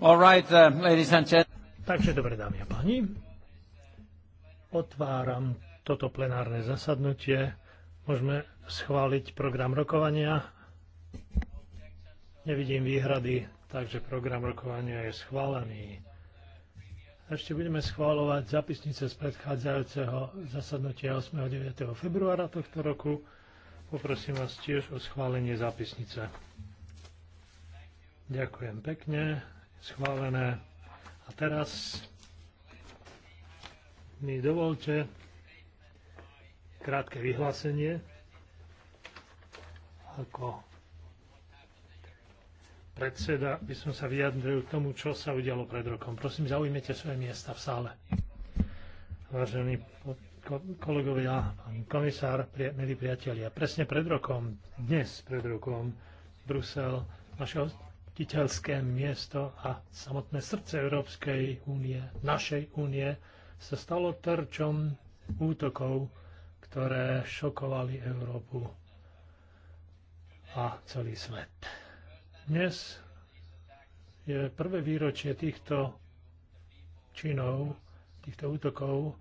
Right, uh, Takže dobre, dámy a páni, otváram toto plenárne zasadnutie. Môžeme schváliť program rokovania. Nevidím výhrady, takže program rokovania je schválený. Ešte budeme schváľovať zapisnice z predchádzajúceho zasadnutia 8. a 9. februára tohto roku. Poprosím vás tiež o schválenie zápisnice. Ďakujem pekne. Schválené. A teraz mi dovolte krátke vyhlásenie ako predseda by som sa vyjadril k tomu, čo sa udialo pred rokom. Prosím, zaujmete svoje miesta v sále. Vážení kolegovia, pán komisár, pri, milí priatelia, presne pred rokom, dnes pred rokom, Brusel, naše hostiteľské miesto a samotné srdce Európskej únie, našej únie, sa stalo terčom útokov, ktoré šokovali Európu a celý svet. Dnes je prvé výročie týchto činov, týchto útokov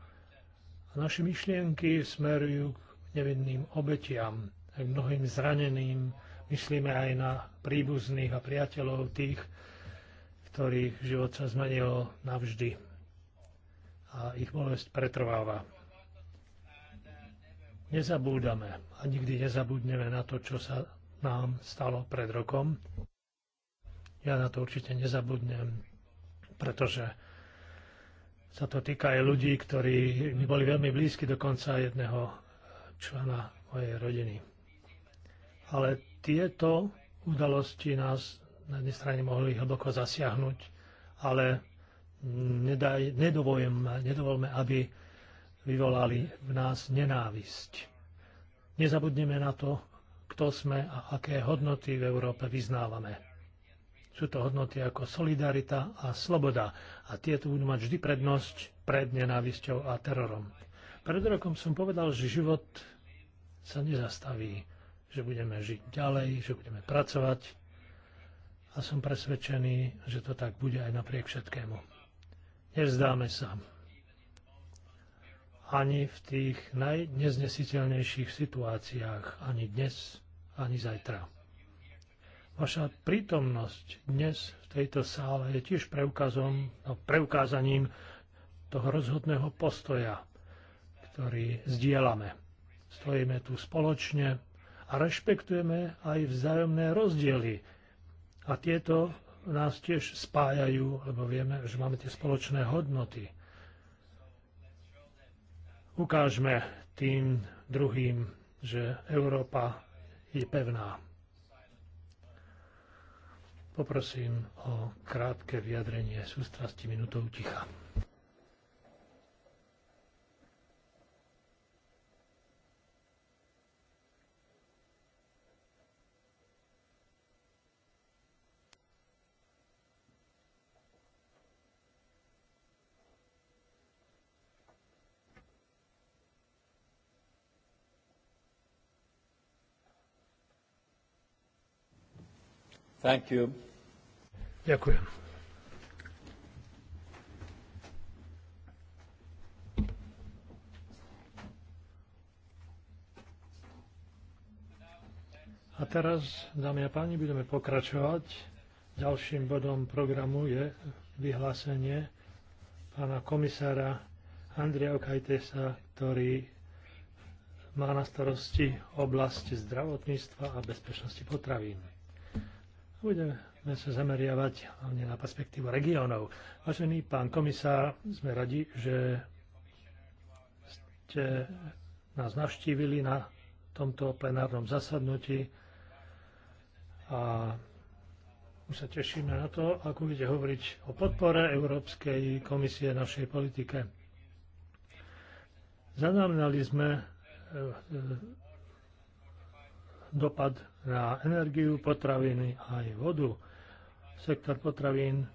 a naše myšlienky smerujú k nevinným obetiam, a k mnohým zraneným, myslíme aj na príbuzných a priateľov tých, ktorých život sa zmenil navždy a ich bolesť pretrváva. Nezabúdame a nikdy nezabudneme na to, čo sa nám stalo pred rokom. Ja na to určite nezabudnem, pretože sa to týka aj ľudí, ktorí mi boli veľmi blízki, dokonca jedného člena mojej rodiny. Ale tieto udalosti nás na jednej strane mohli hlboko zasiahnuť, ale nedaj, nedovolme, aby vyvolali v nás nenávisť. Nezabudneme na to, kto sme a aké hodnoty v Európe vyznávame. Sú to hodnoty ako solidarita a sloboda a tieto budú mať vždy prednosť pred nenávisťou a terorom. Pred rokom som povedal, že život sa nezastaví že budeme žiť ďalej, že budeme pracovať a som presvedčený, že to tak bude aj napriek všetkému. Nevzdáme sa ani v tých najneznesiteľnejších situáciách, ani dnes, ani zajtra. Vaša prítomnosť dnes v tejto sále je tiež preukazom, no, preukázaním toho rozhodného postoja, ktorý zdieľame. Stojíme tu spoločne a rešpektujeme aj vzájomné rozdiely. A tieto nás tiež spájajú, lebo vieme, že máme tie spoločné hodnoty. Ukážme tým druhým, že Európa je pevná. Poprosím o krátke vyjadrenie sústrasti minutou ticha. Ďakujem. A teraz, dámy a páni, budeme pokračovať. Ďalším bodom programu je vyhlásenie pána komisára Andrea Okajtesa, ktorý má na starosti oblasti zdravotníctva a bezpečnosti potravín. Budeme sa zameriavať hlavne na perspektívu regiónov. Vážený pán komisár, sme radi, že ste nás navštívili na tomto plenárnom zasadnutí a už sa tešíme na to, ako budete hovoriť o podpore Európskej komisie našej politike. Zaznamenali sme eh, eh, dopad na energiu, potraviny a aj vodu. Sektor potravín e,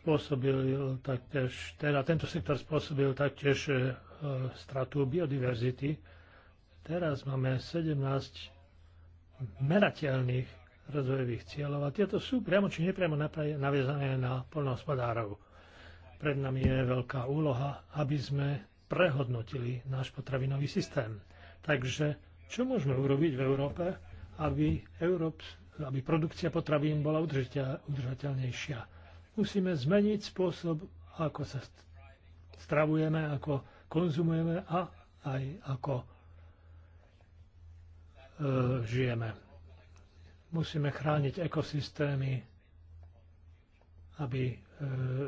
spôsobil taktiež, teda tento sektor spôsobil taktiež e, stratu biodiverzity. Teraz máme 17 merateľných rozvojových cieľov a tieto sú priamo či nepriamo naviazané na polnohospodárov. Pred nami je veľká úloha, aby sme prehodnotili náš potravinový systém. Takže čo môžeme urobiť v Európe, aby, Európ, aby produkcia potravín bola udržateľnejšia? Musíme zmeniť spôsob, ako sa stravujeme, ako konzumujeme a aj ako e, žijeme. Musíme chrániť ekosystémy, aby e,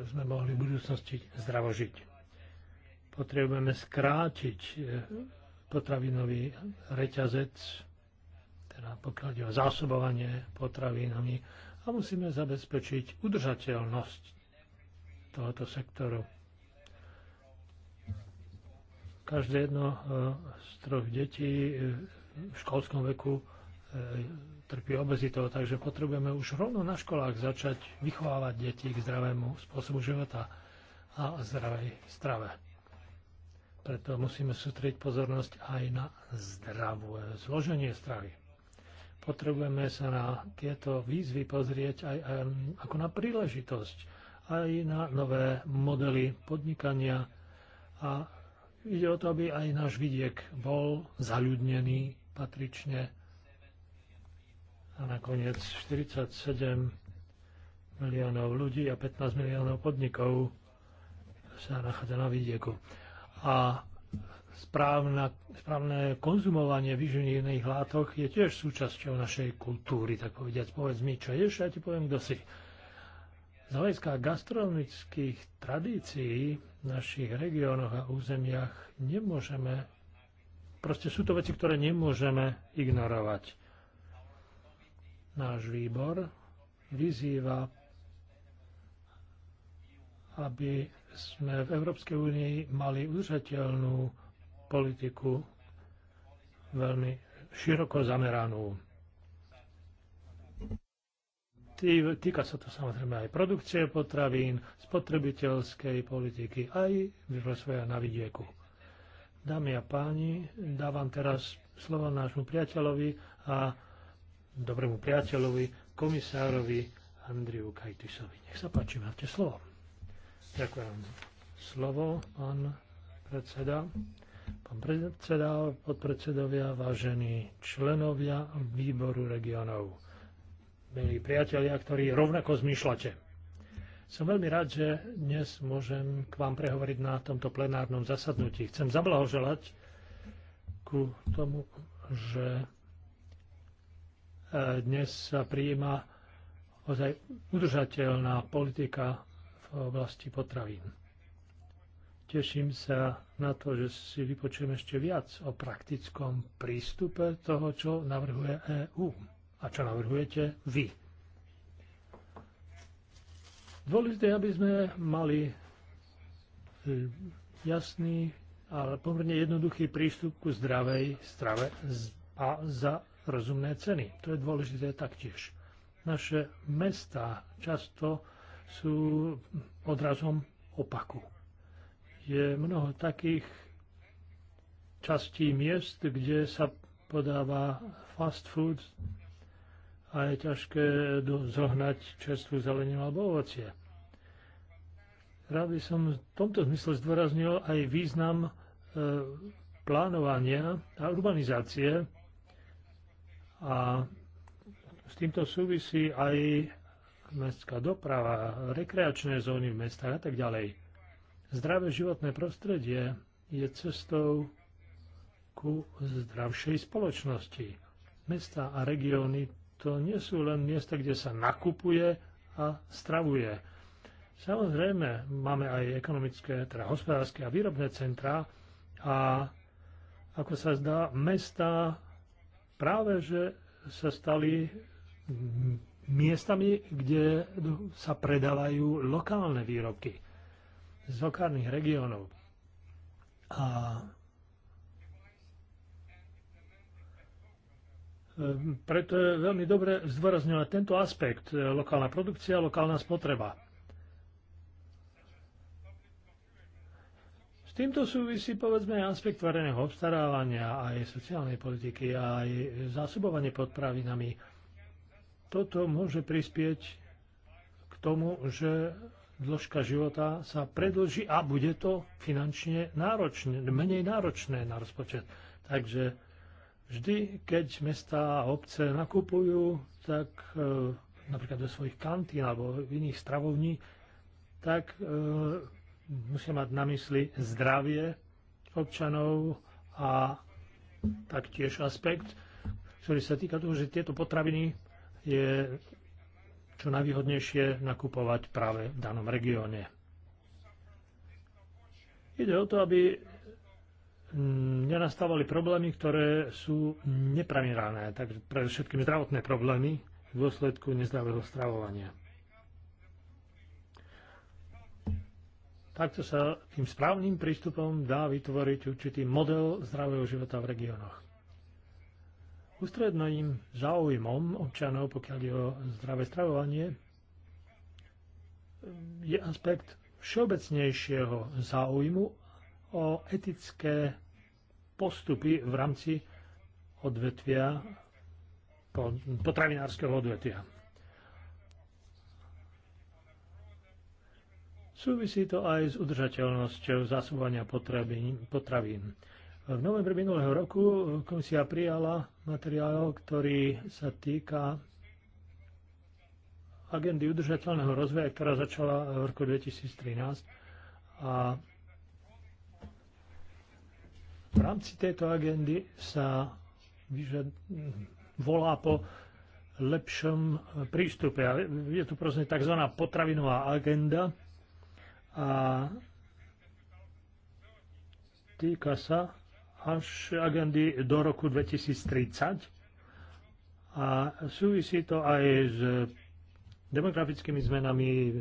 sme mohli v budúcnosti zdravo žiť potrebujeme skrátiť e, potravinový reťazec, teda pokiaľ ide o zásobovanie potravinami a musíme zabezpečiť udržateľnosť tohoto sektoru. Každé jedno e, z troch detí e, v školskom veku trpí obezitou, takže potrebujeme už rovno na školách začať vychovávať deti k zdravému spôsobu života a zdravej strave. Preto musíme sústrediť pozornosť aj na zdravú zloženie stravy. Potrebujeme sa na tieto výzvy pozrieť aj, aj ako na príležitosť, aj na nové modely podnikania a ide o to, aby aj náš vidiek bol zaľudnený patrične a nakoniec 47 miliónov ľudí a 15 miliónov podnikov sa nachádza na vidieku a správna, správne konzumovanie vyživných látok je tiež súčasťou našej kultúry, tak povediať. Povedz mi, čo ješ, ja ti poviem, kto si. Z hľadiska gastronomických tradícií v našich regiónoch a územiach nemôžeme, proste sú to veci, ktoré nemôžeme ignorovať. Náš výbor vyzýva, aby sme v Európskej únii mali udržateľnú politiku, veľmi široko zameranú. Týka sa to samozrejme aj produkcie potravín, spotrebiteľskej politiky, aj rozvoja na vidieku. Dámy a páni, dávam teraz slovo nášmu priateľovi a dobrému priateľovi, komisárovi Andriu Kajtisovi. Nech sa páči, máte slovo. Ďakujem. Slovo, pán predseda. Pán predseda, podpredsedovia, vážení členovia výboru regionov, milí priatelia, ktorí rovnako zmýšľate. Som veľmi rád, že dnes môžem k vám prehovoriť na tomto plenárnom zasadnutí. Chcem zablahoželať ku tomu, že eh, dnes sa prijíma ozaj udržateľná politika v oblasti potravín. Teším sa na to, že si vypočujem ešte viac o praktickom prístupe toho, čo navrhuje EÚ a čo navrhujete vy. Dôležité, aby sme mali e, jasný a pomerne jednoduchý prístup ku zdravej strave a za rozumné ceny. To je dôležité taktiež. Naše mesta často sú odrazom opaku. Je mnoho takých častí miest, kde sa podáva fast food a je ťažké zohnať čerstvú zeleninu alebo ovocie. Rád by som v tomto zmysle zdôraznil aj význam e, plánovania a urbanizácie a s týmto súvisí aj mestská doprava, rekreačné zóny v mestách a tak ďalej. Zdravé životné prostredie je cestou ku zdravšej spoločnosti. Mesta a regióny to nie sú len miesta, kde sa nakupuje a stravuje. Samozrejme, máme aj ekonomické, teda hospodárske a výrobné centrá a ako sa zdá, mesta práve že sa stali miestami, kde sa predávajú lokálne výrobky z lokálnych regiónov. A e, preto je veľmi dobre zdôrazňovať tento aspekt, e, lokálna produkcia, lokálna spotreba. S týmto súvisí povedzme aj aspekt vareného obstarávania, aj sociálnej politiky, aj zásobovanie podpravinami. Toto môže prispieť k tomu, že dĺžka života sa predlží a bude to finančne náročné, menej náročné na rozpočet. Takže vždy, keď mesta a obce nakupujú, tak e, napríklad do svojich kantín alebo v iných stravovní, tak e, musia mať na mysli zdravie občanov a taktiež aspekt, ktorý sa týka toho, že tieto potraviny je čo najvýhodnejšie nakupovať práve v danom regióne. Ide o to, aby nenastávali problémy, ktoré sú nepramirané, takže pre všetkým zdravotné problémy v dôsledku nezdravého stravovania. Takto sa tým správnym prístupom dá vytvoriť určitý model zdravého života v regiónoch. Ústredným záujmom občanov, pokiaľ je o zdravé stravovanie, je aspekt všeobecnejšieho záujmu o etické postupy v rámci odvetvia, potravinárskeho odvetvia. Súvisí to aj s udržateľnosťou zásobovania potravín. potravín. V novembri minulého roku komisia prijala materiál, ktorý sa týka agendy udržateľného rozvoja, ktorá začala v roku 2013. A v rámci tejto agendy sa vyžad... volá po lepšom prístupe. Je tu proste tzv. potravinová agenda a týka sa až agendy do roku 2030 a súvisí to aj s demografickými zmenami,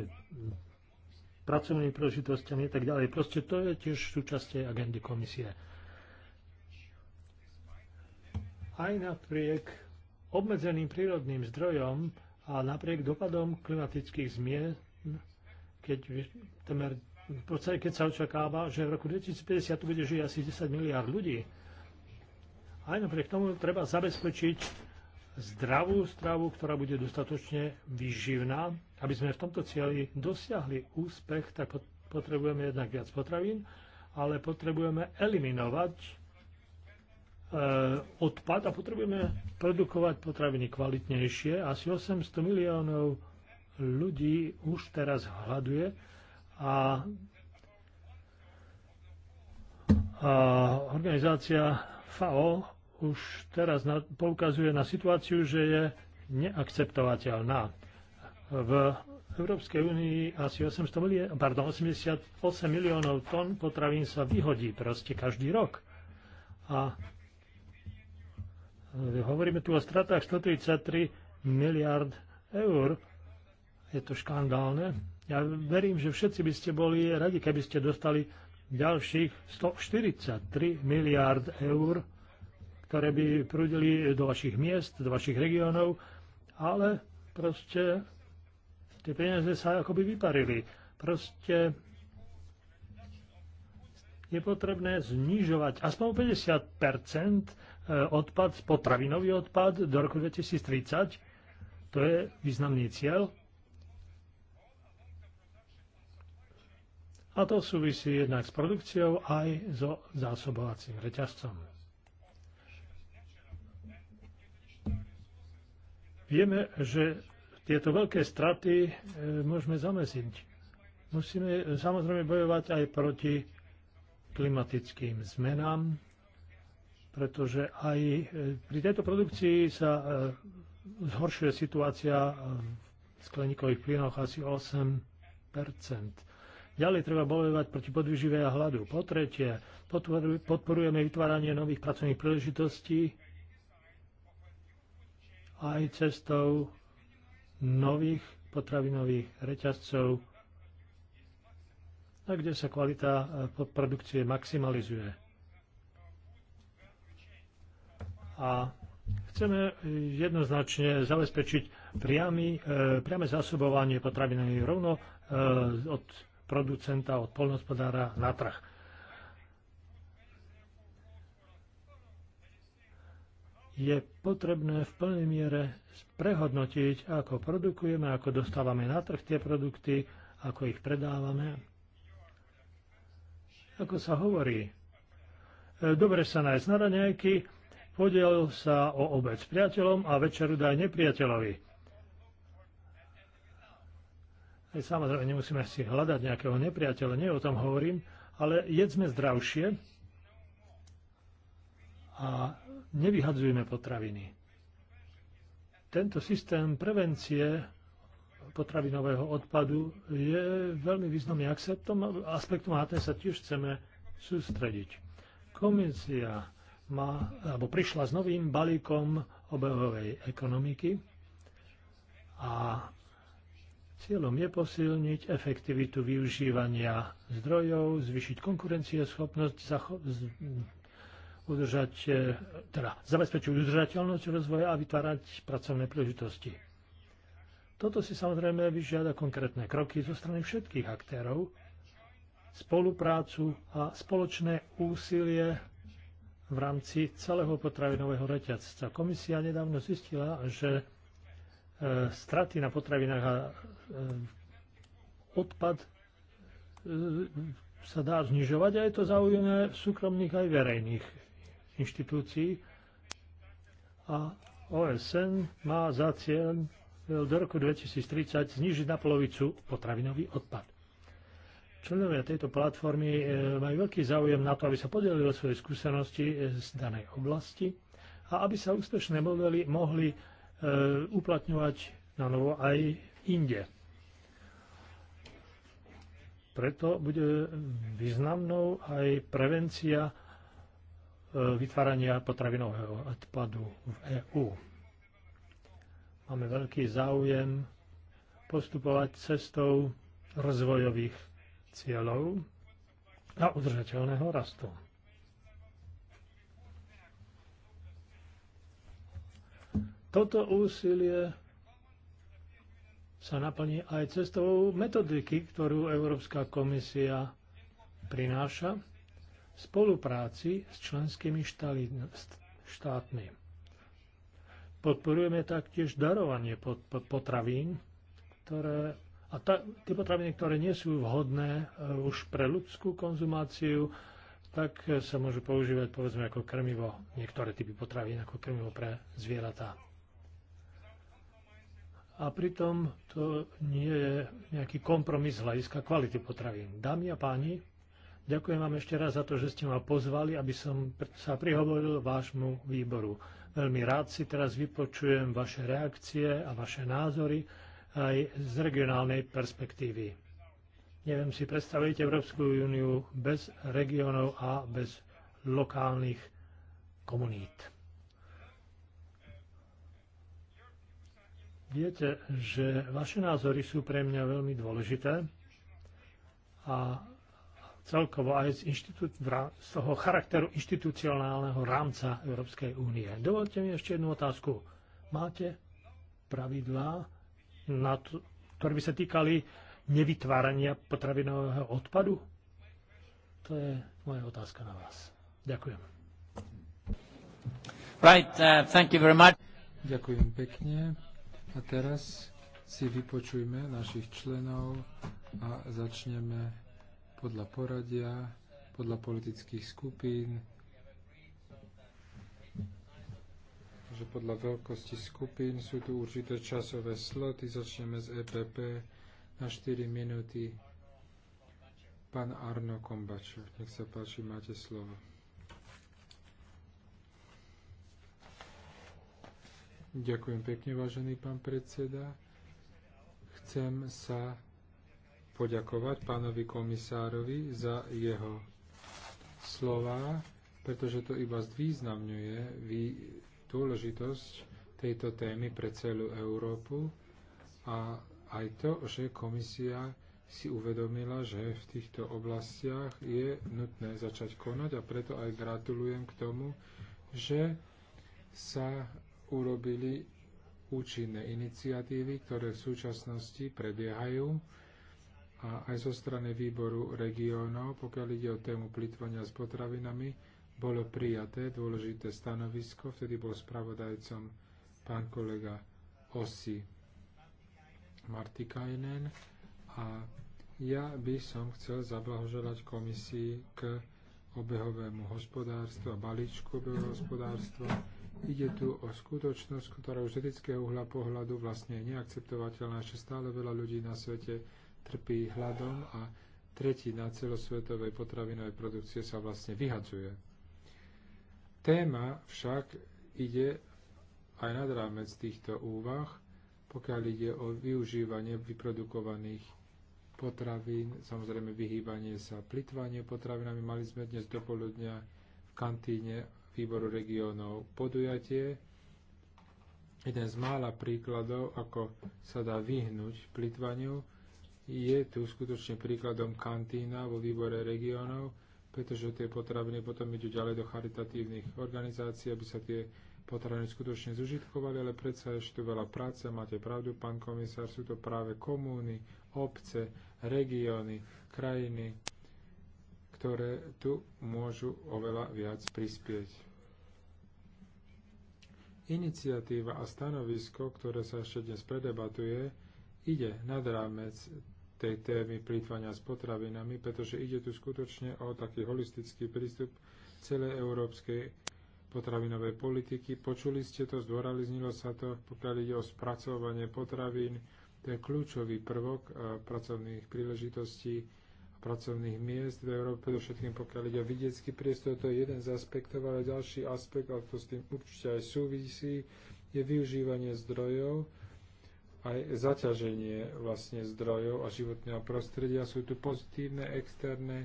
pracovnými príležitostiami a tak ďalej. Proste to je tiež súčasť agendy komisie. Aj napriek obmedzeným prírodným zdrojom a napriek dopadom klimatických zmien, keď temer v podstate, keď sa očakáva, že v roku 2050 tu bude žiť asi 10 miliard ľudí, aj napriek tomu treba zabezpečiť zdravú stravu, ktorá bude dostatočne vyživná. Aby sme v tomto cieli dosiahli úspech, tak potrebujeme jednak viac potravín, ale potrebujeme eliminovať e, odpad a potrebujeme produkovať potraviny kvalitnejšie. Asi 800 miliónov ľudí už teraz hľaduje a, a organizácia FAO už teraz na, poukazuje na situáciu, že je neakceptovateľná. V Európskej únii asi 800 milió- pardon, 88 miliónov tón potravín sa vyhodí proste každý rok. A e, hovoríme tu o stratách 133 miliard eur. Je to škandálne. Ja verím, že všetci by ste boli radi, keby ste dostali ďalších 143 miliárd eur, ktoré by prúdili do vašich miest, do vašich regiónov, ale proste tie peniaze sa akoby vyparili. Proste je potrebné znižovať aspoň 50 eh, odpad, potravinový odpad do roku 2030. To je významný cieľ A to súvisí jednak s produkciou aj so zásobovacím reťazcom. Vieme, že tieto veľké straty e, môžeme zamesiť. Musíme samozrejme bojovať aj proti klimatickým zmenám, pretože aj e, pri tejto produkcii sa e, zhoršuje situácia v skleníkových plynoch asi 8 Ďalej treba bojovať proti podvyživé a hladu. Po tretie, podporujeme vytváranie nových pracovných príležitostí aj cestou nových potravinových reťazcov, kde sa kvalita e, produkcie maximalizuje. A chceme e, jednoznačne zabezpečiť e, priame zásobovanie potravinami rovno od producenta, od polnospodára na trh. Je potrebné v plnej miere prehodnotiť, ako produkujeme, ako dostávame na trh tie produkty, ako ich predávame. Ako sa hovorí, e, dobre sa nájsť na raňajky, podiel sa o obec priateľom a večeru daj nepriateľovi. Samozrejme, nemusíme si hľadať nejakého nepriateľa, nie o tom hovorím, ale jedzme zdravšie a nevyhadzujme potraviny. Tento systém prevencie potravinového odpadu je veľmi významný akceptom, aspektom a ten sa tiež chceme sústrediť. Komisia má, alebo prišla s novým balíkom obehovej ekonomiky a Cieľom je posilniť efektivitu využívania zdrojov, zvýšiť konkurencieschopnosť, udržať, e, teda zabezpečiť udržateľnosť rozvoja a vytvárať pracovné príležitosti. Toto si samozrejme vyžiada konkrétne kroky zo strany všetkých aktérov, spoluprácu a spoločné úsilie v rámci celého potravinového reťazca. Komisia nedávno zistila, že E, straty na potravinách a e, odpad e, sa dá znižovať a je to zaujímavé súkromných aj verejných inštitúcií. A OSN má za cieľ do roku 2030 znižiť na polovicu potravinový odpad. Členovia tejto platformy majú veľký záujem na to, aby sa podelili svoje skúsenosti z danej oblasti a aby sa úspešné modely mohli Eh, uplatňovať na novo aj inde. Preto bude významnou aj prevencia eh, vytvárania potravinového odpadu v EÚ. Máme veľký záujem postupovať cestou rozvojových cieľov a udržateľného rastu. Toto úsilie sa naplní aj cestou metodiky, ktorú Európska komisia prináša v spolupráci s členskými štátmi. Podporujeme taktiež darovanie potravín, ktoré, a ta, tie potraviny, ktoré nie sú vhodné e, už pre ľudskú konzumáciu, tak sa môžu používať povedzme ako krmivo, niektoré typy potravín ako krmivo pre zvieratá a pritom to nie je nejaký kompromis hľadiska kvality potravín. Dámy a páni, ďakujem vám ešte raz za to, že ste ma pozvali, aby som sa prihovoril vášmu výboru. Veľmi rád si teraz vypočujem vaše reakcie a vaše názory aj z regionálnej perspektívy. Neviem si predstaviť Európsku úniu bez regionov a bez lokálnych komunít. Viete, že vaše názory sú pre mňa veľmi dôležité a celkovo aj z, inštitút, z toho charakteru inštitucionálneho rámca Európskej únie. Dovolte mi ešte jednu otázku. Máte pravidlá, na to, ktoré by sa týkali nevytvárania potravinového odpadu? To je moja otázka na vás. Ďakujem. Right, uh, thank you very much. Ďakujem pekne. A teraz si vypočujme našich členov a začneme podľa poradia, podľa politických skupín, že podľa veľkosti skupín sú tu určité časové sloty. Začneme z EPP na 4 minúty. Pán Arno Kombačev, nech sa páči, máte slovo. Ďakujem pekne, vážený pán predseda. Chcem sa poďakovať pánovi komisárovi za jeho slova, pretože to iba zvýznamňuje dôležitosť tejto témy pre celú Európu a aj to, že komisia si uvedomila, že v týchto oblastiach je nutné začať konať a preto aj gratulujem k tomu, že sa urobili účinné iniciatívy, ktoré v súčasnosti prebiehajú a aj zo strany výboru regiónov, pokiaľ ide o tému plitvania s potravinami, bolo prijaté dôležité stanovisko, vtedy bol spravodajcom pán kolega Osi Martikainen a ja by som chcel zablahoželať komisii k obehovému hospodárstvu a balíčku obehového hospodárstva Ide tu o skutočnosť, ktorá už z etického uhla pohľadu vlastne je neakceptovateľná. že stále veľa ľudí na svete trpí hladom a tretina celosvetovej potravinovej produkcie sa vlastne vyhadzuje. Téma však ide aj nad rámec týchto úvah, pokiaľ ide o využívanie vyprodukovaných potravín, samozrejme vyhýbanie sa plitvanie potravinami. Mali sme dnes dopoludňa v kantíne výboru regiónov podujatie. Jeden z mála príkladov, ako sa dá vyhnúť plitvaniu, je tu skutočne príkladom kantína vo výbore regiónov, pretože tie potraviny potom idú ďalej do charitatívnych organizácií, aby sa tie potraviny skutočne zužitkovali, ale predsa ešte tu veľa práce, máte pravdu, pán komisár, sú to práve komúny, obce, regióny, krajiny, ktoré tu môžu oveľa viac prispieť. Iniciatíva a stanovisko, ktoré sa ešte dnes predebatuje, ide nad rámec tej témy plýtvania s potravinami, pretože ide tu skutočne o taký holistický prístup celej európskej potravinovej politiky. Počuli ste to, zdôraznilo sa to, pokiaľ ide o spracovanie potravín, to je kľúčový prvok eh, pracovných príležitostí pracovných miest v Európe, predovšetkým pokiaľ ide o vidiecký priestor, to je jeden z aspektov, ale ďalší aspekt, ale to s tým určite aj súvisí, je využívanie zdrojov, aj zaťaženie vlastne zdrojov a životného prostredia. Sú tu pozitívne externé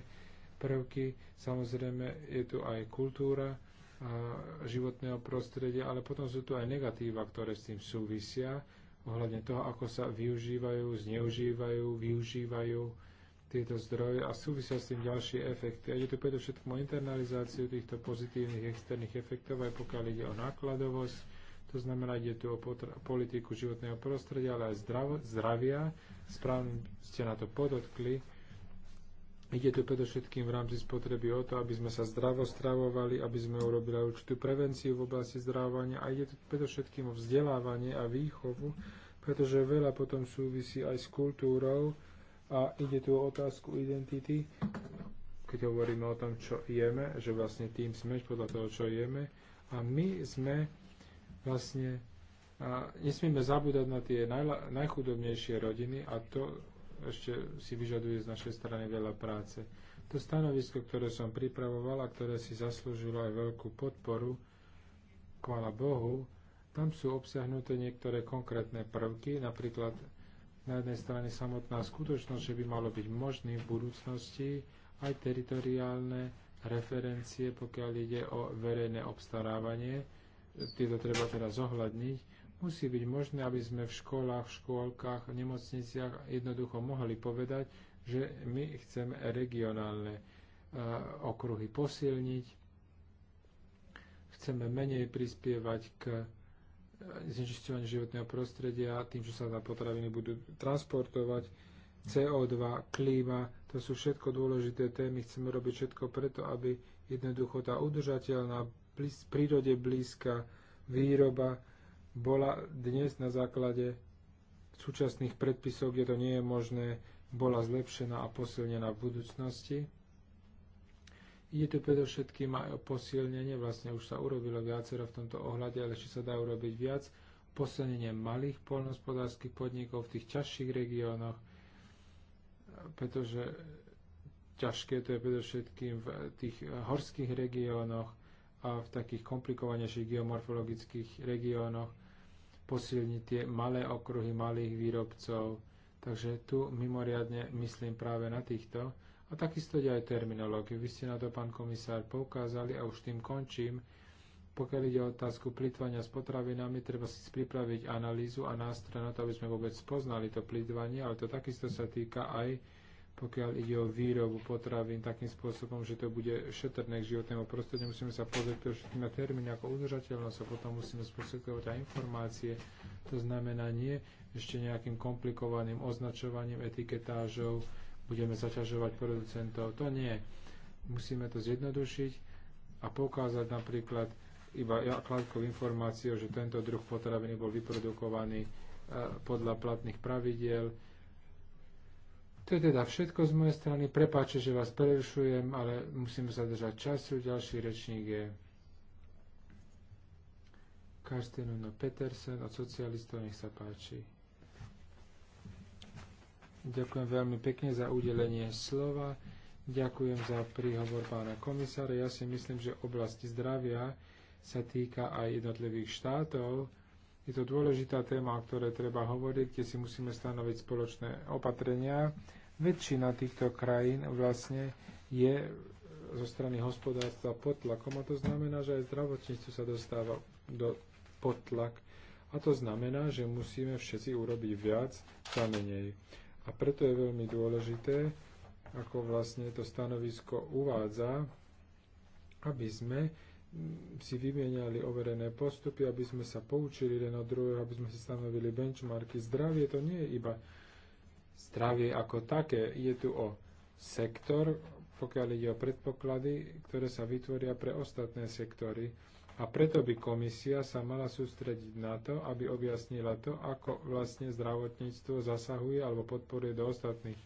prvky, samozrejme je tu aj kultúra životného prostredia, ale potom sú tu aj negatíva, ktoré s tým súvisia, ohľadne toho, ako sa využívajú, zneužívajú, využívajú tieto zdroje a súvisia s tým ďalšie efekty. A je tu predovšetkom o internalizáciu týchto pozitívnych externých efektov, aj pokiaľ ide o nákladovosť, to znamená, ide tu o politiku životného prostredia, ale aj zdrav- zdravia, správne ste na to podotkli, Ide tu predovšetkým v rámci spotreby o to, aby sme sa zdravo stravovali, aby sme urobili určitú prevenciu v oblasti zdravovania a ide tu predovšetkým o vzdelávanie a výchovu, pretože veľa potom súvisí aj s kultúrou a ide tu o otázku identity, keď hovoríme o tom, čo jeme, že vlastne tým sme podľa toho, čo jeme. A my sme vlastne, a nesmieme zabúdať na tie najla, najchudobnejšie rodiny a to ešte si vyžaduje z našej strany veľa práce. To stanovisko, ktoré som pripravoval a ktoré si zaslúžilo aj veľkú podporu, kvala Bohu, tam sú obsiahnuté niektoré konkrétne prvky, napríklad na jednej strane samotná skutočnosť, že by malo byť možný v budúcnosti aj teritoriálne referencie, pokiaľ ide o verejné obstarávanie, tieto treba teda zohľadniť, musí byť možné, aby sme v školách, v škôlkach, v nemocniciach jednoducho mohli povedať, že my chceme regionálne e, okruhy posilniť, chceme menej prispievať k znečisťovanie životného prostredia, tým, že sa tam potraviny budú transportovať, CO2, klíma, to sú všetko dôležité témy. Chceme robiť všetko preto, aby jednoducho tá udržateľná, blíz, prírode blízka výroba bola dnes na základe súčasných predpisov, kde to nie je možné, bola zlepšená a posilnená v budúcnosti. Ide tu predovšetkým aj o posilnenie, vlastne už sa urobilo viacero v tomto ohľade, ale ešte sa dá urobiť viac, posilnenie malých poľnohospodárských podnikov v tých ťažších regiónoch, pretože ťažké to je predovšetkým v tých horských regiónoch a v takých komplikovanejších geomorfologických regiónoch posilniť tie malé okruhy malých výrobcov. Takže tu mimoriadne myslím práve na týchto a takisto ide aj terminológiu. Vy ste na to, pán komisár, poukázali a už tým končím. Pokiaľ ide o otázku plýtvania s potravinami, treba si pripraviť analýzu a nástroj na to, aby sme vôbec poznali to plýtvanie, ale to takisto sa týka aj pokiaľ ide o výrobu potravín takým spôsobom, že to bude šetrné k životnému prostrediu. Musíme sa pozrieť pre všetkým na termín ako udržateľnosť a potom musíme spôsobovať aj informácie. To znamená nie ešte nejakým komplikovaným označovaním, etiketážov, budeme zaťažovať producentov. To nie. Musíme to zjednodušiť a pokázať napríklad iba kladkou informáciou, že tento druh potraviny bol vyprodukovaný e, podľa platných pravidiel. To je teda všetko z mojej strany. Prepáčte, že vás prerušujem, ale musíme sa držať času. Ďalší rečník je Karsten Uno Petersen od socialistov. Nech sa páči. Ďakujem veľmi pekne za udelenie slova. Ďakujem za príhovor pána komisára. Ja si myslím, že oblasti zdravia sa týka aj jednotlivých štátov. Je to dôležitá téma, o ktorej treba hovoriť, kde si musíme stanoviť spoločné opatrenia. Väčšina týchto krajín vlastne je zo strany hospodárstva pod tlakom a to znamená, že aj zdravotníctvo sa dostáva do tlak. A to znamená, že musíme všetci urobiť viac za menej. A preto je veľmi dôležité, ako vlastne to stanovisko uvádza, aby sme si vymieniali overené postupy, aby sme sa poučili jeden od druhého, aby sme si stanovili benchmarky. Zdravie to nie je iba zdravie ako také. Je tu o sektor, pokiaľ ide o predpoklady, ktoré sa vytvoria pre ostatné sektory. A preto by komisia sa mala sústrediť na to, aby objasnila to, ako vlastne zdravotníctvo zasahuje alebo podporuje do ostatných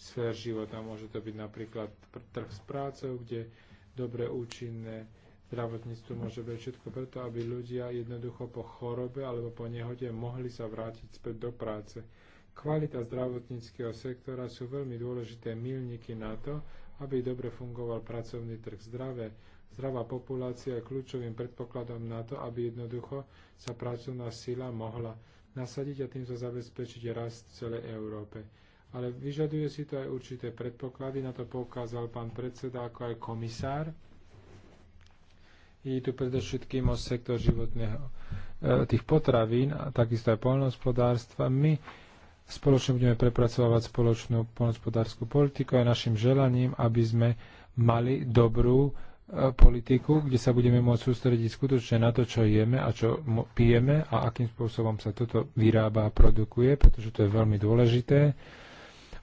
sfér života. Môže to byť napríklad trh s prácou, kde dobre účinné zdravotníctvo môže byť všetko preto, aby ľudia jednoducho po chorobe alebo po nehode mohli sa vrátiť späť do práce. Kvalita zdravotníckého sektora sú veľmi dôležité milníky na to, aby dobre fungoval pracovný trh zdravé Zdravá populácia je kľúčovým predpokladom na to, aby jednoducho sa pracovná sila mohla nasadiť a tým sa zabezpečiť rast v celej Európe. Ale vyžaduje si to aj určité predpoklady, na to poukázal pán predseda ako aj komisár. Je tu predovšetkým o sektor životného, e, tých potravín a takisto aj poľnohospodárstva. My spoločne budeme prepracovať spoločnú poľnohospodárskú politiku a našim želaním, aby sme mali dobrú politiku, kde sa budeme môcť sústrediť skutočne na to, čo jeme a čo pijeme a akým spôsobom sa toto vyrába a produkuje, pretože to je veľmi dôležité.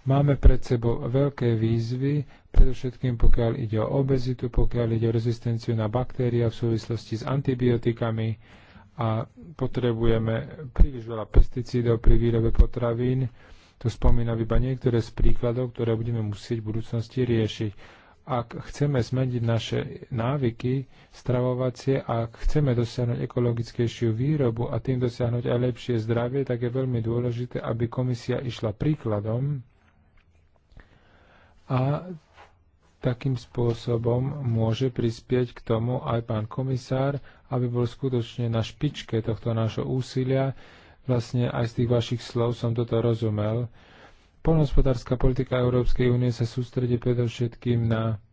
Máme pred sebou veľké výzvy, predovšetkým pokiaľ ide o obezitu, pokiaľ ide o rezistenciu na baktéria v súvislosti s antibiotikami a potrebujeme príliš veľa pesticídov pri výrobe potravín. To spomínam iba niektoré z príkladov, ktoré budeme musieť v budúcnosti riešiť ak chceme zmeniť naše návyky stravovacie, ak chceme dosiahnuť ekologickejšiu výrobu a tým dosiahnuť aj lepšie zdravie, tak je veľmi dôležité, aby komisia išla príkladom a takým spôsobom môže prispieť k tomu aj pán komisár, aby bol skutočne na špičke tohto nášho úsilia. Vlastne aj z tých vašich slov som toto rozumel Polnospodárska politika Európskej únie sa sústredí predovšetkým na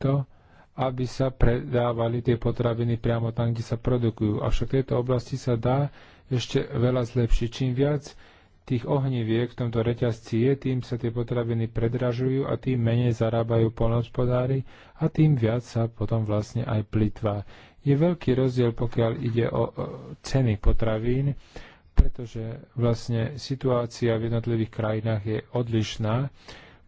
to, aby sa predávali tie potraviny priamo tam, kde sa produkujú. Avšak v tejto oblasti sa dá ešte veľa zlepšiť. Čím viac tých ohníviek v tomto reťazci je, tým sa tie potraviny predražujú a tým menej zarábajú polnohospodári a tým viac sa potom vlastne aj plitvá. Je veľký rozdiel, pokiaľ ide o, o ceny potravín pretože vlastne situácia v jednotlivých krajinách je odlišná.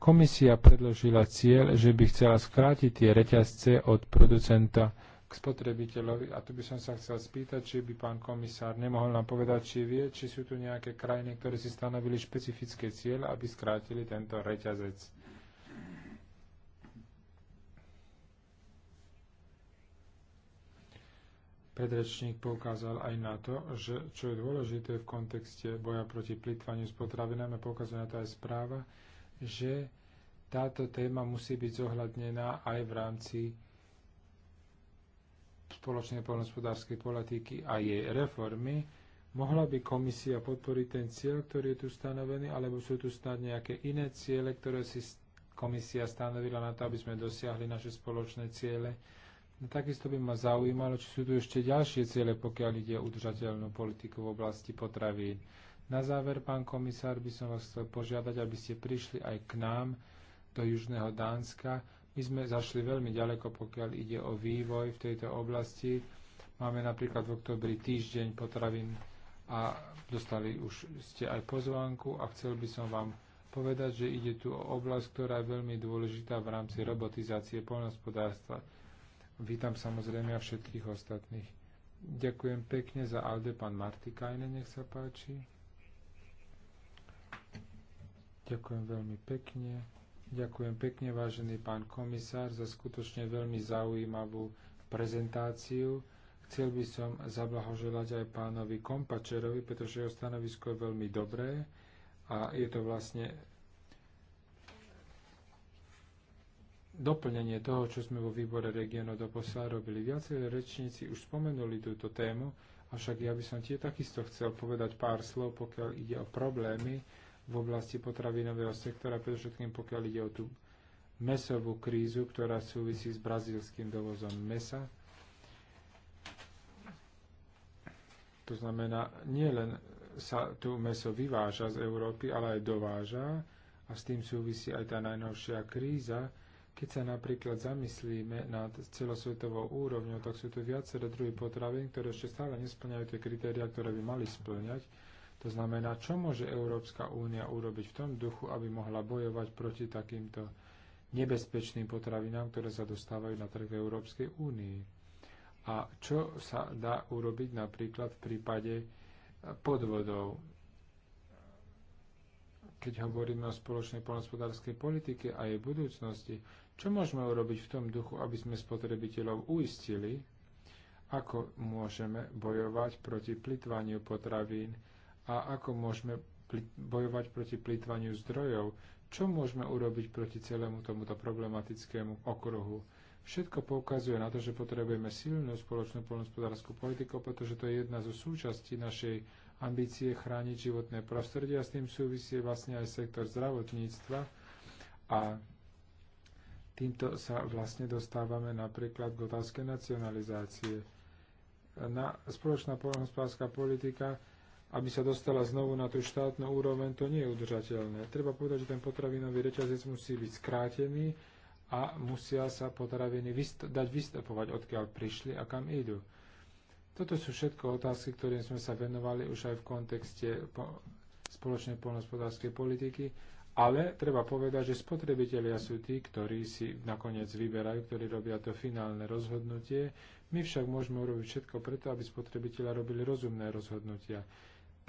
Komisia predložila cieľ, že by chcela skrátiť tie reťazce od producenta k spotrebiteľovi. A tu by som sa chcel spýtať, či by pán komisár nemohol nám povedať, či vie, či sú tu nejaké krajiny, ktoré si stanovili špecifické cieľ, aby skrátili tento reťazec. Predrečník poukázal aj na to, že čo je dôležité v kontexte boja proti plitvaniu s potravinami, poukazuje na to aj správa, že táto téma musí byť zohľadnená aj v rámci spoločnej poľnospodárskej politiky a jej reformy. Mohla by komisia podporiť ten cieľ, ktorý je tu stanovený, alebo sú tu snad nejaké iné ciele, ktoré si komisia stanovila na to, aby sme dosiahli naše spoločné ciele? No, takisto by ma zaujímalo, či sú tu ešte ďalšie ciele, pokiaľ ide o udržateľnú politiku v oblasti potravín. Na záver, pán komisár, by som vás chcel požiadať, aby ste prišli aj k nám do Južného Dánska. My sme zašli veľmi ďaleko, pokiaľ ide o vývoj v tejto oblasti. Máme napríklad v oktobri týždeň potravín a dostali už ste aj pozvánku a chcel by som vám povedať, že ide tu o oblasť, ktorá je veľmi dôležitá v rámci robotizácie poľnohospodárstva. Vítam samozrejme a všetkých ostatných. Ďakujem pekne za Alde, pán Martikajne, nech sa páči. Ďakujem veľmi pekne. Ďakujem pekne, vážený pán komisár, za skutočne veľmi zaujímavú prezentáciu. Chcel by som zablahoželať aj pánovi Kompačerovi, pretože jeho stanovisko je veľmi dobré a je to vlastne doplnenie toho, čo sme vo výbore regionu doposiaľ robili. Viacerí rečníci už spomenuli túto tému, avšak ja by som tie takisto chcel povedať pár slov, pokiaľ ide o problémy v oblasti potravinového sektora, predovšetkým pokiaľ ide o tú mesovú krízu, ktorá súvisí s brazílským dovozom mesa. To znamená, len sa tu meso vyváža z Európy, ale aj dováža a s tým súvisí aj tá najnovšia kríza, keď sa napríklad zamyslíme nad celosvetovou úrovňou, tak sú tu viaceré druhy potravín, ktoré ešte stále nesplňajú tie kritéria, ktoré by mali splňať. To znamená, čo môže Európska únia urobiť v tom duchu, aby mohla bojovať proti takýmto nebezpečným potravinám, ktoré sa dostávajú na trh v Európskej únii. A čo sa dá urobiť napríklad v prípade podvodov? Keď hovoríme o spoločnej poľnospodárskej politike a jej budúcnosti, čo môžeme urobiť v tom duchu, aby sme spotrebiteľov uistili, ako môžeme bojovať proti plitvaniu potravín a ako môžeme bojovať proti plitvaniu zdrojov, čo môžeme urobiť proti celému tomuto problematickému okruhu. Všetko poukazuje na to, že potrebujeme silnú spoločnú poľnohospodárskú politiku, pretože to je jedna zo súčastí našej ambície chrániť životné prostredie a s tým súvisí vlastne aj sektor zdravotníctva a Týmto sa vlastne dostávame napríklad k otázke nacionalizácie. Na spoločná poľnohospodárska politika, aby sa dostala znovu na tú štátnu úroveň, to nie je udržateľné. Treba povedať, že ten potravinový reťazec musí byť skrátený a musia sa potraviny vyst- dať vystupovať, odkiaľ prišli a kam idú. Toto sú všetko otázky, ktorým sme sa venovali už aj v kontexte po- spoločnej poľnohospodárskej politiky ale treba povedať, že spotrebitelia sú tí, ktorí si nakoniec vyberajú, ktorí robia to finálne rozhodnutie. My však môžeme urobiť všetko preto, aby spotrebitelia robili rozumné rozhodnutia.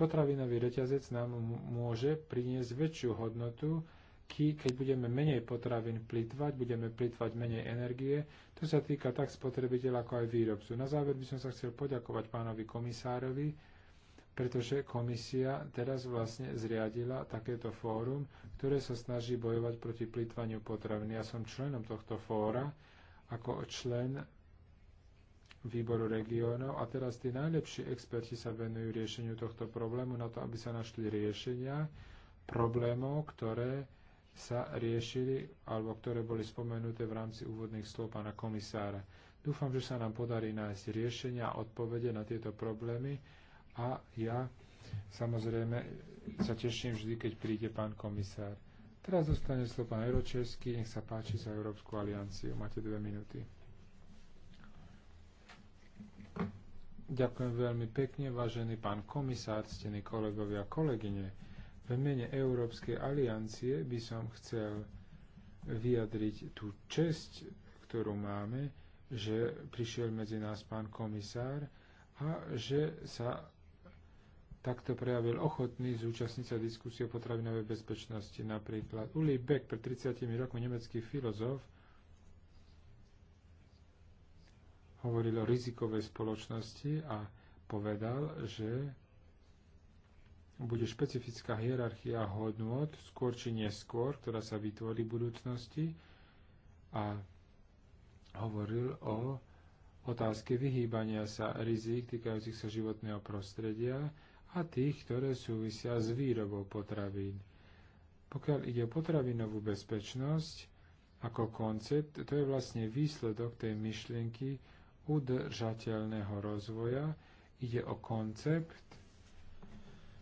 Potravinový reťazec nám môže priniesť väčšiu hodnotu, keď budeme menej potravín plitvať, budeme plitvať menej energie. To sa týka tak spotrebiteľa, ako aj výrobcu. Na záver by som sa chcel poďakovať pánovi komisárovi, pretože komisia teraz vlastne zriadila takéto fórum, ktoré sa snaží bojovať proti plýtvaniu potravín. Ja som členom tohto fóra ako člen výboru regiónov a teraz tí najlepší experti sa venujú riešeniu tohto problému na to, aby sa našli riešenia problémov, ktoré sa riešili alebo ktoré boli spomenuté v rámci úvodných slov pána komisára. Dúfam, že sa nám podarí nájsť riešenia a odpovede na tieto problémy, a ja samozrejme sa teším vždy, keď príde pán komisár. Teraz dostane slovo pán Eročesky, nech sa páči za Európsku alianciu. Máte dve minúty. Ďakujem veľmi pekne, vážený pán komisár, stení kolegovia a kolegyne. V mene Európskej aliancie by som chcel vyjadriť tú česť, ktorú máme, že prišiel medzi nás pán komisár a že sa takto prejavil ochotný zúčastniť sa diskusie o potravinovej bezpečnosti. Napríklad Uli Beck, pred 30 rokmi nemecký filozof, hovoril o rizikovej spoločnosti a povedal, že bude špecifická hierarchia hodnot, skôr či neskôr, ktorá sa vytvorí v budúcnosti a hovoril o otázke vyhýbania sa rizik týkajúcich sa životného prostredia, a tých, ktoré súvisia s výrobou potravín. Pokiaľ ide o potravinovú bezpečnosť ako koncept, to je vlastne výsledok tej myšlienky udržateľného rozvoja. Ide o koncept,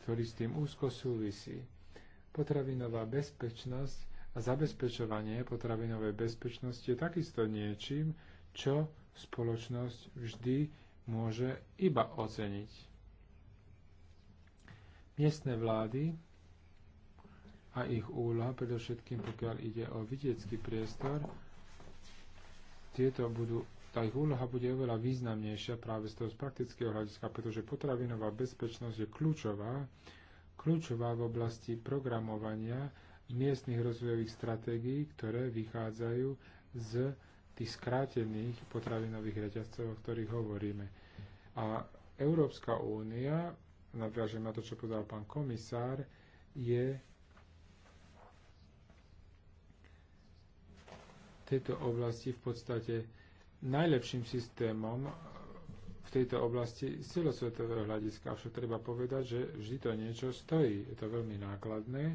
ktorý s tým úzko súvisí. Potravinová bezpečnosť a zabezpečovanie potravinovej bezpečnosti je takisto niečím, čo spoločnosť vždy môže iba oceniť. Miestne vlády a ich úloha, predovšetkým pokiaľ ide o vidiecký priestor, tieto budú, tá ich úloha bude oveľa významnejšia práve z toho z praktického hľadiska, pretože potravinová bezpečnosť je kľúčová, kľúčová v oblasti programovania miestnych rozvojových stratégií, ktoré vychádzajú z tých skrátených potravinových reťazcov, o ktorých hovoríme. A Európska únia nadviažem na to, čo povedal pán komisár, je v tejto oblasti v podstate najlepším systémom v tejto oblasti celosvetového hľadiska. Avšak treba povedať, že vždy to niečo stojí. Je to veľmi nákladné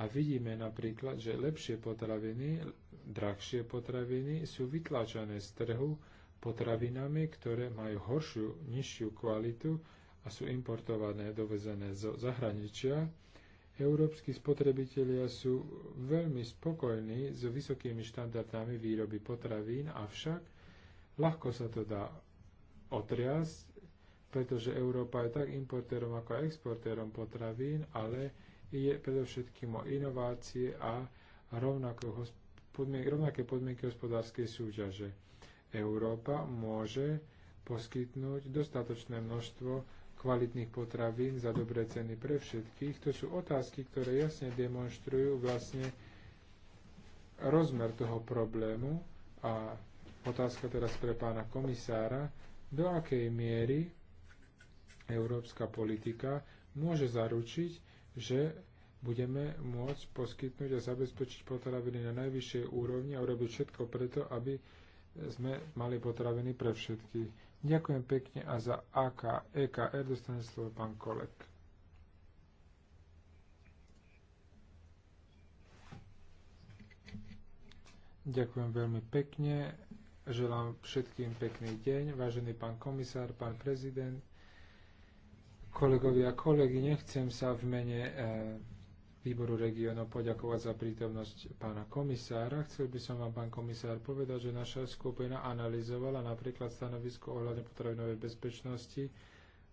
a vidíme napríklad, že lepšie potraviny, drahšie potraviny sú vytlačené z trhu potravinami, ktoré majú horšiu, nižšiu kvalitu, a sú importované, dovezené zo zahraničia, Európski spotrebitelia sú veľmi spokojní s vysokými štandardami výroby potravín, avšak ľahko sa to dá otriasť, pretože Európa je tak importérom ako exportérom potravín, ale je predovšetkým o inovácie a rovnaké podmienky hospodárskej súťaže. Európa môže poskytnúť dostatočné množstvo kvalitných potravín za dobré ceny pre všetkých. To sú otázky, ktoré jasne demonstrujú vlastne rozmer toho problému a otázka teraz pre pána komisára, do akej miery európska politika môže zaručiť, že budeme môcť poskytnúť a zabezpečiť potraviny na najvyššej úrovni a urobiť všetko preto, aby sme mali potraviny pre všetkých. Ďakujem pekne a za AK, EKR dostane slovo pán Kolek. Ďakujem veľmi pekne. Želám všetkým pekný deň. Vážený pán komisár, pán prezident, kolegovia a kolegy, nechcem sa v mene e, výboru regionov poďakovať za prítomnosť pána komisára. Chcel by som vám, pán komisár, povedať, že naša skupina analyzovala napríklad stanovisko ohľadne potravinovej bezpečnosti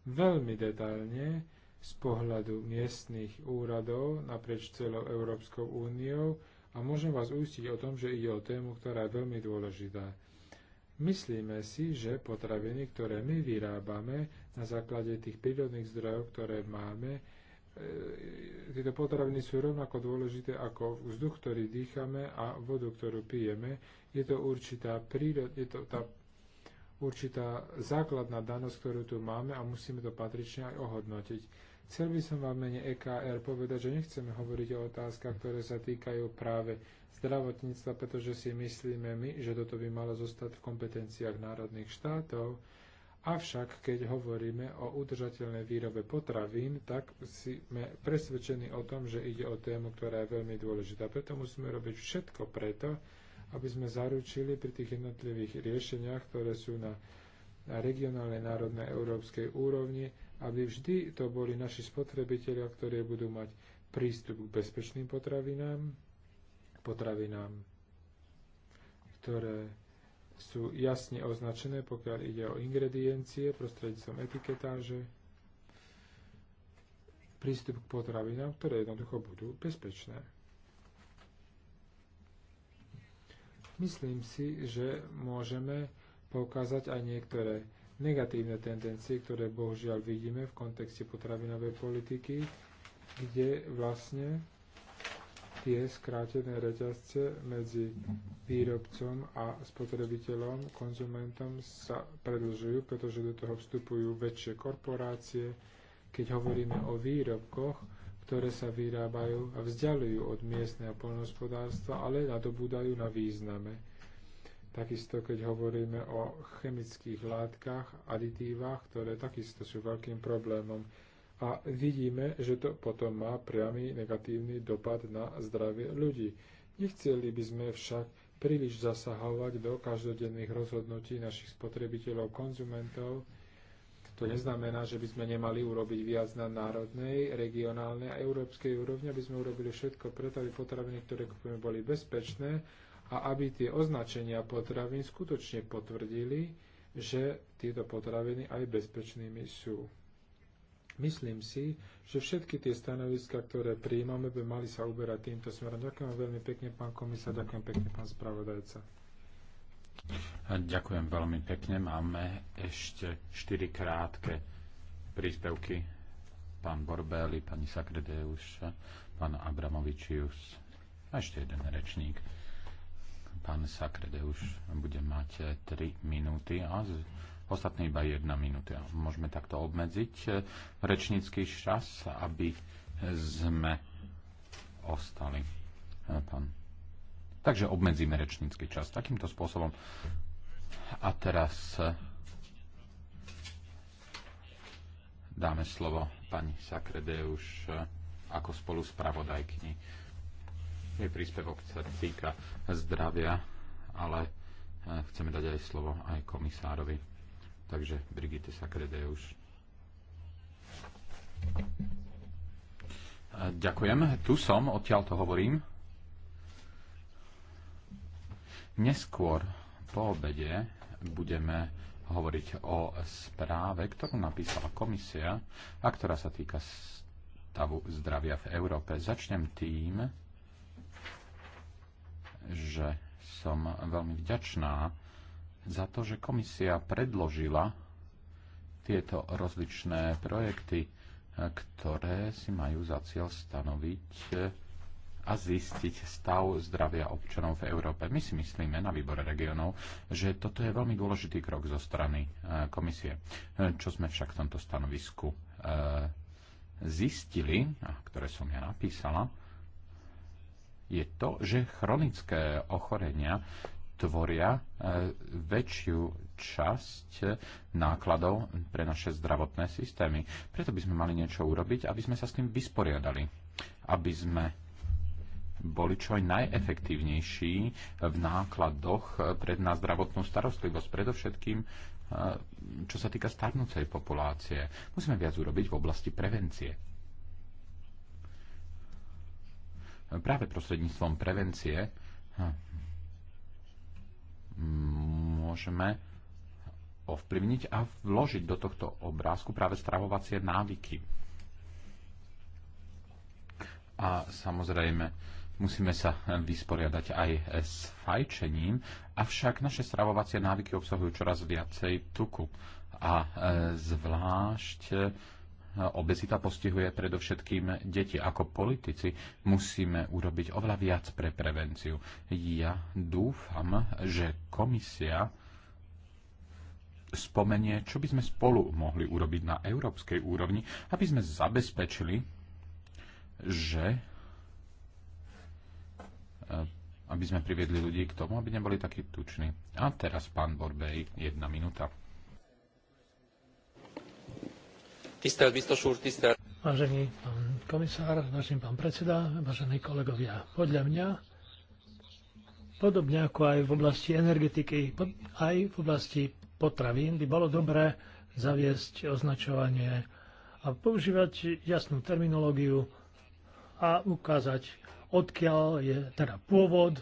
veľmi detailne z pohľadu miestnych úradov naprieč celou Európskou úniou a môžem vás uistiť o tom, že ide o tému, ktorá je veľmi dôležitá. Myslíme si, že potraviny, ktoré my vyrábame na základe tých prírodných zdrojov, ktoré máme, E, tieto potraviny sú rovnako dôležité ako vzduch, ktorý dýchame a vodu, ktorú pijeme. Je to určitá, prírod, je to tá určitá základná danosť, ktorú tu máme a musíme to patrične aj ohodnotiť. Chcel by som vám mene EKR povedať, že nechceme hovoriť o otázkach, ktoré sa týkajú práve zdravotníctva, pretože si myslíme my, že toto by malo zostať v kompetenciách národných štátov, Avšak, keď hovoríme o udržateľnej výrobe potravín, tak sme presvedčení o tom, že ide o tému, ktorá je veľmi dôležitá. Preto musíme robiť všetko preto, aby sme zaručili pri tých jednotlivých riešeniach, ktoré sú na, na regionálnej, národnej, európskej úrovni, aby vždy to boli naši spotrebitelia, ktorí budú mať prístup k bezpečným potravinám, potravinám, ktoré sú jasne označené, pokiaľ ide o ingrediencie prostredníctvom etiketáže, prístup k potravinám, ktoré jednoducho budú bezpečné. Myslím si, že môžeme poukázať aj niektoré negatívne tendencie, ktoré bohužiaľ vidíme v kontexte potravinovej politiky, kde vlastne tie skrátené reťazce medzi výrobcom a spotrebiteľom, konzumentom sa predlžujú, pretože do toho vstupujú väčšie korporácie. Keď hovoríme o výrobkoch, ktoré sa vyrábajú a vzdialujú od miestneho poľnohospodárstva, ale nadobúdajú na význame. Takisto, keď hovoríme o chemických látkach, aditívach, ktoré takisto sú veľkým problémom a vidíme, že to potom má priamy negatívny dopad na zdravie ľudí. Nechceli by sme však príliš zasahovať do každodenných rozhodnutí našich spotrebiteľov, konzumentov. To neznamená, že by sme nemali urobiť viac na národnej, regionálnej a európskej úrovni, aby sme urobili všetko preto, aby potraviny, ktoré kupujeme, boli bezpečné a aby tie označenia potravín skutočne potvrdili, že tieto potraviny aj bezpečnými sú. Myslím si, že všetky tie stanoviska, ktoré prijímame, by mali sa uberať týmto smerom. Ďakujem veľmi pekne, pán komisár, ďakujem pekne, pán spravodajca. Ďakujem veľmi pekne. Máme ešte 4 krátke príspevky. Pán Borbeli, pani Sakredeus, pán Abramovičius a ešte jeden rečník. Pán Sakredeus, bude mať 3 minúty a z ostatné iba jedna minúta. Môžeme takto obmedziť e, rečnícky čas, aby sme ostali. E, pán. Takže obmedzíme rečnícky čas takýmto spôsobom. A teraz e, dáme slovo pani Sakrede už ako spolu spravodajkyni. Jej príspevok sa týka zdravia, ale chceme dať aj slovo aj komisárovi. Takže Brigitte Sakrede už. Ďakujem. Tu som, odtiaľ to hovorím. Neskôr po obede budeme hovoriť o správe, ktorú napísala komisia a ktorá sa týka stavu zdravia v Európe. Začnem tým, že som veľmi vďačná za to, že komisia predložila tieto rozličné projekty, ktoré si majú za cieľ stanoviť a zistiť stav zdravia občanov v Európe. My si myslíme na výbore regionov, že toto je veľmi dôležitý krok zo strany e, komisie. E, čo sme však v tomto stanovisku e, zistili, a ktoré som ja napísala, je to, že chronické ochorenia tvoria e, väčšiu časť e, nákladov pre naše zdravotné systémy. Preto by sme mali niečo urobiť, aby sme sa s tým vysporiadali. Aby sme boli čo aj najefektívnejší v nákladoch e, pre na zdravotnú starostlivosť. Predovšetkým, čo sa týka starnúcej populácie. Musíme viac urobiť v oblasti prevencie. Práve prostredníctvom prevencie hm, môžeme ovplyvniť a vložiť do tohto obrázku práve stravovacie návyky. A samozrejme, musíme sa vysporiadať aj s fajčením, avšak naše stravovacie návyky obsahujú čoraz viacej tuku. A e, zvlášť obezita postihuje predovšetkým deti. Ako politici musíme urobiť oveľa viac pre prevenciu. Ja dúfam, že komisia spomenie, čo by sme spolu mohli urobiť na európskej úrovni, aby sme zabezpečili, že eh, aby sme priviedli ľudí k tomu, aby neboli takí tuční. A teraz pán Borbej, jedna minúta. Tisztelt biztos úr, tisztelt... Vážený pán komisár, vážený pán predseda, vážení kolegovia, podľa mňa, podobne ako aj v oblasti energetiky, aj v oblasti potravín by bolo dobré zaviesť označovanie a používať jasnú terminológiu a ukázať, odkiaľ je teda pôvod,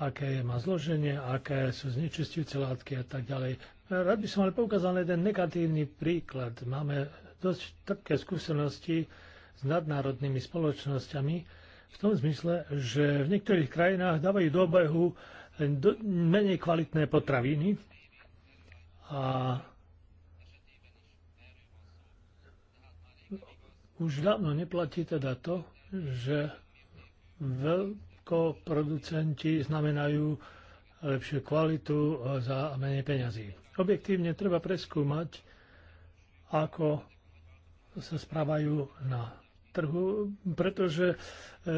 aké má zloženie, aké sú znečistujúce látky a tak ďalej. Rád by som ale poukázal na jeden negatívny príklad. Máme dosť také skúsenosti s nadnárodnými spoločnosťami v tom zmysle, že v niektorých krajinách dávajú do obehu menej kvalitné potraviny a už dávno neplatí teda to, že veľkoproducenti znamenajú lepšiu kvalitu za menej peňazí. Objektívne treba preskúmať, ako sa správajú na trhu, pretože e, e,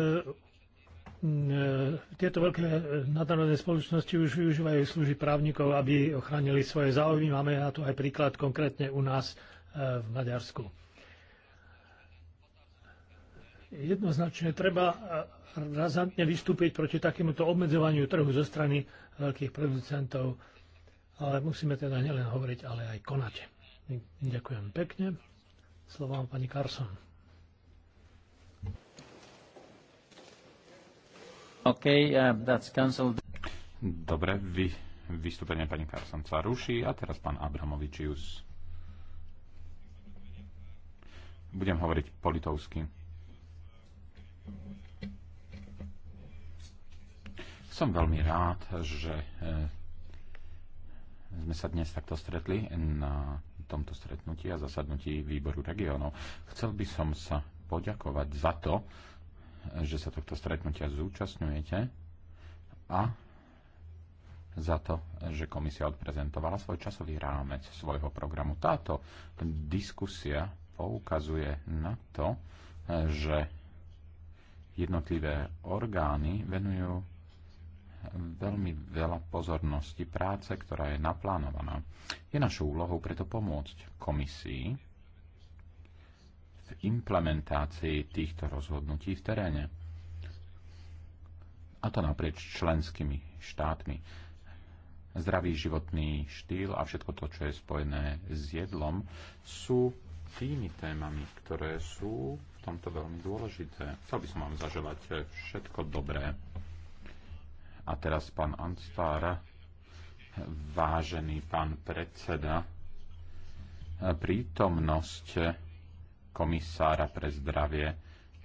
tieto veľké nadnárodné spoločnosti už využívajú služby právnikov, aby ochránili svoje záujmy. Máme na to aj príklad konkrétne u nás e, v Maďarsku. Jednoznačne treba razantne vystúpiť proti takémuto obmedzovaniu trhu zo strany veľkých producentov, ale musíme teda nielen hovoriť, ale aj konať. Ďakujem pekne. Slovo má pani Carson. OK, uh, that's Dobre, vy, vystúpenie pani Carson sa ruší a teraz pán Abramovičius. Budem hovoriť politovsky. Som veľmi rád, že eh, sme sa dnes takto stretli na tomto stretnutí a zasadnutí výboru regionov. Chcel by som sa poďakovať za to, že sa tohto stretnutia zúčastňujete a za to, že komisia odprezentovala svoj časový rámec svojho programu. Táto diskusia poukazuje na to, že jednotlivé orgány venujú veľmi veľa pozornosti práce, ktorá je naplánovaná. Je našou úlohou preto pomôcť komisii v implementácii týchto rozhodnutí v teréne. A to naprieč členskými štátmi. Zdravý životný štýl a všetko to, čo je spojené s jedlom, sú tými témami, ktoré sú v tomto veľmi dôležité. Chcel by som vám zaželať všetko dobré. A teraz pán Anstára, vážený pán predseda, prítomnosť komisára pre zdravie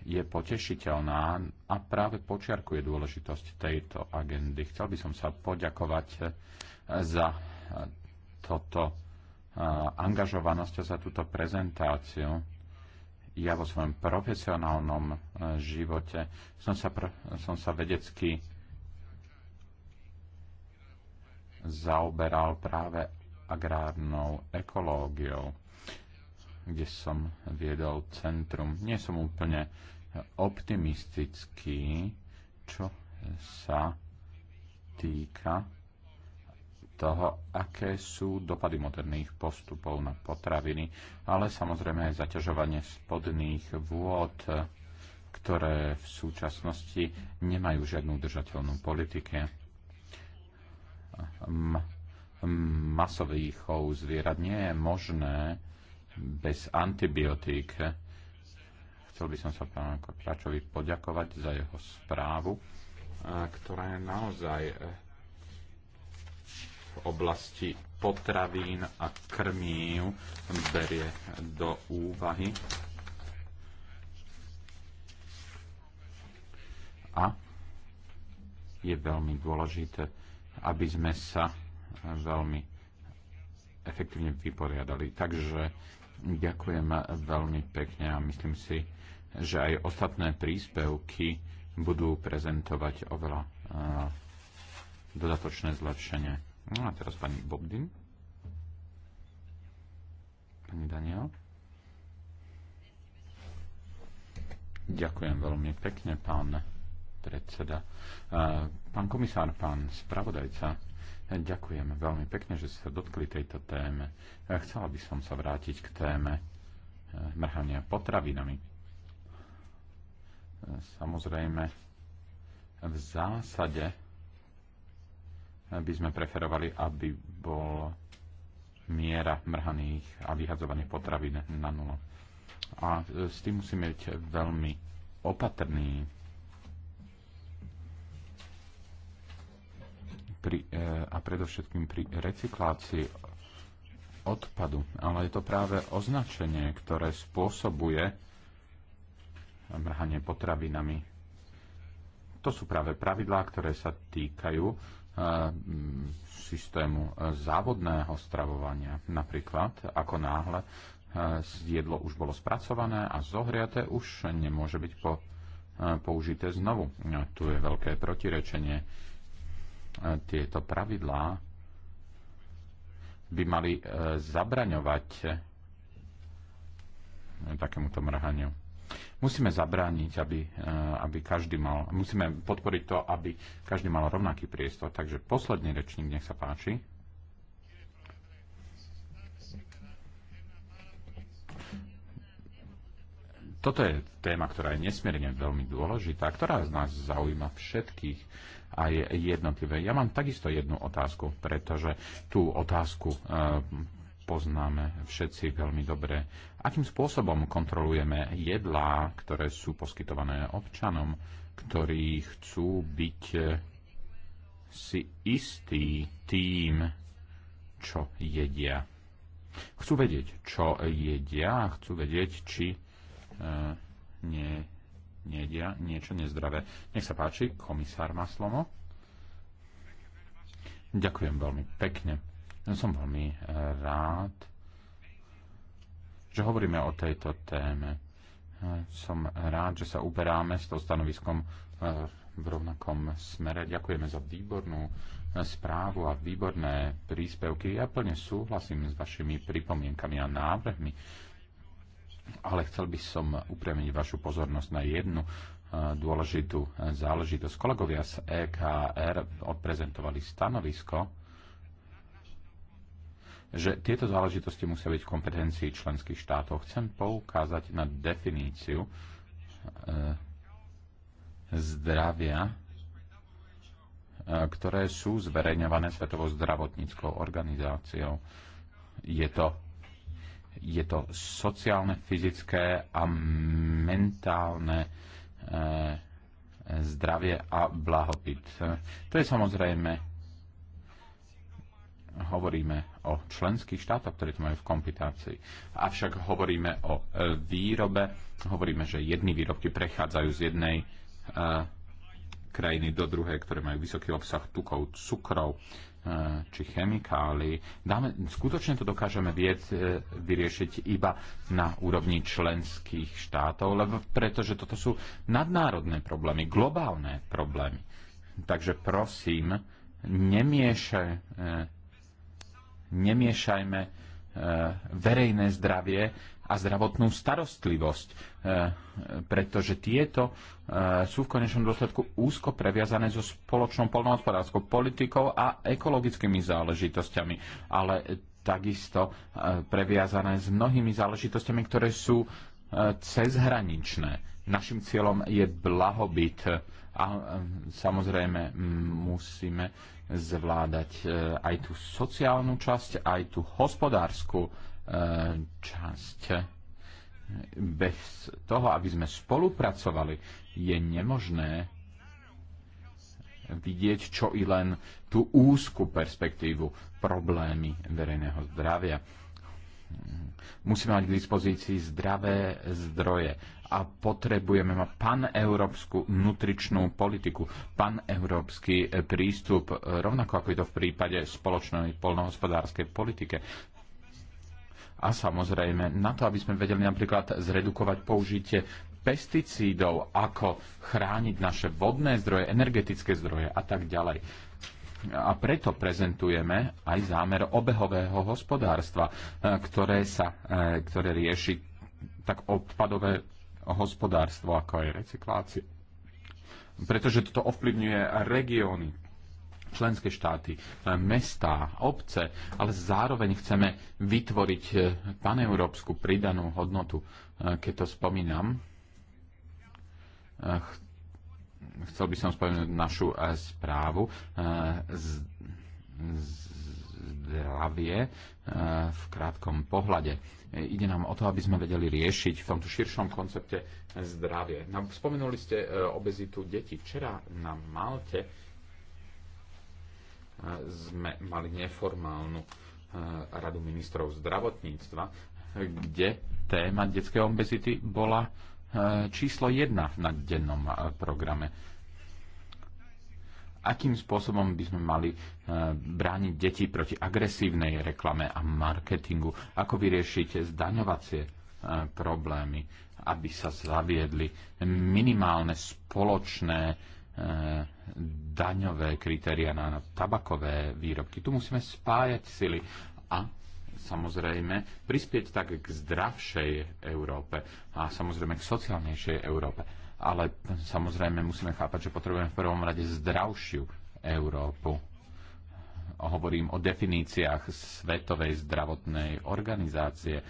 je potešiteľná a práve počiarkuje dôležitosť tejto agendy. Chcel by som sa poďakovať za toto angažovanosť a za túto prezentáciu. Ja vo svojom profesionálnom e, živote som sa, som sa vedecky zaoberal práve agrárnou ekológiou, kde som viedol centrum. Nie som úplne optimistický, čo sa týka toho, aké sú dopady moderných postupov na potraviny, ale samozrejme aj zaťažovanie spodných vôd, ktoré v súčasnosti nemajú žiadnu držateľnú politike masový chov zvierat nie je možné bez antibiotík. Chcel by som sa pánu Kopračovi poďakovať za jeho správu, ktorá je naozaj e, v oblasti potravín a krmív berie do úvahy. A je veľmi dôležité aby sme sa veľmi efektívne vyporiadali. Takže ďakujem veľmi pekne a myslím si, že aj ostatné príspevky budú prezentovať oveľa e, dodatočné zlepšenie. No a teraz pani Bobdin. Pani Daniel. Ďakujem veľmi pekne, pán predseda. Pán komisár, pán spravodajca, ďakujem veľmi pekne, že ste sa dotkli tejto téme. Chcela by som sa vrátiť k téme e, mrhania potravinami. E, samozrejme, v zásade e, by sme preferovali, aby bol miera mrhaných a vyhadzovaných potravín na nulo. A s tým musíme byť veľmi opatrný. pri, e, a predovšetkým pri recyklácii odpadu, ale je to práve označenie, ktoré spôsobuje mrhanie potravinami. To sú práve pravidlá, ktoré sa týkajú e, systému e, závodného stravovania. Napríklad, ako náhle jedlo už bolo spracované a zohriaté, už nemôže byť po, použité znovu. No, tu je veľké protirečenie E, tieto pravidlá by mali e, zabraňovať e, takémuto mrhaniu. Musíme zabrániť, aby, aby každý mal, musíme podporiť to, aby každý mal rovnaký priestor. Takže posledný rečník, nech sa páči. Toto je téma, ktorá je nesmierne veľmi dôležitá, ktorá z nás zaujíma všetkých aj jednotlivé. Ja mám takisto jednu otázku, pretože tú otázku eh, poznáme všetci veľmi dobre. Akým spôsobom kontrolujeme jedlá, ktoré sú poskytované občanom, ktorí chcú byť eh, si istí tým, čo jedia. Chcú vedieť, čo jedia, chcú vedieť, či e, nie nejedia niečo nezdravé. Nech sa páči, komisár má slovo. Ďakujem veľmi pekne. Som veľmi eh, rád, že hovoríme o tejto téme. Eh, som rád, že sa uberáme s tou stanoviskom eh, v rovnakom smere. Ďakujeme za výbornú správu a výborné príspevky. Ja plne súhlasím s vašimi pripomienkami a návrhmi ale chcel by som upriamiť vašu pozornosť na jednu eh, dôležitú eh, záležitosť. Kolegovia z EKR odprezentovali stanovisko, že tieto záležitosti musia byť v kompetencii členských štátov. Chcem poukázať na definíciu eh, zdravia, ktoré sú zverejňované Svetovou zdravotníckou organizáciou. Je to je to sociálne, fyzické a mentálne e, zdravie a blahobyt. To je samozrejme, hovoríme o členských štátoch, ktoré to majú v kompitácii. Avšak hovoríme o eh, výrobe, hovoríme, že jedny výrobky prechádzajú z jednej e, krajiny do druhej, ktoré majú vysoký obsah tukov, cukrov, E, či chemikálii. Dáme, skutočne to dokážeme vied, e, vyriešiť iba na úrovni členských štátov, lebo pretože toto sú nadnárodné problémy, globálne problémy. Takže prosím, e, nemiešajme verejné zdravie a zdravotnú starostlivosť, eh, pretože tieto eh, sú v konečnom dôsledku úzko previazané so spoločnou polnohospodárskou politikou a ekologickými záležitosťami, ale takisto eh, previazané s mnohými záležitosťami, ktoré sú cezhraničné. Našim cieľom je blahobyt a samozrejme musíme zvládať aj tú sociálnu časť, aj tú hospodárskú Eh, časť. Bez toho, aby sme spolupracovali, je nemožné vidieť čo i len tú úzku perspektívu problémy verejného zdravia. Musíme mať k dispozícii zdravé zdroje a potrebujeme mať paneurópsku nutričnú politiku, paneurópsky prístup, rovnako ako je to v prípade spoločnej polnohospodárskej politike. A samozrejme, na to, aby sme vedeli napríklad zredukovať použitie pesticídov, ako chrániť naše vodné zdroje, energetické zdroje a tak ďalej. A preto prezentujeme aj zámer obehového hospodárstva, e, ktoré, sa, e, ktoré rieši tak odpadové hospodárstvo, ako aj recyklácia. Pretože toto ovplyvňuje regióny, členské štáty, e, mestá, obce, ale zároveň chceme vytvoriť e, paneurópsku pridanú hodnotu. E, keď to spomínam, chcel by som spomenúť našu správu z, zdravie v krátkom pohľade. Ide nám o to, aby sme vedeli riešiť v tomto širšom koncepte zdravie. Spomenuli ste obezitu detí. Včera na Malte sme mali neformálnu e, radu ministrov zdravotníctva, kde téma detskej obezity bola e, číslo jedna na dennom e, programe. Akým spôsobom by sme mali brániť deti proti agresívnej reklame a marketingu? Ako vyriešiť zdaňovacie problémy, aby sa zaviedli minimálne spoločné daňové kritéria na tabakové výrobky. Tu musíme spájať sily a samozrejme prispieť tak k zdravšej Európe a samozrejme k sociálnejšej Európe. Ale samozrejme musíme chápať, že potrebujeme v prvom rade zdravšiu Európu. Hovorím o definíciách Svetovej zdravotnej organizácie,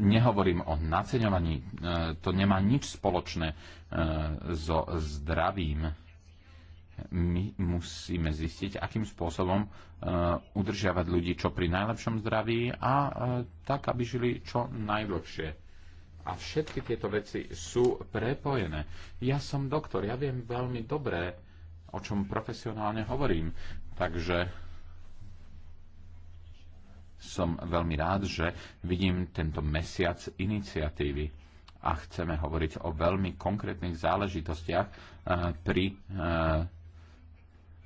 Nehovorím o naceňovaní, e, to nemá nič spoločné e, so zdravím. My musíme zistiť, akým spôsobom e, udržiavať ľudí čo pri najlepšom zdraví a tak, aby žili čo najdlhšie. A všetky tieto veci sú prepojené. Ja som doktor, ja viem veľmi dobre, o čom profesionálne hovorím. Takže som veľmi rád, že vidím tento mesiac iniciatívy a chceme hovoriť o veľmi konkrétnych záležitostiach eh, pri eh,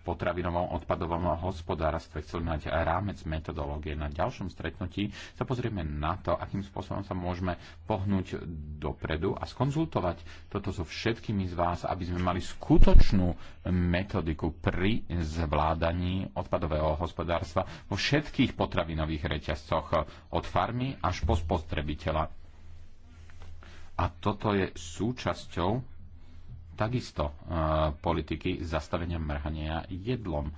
potravinovom odpadovom hospodárstve. Chceli mať rámec metodológie. Na ďalšom stretnutí sa pozrieme na to, akým spôsobom sa môžeme pohnúť dopredu a skonzultovať toto so všetkými z vás, aby sme mali skutočnú metodiku pri zvládaní odpadového hospodárstva vo všetkých potravinových reťazcoch od farmy až po spotrebiteľa. A toto je súčasťou takisto e, politiky zastavenia mrhania jedlom.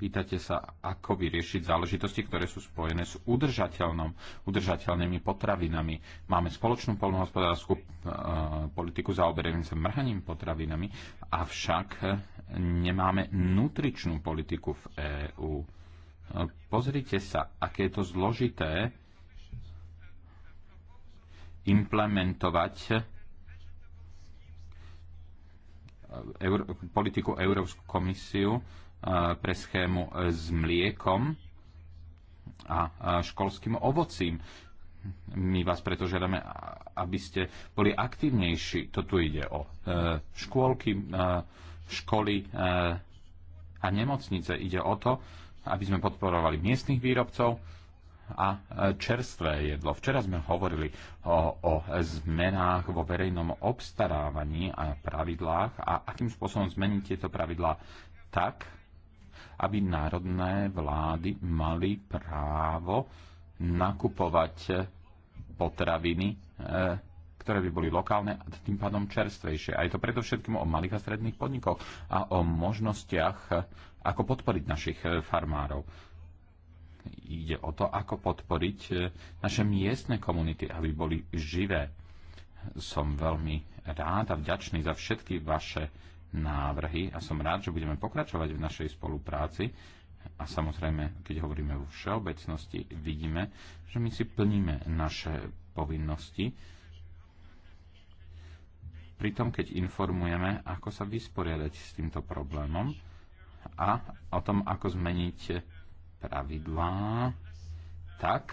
Pýtate sa, ako vyriešiť záležitosti, ktoré sú spojené s udržateľnom, udržateľnými potravinami. Máme spoločnú polnohospodárskú e, politiku zaoberenú sa mrhaním potravinami, avšak e, nemáme nutričnú politiku v EÚ. E, pozrite sa, aké je to zložité implementovať eh, politiku Európsku komisiu eh, pre schému eh, s mliekom a školským ovocím. My vás preto žiadame, aby ste boli aktívnejší. To tu ide o škôlky, školy a nemocnice. Ide o to, aby sme podporovali miestnych výrobcov, a e, čerstvé jedlo. Včera sme hovorili o, o zmenách vo verejnom obstarávaní a pravidlách a akým spôsobom zmeniť tieto pravidlá tak, aby národné vlády mali právo nakupovať potraviny, e, ktoré by boli lokálne a tým pádom čerstvejšie. A je to predovšetkým o malých a stredných podnikoch a o možnostiach, e, ako podporiť našich farmárov ide o to, ako podporiť e, naše miestne komunity, aby boli živé. Som veľmi rád a vďačný za všetky vaše návrhy a som rád, že budeme pokračovať v našej spolupráci. A samozrejme, keď hovoríme vo všeobecnosti, vidíme, že my si plníme naše povinnosti. Pritom, keď informujeme, ako sa vysporiadať s týmto problémom a o tom, ako zmeniť pravidlá tak,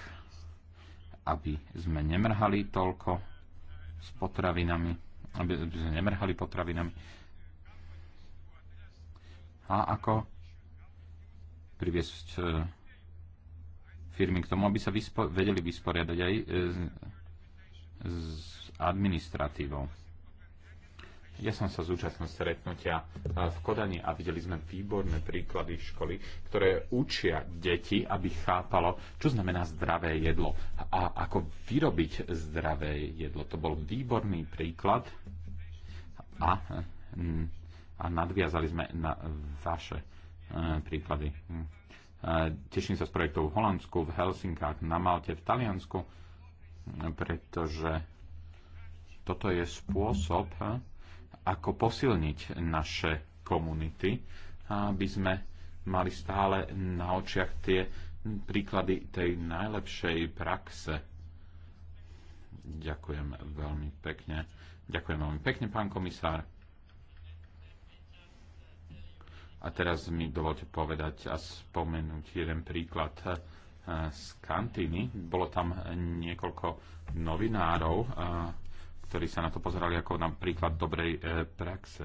aby sme nemrhali toľko s potravinami, aby sme nemrhali potravinami. A ako priviesť e, firmy k tomu, aby sa vyspo- vedeli vysporiadať aj s, e, s administratívou ja som sa zúčastnil stretnutia e, v Kodani a videli sme výborné príklady školy, ktoré učia deti, aby chápalo, čo znamená zdravé jedlo a ako vyrobiť zdravé jedlo. To bol výborný príklad a, mm, a nadviazali sme na vaše e, príklady. Mm. E, teším sa z projektov v Holandsku, v Helsinkách, na Malte, v Taliansku, pretože toto je spôsob, ako posilniť naše komunity, aby sme mali stále na očiach tie príklady tej najlepšej praxe. Ďakujem veľmi pekne. Ďakujem veľmi pekne, pán komisár. A teraz mi dovolte povedať a spomenúť jeden príklad eh, z Kantiny. Bolo tam niekoľko novinárov, eh, ktorí sa na to pozerali ako na príklad dobrej e, praxe.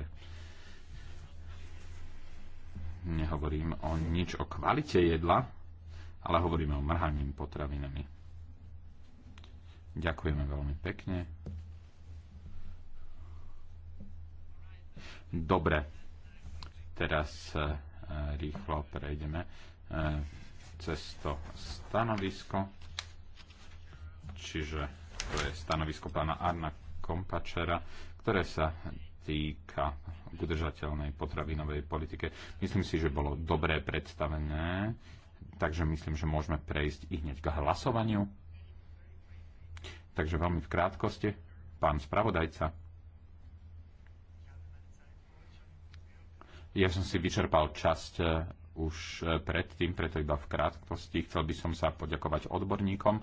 Nehovorím o nič o kvalite jedla, ale hovoríme o mrhaním potravinami. Ďakujeme veľmi pekne. Dobre, teraz e, rýchlo prejdeme e, cez to stanovisko, čiže to je stanovisko pána Arna Kompačera, ktoré sa týka udržateľnej potravinovej politike. Myslím si, že bolo dobré predstavené, takže myslím, že môžeme prejsť i hneď k hlasovaniu. Takže veľmi v krátkosti, pán spravodajca. Ja som si vyčerpal časť eh, už e, predtým, preto iba v krátkosti chcel by som sa poďakovať odborníkom, e,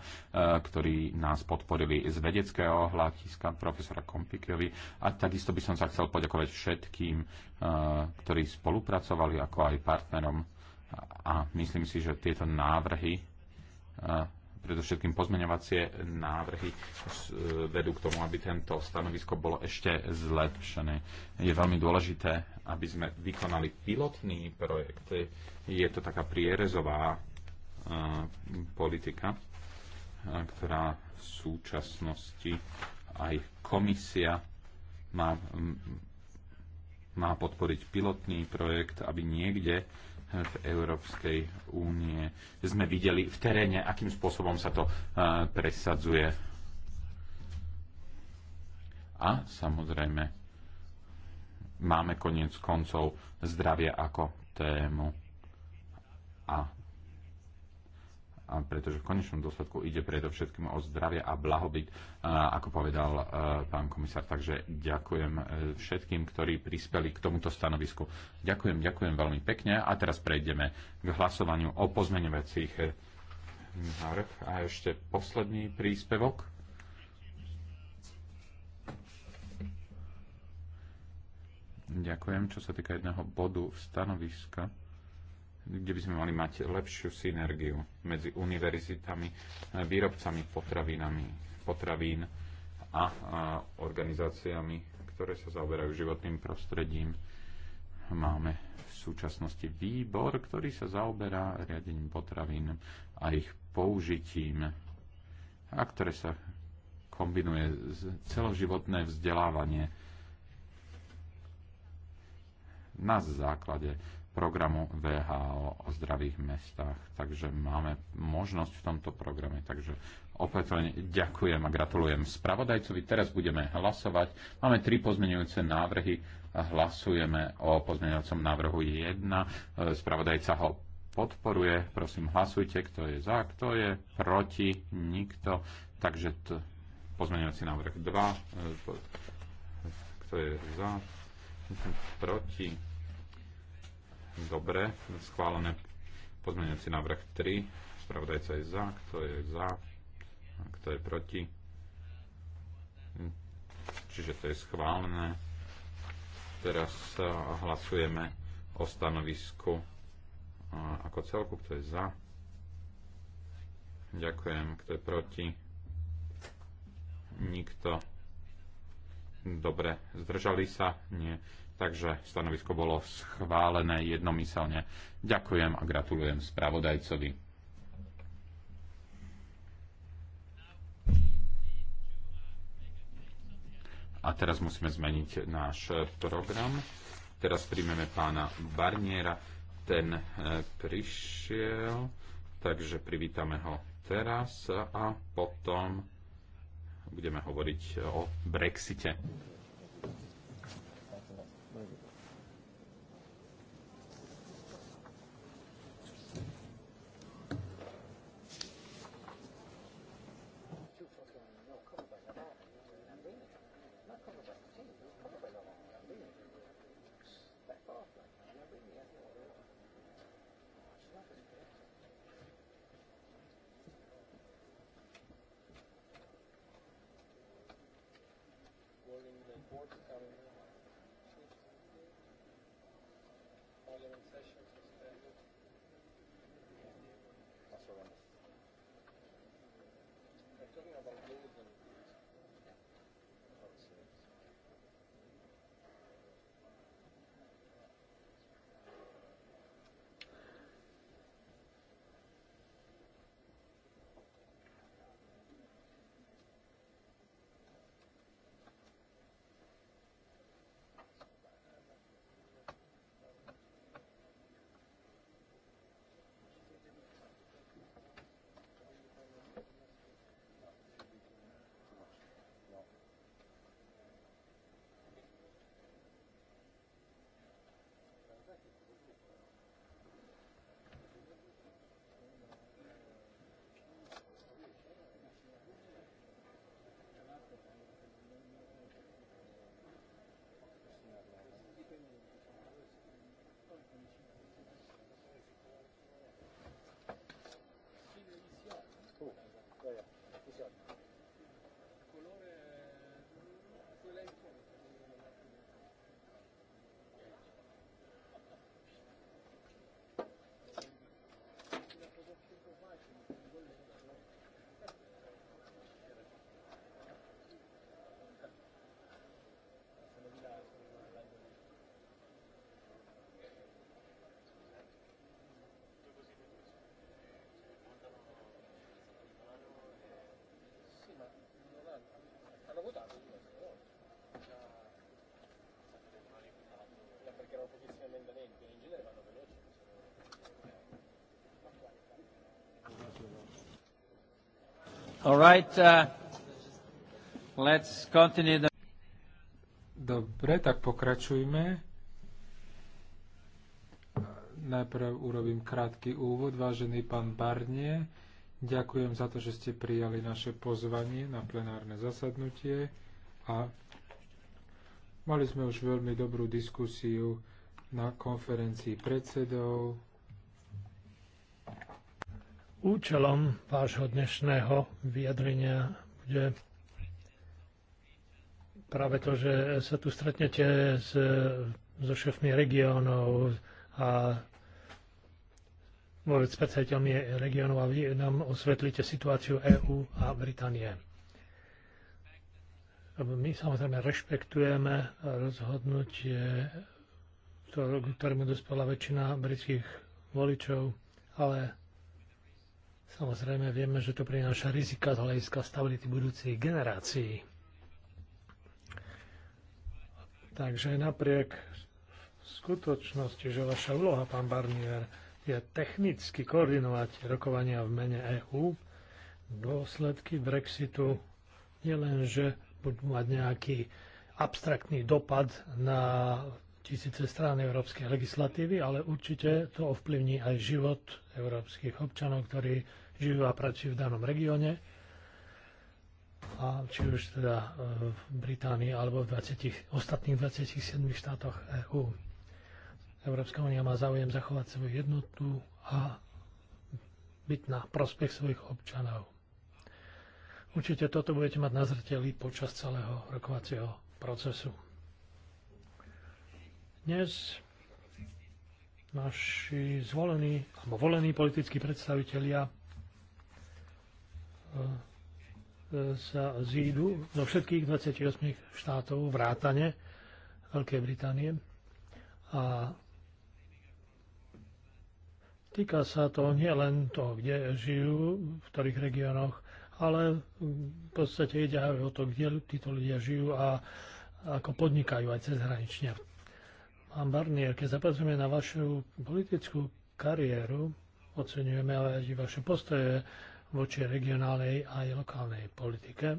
ktorí nás podporili z vedeckého hľadiska, profesora Kompikovi a takisto by som sa chcel poďakovať všetkým, e, ktorí spolupracovali, ako aj partnerom a myslím si, že tieto návrhy predovšetkým pozmeňovacie návrhy e, vedú k tomu, aby tento stanovisko bolo ešte zlepšené. Je veľmi dôležité, aby sme vykonali pilotný projekt. Je to taká prierezová e, politika, e, ktorá v súčasnosti aj komisia má, má podporiť pilotný projekt, aby niekde v Európskej únie. Sme videli v teréne, akým spôsobom sa to presadzuje. A samozrejme, máme koniec koncov zdravia ako tému. A pretože v konečnom dôsledku ide predovšetkým o zdravie a blahobyt, ako povedal pán komisár. Takže ďakujem e, všetkým, ktorí prispeli k tomuto stanovisku. Ďakujem, ďakujem veľmi pekne a teraz prejdeme k hlasovaniu o pozmeňovacích e, návrh. A ešte posledný príspevok. Ďakujem, čo sa týka jedného bodu stanoviska kde by sme mali mať lepšiu synergiu medzi univerzitami, výrobcami potravinami, potravín a organizáciami, ktoré sa zaoberajú životným prostredím. Máme v súčasnosti výbor, ktorý sa zaoberá riadením potravín a ich použitím, a ktoré sa kombinuje celoživotné vzdelávanie na základe programu VHO o zdravých mestách. Takže máme možnosť v tomto programe. Takže opätovne ďakujem a gratulujem spravodajcovi. Teraz budeme hlasovať. Máme tri pozmeňujúce návrhy. Hlasujeme o pozmeňujúcom návrhu 1. E, spravodajca ho podporuje. Prosím, hlasujte, kto je za, kto je proti, nikto. Takže t- pozmeňovací návrh 2. E, kto je za, proti, Dobre, schválené pozmeňujúci návrh 3. Spravodajca je za, kto je za, kto je proti. Čiže to je schválené. Teraz hlasujeme o stanovisku ako celku, kto je za. Ďakujem, kto je proti. Nikto. Dobre, zdržali sa? Nie. Takže stanovisko bolo schválené jednomyselne. Ďakujem a gratulujem spravodajcovi. A teraz musíme zmeniť náš program. Teraz príjmeme pána Barniera. Ten e, prišiel, takže privítame ho teraz a potom budeme hovoriť o Brexite. All right, uh, let's continue the... Dobre, tak pokračujme. Najprv urobím krátky úvod. Vážený pán Barnie, ďakujem za to, že ste prijali naše pozvanie na plenárne zasadnutie a mali sme už veľmi dobrú diskusiu na konferencii predsedov Účelom vášho dnešného vyjadrenia bude práve to, že sa tu stretnete s, so šéfmi regiónov a vôbec predstaviteľmi regiónov a vy nám osvetlíte situáciu EÚ a Británie. My samozrejme rešpektujeme rozhodnutie, ktorému dospela väčšina britských voličov, ale Samozrejme, vieme, že to prináša rizika z hľadiska stability budúcej generácií. Takže napriek skutočnosti, že vaša úloha, pán Barnier, je technicky koordinovať rokovania v mene EÚ, dôsledky Brexitu nielenže budú mať nejaký abstraktný dopad na tisíce strán európskej legislatívy, ale určite to ovplyvní aj život európskych občanov, ktorí žijú a pracujú v danom regióne, a či už teda e, v Británii alebo v 20, ostatných 27 štátoch EÚ. Európska únia má záujem zachovať svoju jednotu a byť na prospech svojich občanov. Určite toto budete mať na zreteli počas celého rokovacieho procesu. Dnes naši zvolení alebo volení politickí predstavitelia e, e, sa zídu zo všetkých 28 štátov vrátane Veľkej Británie a týka sa to nielen to, kde žijú, v ktorých regiónoch, ale v podstate ide aj o to, kde títo ľudia žijú a ako podnikajú aj cezhranične v Pán Barnier, keď zapracujeme na vašu politickú kariéru, oceňujeme aj vaše postoje voči regionálnej aj lokálnej politike.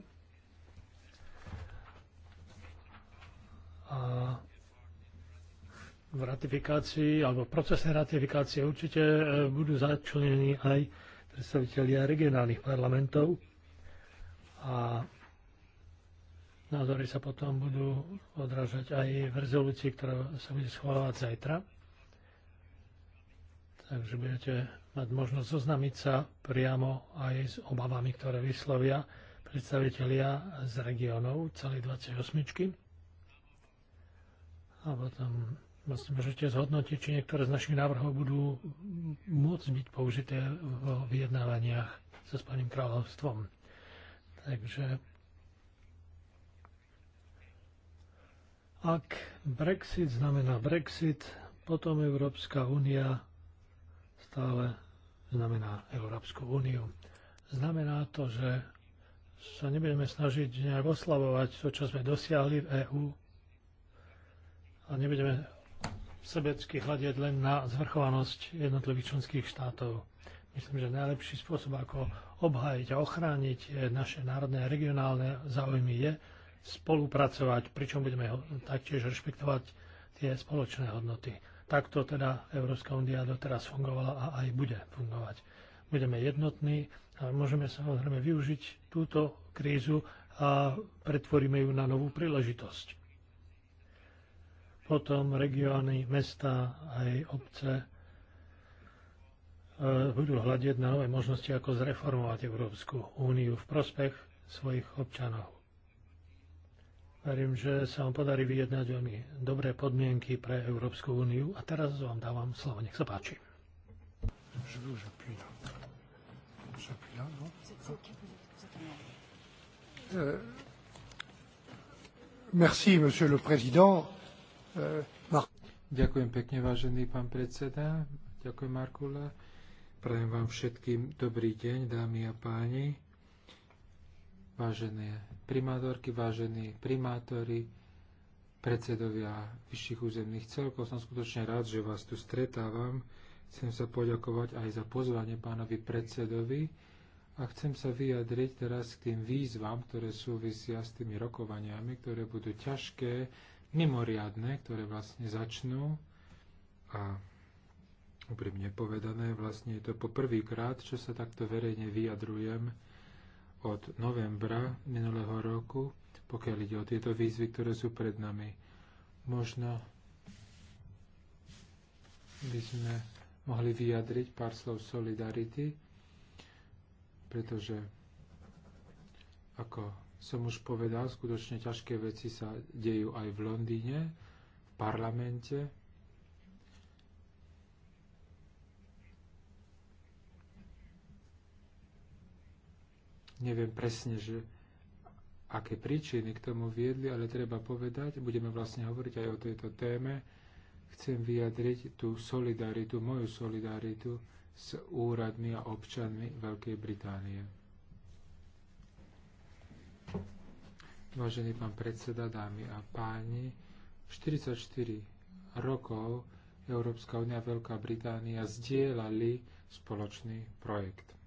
A v ratifikácii alebo procesnej ratifikácie určite e, budú začlenení aj predstavitelia regionálnych parlamentov a Názory sa potom budú odrážať aj v rezolúcii, ktorá sa bude schváľovať zajtra. Takže budete mať možnosť zoznamiť sa priamo aj s obavami, ktoré vyslovia predstavitelia z regionov celé 28. A potom vlastne môžete zhodnotiť, či niektoré z našich návrhov budú môcť byť použité vo vyjednávaniach so Spaným kráľovstvom. Takže Ak Brexit znamená Brexit, potom Európska únia stále znamená Európsku úniu. Znamená to, že sa nebudeme snažiť nejak oslavovať to, čo sme dosiahli v EÚ a nebudeme sebecky hľadiť len na zvrchovanosť jednotlivých členských štátov. Myslím, že najlepší spôsob, ako obhájiť a ochrániť naše národné a regionálne záujmy je, spolupracovať, pričom budeme taktiež rešpektovať tie spoločné hodnoty. Takto teda Európska únia doteraz fungovala a aj bude fungovať. Budeme jednotní a môžeme samozrejme využiť túto krízu a pretvoríme ju na novú príležitosť. Potom regióny, mesta aj obce e, budú hľadiť na nové možnosti, ako zreformovať Európsku úniu v prospech svojich občanov. Verím, že sa vám podarí vyjednať veľmi dobré podmienky pre Európsku úniu. A teraz vám dávam slovo. Nech sa páči. Merci, monsieur le président. Euh, Ďakujem pekne, vážený pán predseda. Ďakujem, Markula. Prajem vám všetkým dobrý deň, dámy a páni. Vážené primátorky, vážení primátori, predsedovia vyšších územných celkov. Som skutočne rád, že vás tu stretávam. Chcem sa poďakovať aj za pozvanie pánovi predsedovi a chcem sa vyjadriť teraz k tým výzvam, ktoré súvisia s tými rokovaniami, ktoré budú ťažké, mimoriadne, ktoré vlastne začnú a úprimne povedané, vlastne je to po prvýkrát, čo sa takto verejne vyjadrujem od novembra minulého roku, pokiaľ ide o tieto výzvy, ktoré sú pred nami. Možno by sme mohli vyjadriť pár slov solidarity, pretože ako som už povedal, skutočne ťažké veci sa dejú aj v Londýne, v parlamente, Neviem presne, že aké príčiny k tomu viedli, ale treba povedať, budeme vlastne hovoriť aj o tejto téme, chcem vyjadriť tú solidaritu, moju solidaritu s úradmi a občanmi Veľkej Británie. Vážený pán predseda, dámy a páni, 44 rokov Európska únia a Veľká Británia zdieľali spoločný projekt.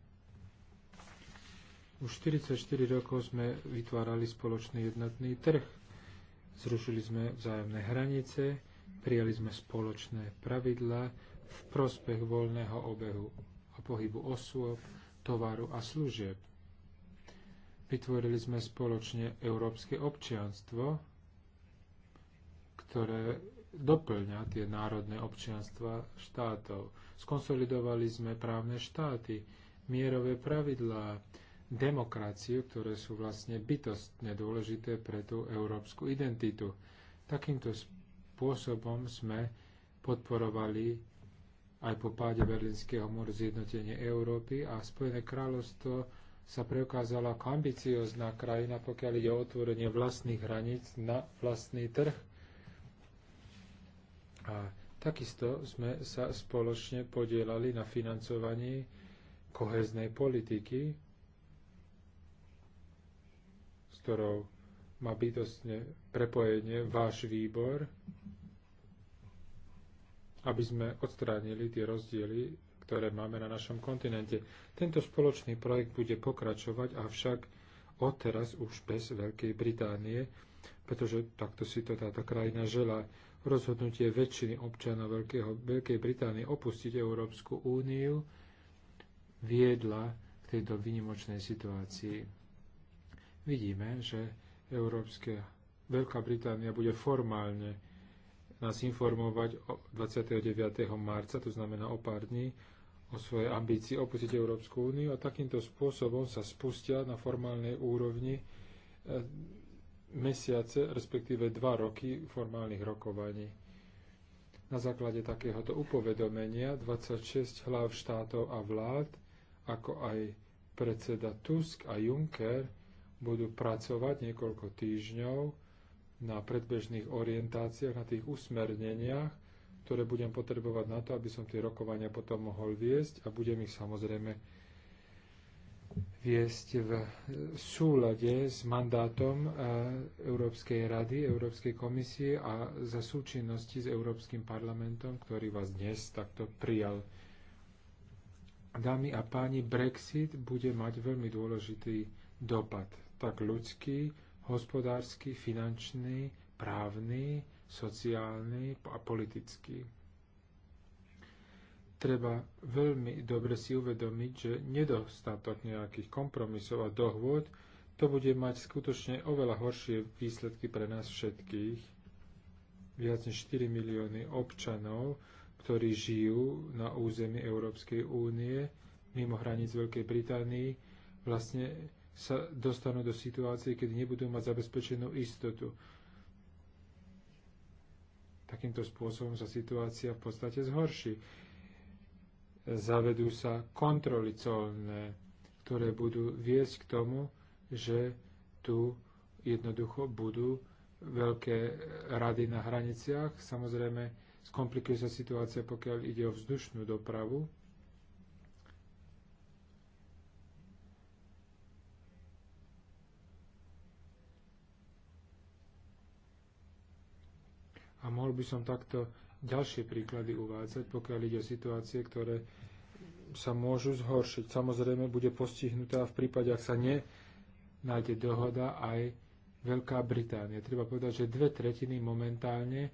Už 44 rokov sme vytvárali spoločný jednotný trh. Zrušili sme vzájomné hranice, prijali sme spoločné pravidlá v prospech voľného obehu a pohybu osôb, tovaru a služieb. Vytvorili sme spoločne európske občianstvo, ktoré doplňa tie národné občianstva štátov. Skonsolidovali sme právne štáty, mierové pravidlá, demokraciu, ktoré sú vlastne bytostne dôležité pre tú európsku identitu. Takýmto spôsobom sme podporovali aj po páde Berlínskeho múru zjednotenie Európy a Spojené kráľovstvo sa preukázalo ako ambiciozná krajina, pokiaľ ide o otvorenie vlastných hraníc na vlastný trh. A takisto sme sa spoločne podielali na financovaní koheznej politiky, ktorou má bytostne prepojenie váš výbor, aby sme odstránili tie rozdiely, ktoré máme na našom kontinente. Tento spoločný projekt bude pokračovať, avšak odteraz už bez Veľkej Británie, pretože takto si to táto krajina želá. Rozhodnutie väčšiny občanov Veľkého, Veľkej Británie opustiť Európsku úniu viedla k tejto vynimočnej situácii vidíme, že Európska Veľká Británia bude formálne nás informovať o 29. marca, to znamená o pár dní, o svojej ambícii opustiť Európsku úniu a takýmto spôsobom sa spustia na formálnej úrovni eh, mesiace, respektíve dva roky formálnych rokovaní. Na základe takéhoto upovedomenia 26 hlav štátov a vlád, ako aj predseda Tusk a Juncker, budú pracovať niekoľko týždňov na predbežných orientáciách, na tých usmerneniach, ktoré budem potrebovať na to, aby som tie rokovania potom mohol viesť a budem ich samozrejme viesť v súlade s mandátom eh, Európskej rady, Európskej komisie a za súčinnosti s Európskym parlamentom, ktorý vás dnes takto prijal. Dámy a páni, Brexit bude mať veľmi dôležitý dopad tak ľudský, hospodársky, finančný, právny, sociálny a politický. Treba veľmi dobre si uvedomiť, že nedostatok nejakých kompromisov a dohôd to bude mať skutočne oveľa horšie výsledky pre nás všetkých. Viac než 4 milióny občanov, ktorí žijú na území Európskej únie, mimo hraníc Veľkej Británii, vlastne sa dostanú do situácie, kedy nebudú mať zabezpečenú istotu. Takýmto spôsobom sa situácia v podstate zhorší. Zavedú sa kontroly colné, ktoré budú viesť k tomu, že tu jednoducho budú veľké rady na hraniciach. Samozrejme, skomplikuje sa situácia, pokiaľ ide o vzdušnú dopravu, A mohol by som takto ďalšie príklady uvádzať, pokiaľ ide o situácie, ktoré sa môžu zhoršiť. Samozrejme, bude postihnutá v prípade, ak sa ne nájde dohoda aj Veľká Británia. Treba povedať, že dve tretiny momentálne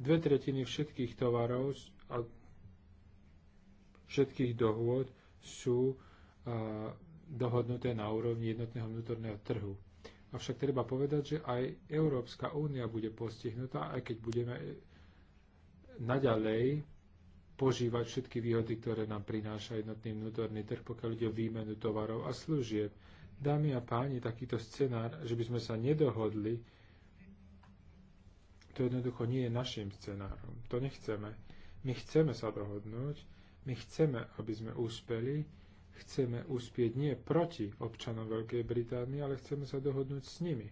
dve tretiny všetkých tovarov a všetkých dohôd sú a, dohodnuté na úrovni jednotného vnútorného trhu. Avšak treba povedať, že aj Európska únia bude postihnutá, aj keď budeme naďalej požívať všetky výhody, ktoré nám prináša jednotný vnútorný trh, pokiaľ ide o výmenu tovarov a služieb. Dámy a páni, takýto scenár, že by sme sa nedohodli, to jednoducho nie je našim scenárom. To nechceme. My chceme sa dohodnúť, my chceme, aby sme úspeli, chceme uspieť nie proti občanom Veľkej Británie, ale chceme sa dohodnúť s nimi.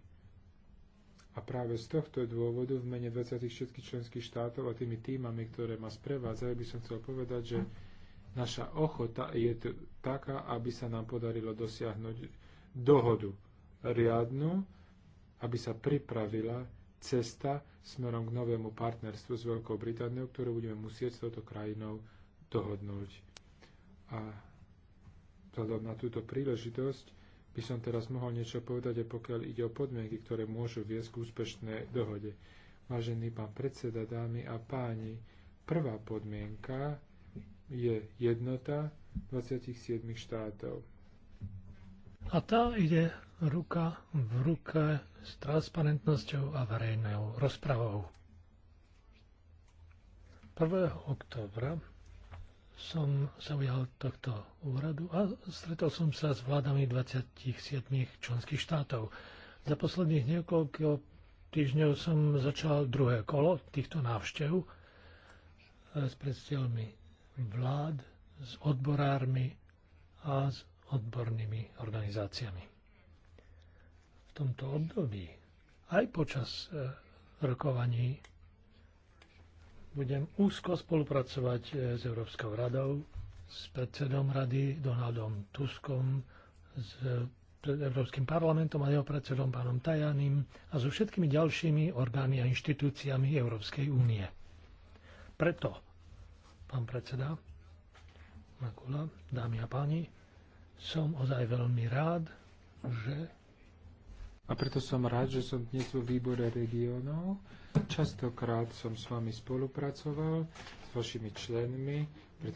A práve z tohto dôvodu v mene 20 všetkých členských štátov a tými týmami, ktoré ma sprevádzajú, by som chcel povedať, že naša ochota je taká, aby sa nám podarilo dosiahnuť dohodu riadnu, aby sa pripravila cesta smerom k novému partnerstvu s Veľkou Britániou, ktorú budeme musieť s touto krajinou dohodnúť. A Vzhľadom na túto príležitosť by som teraz mohol niečo povedať, pokiaľ ide o podmienky, ktoré môžu viesť k úspešnej dohode. Vážený pán predseda, dámy a páni, prvá podmienka je jednota 27 štátov. A tá ide ruka v ruke s transparentnosťou a verejnou rozpravou. 1. oktobra som sa ujal tohto úradu a stretol som sa s vládami 27 členských štátov. Za posledných niekoľko týždňov som začal druhé kolo týchto návštev e, s predstaviteľmi vlád, s odborármi a s odbornými organizáciami. V tomto období aj počas e, rokovaní budem úzko spolupracovať e, s Európskou radou, s predsedom rady Donaldom Tuskom, s e, Európskym parlamentom a jeho predsedom pánom Tajaným a so všetkými ďalšími orgánmi a inštitúciami Európskej únie. Preto, pán predseda Makula, dámy a páni, som ozaj veľmi rád, že... A preto som rád, že som dnes vo výbore regionov Častokrát som s vami spolupracoval, s vašimi členmi v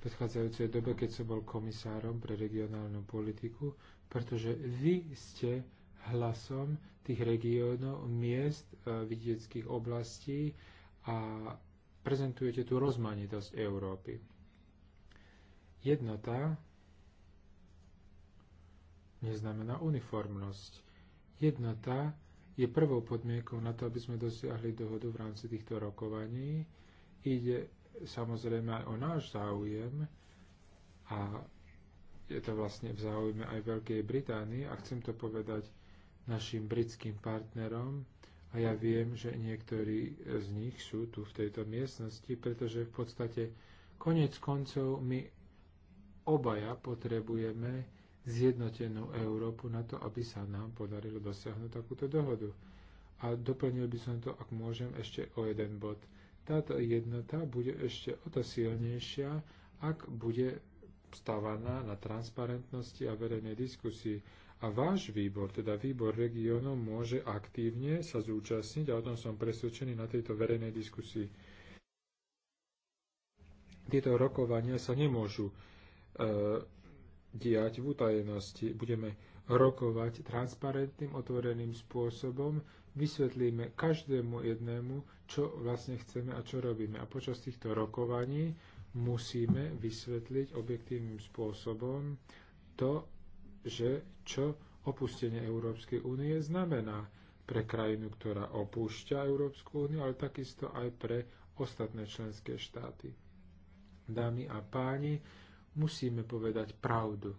predchádzajúcej dobe, keď som bol komisárom pre regionálnu politiku, pretože vy ste hlasom tých regiónov, miest, e, vidieckých oblastí a prezentujete tú rozmanitosť Európy. Jednota neznamená uniformnosť. Jednota je prvou podmienkou na to, aby sme dosiahli dohodu v rámci týchto rokovaní. Ide samozrejme aj o náš záujem a je to vlastne v záujme aj Veľkej Británii a chcem to povedať našim britským partnerom a ja viem, že niektorí z nich sú tu v tejto miestnosti, pretože v podstate konec koncov my obaja potrebujeme zjednotenú Európu na to, aby sa nám podarilo dosiahnuť takúto dohodu. A doplnil by som to, ak môžem, ešte o jeden bod. Táto jednota bude ešte o to silnejšia, ak bude stavaná na transparentnosti a verejnej diskusii. A váš výbor, teda výbor regiónov, môže aktívne sa zúčastniť, a o tom som presvedčený, na tejto verejnej diskusii. Tieto rokovania sa nemôžu e, diať v utajenosti. Budeme rokovať transparentným, otvoreným spôsobom, vysvetlíme každému jednému, čo vlastne chceme a čo robíme. A počas týchto rokovaní musíme vysvetliť objektívnym spôsobom to, že čo opustenie Európskej únie znamená pre krajinu, ktorá opúšťa Európsku úniu, ale takisto aj pre ostatné členské štáty. Dámy a páni, musíme povedať pravdu.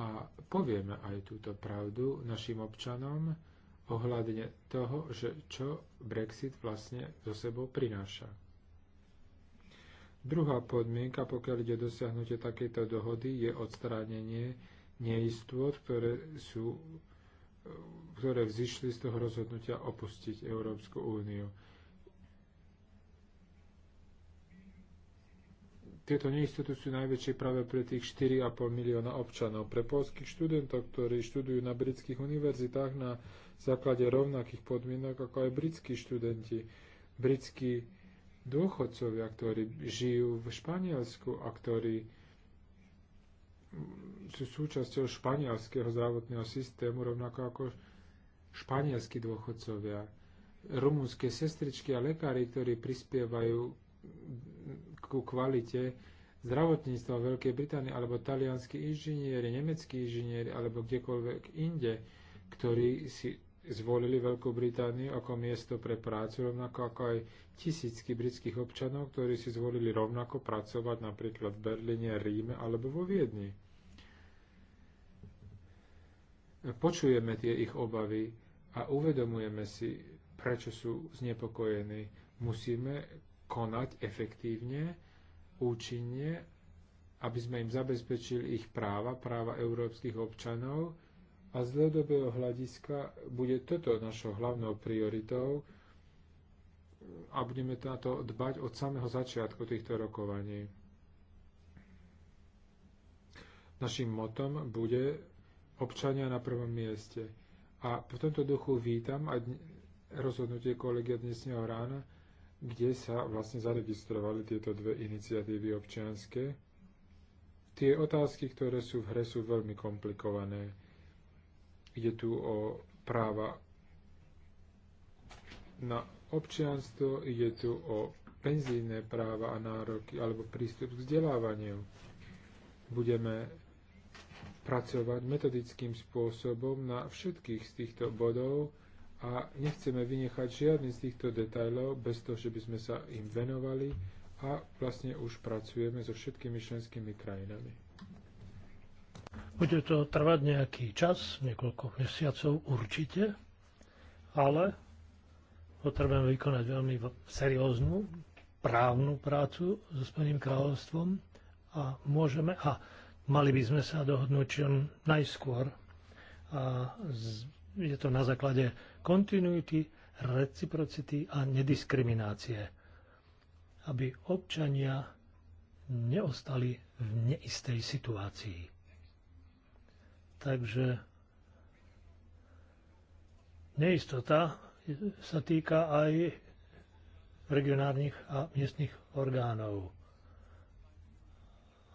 A povieme aj túto pravdu našim občanom ohľadne toho, že čo Brexit vlastne zo sebou prináša. Druhá podmienka, pokiaľ ide o dosiahnutie takejto dohody, je odstránenie neistôt, ktoré, sú, ktoré vzýšli z toho rozhodnutia opustiť Európsku úniu. Tieto neistoty sú najväčšie práve pre tých 4,5 milióna občanov. Pre polských študentov, ktorí študujú na britských univerzitách na základe rovnakých podmienok ako aj britskí študenti, britskí dôchodcovia, ktorí žijú v Španielsku a ktorí sú súčasťou španielského zdravotného systému, rovnako ako španielskí dôchodcovia. Rumúnske sestričky a lekári, ktorí prispievajú ku kvalite zdravotníctva Veľkej Británie, alebo talianskí inžinieri, nemeckí inžinieri, alebo kdekoľvek inde, ktorí si zvolili Veľkú Britániu ako miesto pre prácu, rovnako ako aj tisícky britských občanov, ktorí si zvolili rovnako pracovať napríklad v Berlíne, Ríme alebo vo Viedni. Počujeme tie ich obavy a uvedomujeme si, prečo sú znepokojení. Musíme konať efektívne účinne, aby sme im zabezpečili ich práva, práva európskych občanov a z dlhodobého hľadiska bude toto našou hlavnou prioritou a budeme na to dbať od samého začiatku týchto rokovaní. Našim motom bude občania na prvom mieste. A v tomto duchu vítam aj rozhodnutie kolegia dnesného rána, kde sa vlastne zaregistrovali tieto dve iniciatívy občianske. Tie otázky, ktoré sú v hre, sú veľmi komplikované. Ide tu o práva na občianstvo, ide tu o penzijné práva a nároky alebo prístup k vzdelávaniu. Budeme pracovať metodickým spôsobom na všetkých z týchto bodov, a nechceme vynechať žiadny z týchto detajlov bez toho, že by sme sa im venovali a vlastne už pracujeme so všetkými členskými krajinami. Bude to trvať nejaký čas, niekoľko mesiacov určite, ale potrebujeme vykonať veľmi serióznu právnu prácu so Spojeným kráľovstvom a môžeme a mali by sme sa dohodnúť čo najskôr. A je to na základe kontinuity, reciprocity a nediskriminácie, aby občania neostali v neistej situácii. Takže neistota sa týka aj regionárnych a miestnych orgánov.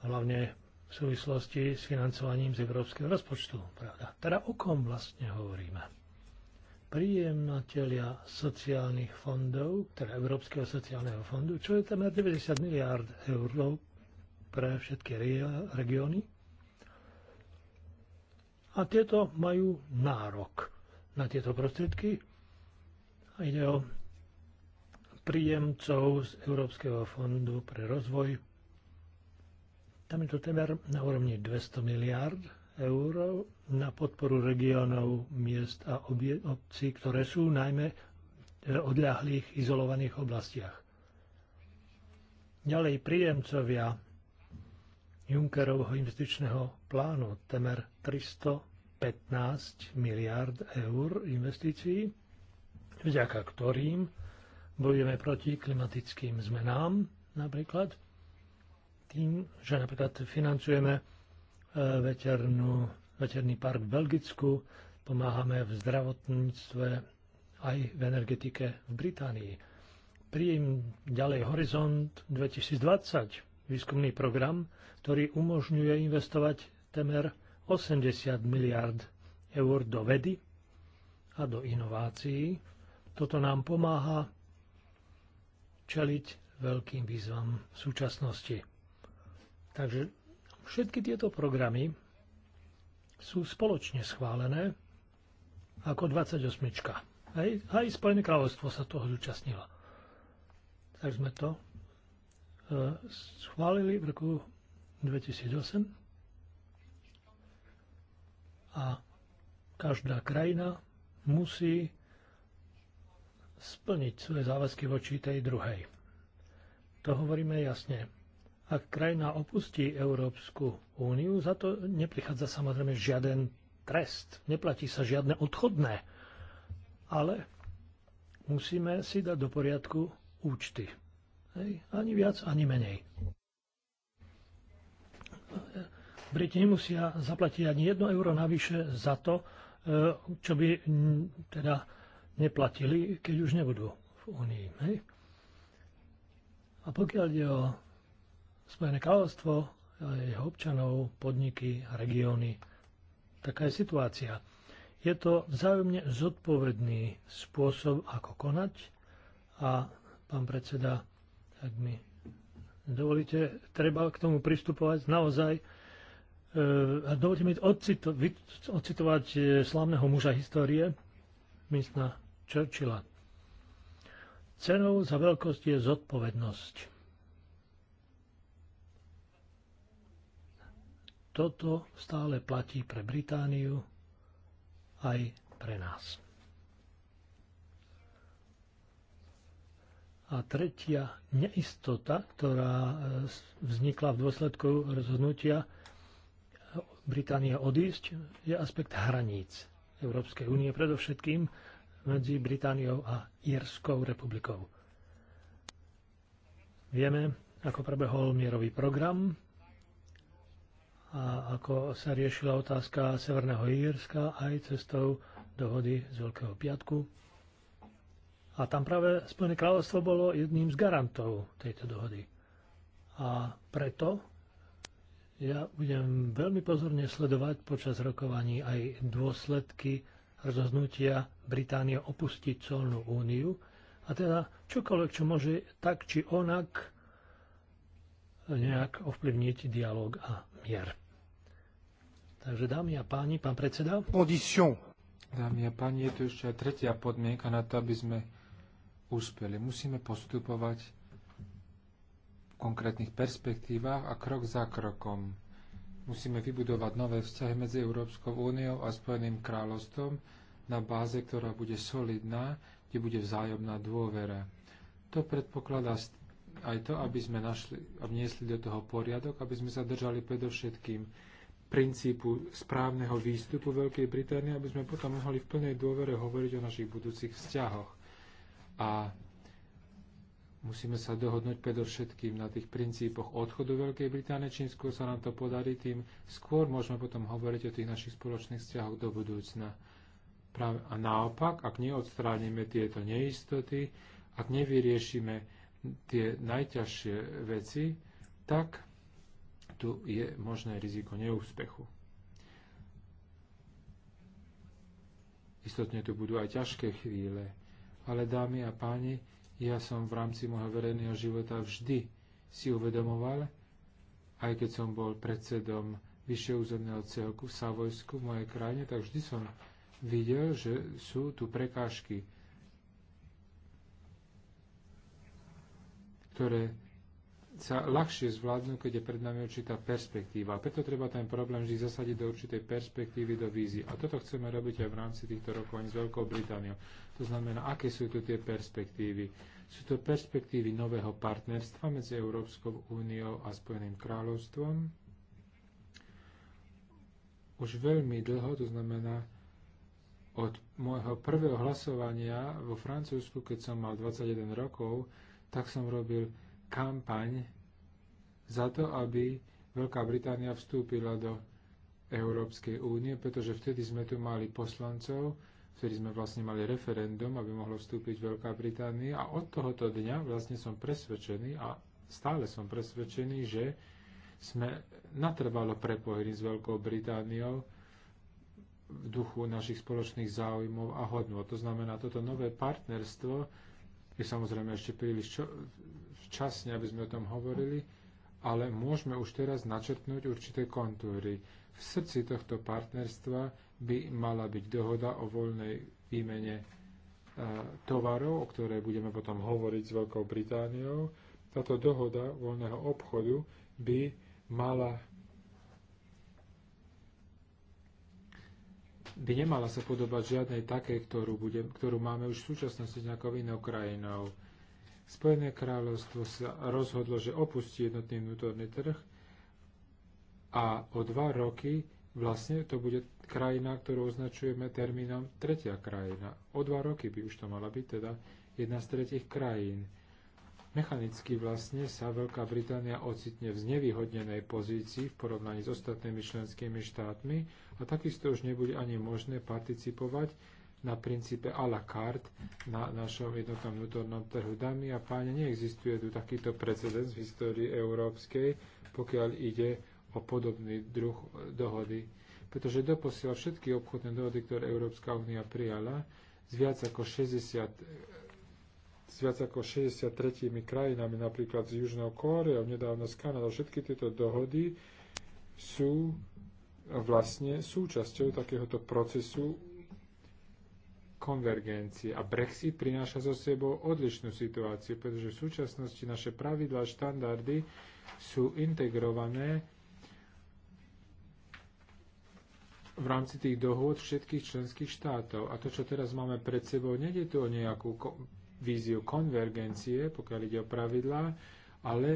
Hlavne v súvislosti s financovaním z európskeho rozpočtu. Pravda. Teda o kom vlastne hovoríme? príjemnatelia sociálnych fondov, teda Európskeho sociálneho fondu, čo je tam 90 miliárd eur pre všetky regióny. A tieto majú nárok na tieto prostriedky. A ide o príjemcov z Európskeho fondu pre rozvoj. Tam je to temer na úrovni 200 miliárd eur na podporu regiónov, miest a obcí, ktoré sú najmä v odľahlých, izolovaných oblastiach. Ďalej príjemcovia Junckerovho investičného plánu temer 315 miliard eur investícií, vďaka ktorým bojujeme proti klimatickým zmenám napríklad, tým, že napríklad financujeme E, večernú, veterný park v Belgicku, pomáhame v zdravotníctve aj v energetike v Británii. Príjem ďalej Horizont 2020, výskumný program, ktorý umožňuje investovať temer 80 miliard eur do vedy a do inovácií. Toto nám pomáha čeliť veľkým výzvam v súčasnosti. Takže Všetky tieto programy sú spoločne schválené ako 28. Aj, aj Spojené kráľovstvo sa toho zúčastnilo. Tak sme to e, schválili v roku 2008 a každá krajina musí splniť svoje záväzky voči tej druhej. To hovoríme jasne. Ak krajina opustí Európsku úniu, za to neprichádza samozrejme žiaden trest, neplatí sa žiadne odchodné. Ale musíme si dať do poriadku účty. Hej. Ani viac, ani menej. Briti nemusia zaplatiť ani jedno euro navyše za to, e, čo by teda neplatili, keď už nebudú v Únii. Hej. A pokiaľ ide o Spojené kráľovstvo, jeho občanov, podniky, regióny. Taká je situácia. Je to vzájomne zodpovedný spôsob, ako konať a pán predseda, ak mi dovolíte, treba k tomu pristupovať naozaj E, dovolte mi odcito- odcitovať e, slavného muža histórie, Winston Churchilla. Cenou za veľkosť je zodpovednosť. Toto stále platí pre Britániu aj pre nás. A tretia neistota, ktorá e, vznikla v dôsledku rozhodnutia e, Británie odísť, je aspekt hraníc Európskej únie, predovšetkým medzi Britániou a Jerskou republikou. Vieme, ako prebehol mierový program a ako sa riešila otázka Severného Jírska aj cestou dohody z Veľkého piatku. A tam práve Spojené kráľovstvo bolo jedným z garantov tejto dohody. A preto ja budem veľmi pozorne sledovať počas rokovaní aj dôsledky rozhodnutia Británie opustiť colnú úniu a teda čokoľvek, čo môže tak či onak nejak ovplyvniť dialog a mier. Takže dámy a páni, pán predseda. Audition. Dámy a páni, je tu ešte aj tretia podmienka na to, aby sme úspeli. Musíme postupovať v konkrétnych perspektívach a krok za krokom. Musíme vybudovať nové vzťahy medzi Európskou úniou a Spojeným kráľovstvom na báze, ktorá bude solidná, kde bude vzájomná dôvera. To predpokladá aj to, aby sme našli, a vniesli do toho poriadok, aby sme sa držali predovšetkým princípu správneho výstupu Veľkej Británie, aby sme potom mohli v plnej dôvere hovoriť o našich budúcich vzťahoch. A musíme sa dohodnúť predovšetkým na tých princípoch odchodu Veľkej Británie. Čím skôr sa nám to podarí, tým skôr môžeme potom hovoriť o tých našich spoločných vzťahoch do budúcna. a naopak, ak neodstránime tieto neistoty, ak nevyriešime tie najťažšie veci, tak tu je možné riziko neúspechu. Istotne tu budú aj ťažké chvíle, ale dámy a páni, ja som v rámci môjho verejného života vždy si uvedomoval, aj keď som bol predsedom vyššie územného celku v Savojsku, v mojej krajine, tak vždy som videl, že sú tu prekážky ktoré sa ľahšie zvládnu, keď je pred nami určitá perspektíva. Preto treba ten problém vždy zasadiť do určitej perspektívy, do vízy. A toto chceme robiť aj v rámci týchto rokovaní s Veľkou Britániou. To znamená, aké sú tu tie perspektívy. Sú to perspektívy nového partnerstva medzi Európskou úniou a Spojeným kráľovstvom. Už veľmi dlho, to znamená od môjho prvého hlasovania vo Francúzsku, keď som mal 21 rokov, tak som robil kampaň za to, aby Veľká Británia vstúpila do Európskej únie, pretože vtedy sme tu mali poslancov, vtedy sme vlastne mali referendum, aby mohlo vstúpiť Veľká Británia a od tohoto dňa vlastne som presvedčený a stále som presvedčený, že sme natrvalo prepojení s Veľkou Britániou v duchu našich spoločných záujmov a hodnot. To znamená, toto nové partnerstvo je samozrejme ešte príliš čo, včasne, aby sme o tom hovorili, ale môžeme už teraz načrtnúť určité kontúry. V srdci tohto partnerstva by mala byť dohoda o voľnej výmene e, tovarov, o ktorej budeme potom hovoriť s Veľkou Britániou. Táto dohoda voľného obchodu by mala by nemala sa podobať žiadnej takej, ktorú, bude, ktorú máme už v súčasnosti s nejakou inou krajinou. Spojené kráľovstvo sa rozhodlo, že opustí jednotný vnútorný trh a o dva roky vlastne to bude krajina, ktorú označujeme termínom tretia krajina. O dva roky by už to mala byť teda jedna z tretich krajín. Mechanicky vlastne sa Veľká Británia ocitne v znevýhodnenej pozícii v porovnaní s ostatnými členskými štátmi a takisto už nebude ani možné participovať na princípe a la carte na našom jednotnom vnútornom trhu. Dámy a páni, neexistuje tu takýto precedens v histórii európskej, pokiaľ ide o podobný druh eh, dohody. Pretože doposiaľ všetky obchodné dohody, ktoré Európska únia prijala, z viac ako 60 s viac ako 63 krajinami, napríklad z Južnou Kóreou, nedávno s Kanadou. Všetky tieto dohody sú vlastne súčasťou takéhoto procesu konvergencie. A Brexit prináša so sebou odlišnú situáciu, pretože v súčasnosti naše pravidlá a štandardy sú integrované v rámci tých dohôd všetkých členských štátov. A to, čo teraz máme pred sebou, nejde tu o nejakú víziu konvergencie, pokiaľ ide o pravidlá, ale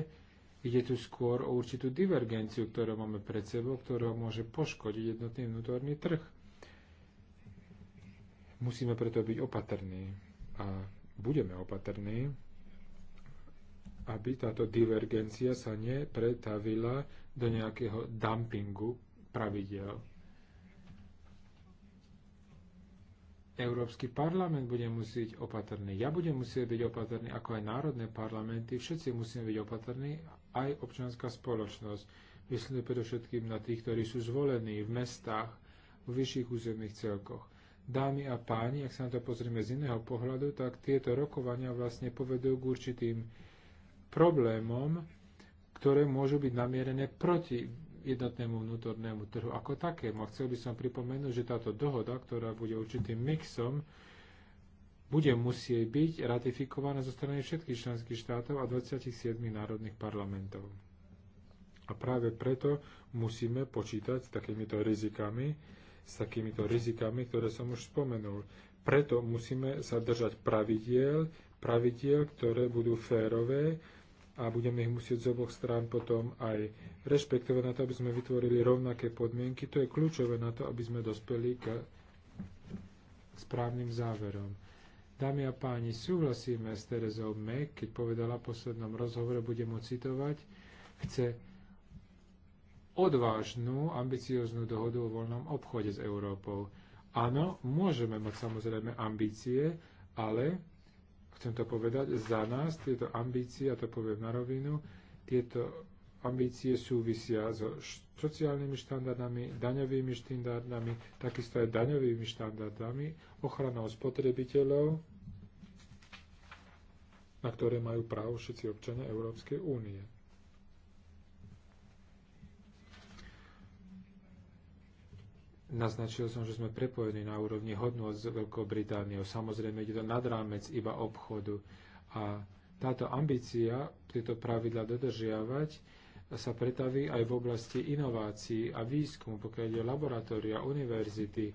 ide tu skôr o určitú divergenciu, ktorú máme pred sebou, ktorá môže poškodiť jednotný vnútorný trh. Musíme preto byť opatrní a budeme opatrní, aby táto divergencia sa nepretavila do nejakého dumpingu pravidel Európsky parlament bude musieť opatrný. Ja budem musieť byť opatrný, ako aj národné parlamenty. Všetci musíme byť opatrní, aj občianská spoločnosť. Myslím predovšetkým na tých, ktorí sú zvolení v mestách, v vyšších územných celkoch. Dámy a páni, ak sa na to pozrieme z iného pohľadu, tak tieto rokovania vlastne povedú k určitým problémom, ktoré môžu byť namierené proti jednotnému vnútornému trhu ako takému. A chcel by som pripomenúť, že táto dohoda, ktorá bude určitým mixom, bude musieť byť ratifikovaná zo strany všetkých členských štátov a 27 národných parlamentov. A práve preto musíme počítať s takýmito rizikami, s takýmito rizikami, ktoré som už spomenul. Preto musíme sa držať pravidiel, pravidiel, ktoré budú férové, a budeme ich musieť z oboch strán potom aj rešpektovať na to, aby sme vytvorili rovnaké podmienky. To je kľúčové na to, aby sme dospeli k správnym záverom. Dámy a páni, súhlasíme s Terezou Mek, keď povedala v poslednom rozhovore, budem ho citovať, chce odvážnu, ambicióznu dohodu o voľnom obchode s Európou. Áno, môžeme mať samozrejme ambície, ale chcem to povedať, za nás tieto ambície, a to poviem na rovinu, tieto ambície súvisia so sociálnymi štandardami, daňovými štandardami, takisto aj daňovými štandardami, ochranou spotrebiteľov, na ktoré majú právo všetci občania Európskej únie. Naznačil som, že sme prepojení na úrovni hodnot s Veľkou Britániou. Samozrejme, ide to nad rámec iba obchodu. A táto ambícia tieto pravidla dodržiavať sa pretaví aj v oblasti inovácií a výskumu, pokiaľ ide laboratória, univerzity.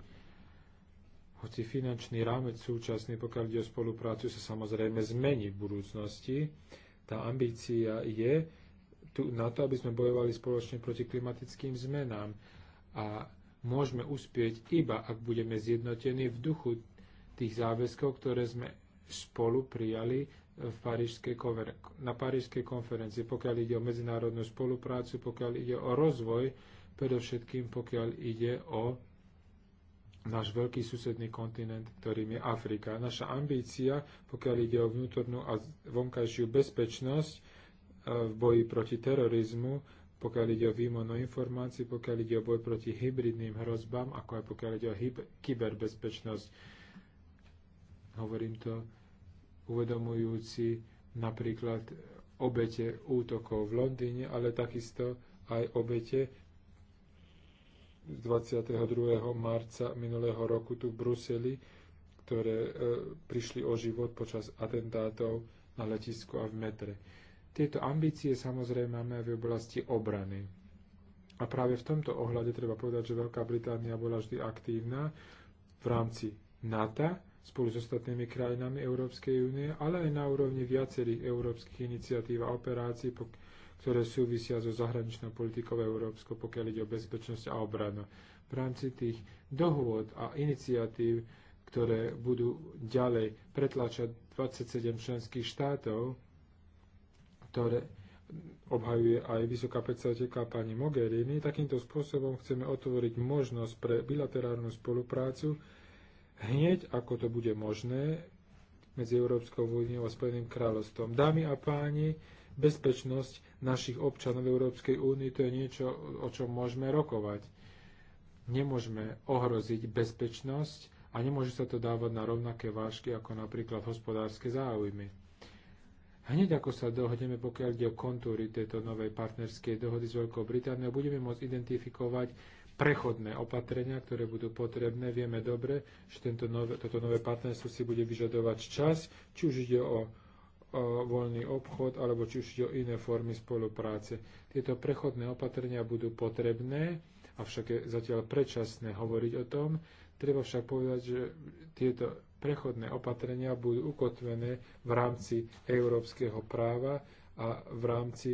Hoci finančný rámec súčasný, pokiaľ ide o spoluprácu, sa samozrejme zmení v budúcnosti. Tá ambícia je tu na to, aby sme bojovali spoločne proti klimatickým zmenám. A môžeme uspieť iba, ak budeme zjednotení v duchu tých záväzkov, ktoré sme spolu prijali v Parížskej na Parížskej konferencii, pokiaľ ide o medzinárodnú spoluprácu, pokiaľ ide o rozvoj, predovšetkým pokiaľ ide o náš veľký susedný kontinent, ktorým je Afrika. Naša ambícia, pokiaľ ide o vnútornú a vonkajšiu bezpečnosť eh, v boji proti terorizmu, pokiaľ ide o výmonu informácií, pokiaľ ide o boj proti hybridným hrozbám, ako aj pokiaľ ide o kyberbezpečnosť. Hovorím to uvedomujúci napríklad obete útokov v Londýne, ale takisto aj obete z 22. marca minulého roku tu v Bruseli, ktoré e, prišli o život počas atentátov na letisku a v metre. Tieto ambície samozrejme máme aj v oblasti obrany. A práve v tomto ohľade treba povedať, že Veľká Británia bola vždy aktívna v rámci NATO spolu s ostatnými krajinami Európskej únie, ale aj na úrovni viacerých európskych iniciatív a operácií, ktoré súvisia so zahraničnou politikou Európsko, pokiaľ ide o bezpečnosť a obranu. V rámci tých dohôd a iniciatív, ktoré budú ďalej pretlačať 27 členských štátov, ktoré obhajuje aj vysoká predstaviteľka pani Mogherini. Takýmto spôsobom chceme otvoriť možnosť pre bilaterálnu spoluprácu hneď, ako to bude možné, medzi Európskou úniou a Spojeným kráľovstvom. Dámy a páni, bezpečnosť našich občanov Európskej únie to je niečo, o čom môžeme rokovať. Nemôžeme ohroziť bezpečnosť a nemôže sa to dávať na rovnaké vážky ako napríklad hospodárske záujmy. Hneď ako sa dohodneme, pokiaľ ide o kontúry tejto novej partnerskej dohody s Veľkou Britániou, budeme môcť identifikovať prechodné opatrenia, ktoré budú potrebné. Vieme dobre, že tento nové, toto nové partnerstvo si bude vyžadovať čas, či už ide o, o voľný obchod, alebo či už ide o iné formy spolupráce. Tieto prechodné opatrenia budú potrebné, avšak je zatiaľ predčasné hovoriť o tom. Treba však povedať, že tieto prechodné opatrenia budú ukotvené v rámci európskeho práva a v rámci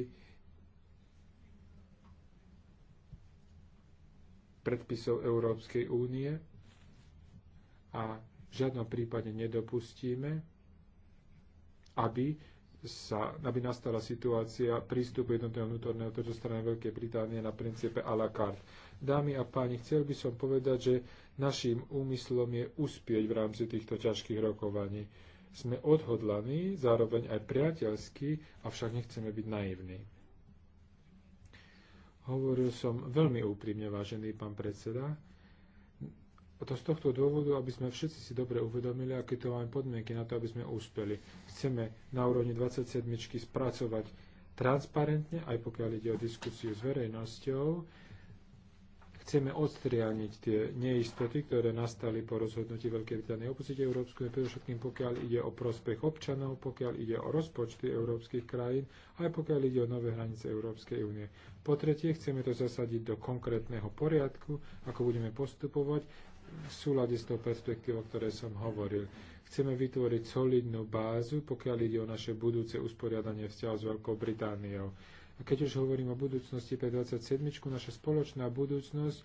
predpisov Európskej únie a v žiadnom prípade nedopustíme, aby, sa, aby nastala situácia prístupu jednotného vnútorného trhu zo strany Veľkej Británie na princípe à la carte. Dámy a páni, chcel by som povedať, že Naším úmyslom je uspieť v rámci týchto ťažkých rokovaní. Sme odhodlaní, zároveň aj priateľskí, avšak nechceme byť naivní. Hovoril som veľmi úprimne, vážený pán predseda, to z tohto dôvodu, aby sme všetci si dobre uvedomili, aké to máme podmienky na to, aby sme úspeli. Chceme na úrovni 27 spracovať transparentne, aj pokiaľ ide o diskusiu s verejnosťou, chceme odstrianiť tie neistoty, ktoré nastali po rozhodnutí Veľkej Británie opustiť Európsku úniu, predovšetkým pokiaľ ide o prospech občanov, pokiaľ ide o rozpočty európskych krajín, aj pokiaľ ide o nové hranice Európskej únie. Po tretie, chceme to zasadiť do konkrétneho poriadku, ako budeme postupovať v súlade s tou perspektívou, o ktorej som hovoril. Chceme vytvoriť solidnú bázu, pokiaľ ide o naše budúce usporiadanie vzťahov s Veľkou Britániou a keď už hovorím o budúcnosti pre 27, naša spoločná budúcnosť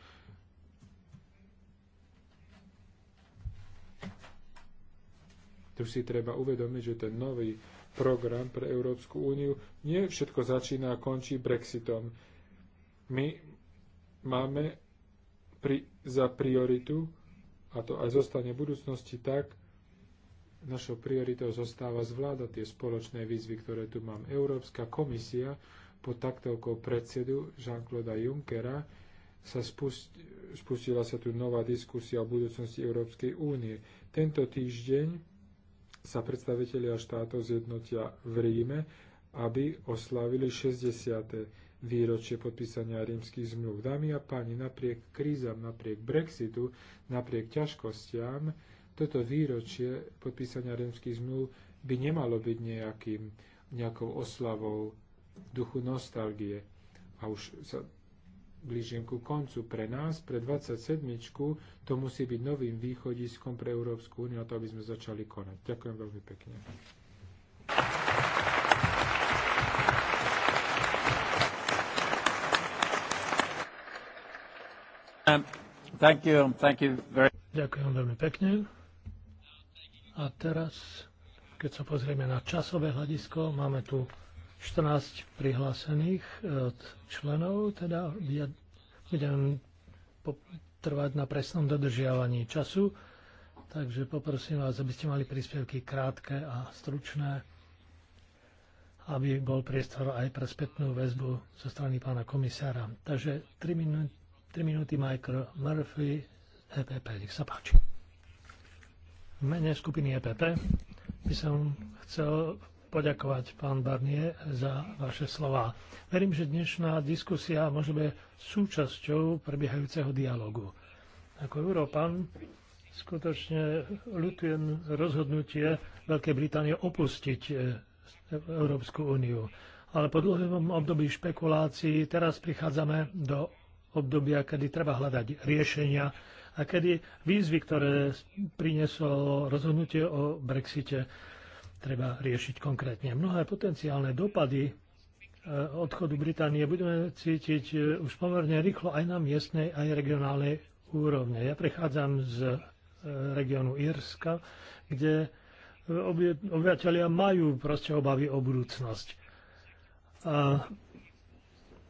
tu si treba uvedomiť, že ten nový program pre Európsku úniu nie všetko začína a končí Brexitom. My máme pri, za prioritu, a to aj zostane v budúcnosti tak, našou prioritou zostáva zvládať tie spoločné výzvy, ktoré tu mám. Európska komisia pod taktovkou predsedu Jean-Claude Junckera sa spust, spustila sa tu nová diskusia o budúcnosti Európskej únie. Tento týždeň sa predstavitelia štátov zjednotia v Ríme, aby oslavili 60. výročie podpísania rímskych zmluv. Dámy a páni, napriek krízam, napriek Brexitu, napriek ťažkostiam, toto výročie podpísania rímskych zmluv by nemalo byť nejakým, nejakou oslavou v duchu nostalgie. A už sa blížim ku koncu. Pre nás, pre 27. to musí byť novým východiskom pre Európsku úniu na to, aby sme začali konať. Ďakujem veľmi pekne. Um, thank you, thank you very... Ďakujem veľmi pekne. A teraz, keď sa pozrieme na časové hľadisko, máme tu 14 prihlásených e, od členov, teda ja budem trvať na presnom dodržiavaní času, takže poprosím vás, aby ste mali príspevky krátke a stručné, aby bol priestor aj pre spätnú väzbu zo strany pána komisára. Takže 3 minúty, 3 minúty Michael Murphy, EPP, nech sa páči. V mene skupiny EPP by som chcel poďakovať, pán Barnie, za vaše slova. Verím, že dnešná diskusia môže byť súčasťou prebiehajúceho dialogu. Ako Európan skutočne ľutujem rozhodnutie Veľkej Británie opustiť e, Európsku úniu. Ale po dlhom období špekulácií teraz prichádzame do obdobia, kedy treba hľadať riešenia a kedy výzvy, ktoré prinieslo rozhodnutie o Brexite, treba riešiť konkrétne. Mnohé potenciálne dopady e, odchodu Británie budeme cítiť e, už pomerne rýchlo aj na miestnej, aj regionálnej úrovne. Ja prechádzam z e, regiónu Írska, kde obyvateľia majú proste obavy o budúcnosť. A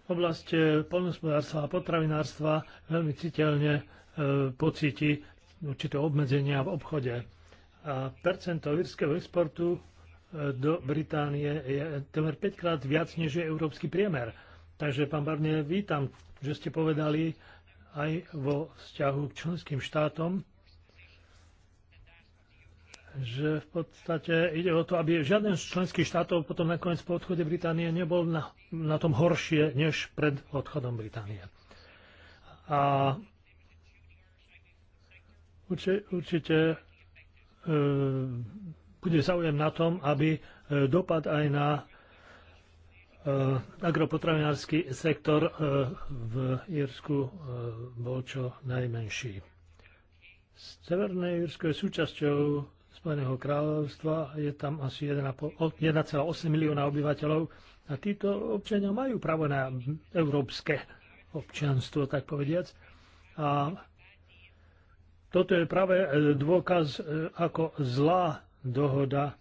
oblast polnospodárstva a potravinárstva veľmi citeľne pocíti určité obmedzenia v obchode a percento írskeho exportu e, do Británie je temer 5 krát viac, než je európsky priemer. Takže, pán Barnier, vítam, že ste povedali aj vo vzťahu k členským štátom, že v podstate ide o to, aby žiaden z členských štátov potom nakoniec po odchode Británie nebol na, na tom horšie, než pred odchodom Británie. A určite, určite E, bude záujem na tom, aby e, dopad aj na e, agropotravinársky sektor v Írsku bol čo najmenší. Severné Írsko je súčasťou Spojeného kráľovstva, je tam asi 1,8 milióna obyvateľov a títo občania majú právo na európske občianstvo, tak povediac. A toto je práve e, dôkaz, e, ako zlá dohoda e,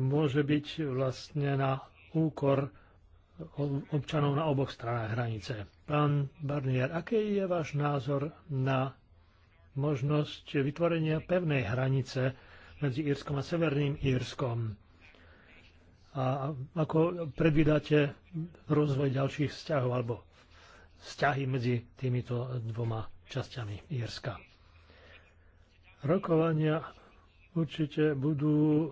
môže byť vlastne na úkor občanov na oboch stranách hranice. Pán Barnier, aký je váš názor na možnosť vytvorenia pevnej hranice medzi Írskom a Severným Írskom? A ako predvídate rozvoj ďalších vzťahov alebo vzťahy medzi týmito dvoma časťami Írska? rokovania určite budú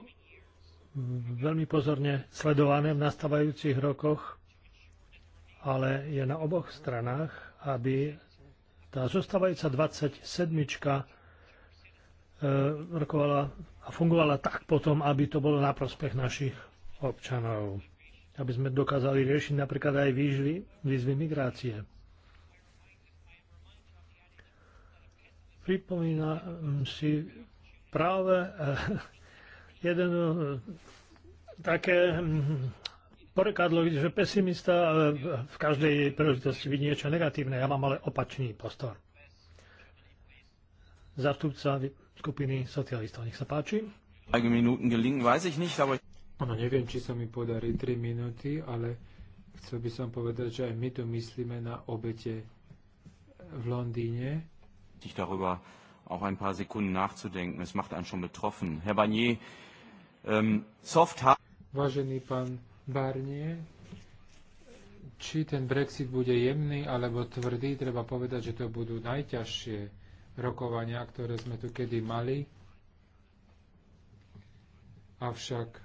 veľmi pozorne sledované v nastávajúcich rokoch, ale je na oboch stranách, aby tá zostávajúca 27 e, rokovala a fungovala tak potom, aby to bolo na prospech našich občanov. Aby sme dokázali riešiť napríklad aj výzvy, výzvy migrácie. Pripomínam mm, si práve eh, jeden eh, také mm, porekadlo, že pesimista v každej príležitosti vidí niečo negatívne. Ja mám ale opačný postor. Zastupca skupiny socialistov, nech sa páči. Áno, neviem, či sa mi podarí 3 minúty, ale chcel by som povedať, že aj my tu myslíme na obete v Londýne dich darüber auch ein paar Sekunden nachzudenken. Es macht einen schon betroffen. Herr Barnier, ähm, soft Vážený pán Barnier, či ten Brexit bude jemný alebo tvrdý, treba povedať, že to budú najťažšie rokovania, ktoré sme tu kedy mali. Avšak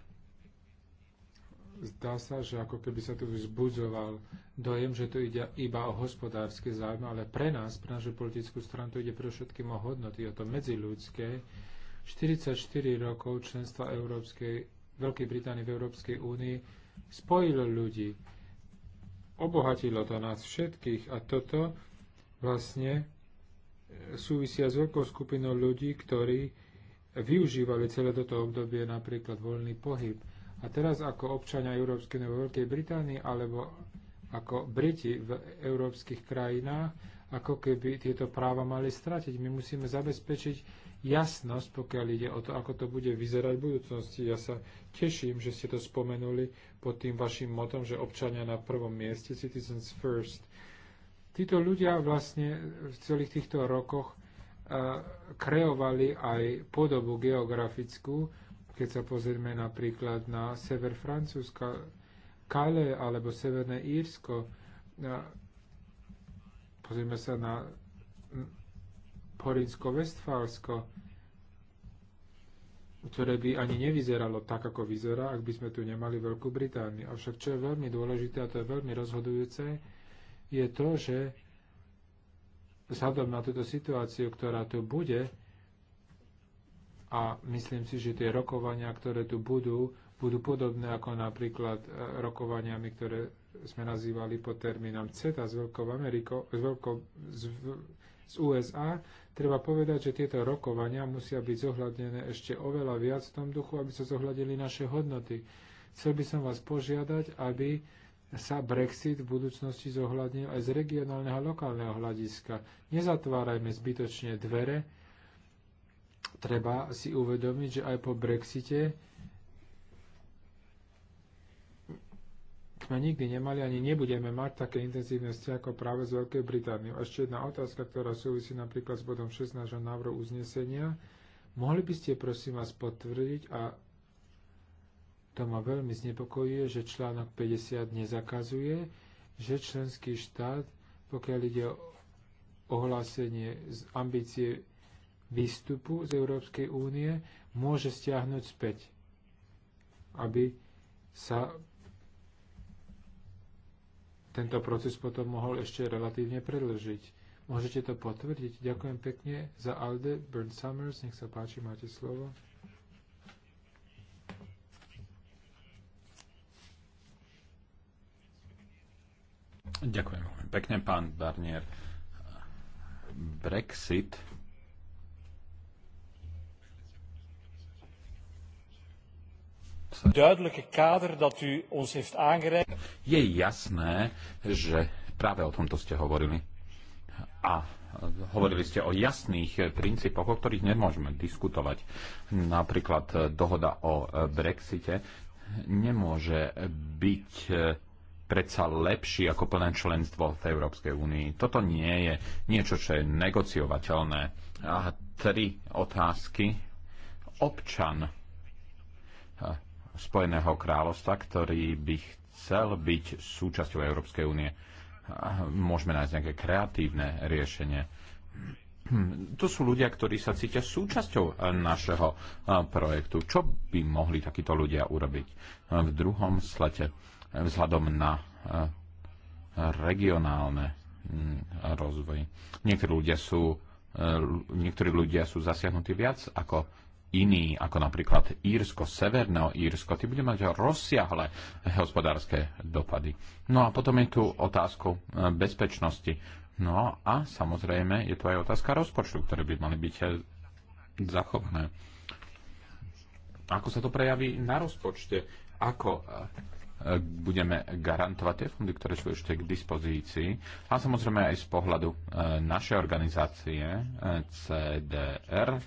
zdá sa, že ako keby sa tu vzbudzoval dojem, že to ide iba o hospodárske záujmy, ale pre nás, pre našu politickú stranu, to ide pre všetkým o hodnoty, o to medziľudské. 44 rokov členstva Európskej, Veľkej Británie v Európskej únii spojilo ľudí. Obohatilo to nás všetkých a toto vlastne e, súvisia s veľkou skupinou ľudí, ktorí využívali celé toto obdobie napríklad voľný pohyb. A teraz ako občania Európskej Veľkej Británii alebo ako Briti v európskych krajinách, ako keby tieto práva mali stratiť. My musíme zabezpečiť jasnosť, pokiaľ ide o to, ako to bude vyzerať v budúcnosti. Ja sa teším, že ste to spomenuli pod tým vašim motom, že občania na prvom mieste, citizens first. Títo ľudia vlastne v celých týchto rokoch kreovali aj podobu geografickú, keď sa pozrieme napríklad na sever Francúzska, Kale alebo Severné Írsko. Pozrieme sa na Porinsko-Vestfálsko, ktoré by ani nevyzeralo tak, ako vyzerá, ak by sme tu nemali Veľkú Britániu. Avšak čo je veľmi dôležité a to je veľmi rozhodujúce, je to, že vzhľadom na túto situáciu, ktorá tu bude, a myslím si, že tie rokovania, ktoré tu budú, budú podobné ako napríklad e, rokovaniami, ktoré sme nazývali pod termínom CETA s Veľkou Amerikou, s, Veľkou, s, z USA, treba povedať, že tieto rokovania musia byť zohľadnené ešte oveľa viac v tom duchu, aby sa zohľadili naše hodnoty. Chcel by som vás požiadať, aby sa Brexit v budúcnosti zohľadnil aj z regionálneho a lokálneho hľadiska. Nezatvárajme zbytočne dvere. Treba si uvedomiť, že aj po Brexite sme nikdy nemali ani nebudeme mať také intenzívne vzťahy ako práve z Veľkej Britániou. Ešte jedna otázka, ktorá súvisí napríklad s bodom 16 návrhu uznesenia. Mohli by ste prosím vás potvrdiť a to ma veľmi znepokojuje, že článok 50 nezakazuje, že členský štát, pokiaľ ide o ohlásenie z ambície výstupu z Európskej únie, môže stiahnuť späť, aby sa tento proces potom mohol ešte relatívne predlžiť. Môžete to potvrdiť? Ďakujem pekne za Alde Burn Summers. Nech sa páči, máte slovo. Ďakujem pekne, pán Barnier. Brexit Je jasné, že práve o tomto ste hovorili. A hovorili ste o jasných princípoch, o ktorých nemôžeme diskutovať. Napríklad dohoda o Brexite nemôže byť predsa lepší ako plné členstvo v Európskej únii. Toto nie je niečo, čo je negociovateľné. A tri otázky. Občan Spojeného kráľovstva, ktorý by chcel byť súčasťou Európskej únie. Môžeme nájsť nejaké kreatívne riešenie. To sú ľudia, ktorí sa cítia súčasťou našeho projektu. Čo by mohli takíto ľudia urobiť? V druhom slete, vzhľadom na regionálne rozvoj. Niektorí ľudia sú, niektorí ľudia sú zasiahnutí viac ako iní, ako napríklad Írsko, Severné Írsko, tí bude mať rozsiahle hospodárske dopady. No a potom je tu otázku e, bezpečnosti. No a samozrejme je tu aj otázka rozpočtu, ktoré by mali byť e, zachované. Ako sa to prejaví na rozpočte? Ako e, budeme garantovať tie fondy, ktoré sú ešte k dispozícii a samozrejme aj z pohľadu našej organizácie CDR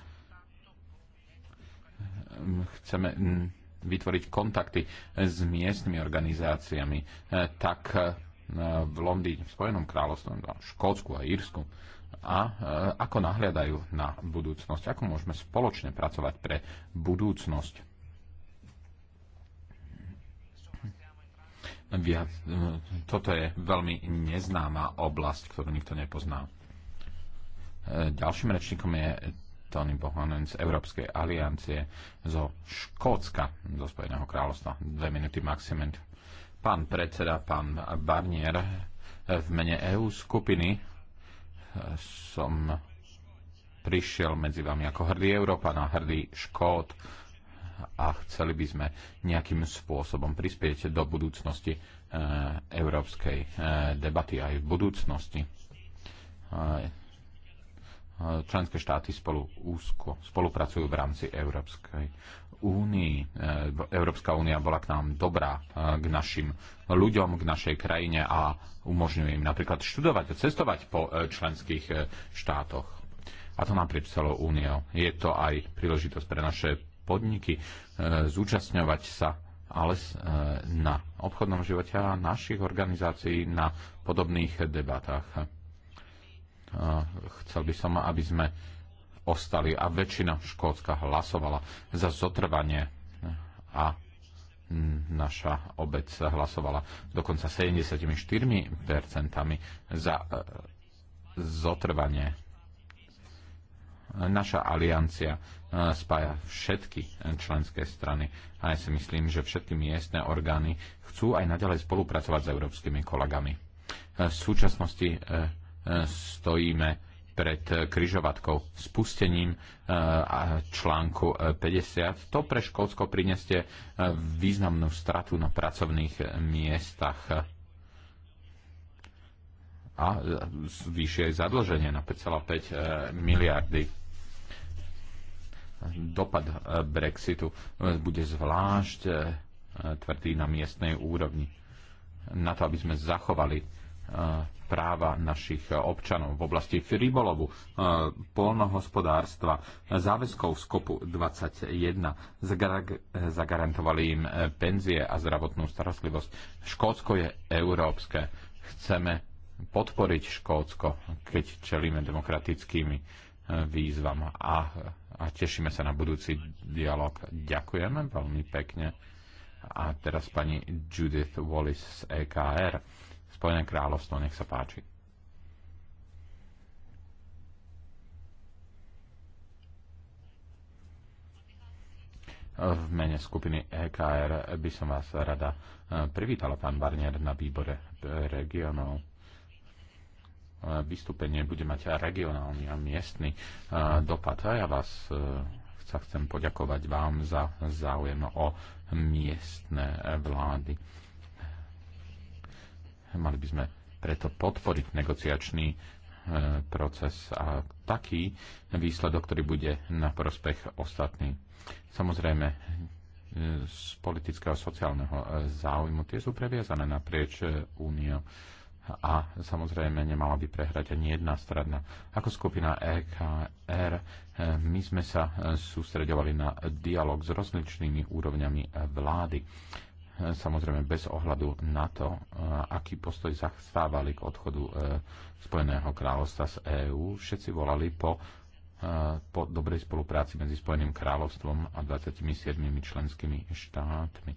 Ehm, chceme mm, vytvoriť kontakty s miestnymi organizáciami, e, tak e, v Londýne, v Spojenom kráľovstve, v Škótsku a Írsku. A e, ako nahliadajú na budúcnosť? Ako môžeme spoločne pracovať pre budúcnosť? Viac, toto je veľmi neznáma oblasť, ktorú nikto nepozná. Ďalším rečníkom je Tony Bohanen z Európskej aliancie zo Škótska, zo Spojeného kráľovstva. Dve minúty maximum. Pán predseda, pán Barnier, v mene EU skupiny eh, som prišiel medzi vami ako hrdý Európan a hrdý Škót a chceli by sme nejakým spôsobom prispieť do budúcnosti eh, európskej eh, debaty aj v budúcnosti členské štáty spolu úzko spolupracujú v rámci Európskej únii. E, Európska únia bola k nám dobrá, e, k našim ľuďom, k našej krajine a umožňuje im napríklad študovať a cestovať po e, členských štátoch. A to naprieč celou úniou. Je to aj príležitosť pre naše podniky zúčastňovať sa ale na obchodnom živote a našich organizácií na podobných debatách Chcel by som, aby sme ostali a väčšina Škótska hlasovala za zotrvanie a naša obec hlasovala dokonca 74% za e, zotrvanie. Naša aliancia e, spája všetky členské strany a ja si myslím, že všetky miestne orgány chcú aj naďalej spolupracovať s európskymi kolegami. E, v súčasnosti E, stojíme pred kryžovatkou spustením e, článku 50. E, to pre Škótsko prineste významnú stratu na pracovných miestach a vyššie zadlženie na 5,5 miliardy. Dopad Brexitu bude zvlášť tvrdý na miestnej úrovni. Na to, aby sme zachovali práva našich občanov v oblasti rybolovu, polnohospodárstva, záväzkov z 21. Zagarantovali im e, penzie a zdravotnú starostlivosť. Škótsko je európske. Chceme podporiť Škótsko, keď čelíme demokratickými e, výzvam a, a tešíme sa na budúci dialog. Ďakujeme veľmi pekne. A teraz pani Judith Wallis z EKR. Spojené kráľovstvo, nech sa páči. V mene skupiny EKR by som vás rada e, privítala, pán Barnier, na výbore e, regionov. E, vystúpenie bude mať regionálny a miestny dopad. A ja vás sa chcem poďakovať vám za záujem o miestne vlády Mali by sme preto podporiť negociačný e, proces a taký výsledok, ktorý bude na prospech ostatný. Samozrejme, e, z politického a sociálneho e, záujmu tie sú previazané naprieč úniou a samozrejme nemala by prehrať ani jedna strana. Ako skupina EKR my sme sa sústredovali na dialog s rozličnými úrovňami vlády samozrejme bez ohľadu na to, e, aký postoj zastávali k odchodu e, Spojeného kráľovstva z EÚ. Všetci volali po po dobrej spolupráci medzi Spojeným kráľovstvom a 27 členskými štátmi.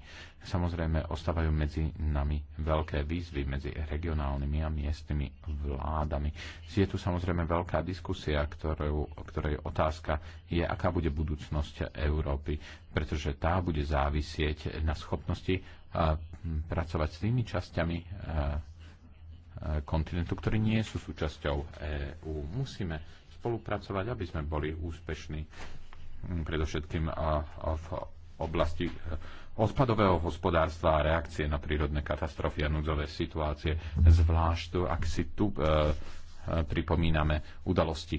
Samozrejme, ostávajú medzi nami veľké výzvy medzi regionálnymi a miestnymi vládami. Je tu samozrejme veľká diskusia, ktorou, ktorej otázka je, aká bude budúcnosť Európy, pretože tá bude závisieť na schopnosti pracovať s tými časťami kontinentu, ktoré nie sú súčasťou EÚ. Musíme spolupracovať, aby sme boli úspešní mm, predovšetkým v oblasti e, odpadového hospodárstva a reakcie na prírodné katastrofy a núdzové situácie, zvlášť ak si tu e, e, pripomíname udalosti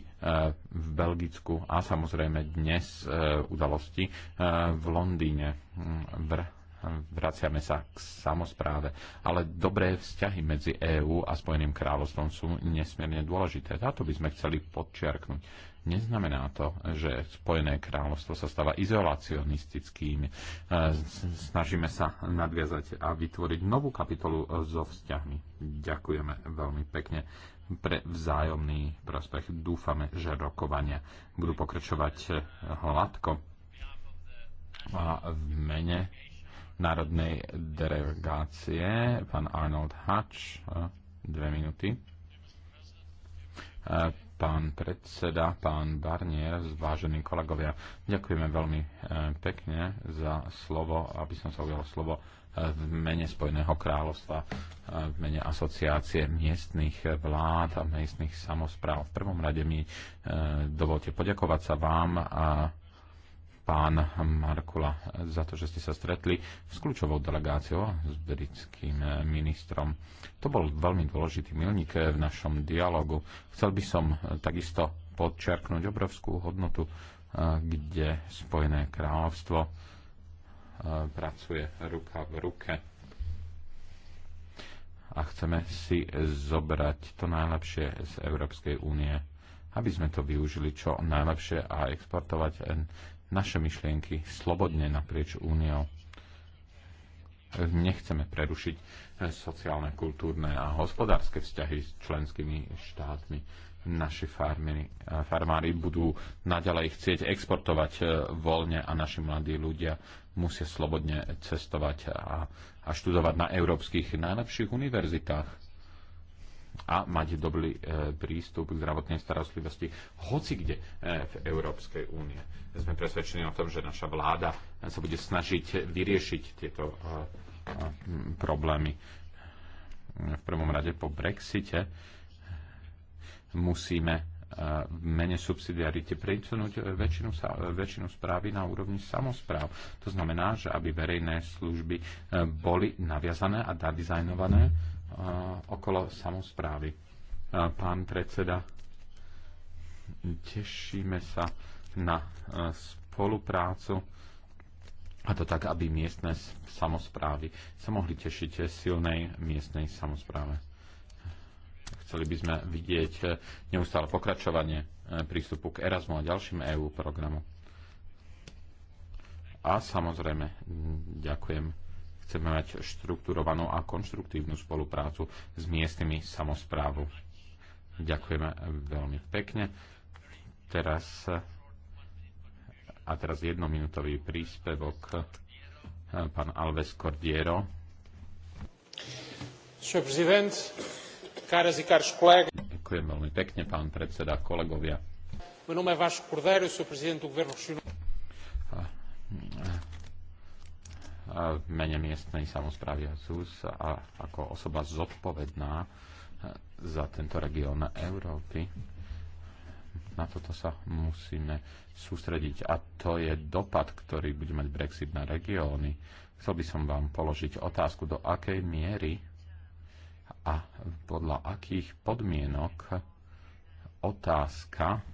v Belgicku a samozrejme dnes udalosti v Londýne. Mm, vr vraciame sa k samozpráve, ale dobré vzťahy medzi EÚ a Spojeným kráľovstvom sú nesmierne dôležité. Táto by sme chceli podčiarknúť. Neznamená to, že Spojené kráľovstvo sa stáva izolacionistickým. E, snažíme sa nadviazať a vytvoriť novú kapitolu e, so vzťahmi. Ďakujeme veľmi pekne pre vzájomný prospech. Dúfame, že rokovania budú pokračovať hladko. A v mene národnej delegácie, pán Arnold Hatch, dve minúty. E, pán predseda, pán Barnier, vážení kolegovia, ďakujeme veľmi e, pekne za slovo, aby som sa ujal slovo e, v mene Spojeného kráľovstva, v mene asociácie miestnych vlád a miestnych samozpráv. V prvom rade mi dovolte poďakovať sa vám a pán Markula, za to, že ste sa stretli s kľúčovou delegáciou, s britským eh, ministrom. To bol veľmi dôležitý milník eh, v našom dialogu. Chcel by som eh, takisto podčerknúť obrovskú hodnotu, kde Spojené kráľovstvo pracuje ruka v ruke a chceme si zobrať to najlepšie z Európskej únie, aby sme to využili čo najlepšie a exportovať naše myšlienky slobodne naprieč úniou. Nechceme prerušiť eh, sociálne, kultúrne a hospodárske vzťahy s členskými štátmi. Naši farmári, eh, farmári budú naďalej chcieť exportovať eh, voľne a naši mladí ľudia musia slobodne cestovať a, a študovať na európskych najlepších univerzitách a mať dobrý e, prístup k zdravotnej starostlivosti hoci kde e, v Európskej únie. Sme presvedčení o tom, že naša vláda sa bude snažiť vyriešiť tieto e, problémy. V prvom rade po Brexite musíme v mene subsidiarite presunúť väčšinu, väčšinu správy na úrovni samozpráv. To znamená, že aby verejné služby boli naviazané a dadizajnované okolo samozprávy. Pán predseda, tešíme sa na spoluprácu a to tak, aby miestne samozprávy sa mohli tešiť silnej miestnej samozpráve. Chceli by sme vidieť e, neustále pokračovanie e, prístupu k Erasmu a ďalším EU programom. A samozrejme, ďakujem Chceme mať štrukturovanú a konštruktívnu spoluprácu s miestnymi samozprávu. Ďakujeme veľmi pekne. Teraz, a teraz jednominútový príspevok pán Alves Cordiero. E Ďakujem veľmi pekne, pán predseda, kolegovia. Meu nome é Vasco Cordeiro, sou presidente do Governo Regional. Ah, v mene miestnej samozprávy a ZUS a ako osoba zodpovedná e, za tento región Európy. Na toto sa musíme sústrediť a to je dopad, ktorý bude mať Brexit na regióny. Chcel by som vám položiť otázku, do akej miery a podľa akých podmienok otázka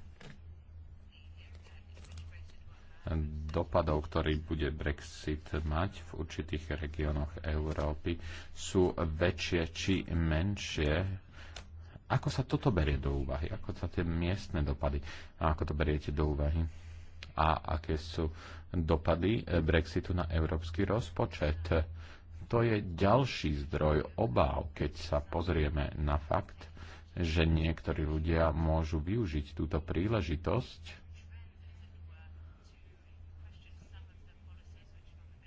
dopadov, ktorý bude Brexit mať v určitých regiónoch Európy, sú väčšie či menšie. Ako sa toto berie do úvahy? Ako sa tie miestne dopady? A ako to beriete do úvahy? A aké sú dopady Brexitu na európsky rozpočet? To je ďalší zdroj obáv, keď sa pozrieme na fakt, že niektorí ľudia môžu využiť túto príležitosť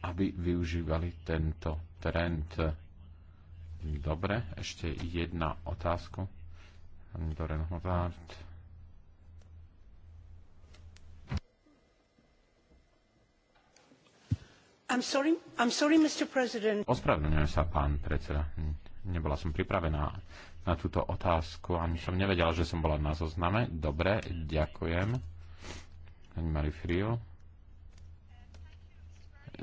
aby využívali tento trend. Dobre, ešte jedna otázka. Doren Hovárd. I'm sorry, I'm sorry, Ospravedlňujem sa, pán predseda. Nebola som pripravená na túto otázku. Ani som nevedela, že som bola na zozname. Dobre, ďakujem. Pani Frio.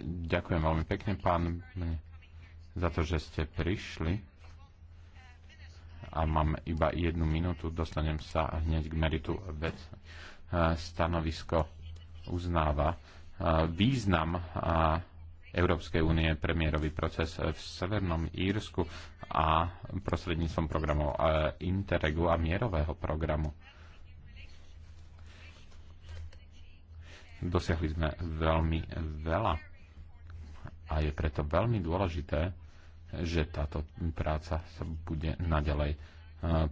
Ďakujem veľmi pekne, pán, za to, že ste prišli. A mám iba jednu minútu, dostanem sa hneď k meritu vec. E, stanovisko uznáva e, význam e, Európskej únie premiérový proces v Severnom Írsku a prostredníctvom programov Interregu a mierového programu. Dosiahli sme veľmi veľa a je preto veľmi dôležité, že táto práca sa bude naďalej e,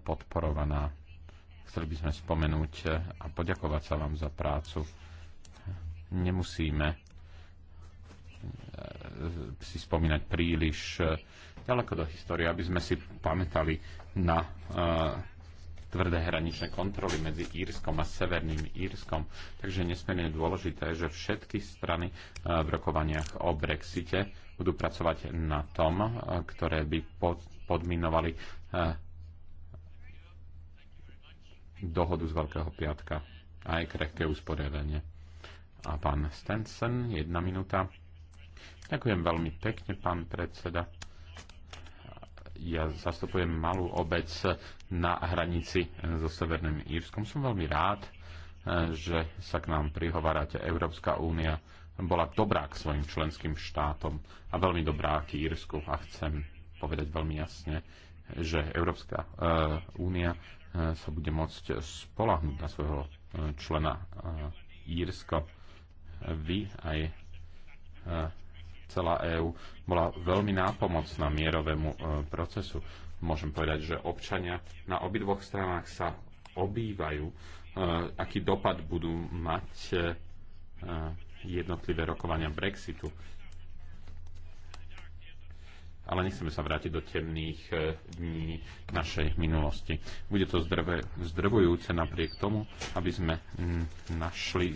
podporovaná. Chceli by sme spomenúť a poďakovať sa vám za prácu. Nemusíme e, si spomínať príliš e, ďaleko do histórie, aby sme si pamätali na tvrdé hraničné kontroly medzi Írskom a Severným Írskom. Takže nesmierne dôležité, že všetky strany eh, v rokovaniach o Brexite budú pracovať na tom, eh, ktoré by podminovali eh, dohodu z Veľkého piatka a aj krehké usporiadanie. A pán Stensen, jedna minúta. Ďakujem veľmi pekne, pán predseda ja zastupujem malú obec na hranici so Severným Írskom. Som veľmi rád, eh, že sa k nám prihovárate. Európska únia bola dobrá k svojim členským štátom a veľmi dobrá k Írsku. A chcem povedať veľmi jasne, že Európska eh, únia eh, sa bude môcť spolahnúť na svojho člena Írsko. Vy aj celá EÚ bola veľmi nápomocná mierovému e, procesu. Môžem povedať, že občania na obidvoch stranách sa obývajú, e, aký dopad budú mať e, jednotlivé rokovania Brexitu. Ale nechceme sa vrátiť do temných dní našej minulosti. Bude to zdrve, zdrvujúce napriek tomu, aby sme našli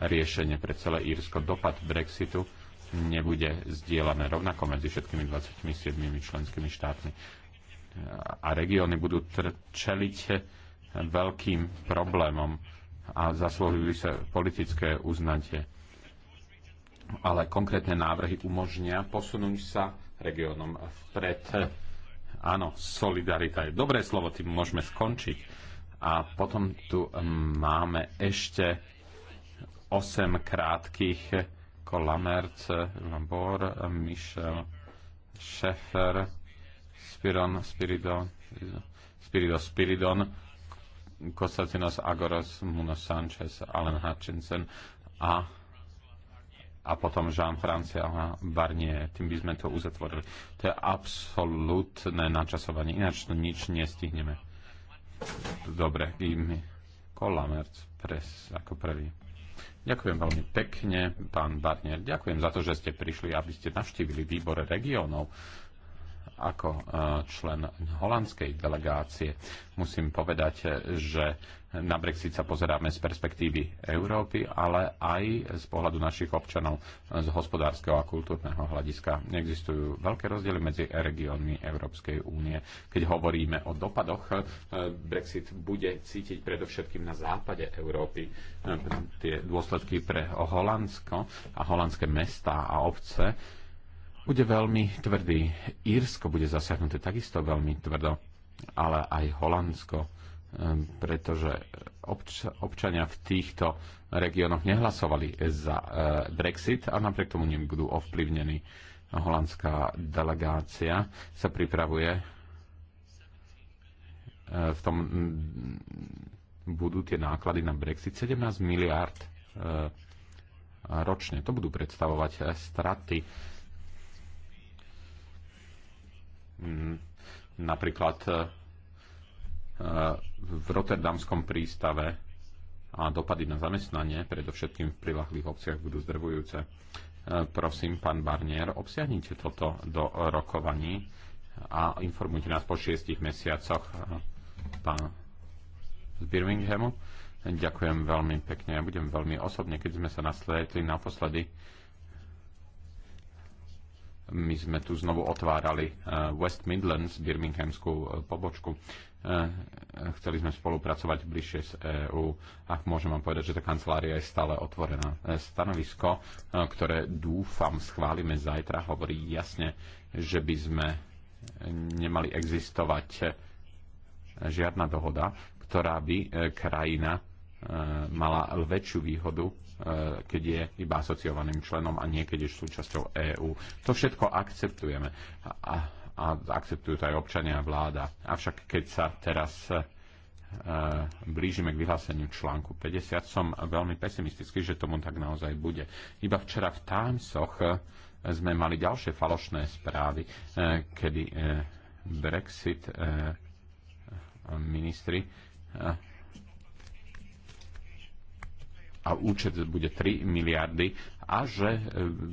riešenie pre celé Írsko. Dopad Brexitu nebude zdieľané rovnako medzi všetkými 27 členskými štátmi. A regióny budú čeliť veľkým problémom a zaslúhujú sa politické uznatie. Ale konkrétne návrhy umožnia posunúť sa regiónom vpred. Áno, solidarita je dobré slovo, tým môžeme skončiť. A potom tu máme ešte 8 krátkých ako Lamert, Lambor, Michel, Schaeffer, Spiron, Spiridon, Spirido, Spiridon, Kostatinos Agoros, Muno Sanchez, Alan Hutchinson a a potom Jean Francia Barnier. Tým by sme to uzatvorili. To je absolútne načasovanie. Ináč to nič nestihneme. Dobre, my. Kolamerc pres ako prvý. Ďakujem veľmi pekne, pán Barnier. Ďakujem za to, že ste prišli, aby ste navštívili výbor regiónov ako eh, člen holandskej delegácie. Musím povedať, eh, že na Brexit sa pozeráme z perspektívy Európy, ale aj z pohľadu našich občanov z hospodárskeho a kultúrneho hľadiska. Existujú veľké rozdiely medzi regiónmi Európskej únie. Keď hovoríme o dopadoch, e, Brexit bude cítiť predovšetkým na západe Európy e, tie dôsledky pre Holandsko a holandské mestá a obce bude veľmi tvrdý. Írsko bude zasiahnuté takisto veľmi tvrdo, ale aj Holandsko Ehm, pretože obč- občania v týchto regiónoch nehlasovali za eh, Brexit a napriek tomu budú ovplyvnení. Holandská delegácia sa pripravuje eh, v tom mm, budú tie náklady na Brexit 17 miliard eh, ročne. To budú predstavovať straty. Mm, napríklad v Rotterdamskom prístave a dopady na zamestnanie, predovšetkým v prilahlých obciach, budú zdrvujúce. E, prosím, pán Barnier, obsiahnite toto do rokovaní a informujte nás po šiestich mesiacoch. E, pán z Birminghamu. Ďakujem veľmi pekne. Ja budem veľmi osobne, keď sme sa nasledli naposledy. My sme tu znovu otvárali e, West Midlands, Birminghamskú pobočku. Eh, chceli sme spolupracovať bližšie s EÚ a môžem vám povedať, že tá kancelária je stále otvorená. Eh, stanovisko, eh, ktoré dúfam schválime zajtra, hovorí jasne, že by sme nemali existovať žiadna dohoda, ktorá by krajina mala väčšiu výhodu, keď je iba asociovaným členom a nie keď je súčasťou EÚ. To všetko akceptujeme. A, a akceptujú to aj občania a vláda. Avšak keď sa teraz e, blížime k vyhláseniu článku 50, som veľmi pesimistický, že tomu tak naozaj bude. Iba včera v Timesoch e, sme mali ďalšie falošné správy, e, kedy Brexit ministri a účet bude 3 miliardy a že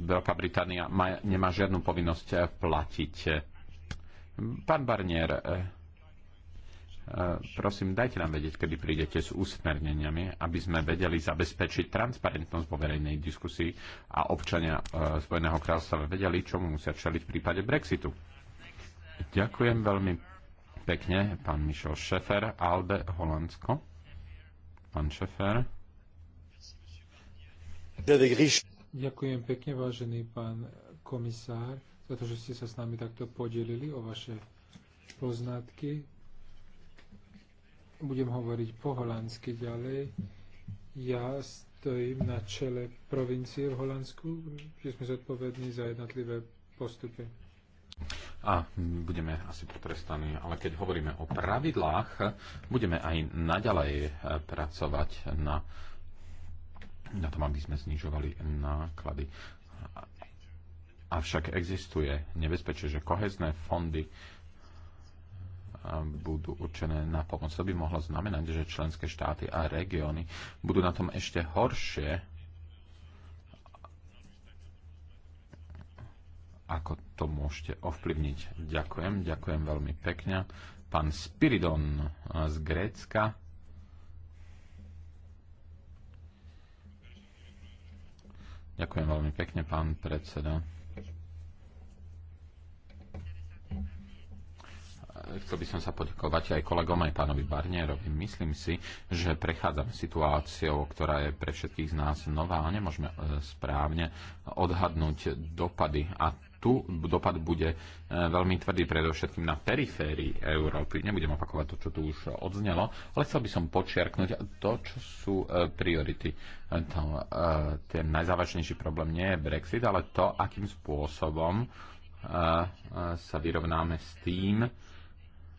Veľká Británia nemá žiadnu povinnosť platiť Pán Barnier, eh, eh, prosím, dajte nám vedieť, kedy prídete s usmerneniami, aby sme vedeli zabezpečiť transparentnosť vo verejnej diskusii a občania eh, Spojeného kráľovstva vedeli, čomu musia čeliť v prípade Brexitu. Ďakujem veľmi pekne, pán Michel Šefer, Albe Holandsko. Pán Šefer. Ďakujem pekne, vážený pán komisár za to, že ste sa s nami takto podelili o vaše poznatky. Budem hovoriť po holandsky ďalej. Ja stojím na čele provincie v Holandsku, že sme zodpovední za jednotlivé postupy. A budeme asi potrestaní, ale keď hovoríme o pravidlách, budeme aj naďalej eh, pracovať na na tom, aby sme znižovali náklady. Avšak existuje nebezpečie, že kohezné fondy eh, budú určené na pomoc. To by mohlo znamenať, že členské štáty a regióny budú na tom ešte horšie, ako to môžete ovplyvniť. Ďakujem, ďakujem veľmi pekne. Pán Spiridon eh, z Grécka. Ďakujem veľmi pekne, pán predseda. chcel by som sa poďakovať aj kolegom, aj pánovi Barnierovi. Myslím si, že prechádzame situáciou, ktorá je pre všetkých z nás nová a nemôžeme e, správne odhadnúť dopady. A tu dopad bude e, veľmi tvrdý predovšetkým na periférii Európy. Nebudem opakovať to, čo tu už odznelo, ale chcel by som počiarknúť to, čo sú e, priority. To, ten najzávažnejší problém nie je Brexit, ale to, akým spôsobom sa vyrovnáme s tým,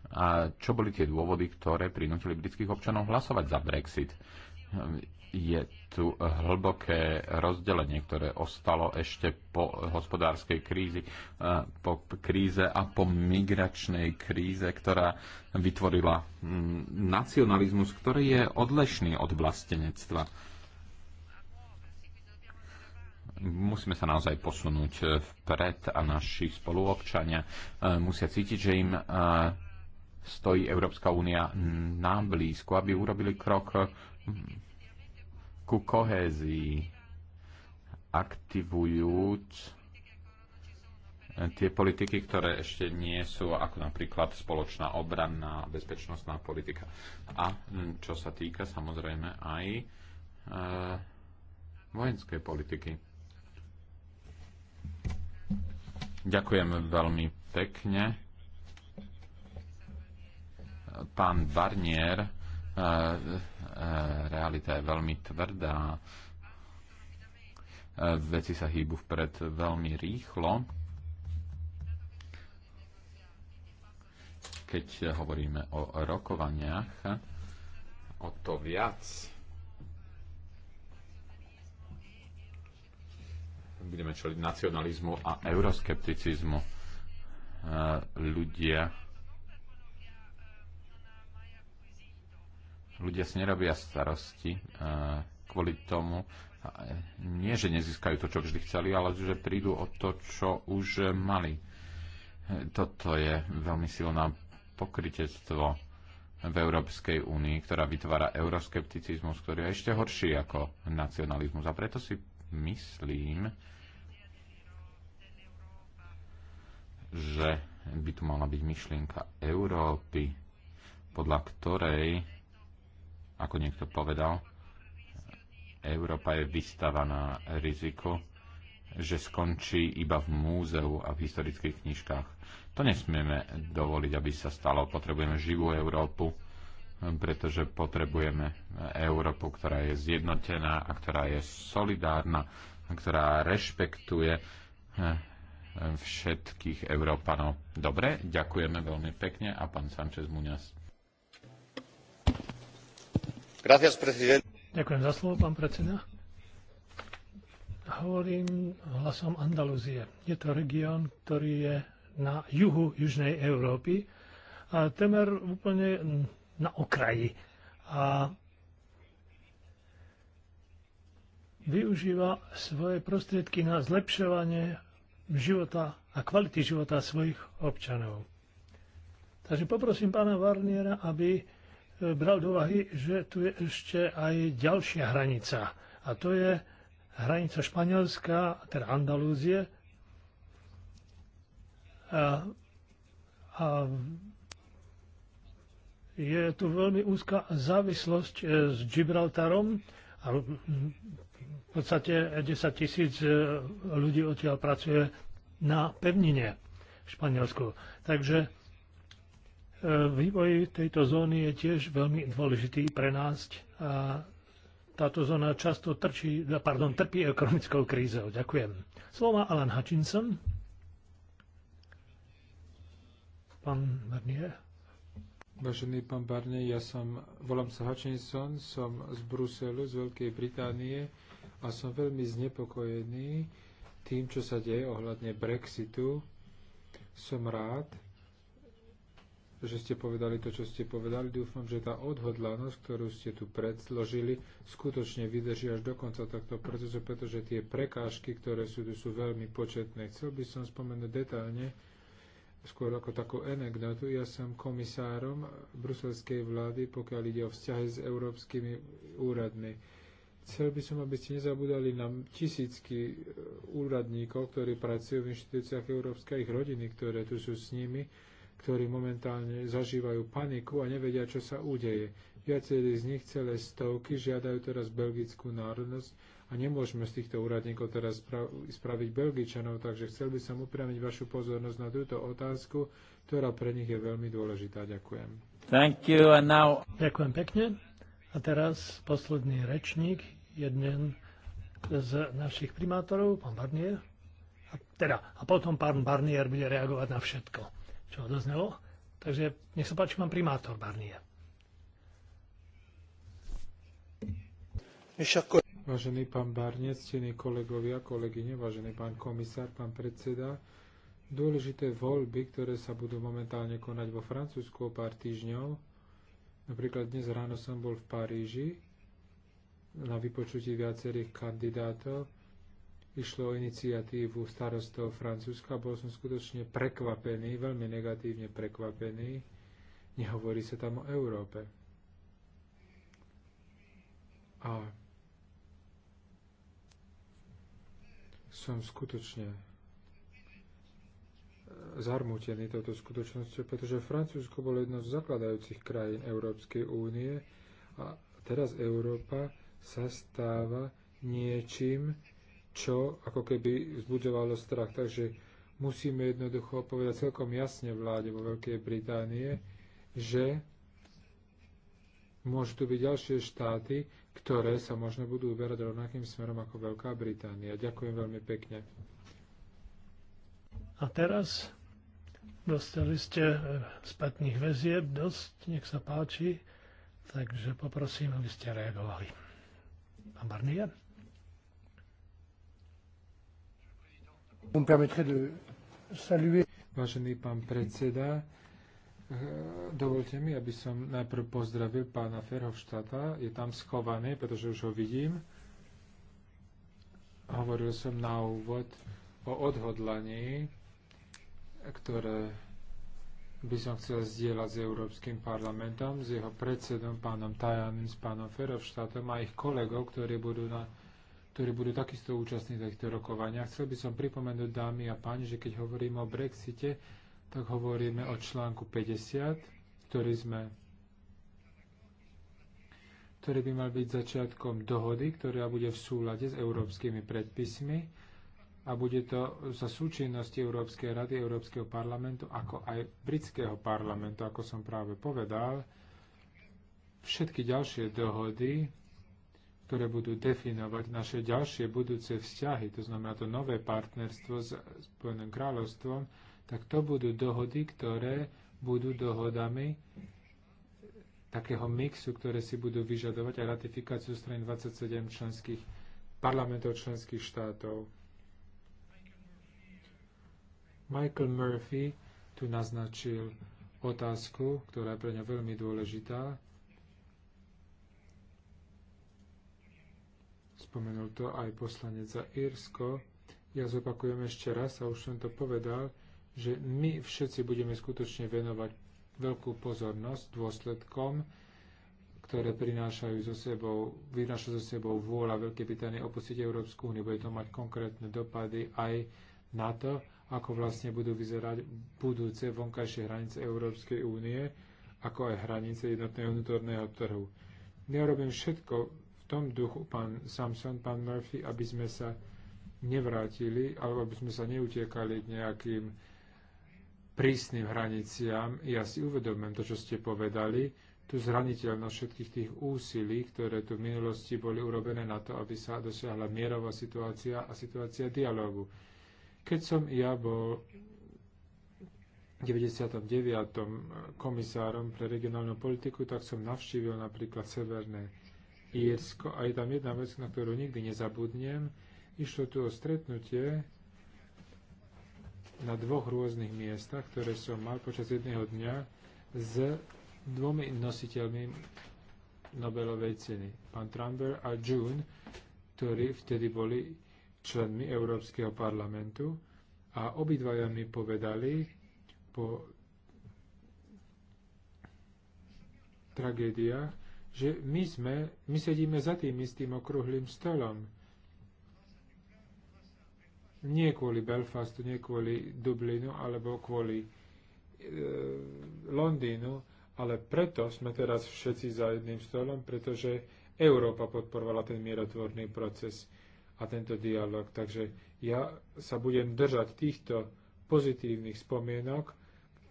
a čo boli tie dôvody, ktoré prinútili britských občanov hlasovať za Brexit. Je tu hlboké rozdelenie, ktoré ostalo ešte po hospodárskej krízi, eh, po kríze a po migračnej kríze, ktorá vytvorila mm, nacionalizmus, ktorý je odlešný od vlastenectva musíme sa naozaj posunúť eh, vpred a naši spoluobčania eh, musia cítiť, že im stojí Európska únia nám blízko, aby urobili krok ku kohézii, aktivujúc tie politiky, ktoré ešte nie sú, ako napríklad spoločná obranná bezpečnostná politika. A čo sa týka samozrejme aj e, vojenskej politiky. Ďakujem veľmi pekne pán Barnier, eh, eh, realita je veľmi tvrdá. Eh, veci sa hýbu vpred veľmi rýchlo. Keď hovoríme o rokovaniach, o to viac budeme čeliť nacionalizmu a euroskepticizmu ľudia Ľudia si nerobia starosti e, kvôli tomu, e, nie že nezískajú to, čo vždy chceli, ale že prídu o to, čo už mali. E, toto je veľmi silná pokrytectvo v Európskej únii, ktorá vytvára euroskepticizmus, ktorý je ešte horší ako nacionalizmus. A preto si myslím, že by tu mala byť myšlienka Európy, podľa ktorej ako niekto povedal, Európa je vystavaná riziku, že skončí iba v múzeu a v historických knižkách. To nesmieme dovoliť, aby sa stalo. Potrebujeme živú Európu, pretože potrebujeme Európu, ktorá je zjednotená a ktorá je solidárna, a ktorá rešpektuje eh, všetkých Európanov. Dobre, ďakujeme veľmi pekne a pán Sanchez Muňas. Gracias, Ďakujem za slovo, pán predseda. Hovorím hlasom Andalúzie. Je to región, ktorý je na juhu Južnej Európy a temer úplne na okraji. A využíva svoje prostriedky na zlepšovanie života a kvality života svojich občanov. Takže poprosím pána Varniera, aby bral do úvahy, že tu je ešte aj ďalšia hranica. A to je hranica Španielska, teda Andalúzie. A, a je tu veľmi úzka závislosť e, s Gibraltarom a v podstate 10 tisíc e, ľudí odtiaľ pracuje na pevnine v Španielsku. Takže Vývoj tejto zóny je tiež veľmi dôležitý pre nás a táto zóna často trčí, pardon, trpí ekonomickou krízou. Ďakujem. Slova Alan Hutchinson. Pán Barnier. Vážený pán Barnier, ja som, volám sa Hutchinson, som z Bruselu, z Veľkej Británie a som veľmi znepokojený tým, čo sa deje ohľadne Brexitu. Som rád, že ste povedali to, čo ste povedali. Dúfam, že tá odhodlanosť, ktorú ste tu predložili, skutočne vydrží až do konca tohto procesu, pretože tie prekážky, ktoré sú tu, sú veľmi početné. Chcel by som spomenúť detálne, skôr ako takú anekdotu. Ja som komisárom bruselskej vlády, pokiaľ ide o vzťahy s európskymi úradmi. Chcel by som, aby ste nezabudali na tisícky e, úradníkov, ktorí pracujú v inštitúciách Európskej, ich rodiny, ktoré tu sú s nimi ktorí momentálne zažívajú paniku a nevedia, čo sa udeje. Viacerí z nich celé stovky žiadajú teraz belgickú národnosť a nemôžeme z týchto úradníkov teraz spraviť Belgičanov, takže chcel by som upriamiť vašu pozornosť na túto otázku, ktorá pre nich je veľmi dôležitá. Ďakujem. Thank you and now... Ďakujem pekne. A teraz posledný rečník, jeden z našich primátorov, pán Barnier. A, teda, a potom pán Barnier bude reagovať na všetko čo odoznelo. Takže nech sa páči, mám primátor Barnie. Vážený pán Barnie, ctení kolegovia, kolegyne, vážený pán komisár, pán predseda, dôležité voľby, ktoré sa budú momentálne konať vo Francúzsku o pár týždňov. Napríklad dnes ráno som bol v Paríži na vypočutí viacerých kandidátov Išlo o iniciatívu starostov Francúzska a bol som skutočne prekvapený, veľmi negatívne prekvapený. Nehovorí sa tam o Európe. A som skutočne e, zarmútený touto skutočnosťou, pretože Francúzsko bolo jedno z zakladajúcich krajín Európskej únie a teraz Európa sa stáva niečím, čo ako keby vzbudzovalo strach. Takže musíme jednoducho povedať celkom jasne vláde vo Veľkej Británie, že môžu tu byť ďalšie štáty, ktoré sa možno budú uberať rovnakým smerom ako Veľká Británia. Ďakujem veľmi pekne. A teraz dostali ste eh, spätných väzieb dosť, nech sa páči, takže poprosím, aby ste reagovali. Pán Barnier? Vážený pán predseda, eh, dovolte mi, aby som najprv pozdravil pána Ferhovštata. Je tam schovaný, pretože už ho vidím. Hovoril som na úvod o odhodlaní, ktoré by som chcel zdieľať s Európskym parlamentom, s jeho predsedom, pánom Tajanem, s pánom Ferovštátom a ich kolegov, ktorí budú na ktorí budú takisto účastní týchto rokovania. Chcel by som pripomenúť, dámy a páni, že keď hovoríme o Brexite, tak hovoríme o článku 50, ktorý sme ktorý by mal byť začiatkom dohody, ktorá bude v súlade s európskymi predpismi a bude to za súčinnosti Európskej rady, Európskeho parlamentu, ako aj britského parlamentu, ako som práve povedal. Všetky ďalšie dohody ktoré budú definovať naše ďalšie budúce vzťahy, to znamená to nové partnerstvo s Spojeným kráľovstvom, tak to budú dohody, ktoré budú dohodami takého mixu, ktoré si budú vyžadovať a ratifikáciu strany 27 členských parlamentov členských štátov. Michael Murphy tu naznačil otázku, ktorá je pre ňa veľmi dôležitá, spomenul to aj poslanec za Írsko, ja zopakujem ešte raz, a už som to povedal, že my všetci budeme skutočne venovať veľkú pozornosť dôsledkom, ktoré prinášajú zo sebou, vynáša zo sebou vôľa Veľkej Británie opustiť Európsku úniu. Bude to mať konkrétne dopady aj na to, ako vlastne budú vyzerať budúce vonkajšie hranice Európskej únie, ako aj hranice jednotného vnútorného trhu. Ja robím všetko tom duchu, pán Samson, pán Murphy, aby sme sa nevrátili, alebo aby sme sa neutiekali k nejakým prísnym hraniciám. Ja si uvedomujem to, čo ste povedali, tú zraniteľnosť všetkých tých úsilí, ktoré tu v minulosti boli urobené na to, aby sa dosiahla mierová situácia a situácia dialogu. Keď som ja bol 99. Eh, komisárom pre regionálnu politiku, tak som navštívil napríklad Severné Írsko a je tam jedna vec, na ktorú nikdy nezabudnem. Išlo tu o stretnutie na dvoch rôznych miestach, ktoré som mal počas jedného dňa s dvomi nositeľmi Nobelovej ceny, pán Tramber a June, ktorí vtedy boli členmi Európskeho parlamentu a obidvaja mi povedali po tragédiách, že my sme, my sedíme za tým istým okrúhlým stolom. Nie kvôli Belfastu, nie kvôli Dublinu alebo kvôli e, Londýnu, ale preto sme teraz všetci za jedným stolom, pretože Európa podporovala ten mierotvorný proces a tento dialog. Takže ja sa budem držať týchto pozitívnych spomienok,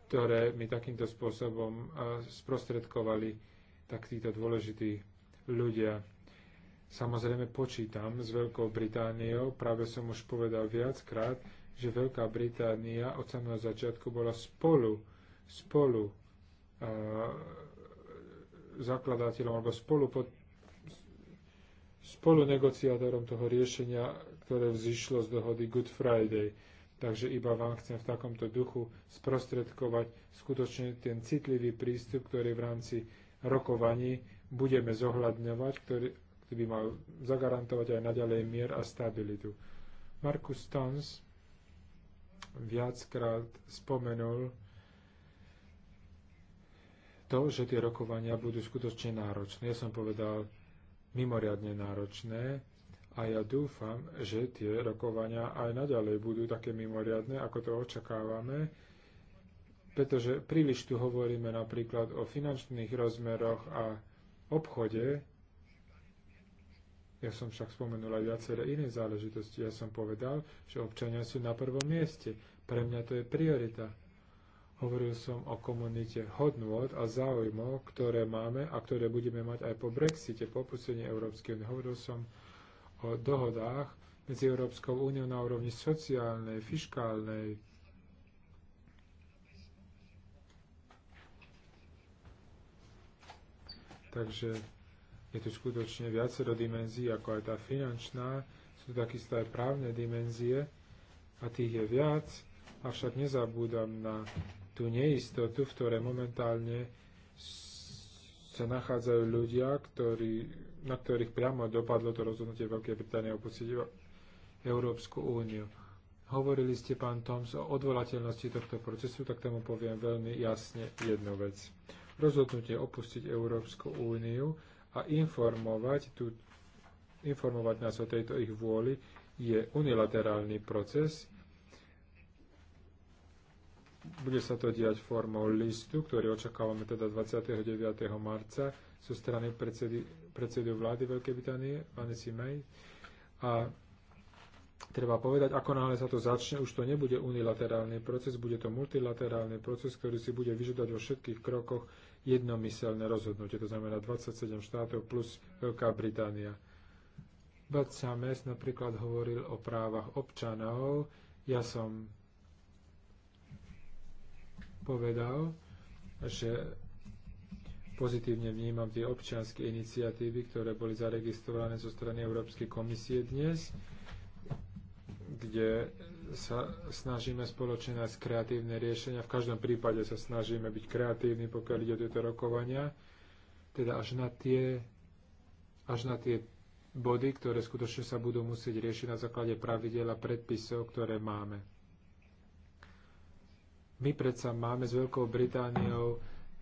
ktoré mi takýmto spôsobom e, sprostredkovali tak títo dôležití ľudia. Samozrejme počítam s Veľkou Britániou, práve som už povedal viackrát, že Veľká Británia od samého začiatku bola spolu, spolu e, zakladateľom alebo spolu, pod, spolu negociátorom toho riešenia, ktoré vzýšlo z dohody Good Friday. Takže iba vám chcem v takomto duchu sprostredkovať skutočne ten citlivý prístup, ktorý v rámci rokovaní budeme zohľadňovať, ktorý, ktorý by mal zagarantovať aj naďalej mier a stabilitu. Markus Tons viackrát spomenul to, že tie rokovania budú skutočne náročné. Ja som povedal mimoriadne náročné a ja dúfam, že tie rokovania aj naďalej budú také mimoriadne, ako to očakávame pretože príliš tu hovoríme napríklad o finančných rozmeroch a obchode. Ja som však spomenul aj viaceré iné záležitosti. Ja som povedal, že občania sú na prvom mieste. Pre mňa to je priorita. Hovoril som o komunite hodnôt a záujmov, ktoré máme a ktoré budeme mať aj po Brexite, po opustení Európskej únie. Hovoril som o dohodách medzi Európskou úniou na úrovni sociálnej, fiskálnej. Takže je tu skutočne viacero dimenzií, ako aj tá finančná, sú takisto aj právne dimenzie a tých je viac, avšak nezabúdam na tú neistotu, v ktorej momentálne sa nachádzajú ľudia, ktorí, na ktorých priamo dopadlo to rozhodnutie Veľkej Británie opustiť Európsku úniu. Hovorili ste, pán Toms, o odvolateľnosti tohto procesu, tak tomu poviem veľmi jasne jednu vec rozhodnutie opustiť Európsku úniu a informovať, tu, informovať nás o tejto ich vôli je unilaterálny proces. Bude sa to diať formou listu, ktorý očakávame teda 29. marca zo strany predsedy, predsedu vlády Veľkej Británie, Vanessa May. A treba povedať, ako náhle sa to začne, už to nebude unilaterálny proces, bude to multilaterálny proces, ktorý si bude vyžadať vo všetkých krokoch jednomyselné rozhodnutie, to znamená 27 štátov plus Veľká Británia. Bad Sames napríklad hovoril o právach občanov. Ja som povedal, že pozitívne vnímam tie občianske iniciatívy, ktoré boli zaregistrované zo strany Európskej komisie dnes, kde sa snažíme spoločne nájsť kreatívne riešenia. V každom prípade sa snažíme byť kreatívni, pokiaľ ide o tieto rokovania. Teda až na tie, až na tie body, ktoré skutočne sa budú musieť riešiť na základe pravidel a predpisov, ktoré máme. My predsa máme s Veľkou Britániou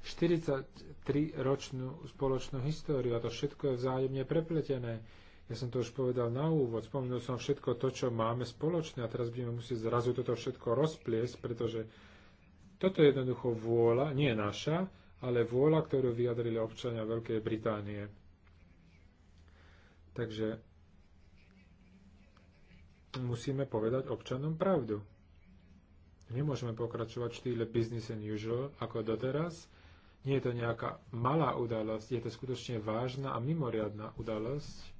43-ročnú spoločnú históriu a to všetko je vzájomne prepletené ja som to už povedal na úvod, spomenul som všetko to, čo máme spoločné a teraz budeme musieť zrazu toto všetko rozpliesť, pretože toto je jednoducho vôľa, nie naša, ale vôľa, ktorú vyjadrili občania Veľkej Británie. Takže musíme povedať občanom pravdu. Nemôžeme pokračovať v štýle business and usual ako doteraz. Nie je to nejaká malá udalosť, je to skutočne vážna a mimoriadná udalosť,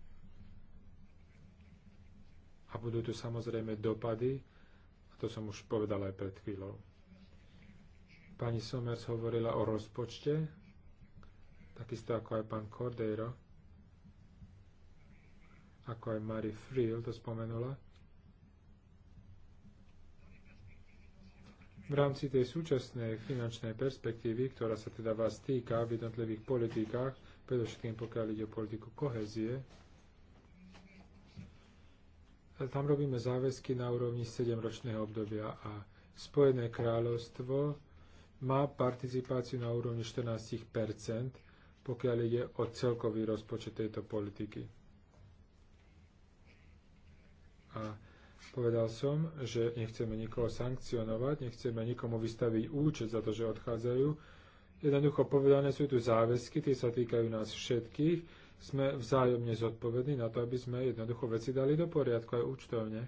a budú tu samozrejme dopady, a to som už povedal aj pred chvíľou. Pani Somers hovorila o rozpočte, takisto ako aj pán Cordero, ako aj Mary Friel to spomenula. V rámci tej súčasnej finančnej perspektívy, ktorá sa teda vás týka v jednotlivých politikách, predovšetkým pokiaľ ide o politiku kohezie, tam robíme záväzky na úrovni 7-ročného obdobia a Spojené kráľovstvo má participáciu na úrovni 14 pokiaľ ide o celkový rozpočet tejto politiky. A povedal som, že nechceme nikoho sankcionovať, nechceme nikomu vystaviť účet za to, že odchádzajú. Jednoducho povedané sú tu záväzky, tie sa týkajú nás všetkých sme vzájomne zodpovední na to, aby sme jednoducho veci dali do poriadku aj účtovne.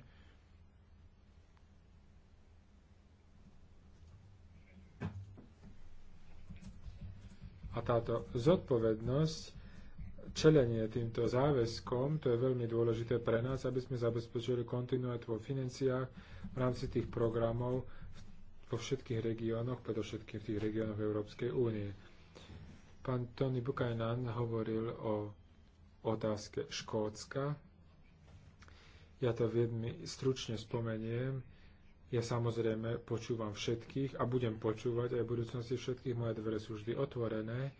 A táto zodpovednosť, čelenie týmto záväzkom, to je veľmi dôležité pre nás, aby sme zabezpečili kontinuitu vo financiách v rámci tých programov vo všetkých regiónoch, predovšetkým v tých regiónoch Európskej únie. Pán Tony Buchanan hovoril o otázke Škótska. Ja to veľmi stručne spomeniem. Ja samozrejme počúvam všetkých a budem počúvať aj v budúcnosti všetkých. Moje dvere sú vždy otvorené,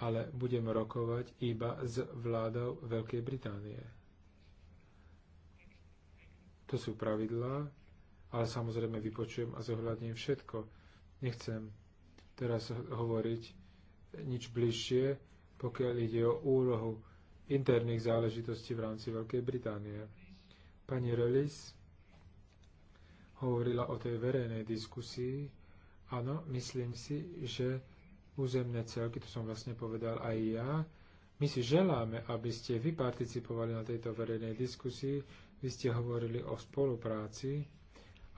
ale budem rokovať iba s vládou Veľkej Británie. To sú pravidlá, ale samozrejme vypočujem a zohľadním všetko. Nechcem teraz hovoriť nič bližšie, pokiaľ ide o úlohu interných záležitostí v rámci Veľkej Británie. Pani Relis hovorila o tej verejnej diskusii. Áno, myslím si, že územné celky, to som vlastne povedal aj ja, my si želáme, aby ste vy participovali na tejto verejnej diskusii. Vy ste hovorili o spolupráci.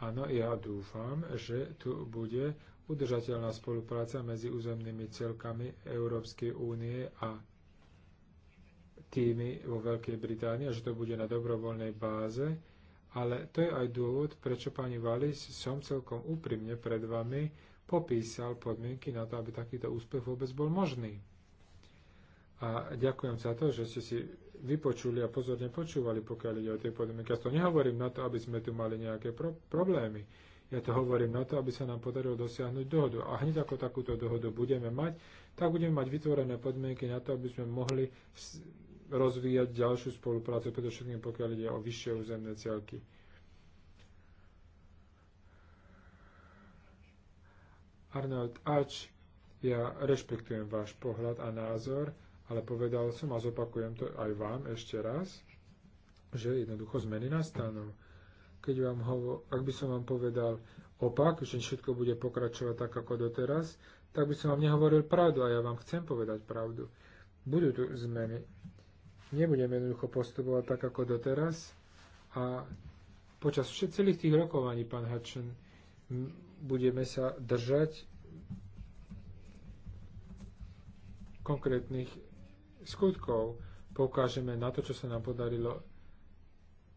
Áno, ja dúfam, že tu bude udržateľná spolupráca medzi územnými celkami Európskej únie a tými vo Veľkej Británii a že to bude na dobrovoľnej báze, ale to je aj dôvod, prečo pani Wallis som celkom úprimne pred vami popísal podmienky na to, aby takýto úspech vôbec bol možný. A ďakujem za to, že ste si vypočuli a pozorne počúvali, pokiaľ ide o tie podmienky. Ja to nehovorím na to, aby sme tu mali nejaké pro- problémy ja to hovorím na to, aby sa nám podarilo dosiahnuť dohodu. A hneď ako takúto dohodu budeme mať, tak budeme mať vytvorené podmienky na to, aby sme mohli rozvíjať ďalšiu spoluprácu, predovšetkým pokiaľ ide o vyššie územné celky. Arnold Ač, ja rešpektujem váš pohľad a názor, ale povedal som a zopakujem to aj vám ešte raz, že jednoducho zmeny nastanú keď vám hovo, ak by som vám povedal opak, že všetko bude pokračovať tak ako doteraz, tak by som vám nehovoril pravdu a ja vám chcem povedať pravdu. Budú tu zmeny. Nebudem jednoducho postupovať tak ako doteraz a počas všetkých tých rokovaní, pán Hačen, budeme sa držať konkrétnych skutkov. Poukážeme na to, čo sa nám podarilo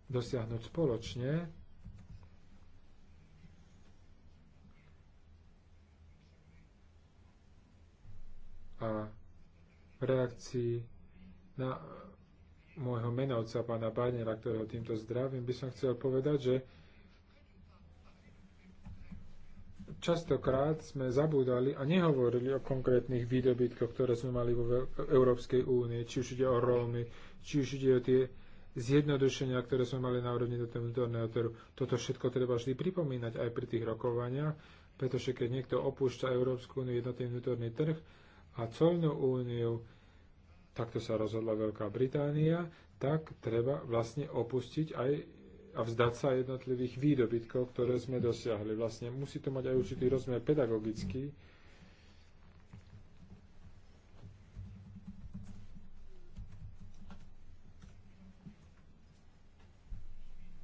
dosiahnuť spoločne a v reakcii na môjho menovca, pána Barnera, ktorého týmto zdravím, by som chcel povedať, že častokrát sme zabúdali a nehovorili o konkrétnych výdobytkoch, ktoré sme mali vo Európskej únie, či už ide o Rómy, či už ide o tie zjednodušenia, ktoré sme mali na úrovni do vnútorného trhu. Toto všetko treba vždy pripomínať aj pri tých rokovaniach, pretože keď niekto opúšťa Európsku úniu jednotný vnútorný trh, a colnú úniu, takto sa rozhodla Veľká Británia, tak treba vlastne opustiť aj a vzdať sa jednotlivých výdobytkov, ktoré sme dosiahli. Vlastne musí to mať aj určitý rozmer pedagogický,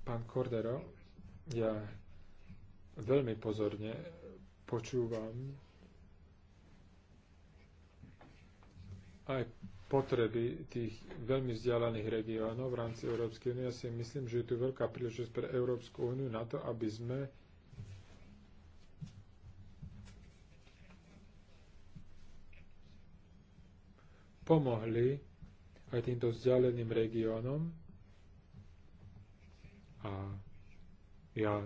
Pán Cordero, ja veľmi pozorne počúvam aj potreby tých veľmi vzdialených regiónov v rámci Európskej únie. Ja si myslím, že je tu veľká príležitosť pre Európsku úniu na to, aby sme pomohli aj týmto vzdialeným regiónom. A ja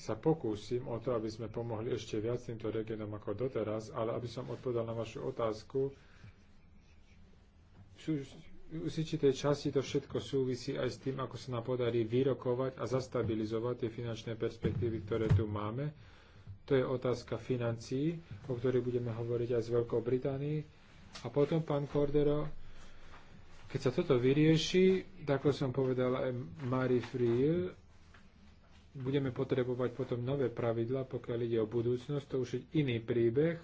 sa pokúsim o to, aby sme pomohli ešte viac týmto regionom ako doteraz, ale aby som odpovedal na vašu otázku, v určitej časti to všetko súvisí aj s tým, ako sa nám podarí vyrokovať a zastabilizovať tie finančné perspektívy, ktoré tu máme. To je otázka financií, o ktorej budeme hovoriť aj s Veľkou Británií. A potom, pán Cordero, keď sa toto vyrieši, tak ako som povedal aj Marie Friel, budeme potrebovať potom nové pravidla, pokiaľ ide o budúcnosť, to už je iný príbeh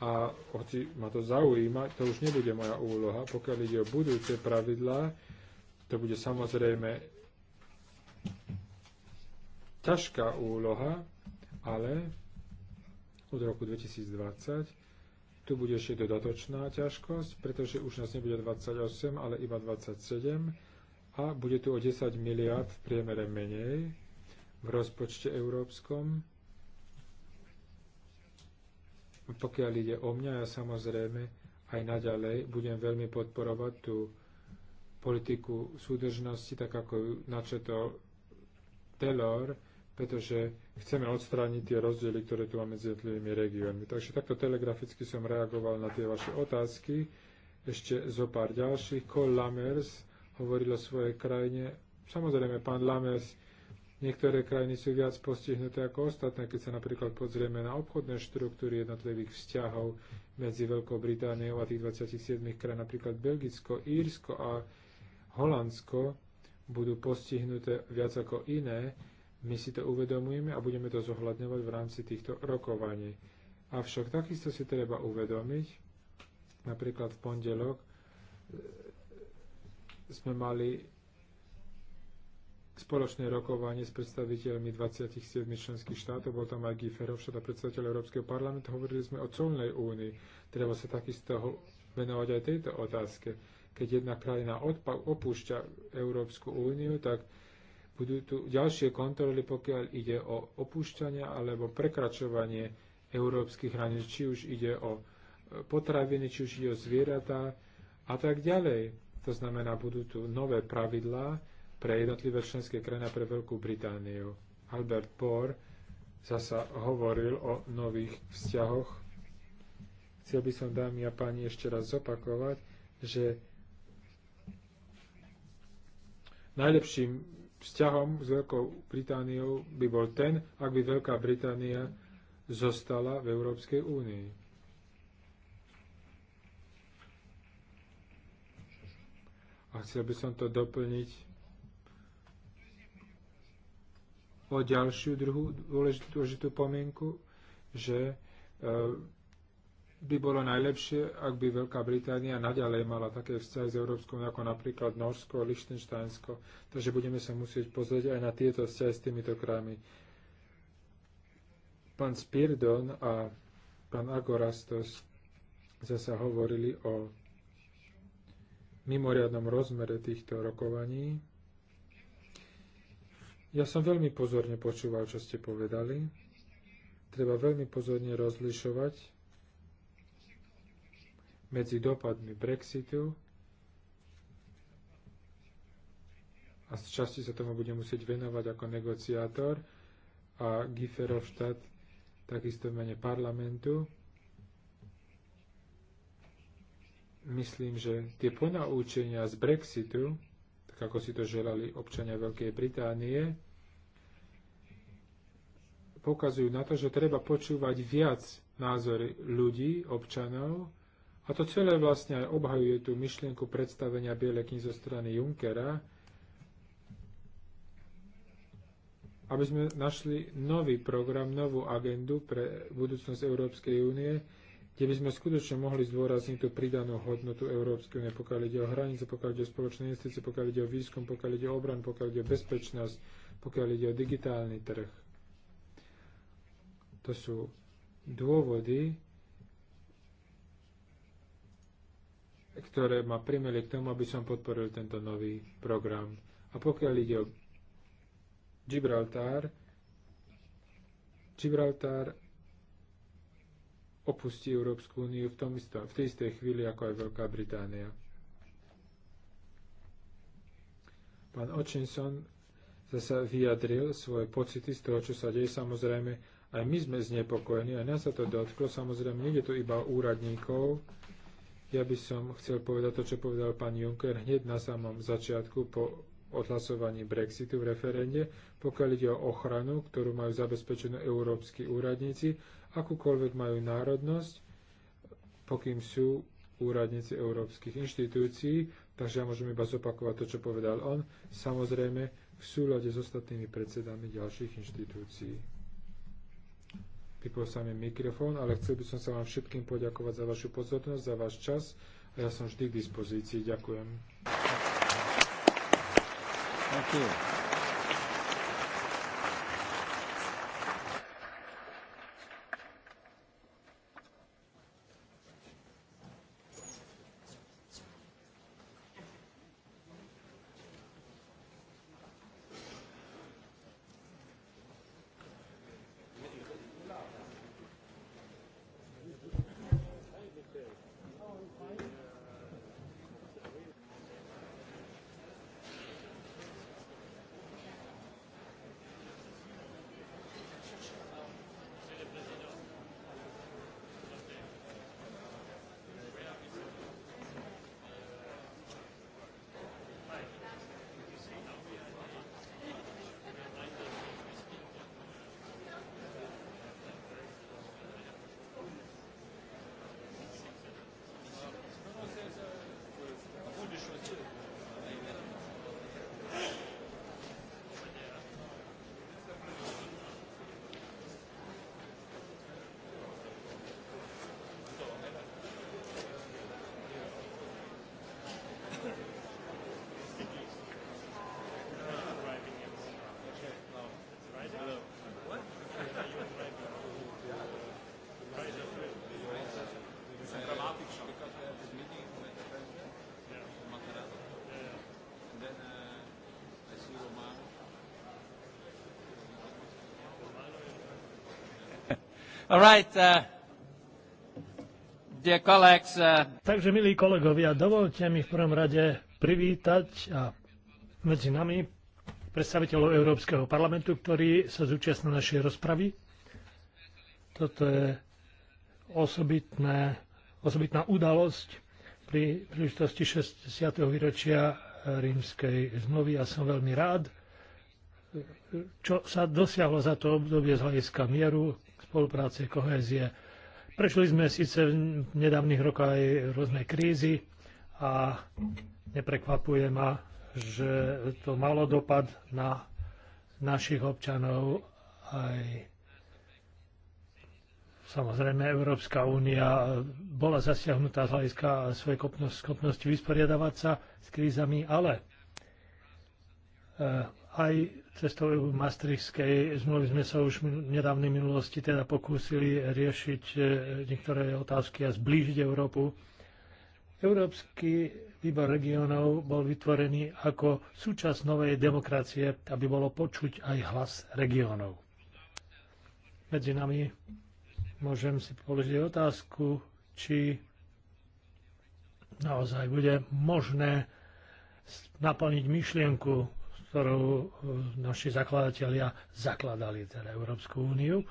a hoci ma to zaujíma, to už nebude moja úloha. Pokiaľ ide o budúce pravidlá, to bude samozrejme ťažká úloha, ale od roku 2020 tu bude ešte dodatočná ťažkosť, pretože už nás nebude 28, ale iba 27 a bude tu o 10 miliard v priemere menej v rozpočte európskom. Pokiaľ ide o mňa, ja samozrejme aj naďalej budem veľmi podporovať tú politiku súdržnosti, tak ako načeto načetol pretože chceme odstrániť tie rozdiely, ktoré tu máme medzi jednotlivými regiónmi. Takže takto telegraficky som reagoval na tie vaše otázky. Ešte zo pár ďalších. Cole Lamers hovoril o svojej krajine. Samozrejme, pán Lamers Niektoré krajiny sú viac postihnuté ako ostatné, keď sa napríklad pozrieme na obchodné štruktúry jednotlivých vzťahov medzi Veľkou Britániou a tých 27 krajín, napríklad Belgicko, Írsko a Holandsko budú postihnuté viac ako iné. My si to uvedomujeme a budeme to zohľadňovať v rámci týchto rokovaní. Avšak takisto si treba uvedomiť, napríklad v pondelok e, sme mali spoločné rokovanie s predstaviteľmi 27 členských štátov, bol tam aj Guy Verhofstadt a predstaviteľ Európskeho parlamentu, hovorili sme o colnej únii. Treba sa takisto venovať aj tejto otázke. Keď jedna krajina opúšťa Európsku úniu, tak budú tu ďalšie kontroly, pokiaľ ide o opúšťanie alebo prekračovanie európskych hraníc, či už ide o e, potraviny, či už ide o zvieratá a tak ďalej. To znamená, budú tu nové pravidlá, pre jednotlivé členské krajiny a pre Veľkú Britániu. Albert Bohr zasa hovoril o nových vzťahoch. Chcel by som, dámy a páni, ešte raz zopakovať, že najlepším vzťahom s Veľkou Britániou by bol ten, ak by Veľká Británia zostala v Európskej únii. A chcel by som to doplniť o ďalšiu druhú dôležitú, dôležitú pomienku, že e, by bolo najlepšie, ak by Veľká Británia naďalej mala také vzťahy s Európskou, ako napríklad Norsko, Lichtensteinsko. Takže budeme sa musieť pozrieť aj na tieto vzťahy s týmito krajmi. Pán Spirdon a pán Agorastos zase hovorili o mimoriadnom rozmere týchto rokovaní. Ja som veľmi pozorne počúval, čo ste povedali. Treba veľmi pozorne rozlišovať medzi dopadmi Brexitu a z časti sa tomu budem musieť venovať ako negociátor a Giferovštát takisto v mene parlamentu. Myslím, že tie ponaučenia z Brexitu tak ako si to želali občania Veľkej Británie, pokazujú na to, že treba počúvať viac názory ľudí, občanov, a to celé vlastne aj obhajuje tú myšlienku predstavenia Bielej knihy zo strany Junckera, aby sme našli nový program, novú agendu pre budúcnosť Európskej únie, kde by sme skutočne mohli zdôrazniť tú pridanú hodnotu Európskej únie, pokiaľ ide o hranice, pokiaľ ide o spoločné investície, pokiaľ ide o výskum, pokiaľ ide o obranu, pokiaľ ide o bezpečnosť, pokiaľ ide o digitálny trh. To sú dôvody, ktoré ma primeli k tomu, aby som podporil tento nový program. A pokiaľ ide o Gibraltar, Gibraltar opustí Európsku úniu v, tom v tej istej chvíli ako aj Veľká Británia. Pán Očinson zase vyjadril svoje pocity z toho, čo sa deje. Samozrejme, aj my sme znepokojení, aj nás sa to dotklo. Samozrejme, nie je to iba úradníkov. Ja by som chcel povedať to, čo povedal pán Juncker hneď na samom začiatku po odhlasovaní Brexitu v referende, pokiaľ ide o ochranu, ktorú majú zabezpečenú európsky úradníci akúkoľvek majú národnosť, pokým sú úradníci európskych inštitúcií, takže ja môžem iba zopakovať to, čo povedal on, samozrejme v súľade s ostatnými predsedami ďalších inštitúcií. Vypol sa mi mikrofón, ale chcel by som sa vám všetkým poďakovať za vašu pozornosť, za váš čas a ja som vždy k dispozícii. Ďakujem. Ďakujem. All right, uh, uh, Takže, milí kolegovia, dovolte mi v prvom rade privítať a medzi nami predstaviteľov Európskeho parlamentu, ktorí sa zúčastnili našej rozpravy. Toto je osobitné, osobitná udalosť pri príležitosti 60. výročia rímskej zmluvy a som veľmi rád, čo sa dosiahlo za to obdobie z hľadiska mieru, spolupráce, kohézie. Prešli sme síce v nedávnych rokoch aj rôzne krízy a neprekvapuje ma, že to malo dopad na našich občanov aj Samozrejme, Európska únia bola zasiahnutá z hľadiska svojej schopnosti vysporiadavať sa s krízami, ale eh, aj cestou Maastrichtskej zmluvy sme sa už v nedávnej minulosti teda pokúsili riešiť e, niektoré otázky a zblížiť Európu. Európsky výbor regionov bol vytvorený ako súčasť novej demokracie, aby bolo počuť aj hlas regionov. Medzi nami môžem si položiť otázku, či naozaj bude možné naplniť myšlienku ktorou eh, naši zakladatelia zakladali teda Európsku úniu.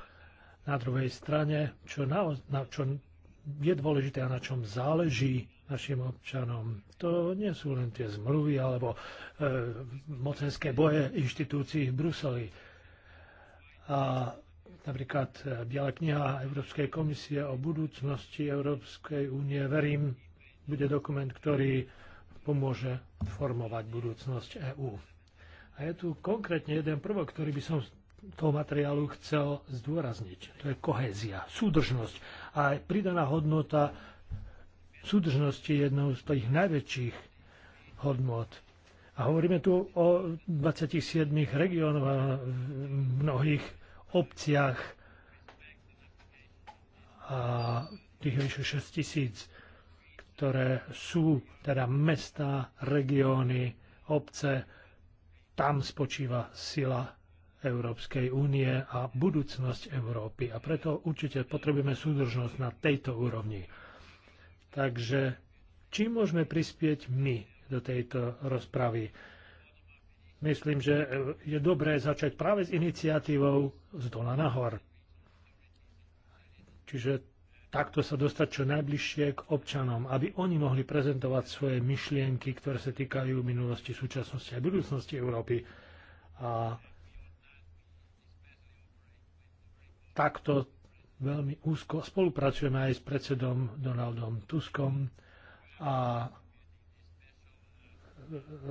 Na druhej strane, čo, na, na, čo je dôležité a na čom záleží našim občanom. To nie sú len tie zmluvy alebo e, mocenské boje inštitúcií v Bruseli. A napríklad eh, Biela kniha Európskej komisie o budúcnosti Európskej únie, verím, bude dokument, ktorý pomôže formovať budúcnosť EÚ. A je tu konkrétne jeden prvok, ktorý by som z toho materiálu chcel zdôrazniť. To je kohézia, súdržnosť. A pridaná hodnota súdržnosti je jednou z tých najväčších hodnot. A hovoríme tu o 27 regiónoch a mnohých obciach a tých vyše 6 tisíc, ktoré sú teda mesta, regióny, obce, tam spočíva sila Európskej únie a budúcnosť Európy. A preto určite potrebujeme súdržnosť na tejto úrovni. Takže čím môžeme prispieť my do tejto rozpravy? Myslím, že je dobré začať práve s iniciatívou z dola nahor. Čiže takto sa dostať čo najbližšie k občanom, aby oni mohli prezentovať svoje myšlienky, ktoré sa týkajú minulosti, súčasnosti a budúcnosti Európy. A takto veľmi úzko spolupracujeme aj s predsedom Donaldom Tuskom a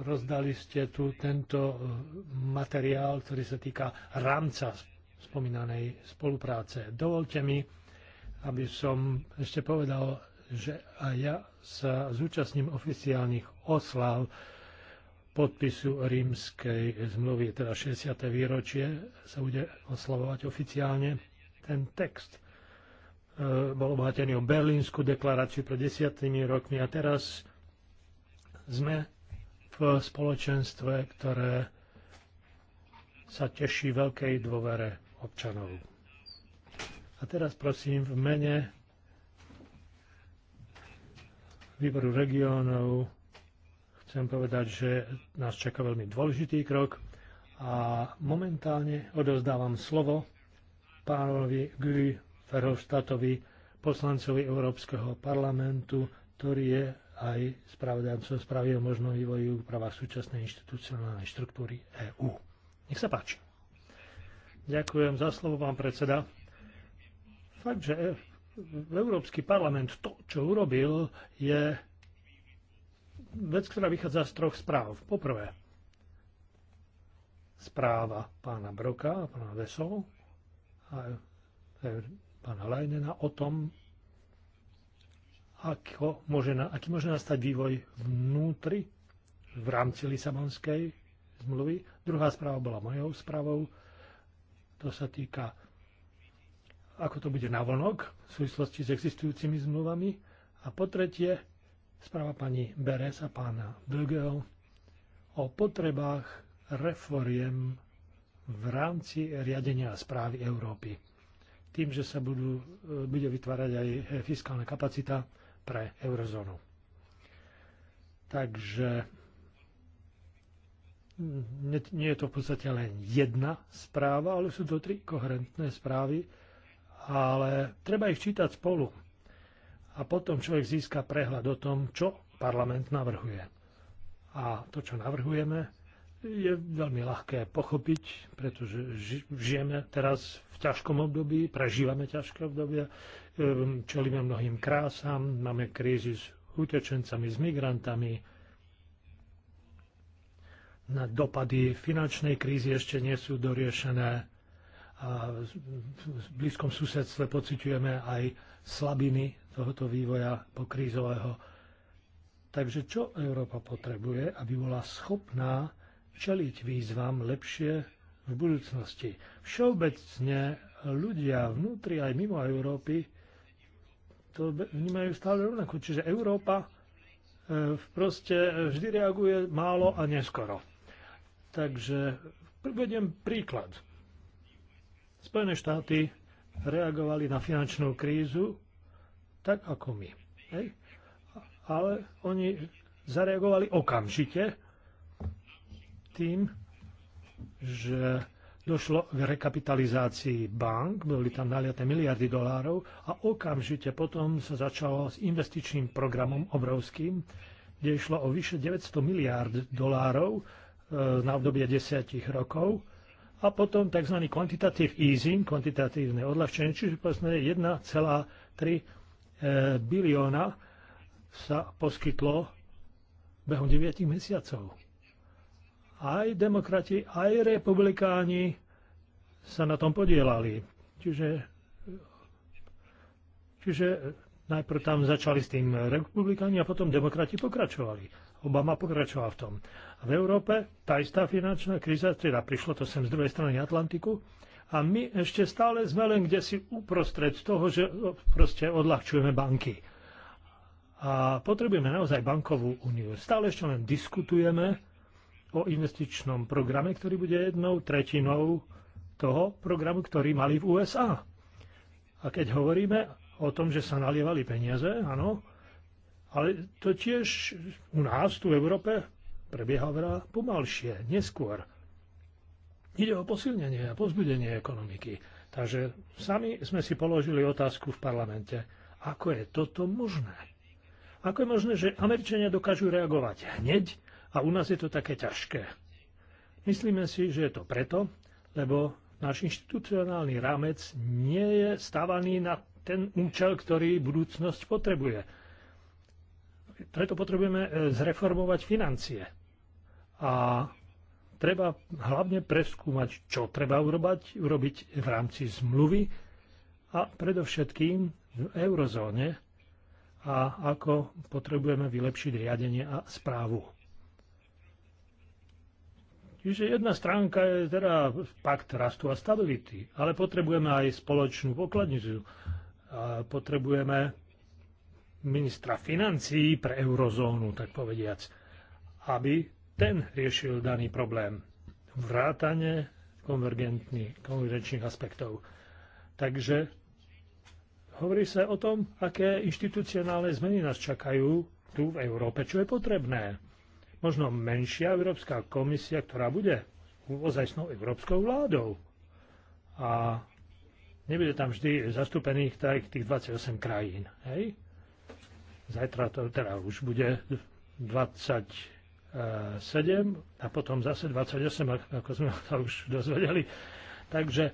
rozdali ste tu tento materiál, ktorý sa týka rámca spomínanej spolupráce. Dovolte mi, aby som ešte povedal, že aj ja sa zúčastním oficiálnych oslav podpisu rímskej zmluvy, teda 60. výročie sa bude oslavovať oficiálne ten text. E, bol obohatený o Berlínsku deklaráciu pred desiatými rokmi a teraz sme v spoločenstve, ktoré sa teší veľkej dôvere občanov. A teraz prosím v mene výboru regiónov chcem povedať, že nás čaká veľmi dôležitý krok a momentálne odozdávam slovo pánovi Guy Ferhovštatovi, poslancovi Európskeho parlamentu, ktorý je aj spravodajcom správy o možnom vývoji úprava súčasnej inštitucionálnej štruktúry EÚ. Nech sa páči. Ďakujem za slovo, pán predseda. Fakt, že Európsky parlament to, čo urobil, je vec, ktorá vychádza z troch správ. Poprvé, správa pána Broka a pána Vesov a e, pána Lajnena o tom, ako môže, aký môže nastať vývoj vnútri v rámci Lisabonskej zmluvy. Druhá správa bola mojou správou. To sa týka ako to bude navonok v súvislosti s existujúcimi zmluvami. A po tretie, správa pani Beres a pána Bögel o potrebách reforiem v rámci riadenia a správy Európy. Tým, že sa budú, e, bude vytvárať aj e, fiskálna kapacita pre eurozónu. Takže nie je to v podstate len jedna správa, ale sú to tri koherentné správy, ale treba ich čítať spolu. A potom človek získa prehľad o tom, čo parlament navrhuje. A to, čo navrhujeme, je veľmi ľahké pochopiť, pretože žijeme teraz v ťažkom období, prežívame ťažké obdobie, ehm, čelíme mnohým krásam, máme krízy s utečencami, s migrantami, na dopady finančnej krízy ešte nie sú doriešené a v blízkom susedstve pociťujeme aj slabiny tohoto vývoja pokrízového. Takže čo Európa potrebuje, aby bola schopná čeliť výzvam lepšie v budúcnosti? Všeobecne ľudia vnútri aj mimo Európy to vnímajú stále rovnako. Čiže Európa e, proste vždy reaguje málo a neskoro. Takže vediem príklad Spojené štáty reagovali na finančnú krízu tak ako my. Hej? Ale oni zareagovali okamžite tým, že došlo k rekapitalizácii bank, boli tam naliaté miliardy dolárov a okamžite potom sa začalo s investičným programom obrovským, kde išlo o vyše 900 miliárd dolárov e, na obdobie desiatich rokov a potom tzv. quantitative easing, kvantitatívne odľahčenie, čiže povedzme 1,3 eh, bilióna sa poskytlo behom 9 mesiacov. Aj demokrati, aj republikáni sa na tom podielali. Čiže, čiže najprv tam začali s tým republikáni a potom demokrati pokračovali. Obama pokračoval v tom v Európe tá istá finančná kríza, teda prišlo to sem z druhej strany Atlantiku, a my ešte stále sme len kde si uprostred toho, že proste odľahčujeme banky. A potrebujeme naozaj bankovú úniu. Stále ešte len diskutujeme o investičnom programe, ktorý bude jednou tretinou toho programu, ktorý mali v USA. A keď hovoríme o tom, že sa nalievali peniaze, áno, ale to tiež u nás, tu v Európe, prebieha oveľa pomalšie, neskôr. Ide o posilnenie a pozbudenie ekonomiky. Takže sami sme si položili otázku v parlamente, ako je toto možné. Ako je možné, že Američania dokážu reagovať hneď a u nás je to také ťažké. Myslíme si, že je to preto, lebo náš inštitucionálny rámec nie je stávaný na ten účel, ktorý budúcnosť potrebuje. Preto potrebujeme e, zreformovať financie a treba hlavne preskúmať, čo treba urobať, urobiť v rámci zmluvy a predovšetkým v eurozóne a ako potrebujeme vylepšiť riadenie a správu. Čiže jedna stránka je teda pakt rastu a stability, ale potrebujeme aj spoločnú pokladnicu. potrebujeme ministra financií pre eurozónu, tak povediac, aby ten riešil daný problém. Vrátane konvergenčných aspektov. Takže hovorí sa o tom, aké inštitucionálne zmeny nás čakajú tu v Európe, čo je potrebné. Možno menšia Európska komisia, ktorá bude ozajstnou európskou vládou. A nebude tam vždy zastúpených tak tých 28 krajín. Hej? Zajtra to teda už bude 20 7 a potom zase 28, ako sme sa už dozvedeli. Takže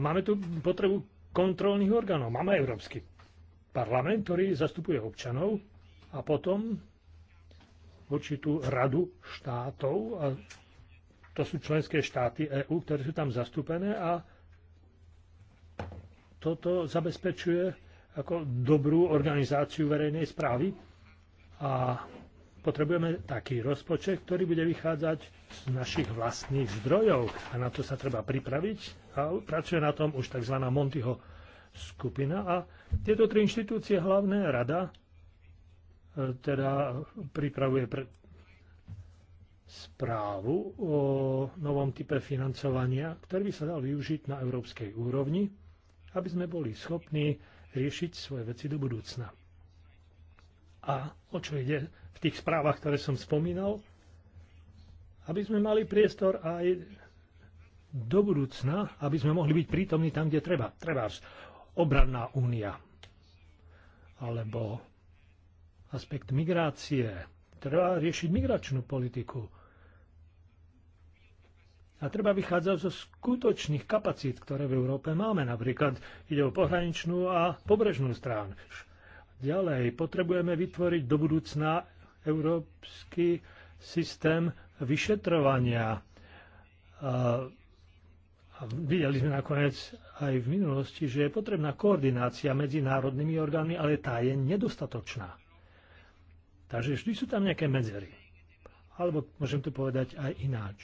máme tu potrebu kontrolných orgánov. Máme Európsky parlament, ktorý zastupuje občanov a potom určitú radu štátov a to sú členské štáty EÚ, ktoré sú tam zastúpené a toto zabezpečuje ako dobrú organizáciu verejnej správy a Potrebujeme taký rozpočet, ktorý bude vychádzať z našich vlastných zdrojov a na to sa treba pripraviť a pracuje na tom už tzv. Montyho skupina a tieto tri inštitúcie, hlavné rada, e, teda pripravuje pre správu o novom type financovania, ktorý by sa dal využiť na európskej úrovni, aby sme boli schopní riešiť svoje veci do budúcna. A o čo ide v tých správach, ktoré som spomínal, aby sme mali priestor aj do budúcna, aby sme mohli byť prítomní tam, kde treba. Treba obranná únia alebo aspekt migrácie. Treba riešiť migračnú politiku. A treba vychádzať zo skutočných kapacít, ktoré v Európe máme. Napríklad ide o pohraničnú a pobrežnú stránu. Ďalej potrebujeme vytvoriť do budúcna európsky systém vyšetrovania. A videli sme nakoniec aj v minulosti, že je potrebná koordinácia medzi národnými orgánmi, ale tá je nedostatočná. Takže vždy sú tam nejaké medzery. Alebo môžem to povedať aj ináč.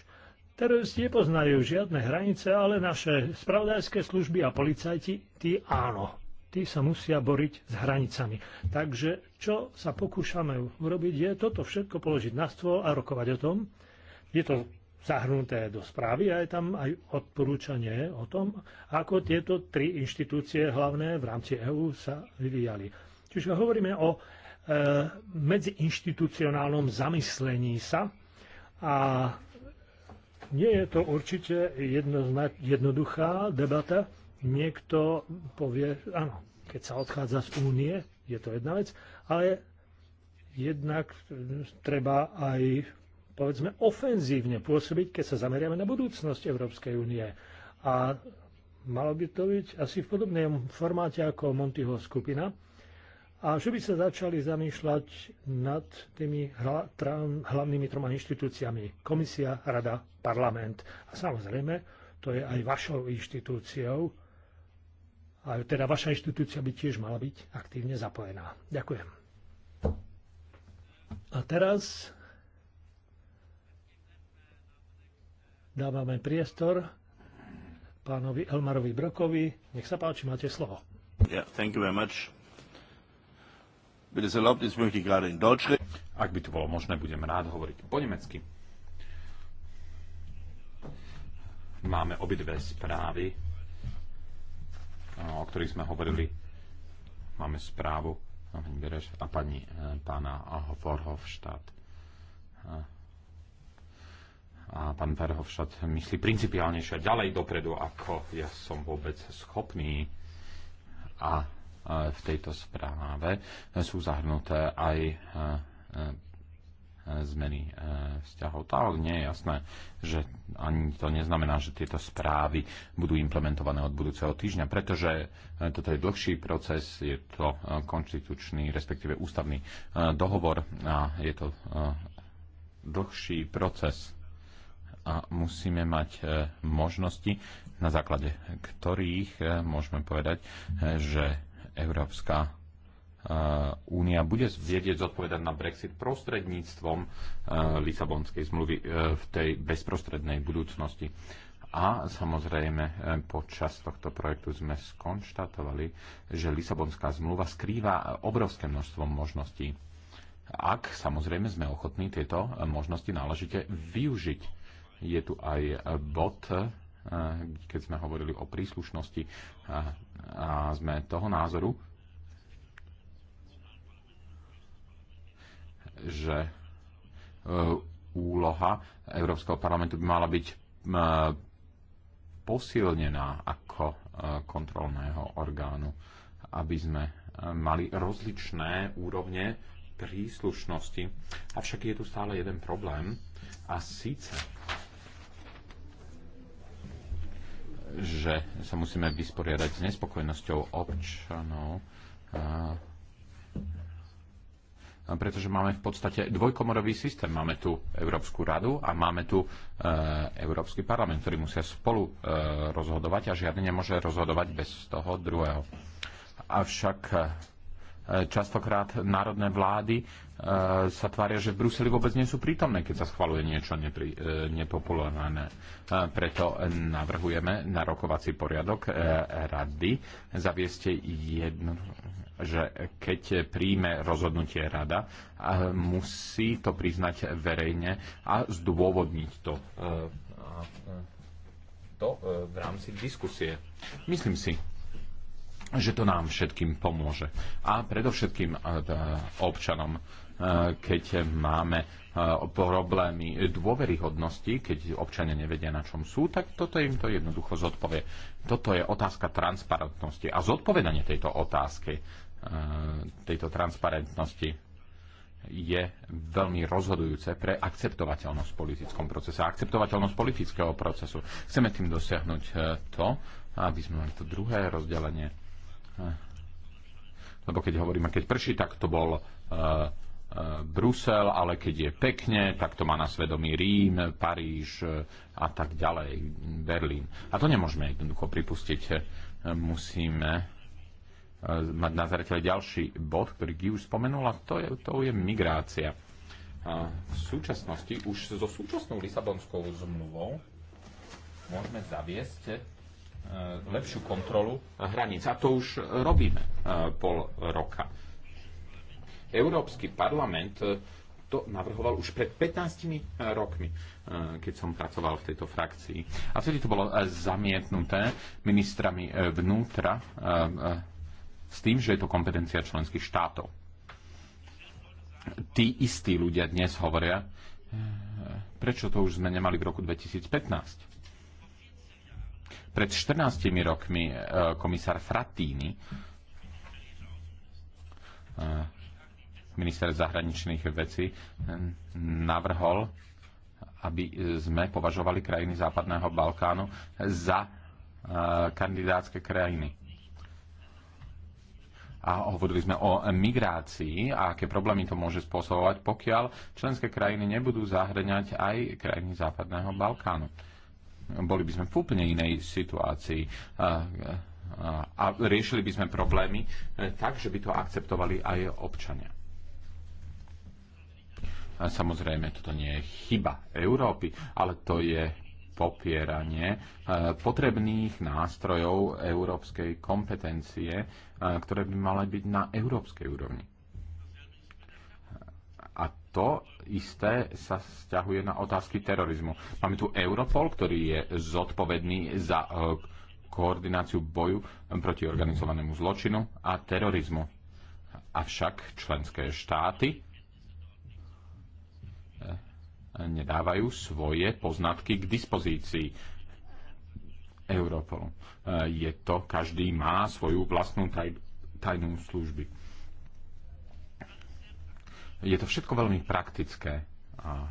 Teroristi nepoznajú žiadne hranice, ale naše spravodajské služby a policajti, tí áno tí sa musia boriť s hranicami. Takže čo sa pokúšame urobiť je toto všetko položiť na stôl a rokovať o tom. Je to zahrnuté do správy a je tam aj odporúčanie o tom, ako tieto tri inštitúcie hlavné v rámci EÚ sa vyvíjali. Čiže hovoríme o e, medziinštitucionálnom zamyslení sa a nie je to určite jednoduchá debata, niekto povie, áno, keď sa odchádza z únie, je to jedna vec, ale jednak treba aj povedzme ofenzívne pôsobiť, keď sa zameriame na budúcnosť Európskej únie. A malo by to byť asi v podobnom formáte ako Montyho skupina. A že by sa začali zamýšľať nad tými hla, hlavnými troma inštitúciami. Komisia, Rada, Parlament. A samozrejme, to je aj vašou inštitúciou, a teda vaša inštitúcia by tiež mala byť aktívne zapojená. Ďakujem. A teraz dávame priestor pánovi Elmarovi Brokovi. Nech sa páči, máte slovo. yeah, thank you very much. Ak by to bolo možné, budem rád hovoriť po nemecky. Máme obidve správy o ktorých sme hovorili. Máme správu a pani e, pána Vorhofštát. A pán Verhofštát myslí principiálnejšie ďalej dopredu, ako ja som vôbec schopný. A e, v tejto správe sú zahrnuté aj e, zmeny e, vzťahov. To ale nie je jasné, že ani to neznamená, že tieto správy budú implementované od budúceho týždňa, pretože e, toto je dlhší proces, je to e, konštitučný, respektíve ústavný dohovor a je to dlhší proces a musíme mať možnosti, na základe ktorých môžeme povedať, že Európska Eh, únia bude vedieť zodpovedať na Brexit prostredníctvom eh, Lisabonskej zmluvy eh, v tej bezprostrednej budúcnosti. A samozrejme počas tohto projektu sme skonštatovali, že Lisabonská zmluva skrýva obrovské množstvo možností. Ak samozrejme sme ochotní tieto možnosti náležite využiť. Je tu aj bod, keď sme hovorili o príslušnosti a sme toho názoru, že e, úloha Európskeho parlamentu by mala byť e, posilnená ako e, kontrolného orgánu, aby sme mali rozličné úrovne príslušnosti. Avšak je tu stále jeden problém a síce že sa musíme vysporiadať s nespokojnosťou občanov pretože máme v podstate dvojkomorový systém. Máme tu Európsku radu a máme tu eh, Európsky parlament, ktorí musia spolu eh, rozhodovať a žiadny nemôže rozhodovať bez toho druhého. Avšak eh, častokrát národné vlády sa tvária, že v Bruseli vôbec nie sú prítomné, keď sa schvaluje niečo nepri, nepopulárne. Preto navrhujeme na rokovací poriadok rady zaviesť jednu že keď príjme rozhodnutie rada, musí to priznať verejne a zdôvodniť to, e, e, to e, v rámci diskusie. Myslím si, že to nám všetkým pomôže. A predovšetkým občanom, keď máme problémy dôveryhodnosti, keď občania nevedia, na čom sú, tak toto im to jednoducho zodpovie. Toto je otázka transparentnosti a zodpovedanie tejto otázky E, tejto transparentnosti je veľmi rozhodujúce pre akceptovateľnosť v politickom procese a akceptovateľnosť politického procesu. Chceme tým dosiahnuť e, to, aby sme mali to druhé rozdelenie. E, lebo keď hovoríme, keď prší, tak to bol Brusel, ale keď je pekne, tak to má na svedomí Rím, Paríž a tak ďalej, Berlín. A to nemôžeme jednoducho pripustiť. Musíme E, mať na zretele ďalší bod, ktorý Guy už spomenula, to je, to je migrácia. A v súčasnosti, už so súčasnou Lisabonskou zmluvou môžeme zaviesť e, lepšiu kontrolu hraníc. A to už robíme e, pol roka. Európsky parlament to navrhoval už pred 15 rokmi, keď som pracoval v tejto frakcii. A vtedy to bolo zamietnuté ministrami vnútra s tým, že je to kompetencia členských štátov. Tí istí ľudia dnes hovoria, eh, prečo to už sme nemali v roku 2015. Pred 14 rokmi eh, komisár Fratini, eh, minister zahraničných vecí, navrhol, aby sme považovali krajiny Západného Balkánu za kandidátske krajiny a hovorili sme o migrácii a aké problémy to môže spôsobovať, pokiaľ členské krajiny nebudú zahrňať aj krajiny Západného Balkánu. Boli by sme v úplne inej situácii a riešili by sme problémy e, tak, že by to akceptovali aj občania. Samozrejme, toto nie je chyba Európy, ale to je popieranie eh, potrebných nástrojov európskej kompetencie, eh, ktoré by mali byť na európskej úrovni. A to isté sa vzťahuje na otázky terorizmu. Máme tu Europol, ktorý je zodpovedný za eh, koordináciu boju proti organizovanému zločinu a terorizmu. Avšak členské štáty nedávajú svoje poznatky k dispozícii Europolu. E, je to, každý má svoju vlastnú taj, tajnú služby. Je to všetko veľmi praktické a,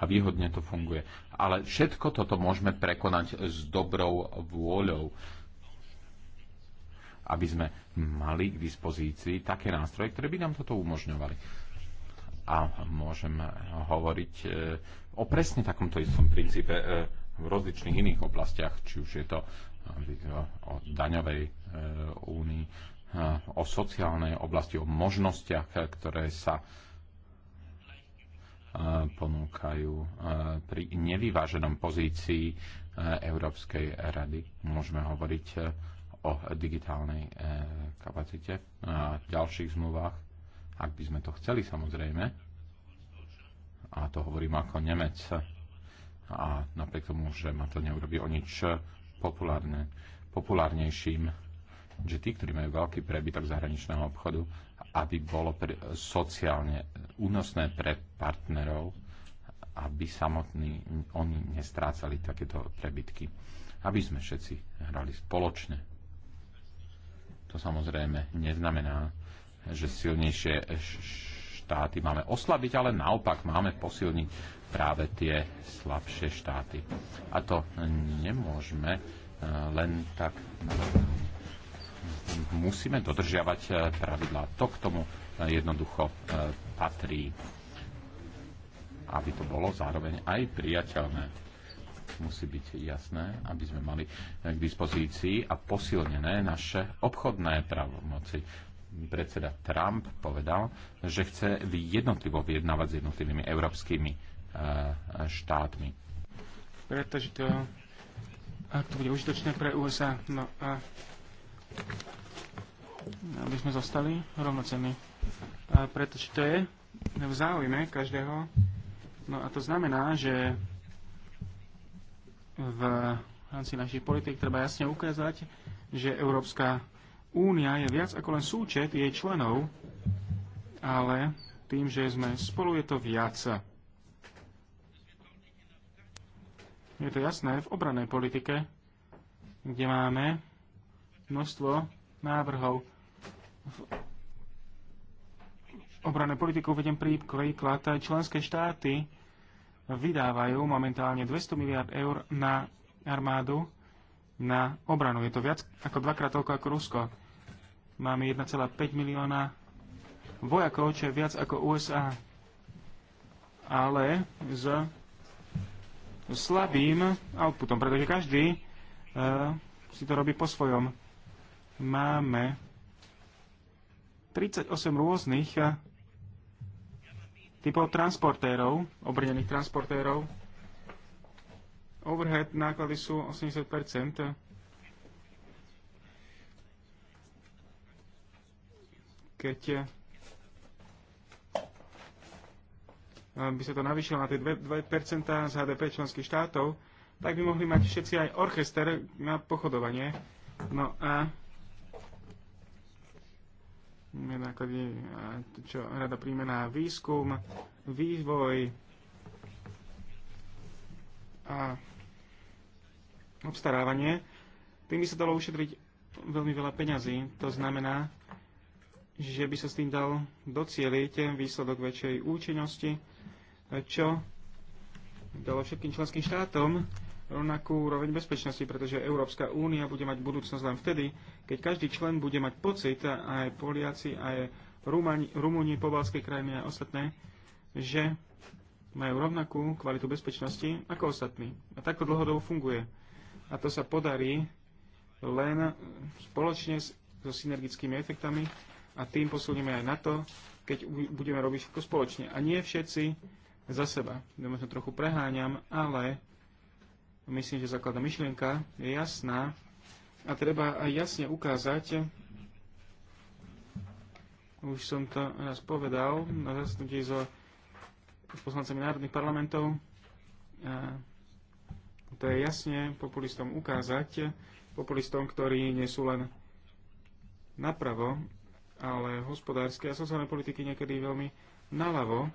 a výhodne to funguje. Ale všetko toto môžeme prekonať s dobrou vôľou aby sme mali k dispozícii také nástroje, ktoré by nám toto umožňovali a môžem hovoriť e, o presne takomto istom princípe e, v rozličných iných oblastiach, či už je to o daňovej e, únii, o sociálnej oblasti, o možnostiach, ktoré sa ponúkajú pri nevyváženom pozícii Európskej rady. Môžeme hovoriť o digitálnej kapacite a ďalších zmluvách ak by sme to chceli samozrejme, a to hovorím ako Nemec, a napriek tomu, že ma to neurobi o nič populárne, populárnejším, že tí, ktorí majú veľký prebytok zahraničného obchodu, aby bolo pre, sociálne únosné pre partnerov, aby samotní oni nestrácali takéto prebytky. Aby sme všetci hrali spoločne. To samozrejme neznamená, že silnejšie štáty máme oslabiť, ale naopak máme posilniť práve tie slabšie štáty. A to nemôžeme e, len tak. Musíme dodržiavať e, pravidlá. To k tomu e, jednoducho patrí. Aby to bolo zároveň aj priateľné. Musí byť jasné, aby sme mali k dispozícii a posilnené naše obchodné pravomoci predseda Trump povedal, že chce jednotlivo vyjednávať s jednotlivými európskymi eh, štátmi. Pretože to, to bude užitočné pre USA. No a aby sme zostali rovnocenní. pretože to je v záujme každého. No a to znamená, že v rámci našich politik treba jasne ukázať, že Európska Únia je viac ako len súčet jej členov, ale tým, že sme spolu, je to viac. Je to jasné v obranej politike, kde máme množstvo návrhov. V obranej politike uvedem príklad, aj členské štáty vydávajú momentálne 200 miliard eur na armádu, na obranu. Je to viac ako dvakrát toľko ako Rusko. Máme 1,5 milióna vojakov, čo je viac ako USA. Ale s slabým outputom, pretože každý uh, si to robí po svojom. Máme 38 rôznych eh, typov transportérov, obrnených transportérov. Overhead náklady sú 80 keď eh, by sa to navýšilo na tie 2%, 2 z HDP členských štátov, tak by mohli mať všetci aj orchester na pochodovanie. No a eh, čo rada príjme na výskum, vývoj a obstarávanie, tým by sa dalo ušetriť veľmi veľa peňazí. To znamená, že by sa s tým dal docieliť výsledok väčšej účinnosti, čo dalo všetkým členským štátom rovnakú úroveň bezpečnosti, pretože Európska únia bude mať budúcnosť len vtedy, keď každý člen bude mať pocit, aj Poliaci, aj Rumúni, pobalské krajiny a ostatné, že majú rovnakú kvalitu bezpečnosti ako ostatní. A takto dlhodobo funguje. A to sa podarí len spoločne so synergickými efektami a tým posunieme aj na to, keď budeme robiť všetko spoločne. A nie všetci za seba. Ja možno trochu preháňam, ale myslím, že základná myšlienka je jasná a treba aj jasne ukázať, už som to raz povedal na zasadnutí so poslancami národných parlamentov, a to je jasne populistom ukázať, populistom, ktorí nie sú len napravo, ale hospodárske a sociálne politiky niekedy veľmi naľavo.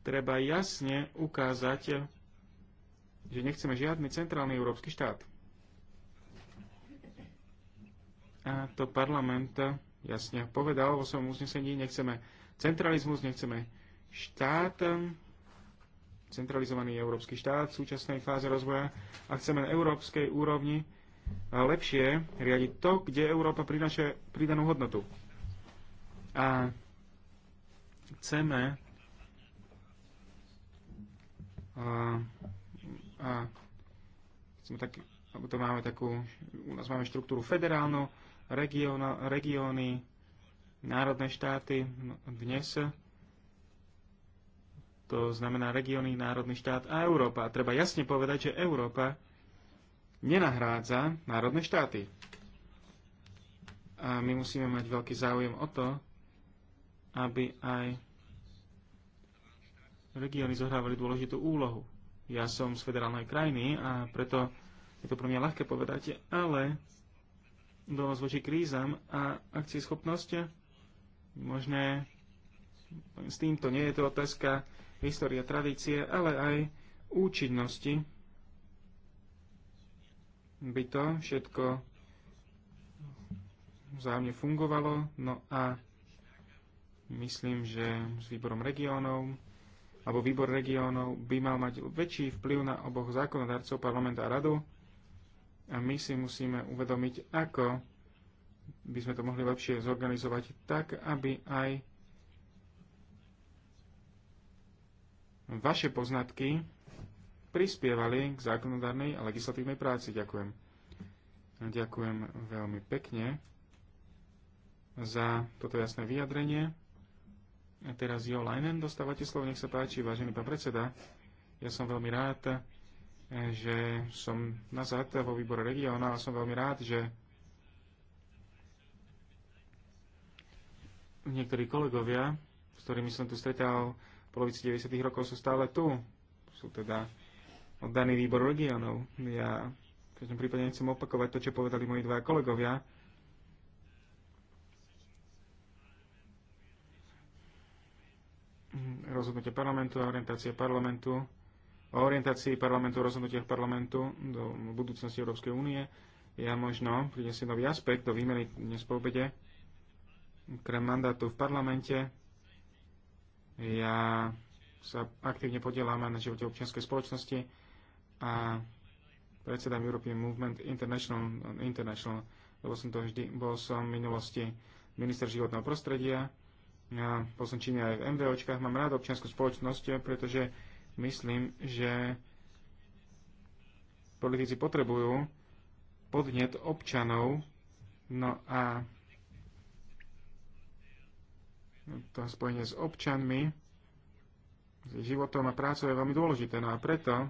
Treba jasne ukázať, že nechceme žiadny centrálny európsky štát. A to parlament jasne povedal vo svojom uznesení, nechceme centralizmus, nechceme štát, centralizovaný európsky štát v súčasnej fáze rozvoja a chceme na európskej úrovni lepšie riadiť to, kde Európa prináša pridanú hodnotu. A chceme a, a sme tak, alebo to máme takú, u nás máme štruktúru federálnu, regiona, regióny, národné štáty. No, dnes to znamená regióny, národný štát a Európa. A treba jasne povedať, že Európa nenahrádza národné štáty. A my musíme mať veľký záujem o to, aby aj regióny zohrávali dôležitú úlohu. Ja som z federálnej krajiny a preto je to pre mňa ľahké povedať, ale odolnosť voči krízam a schopnosti možné s týmto nie je to otázka história tradície, ale aj účinnosti by to všetko vzájomne fungovalo. No a myslím, že s výborom regiónov alebo výbor regiónov by mal mať väčší vplyv na oboch zákonodarcov, parlament a radu. A my si musíme uvedomiť, ako by sme to mohli lepšie zorganizovať tak, aby aj vaše poznatky prispievali k zákonodárnej a legislatívnej práci. Ďakujem. Ďakujem veľmi pekne za toto jasné vyjadrenie. A teraz Jo Leinen, dostávate slovo, nech sa páči, vážený pán predseda. Ja som veľmi rád, že som nazad vo výbore regiona a som veľmi rád, že niektorí kolegovia, s ktorými som tu stretal v polovici 90. rokov, sú stále tu. Sú teda daný výbor regiónov. Ja v každom prípade nechcem opakovať to, čo povedali moji dva kolegovia. Rozhodnutie parlamentu a orientácia parlamentu o orientácii parlamentu, o rozhodnutiach parlamentu do budúcnosti Európskej únie. Ja možno prinesiem nový aspekt do výmeny dnes po obede. Krem mandátu v parlamente ja sa aktívne podielam na živote občianskej spoločnosti a predseda European Movement International, International lebo som to vždy, bol som v minulosti minister životného prostredia, ja bol som činný aj v MVOčkách, mám rád občianskú spoločnosť, pretože myslím, že politici potrebujú podnet občanov, no a to spojenie s občanmi, s životom a prácou je veľmi dôležité. No a preto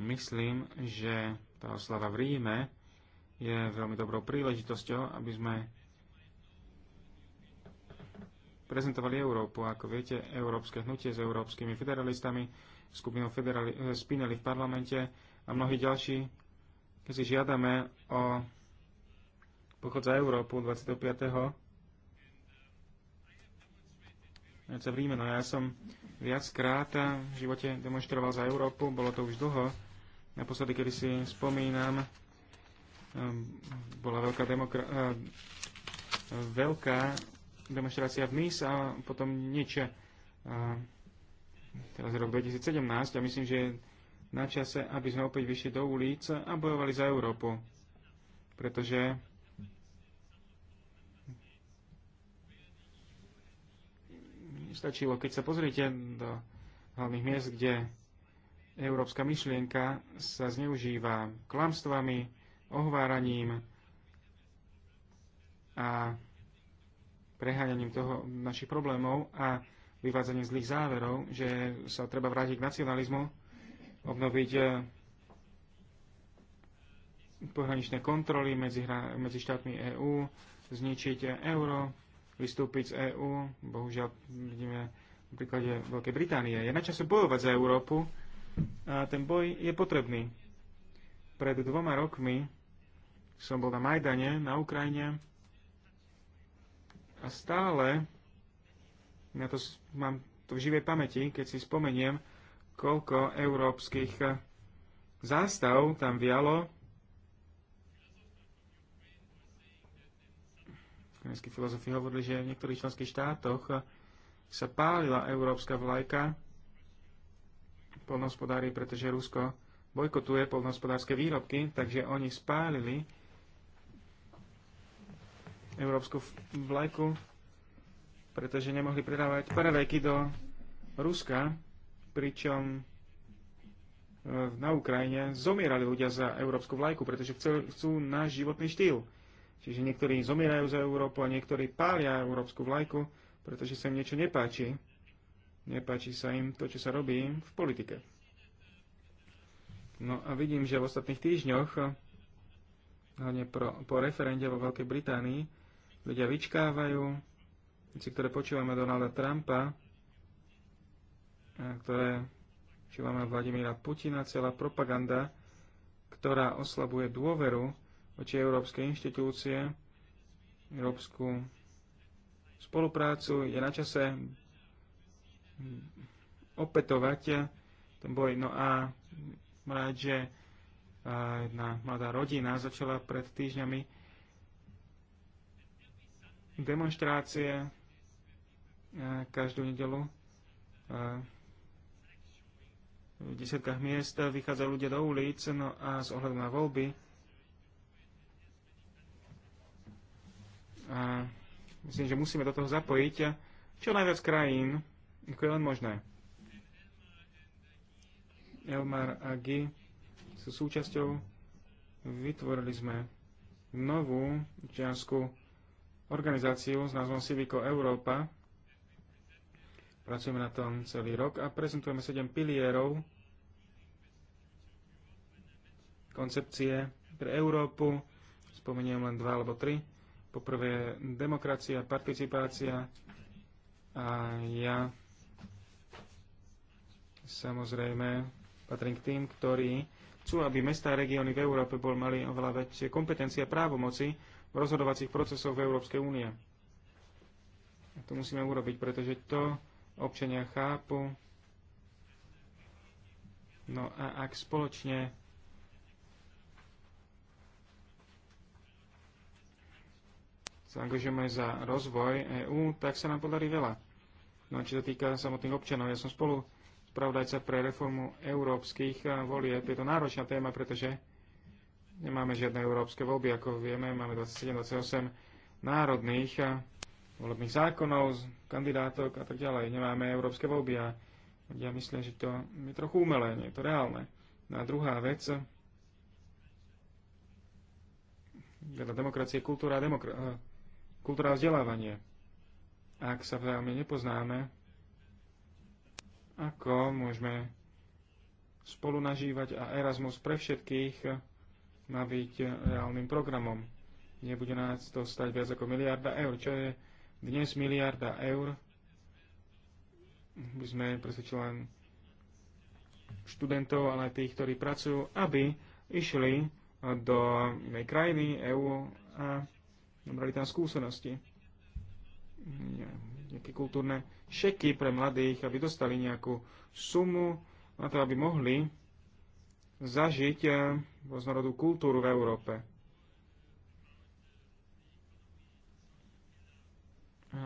Myslím, že tá oslava v Ríme je veľmi dobrou príležitosťou, aby sme prezentovali Európu. Ako viete, Európske hnutie s európskymi federalistami, skupinou federali- eh, spínali v parlamente a mnohí ďalší, keď si žiadame o pochod za Európu 25. Ja sa v Ríme, no ja som viackrát v živote demonstroval za Európu, bolo to už dlho, Naposledy, kedy si spomínam, ehm, bola veľká, demokra- eh, veľká demonstrácia v NIS a potom nič. Teraz je rok 2017 a myslím, že je na čase, aby sme opäť vyšli do ulic a bojovali za Európu. Pretože stačilo, keď sa pozriete do hlavných miest, kde európska myšlienka sa zneužíva klamstvami, ohváraním a preháňaním toho našich problémov a vyvádzaním zlých záverov, že sa treba vrátiť k nacionalizmu, obnoviť eh, pohraničné kontroly medzi, medzi štátmi EÚ, zničiť euro, vystúpiť z EÚ. Bohužiaľ vidíme v príklade Veľkej Británie. Je na čase bojovať za Európu, a ten boj je potrebný. Pred dvoma rokmi som bol na Majdane, na Ukrajine a stále na to mám to v živej pamäti, keď si spomeniem, koľko európskych zástav tam vialo. Ukrajinskí filozofi hovorili, že v niektorých členských štátoch sa pálila európska vlajka, polnospodári, pretože Rusko bojkotuje polnospodárske výrobky, takže oni spálili európsku vlajku, pretože nemohli predávať paraveky do Ruska, pričom e, na Ukrajine zomierali ľudia za európsku vlajku, pretože chcú, chcú náš životný štýl. Čiže niektorí zomierajú za Európu a niektorí pália európsku vlajku, pretože sa im niečo nepáči nepáči sa im to, čo sa robí v politike. No a vidím, že v ostatných týždňoch, hlavne pro, po referende vo Veľkej Británii, ľudia vyčkávajú, veci, ktoré počúvame Donalda Trumpa, a ktoré počúvame Vladimíra Putina, celá propaganda, ktorá oslabuje dôveru voči európske inštitúcie, európsku spoluprácu, je na čase Hm, opätovať eh, ten boj. No a rád, že eh, jedna mladá rodina začala pred týždňami demonstrácie eh, každú nedelu v desiatkách miest vychádzajú ľudia do ulic, no a z ohľadu na voľby a myslím, že musíme do toho zapojiť čo najviac krajín, ako je len možné. Elmar a Guy sú súčasťou. Vytvorili sme novú čiansku organizáciu s názvom Civico Európa. Pracujeme na tom celý rok a prezentujeme 7 pilierov koncepcie pre Európu. Spomeniem len dva alebo tri. Poprvé demokracia, participácia a ja samozrejme patrím k tým, ktorí chcú, aby mesta a regióny v Európe bol mali oveľa väčšie kompetencie a právomoci v rozhodovacích procesoch v Európskej únie. A to musíme urobiť, pretože to občania chápu. No a ak spoločne sa angažujeme za rozvoj EÚ, tak sa nám podarí veľa. No a či sa týka samotných občanov, ja som spolu spravodajca pre reformu európskych eh, volieb. Je to náročná téma, pretože nemáme žiadne európske voľby, ako vieme. Máme 27-28 národných eh, volebných zákonov, kandidátok a tak ďalej. Nemáme európske voľby a ja myslím, že to je trochu umelé, nie je to reálne. No a druhá vec, teda demokracie, kultúra a, demokra- eh, kultúra a vzdelávanie. Ak sa vzájomne nepoznáme, ako môžeme spolu nažívať a Erasmus pre všetkých má byť reálnym programom. Nebude nás to stať viac ako miliarda eur, čo je dnes miliarda eur. By sme presvedčili len študentov, ale aj tých, ktorí pracujú, aby išli do inej krajiny EÚ a nabrali tam skúsenosti nejaké kultúrne šeky pre mladých, aby dostali nejakú sumu na to, aby mohli zažiť eh, rôznorodú kultúru v Európe. A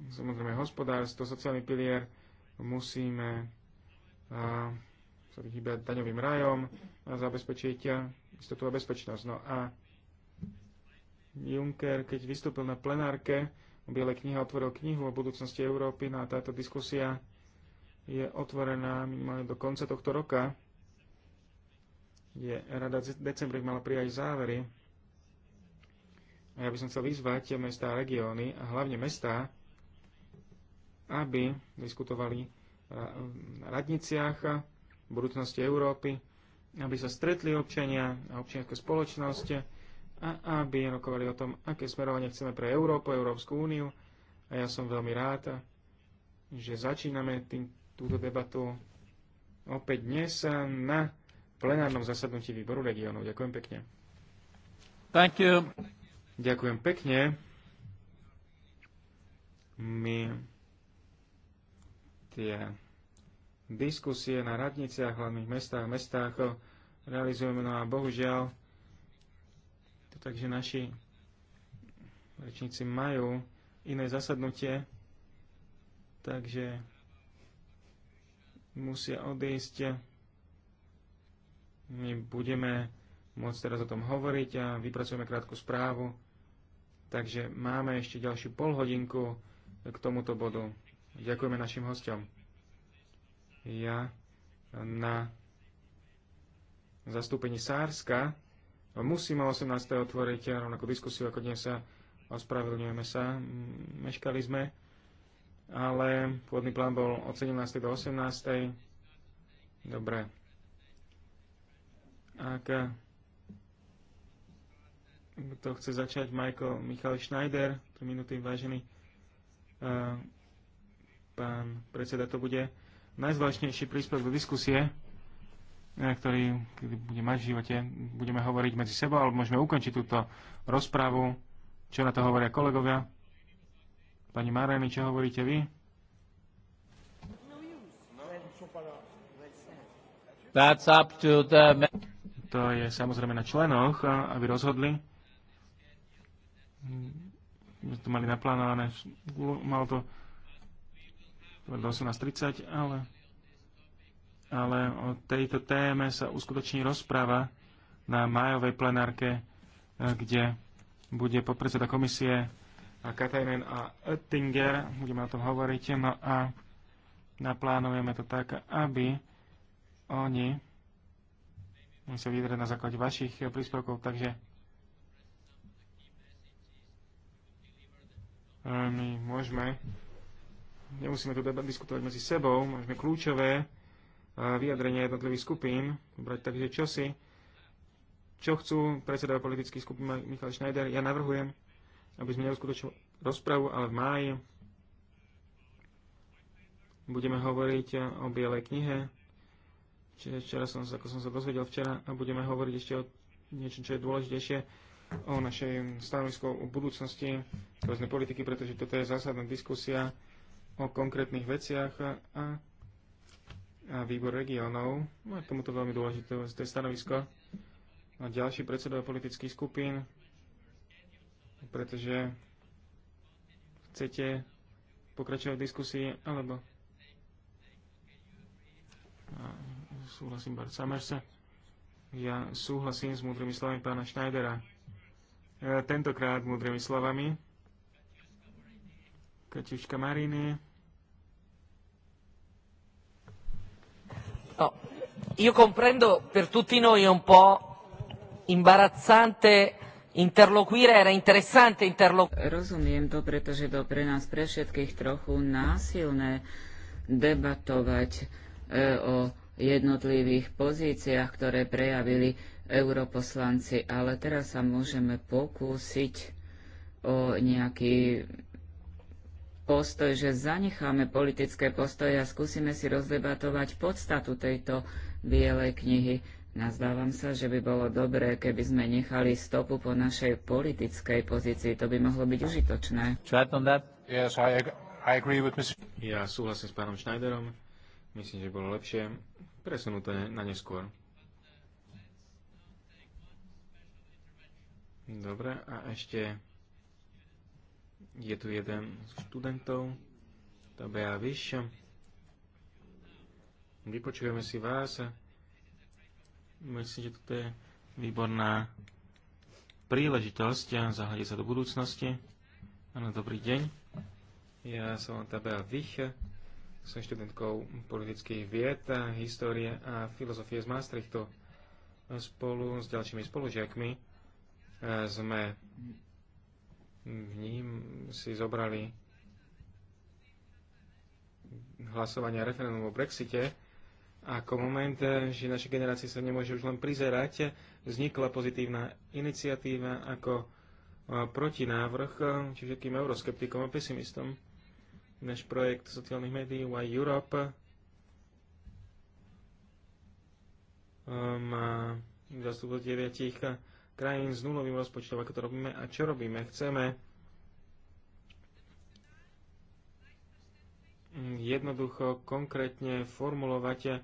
eh, samozrejme hospodárstvo, sociálny pilier musíme eh, sa vyhybať daňovým rajom a zabezpečiť istotu a bezpečnosť. No a Juncker, keď vystúpil na plenárke, Biele kniha otvoril knihu o budúcnosti Európy no a táto diskusia je otvorená minimálne do konca tohto roka. Je, rada decembri mala prijať závery. A ja by som chcel vyzvať mesta a regióny, a hlavne mesta, aby diskutovali e, na radniciach v budúcnosti Európy, aby sa stretli občania a občianské spoločnosť, a aby rokovali o tom, aké smerovanie chceme pre Európu, Európsku úniu. A ja som veľmi rád, že začíname tým, túto debatu opäť dnes na plenárnom zasadnutí výboru regiónov. Ďakujem pekne. Thank you. Ďakujem pekne. My tie diskusie na radniciach, hlavných mestách, mestách realizujeme, no a bohužiaľ takže naši rečníci majú iné zasadnutie, takže musia odísť. My budeme môcť teraz o tom hovoriť a vypracujeme krátku správu. Takže máme ešte ďalšiu polhodinku k tomuto bodu. Ďakujeme našim hostom. Ja na zastúpení Sárska Musíme 18. otvoriť rovnako diskusiu, ako dnes sa ospravedlňujeme sa, meškali sme, ale pôvodný plán bol od 17. do 18. Dobre. Ak to chce začať Michael, Michal Schneider, 3 minúty, vážený e, pán predseda, to bude najzvláštnejší príspevok do diskusie. E, ktorý kedy bude mať v živote, budeme hovoriť medzi sebou, alebo môžeme ukončiť túto rozprávu. Čo na to hovoria kolegovia? Pani Marajny, čo hovoríte vy? That's up to the... To je samozrejme na členoch, aby rozhodli. My to mali naplánované, malo to 18.30, ale ale o tejto téme sa uskutoční rozprava na májovej plenárke, e, kde bude podpredseda komisie Katajnen a Oettinger. Budeme o tom hovoriť. No a naplánujeme to tak, aby oni sa vyjadrili na základe vašich príspevkov, takže my môžeme, nemusíme to diskutovať medzi sebou, môžeme kľúčové vyjadrenia jednotlivých skupín. Brať takže čo si, čo chcú predseda politických skupín Michal Schneider. Ja navrhujem, aby sme neuskutočili rozpravu, ale v máji budeme hovoriť o Bielej knihe. Čiže včera som, ako som sa dozvedel včera, a budeme hovoriť ešte o niečom, čo je dôležitejšie, o našej stanovisku o budúcnosti rôznej politiky, pretože toto je zásadná diskusia o konkrétnych veciach a, a a výbor regionov. No, k tomuto veľmi dôležité to je stanovisko. A ďalší predsedov politických skupín, pretože chcete pokračovať v diskusii, alebo a súhlasím Bart Samersa. Ja súhlasím s múdrymi slovami pána Schneidera. E, tentokrát múdrymi slovami. Kaťuška Maríny. No, io comprendo per tutti noi è un po' imbarazzante interloquire, era interessante interloquire. Rozumiem to, pretože to pre nás, pre všetkých trochu násilné debatovať e, o jednotlivých pozíciách, ktoré prejavili europoslanci, ale teraz sa môžeme pokúsiť o nejaký postoj, že zanecháme politické postoje a skúsime si rozdebatovať podstatu tejto bielej knihy. Nazdávam sa, že by bolo dobré, keby sme nechali stopu po našej politickej pozícii. To by mohlo byť užitočné. ja súhlasím s pánom Schneiderom. Myslím, že bolo lepšie presunúť to na neskôr. Dobre, a ešte je tu jeden z študentov, Tabea Vyš. Vypočujeme si vás. Myslím, že toto je výborná príležitosť zahľadiť sa do budúcnosti. Áno, dobrý deň. Ja som Tabea Vich, som študentkou politických vied, histórie a filozofie z Maastrichtu. Spolu s ďalšími spolužiakmi eh, sme v ním si zobrali hlasovania referendum o Brexite ako moment, že naše generácie sa nemôže už len prizerať, vznikla pozitívna iniciatíva ako protinávrh či všetkým euroskeptikom a pesimistom. Náš projekt sociálnych médií Why Europe má zastup 9 krajín s nulovým rozpočtom, ako to robíme a čo robíme. Chceme jednoducho, konkrétne formulovať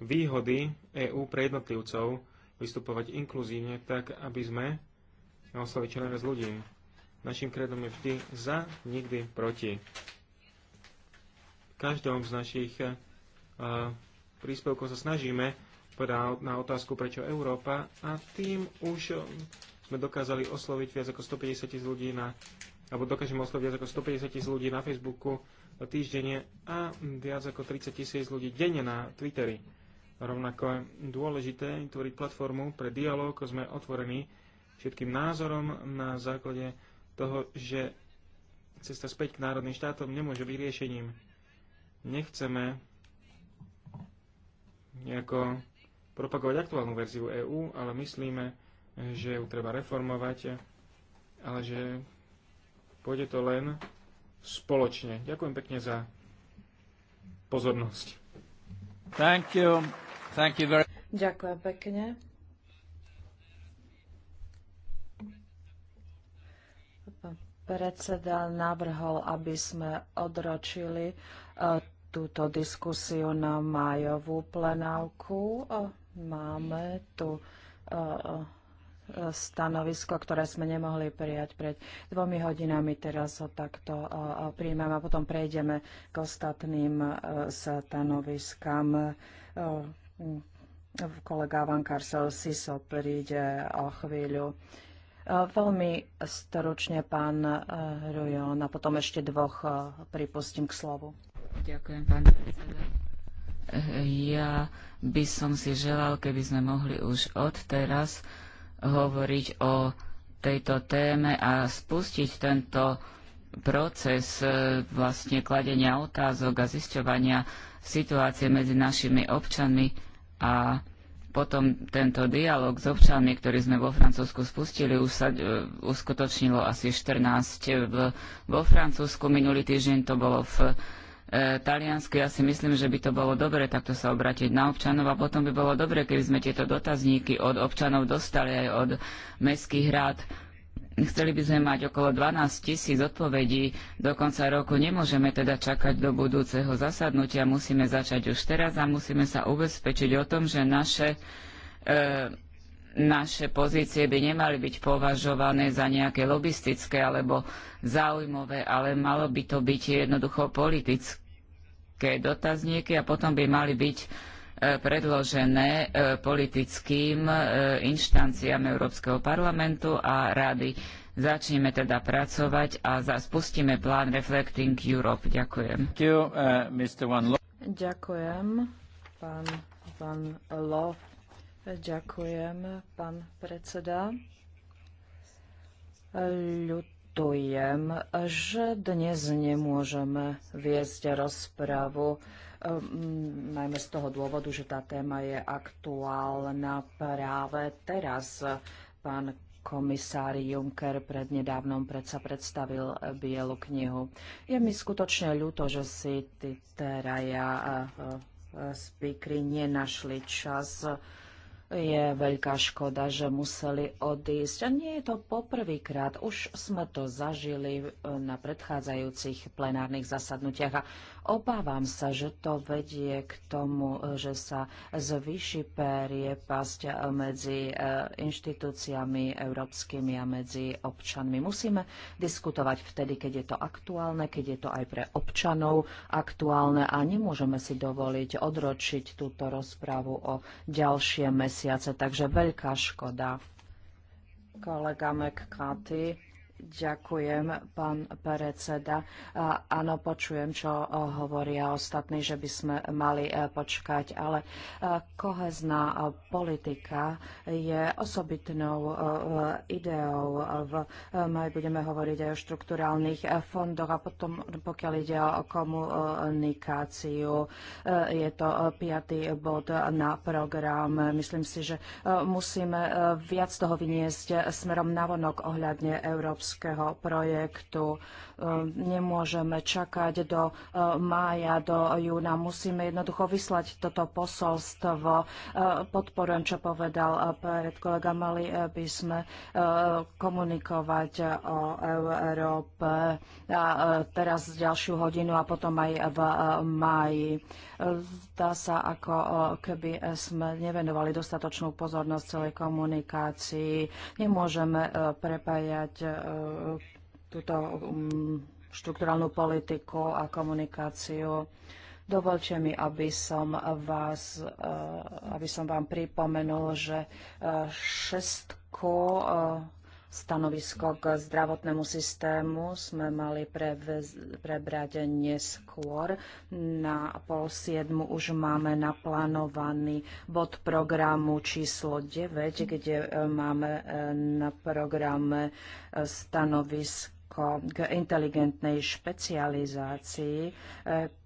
výhody EÚ pre jednotlivcov, vystupovať inkluzívne tak, aby sme oslovili čo najviac ľudí. Našim kredom je vždy za, nikdy proti. V každom z našich príspevkov sa snažíme povedal na otázku, prečo Európa a tým už um, sme dokázali osloviť viac ako 150 tisíc ľudí na alebo dokážeme osloviť viac ako 150 tisíc ľudí na Facebooku týždenne a um, viac ako 30 tisíc ľudí denne na Twitteri. Rovnako je dôležité tvoriť platformu pre dialog, sme otvorení všetkým názorom na základe toho, že cesta späť k národným štátom nemôže byť riešením. Nechceme nejako propagovať aktuálnu verziu EÚ, ale myslíme, že ju treba reformovať, ale že pôjde to len spoločne. Ďakujem pekne za pozornosť. Thank you. Thank you very... Ďakujem pekne. Predseda navrhol, aby sme odročili eh, túto diskusiu na majovú plenávku. Eh, Máme tu eh, stanovisko, ktoré sme nemohli prijať pred dvomi hodinami. Teraz ho takto eh, príjmem a potom prejdeme k ostatným eh, stanoviskám. Kolega Van Karsel Siso príde o chvíľu. Veľmi stručne pán Rujon a potom ešte dvoch pripustím k slovu. Ďakujem, pán predseda. Ja by som si želal, keby sme mohli už odteraz hovoriť o tejto téme a spustiť tento proces e, vlastne kladenia otázok a zisťovania situácie medzi našimi občanmi a potom tento dialog s občanmi, ktorý sme vo Francúzsku spustili, už sa uh, uskutočnilo asi 14 v, vo Francúzsku. Minulý týždeň to bolo v E, Taliansku. Ja si myslím, že by to bolo dobre takto sa obrátiť na občanov a potom by bolo dobre, keby sme tieto dotazníky od občanov dostali aj od mestských rád. Chceli by sme mať okolo 12 tisíc odpovedí do konca roku. Nemôžeme teda čakať do budúceho zasadnutia. Musíme začať už teraz a musíme sa ubezpečiť o tom, že naše e, naše pozície by nemali byť považované za nejaké lobistické alebo záujmové, ale malo by to byť jednoducho politické dotazníky a potom by mali byť e, predložené e, politickým e, inštanciám Európskeho parlamentu a rady. Začneme teda pracovať a spustíme plán Reflecting Europe. Ďakujem. Uh, Ďakujem, pán Van Love. Ďakujem, pán predseda. Ľutujem, že dnes nemôžeme viesť rozpravu mm, najmä z toho dôvodu, že tá téma je aktuálna práve teraz. Pán komisár Juncker prednedávnom predsa predstavil Bielu knihu. Je mi skutočne ľúto, že si ty teraja spíkry nenašli čas je veľká škoda, že museli odísť. A nie je to poprvýkrát. Už sme to zažili eh, na predchádzajúcich plenárnych zasadnutiach a Obávam sa, že to vedie k tomu, že sa zvýši pasť medzi eh, inštitúciami európskymi a medzi občanmi. Musíme diskutovať vtedy, keď je to aktuálne, keď je to aj pre občanov aktuálne a nemôžeme si dovoliť odročiť túto rozprávu o ďalšie mesiace. Takže veľká škoda. Kolega McCarthy Ďakujem, pán predseda. Áno, počujem, čo eh, hovoria ostatní, že by sme mali eh, počkať, ale eh, kohezná politika je osobitnou ideou. V maj budeme hovoriť aj o štruktúrálnych fondoch a potom, pokiaľ ide o komunikáciu, je to piatý bod na program. Myslím si, že musíme viac toho vyniesť smerom navonok ohľadne Európskej európskeho projektu. E, nemôžeme čakať do e, mája, do júna. Musíme jednoducho vyslať toto posolstvo. E, podporujem, čo povedal pred kolega. Mali by sme komunikovať o Európe a teraz ďalšiu hodinu a potom aj v máji. Zdá sa, ako keby sme nevenovali dostatočnú pozornosť celej komunikácii. Nemôžeme prepájať túto mm, štruktúralnú politiku a komunikáciu. Dovolte mi, aby som, vás, eh, aby som vám pripomenul, že eh, šestko eh, stanovisko k zdravotnému systému sme mali prevz, prebrať neskôr. Na pol siedmu už máme naplánovaný bod programu číslo 9, kde máme na programe stanovisko k inteligentnej špecializácii, eh,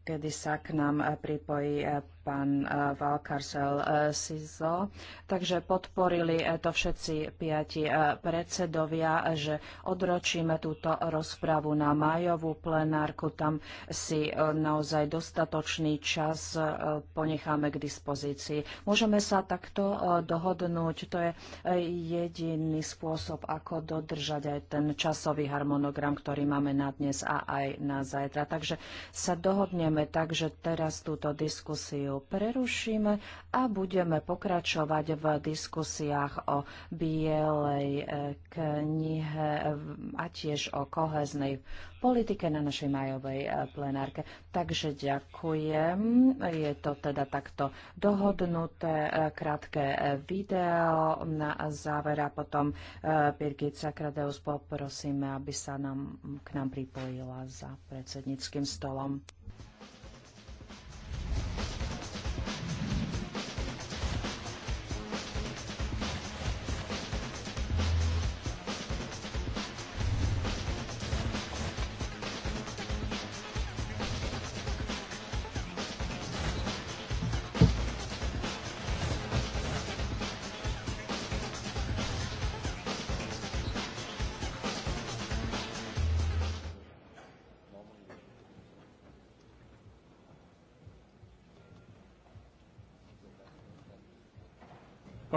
kedy sa k nám pripojí eh, pán eh, Valkarsel eh, Sizo. Takže podporili eh, to všetci piati predsedovia, že odročíme túto rozpravu na majovú plenárku. Tam si naozaj dostatočný čas ponecháme k dispozícii. Môžeme sa takto dohodnúť. To je jediný spôsob, ako dodržať aj ten časový harmonogram, ktorý máme na dnes a aj na zajtra. Takže sa dohodneme tak, že teraz túto diskusiu ju prerušíme a budeme pokračovať v diskusiách o bielej e, knihe a tiež o koheznej politike na našej majovej e, plenárke. Takže ďakujem. Je to teda takto dohodnuté e, krátke video na záver a potom Birgit Sakradeus poprosíme, aby sa nám, k nám pripojila za predsedníckým stolom.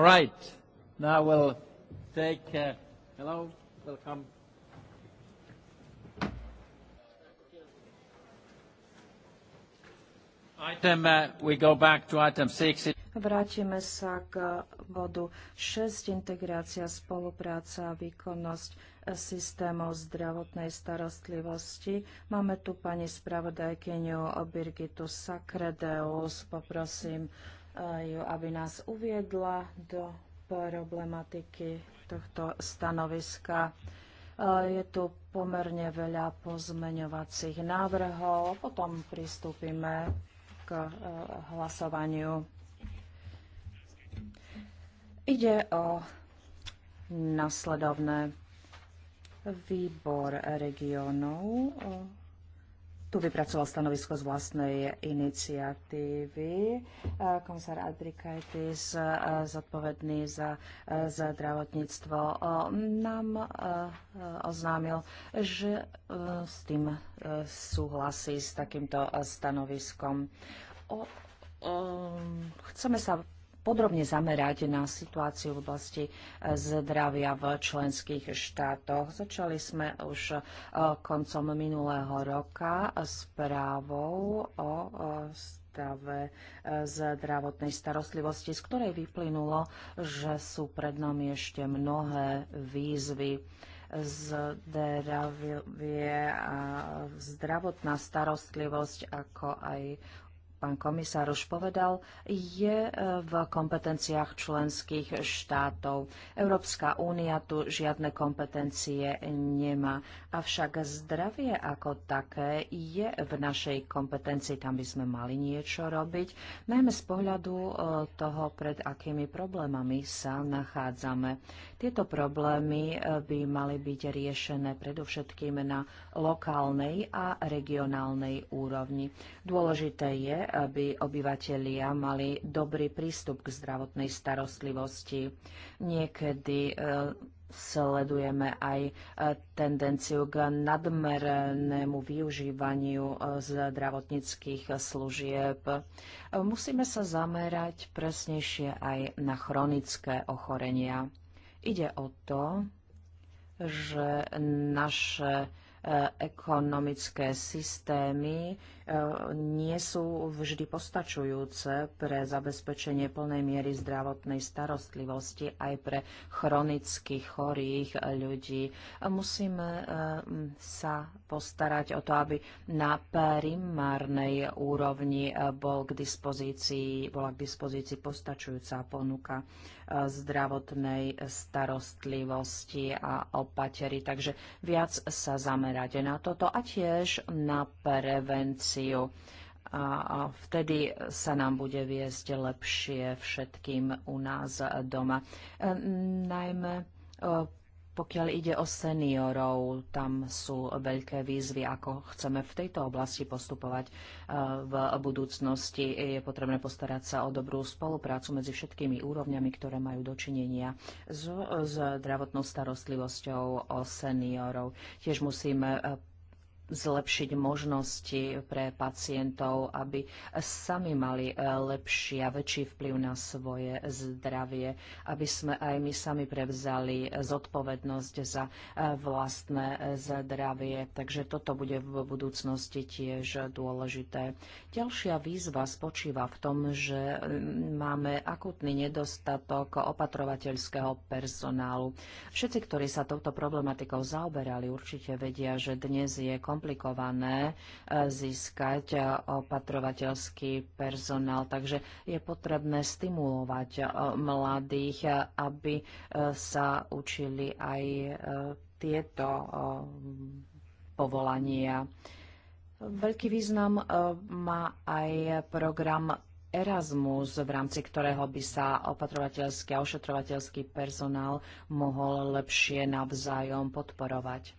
right. Now we'll take. Uh, hello, welcome. Item, uh, we go back to item six. Vrátime sa k bodu 6. Integrácia, spolupráca a výkonnosť e, systémov zdravotnej starostlivosti. Máme tu pani spravodajkyňu Birgitu Sakredeus. Poprosím ju, aby nás uviedla do problematiky tohto stanoviska. Je tu pomerne veľa pozmeňovacích návrhov, potom pristúpime k e, hlasovaniu. Ide o nasledovné výbor regionov tu vypracoval stanovisko z vlastnej iniciatívy. Komisár Adrikaitis, zodpovedný za zdravotníctvo, nám oznámil, že s tým súhlasí s takýmto stanoviskom. O, o, chceme sa podrobne zamerať na situáciu v oblasti e, zdravia v členských štátoch. Začali sme už e, koncom minulého roka správou o e, stave zdravotnej starostlivosti, z ktorej vyplynulo, že sú pred nami ešte mnohé výzvy zdravie a zdravotná starostlivosť, ako aj pán komisár už povedal, je e, v kompetenciách členských štátov. Európska únia tu žiadne kompetencie nemá. Avšak zdravie ako také je v našej kompetencii. Tam by sme mali niečo robiť, najmä z pohľadu e, toho, pred akými problémami sa nachádzame. Tieto problémy e, by mali byť riešené predovšetkým na lokálnej a regionálnej úrovni. Dôležité je, aby obyvatelia mali dobrý prístup k zdravotnej starostlivosti. Niekedy e, sledujeme aj e, tendenciu k nadmernému využívaniu e, zdravotníckých služieb. Musíme sa zamerať presnejšie aj na chronické ochorenia. Ide o to, že naše ekonomické systémy nie sú vždy postačujúce pre zabezpečenie plnej miery zdravotnej starostlivosti aj pre chronicky chorých ľudí. Musíme eh, sa postarať o to, aby na primárnej úrovni eh, bol k dispozícii, bola k dispozícii postačujúca ponuka eh, zdravotnej starostlivosti a opatery. Takže viac sa zamerať na toto a tiež na prevenciu komisiu. A vtedy sa nám bude viesť lepšie všetkým u nás doma. E, najmä e, pokiaľ ide o seniorov, tam sú veľké výzvy, ako chceme v tejto oblasti postupovať e, v budúcnosti. Je potrebné postarať sa o dobrú spoluprácu medzi všetkými úrovňami, ktoré majú dočinenia s zdravotnou starostlivosťou o seniorov. Tiež musíme zlepšiť možnosti pre pacientov, aby sami mali e, lepší a väčší vplyv na svoje zdravie, aby sme aj my sami prevzali zodpovednosť za e, vlastné zdravie. Takže toto bude v budúcnosti tiež dôležité. Ďalšia výzva spočíva v tom, že máme akutný nedostatok opatrovateľského personálu. Všetci, ktorí sa touto problematikou zaoberali, určite vedia, že dnes je komplikované e, získať e, opatrovateľský personál, takže je potrebné stimulovať e, mladých, aby sa učili aj tieto povolania. Veľký význam má aj program Erasmus, v rámci ktorého by sa opatrovateľský a ošetrovateľský personál mohol lepšie navzájom podporovať.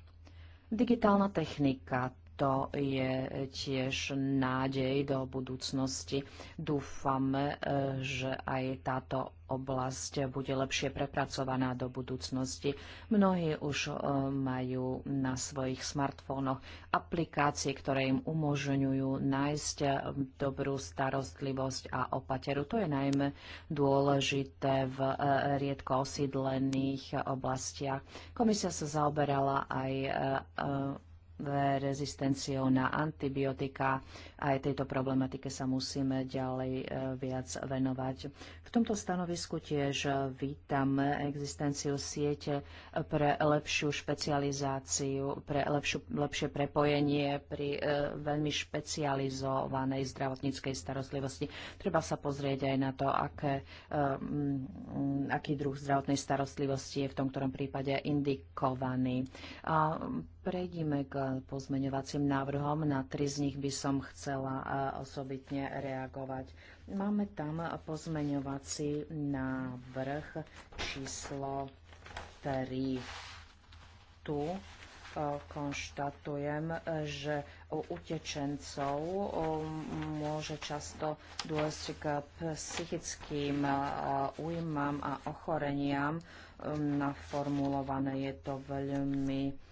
Digitálna technika, to je tiež nádej do budúcnosti. Dúfame, e, že aj táto oblasť bude lepšie prepracovaná do budúcnosti. Mnohí už e, majú na svojich smartfónoch aplikácie, ktoré im umožňujú nájsť e, dobrú starostlivosť a opateru. To je najmä dôležité v riedko osídlených oblastiach. Komisia sa zaoberala aj rezistenciou na antibiotika. Aj tejto problematike sa musíme ďalej e, viac venovať. V tomto stanovisku tiež vítam existenciu siete pre lepšiu špecializáciu, pre lepšiu, lepšie prepojenie pri e, veľmi špecializovanej zdravotníckej starostlivosti. Treba sa pozrieť aj na to, aké, e, aký druh zdravotnej starostlivosti je v tom ktorom prípade indikovaný. A prejdime k pozmeňovacím návrhom. Na tri z nich by som chcela e, osobitne reagovať. Máme tam pozmeňovací návrh číslo 3. Tu e, konštatujem, že u utečencov e, môže často dôjsť k psychickým újmam a ochoreniam. Naformulované je to veľmi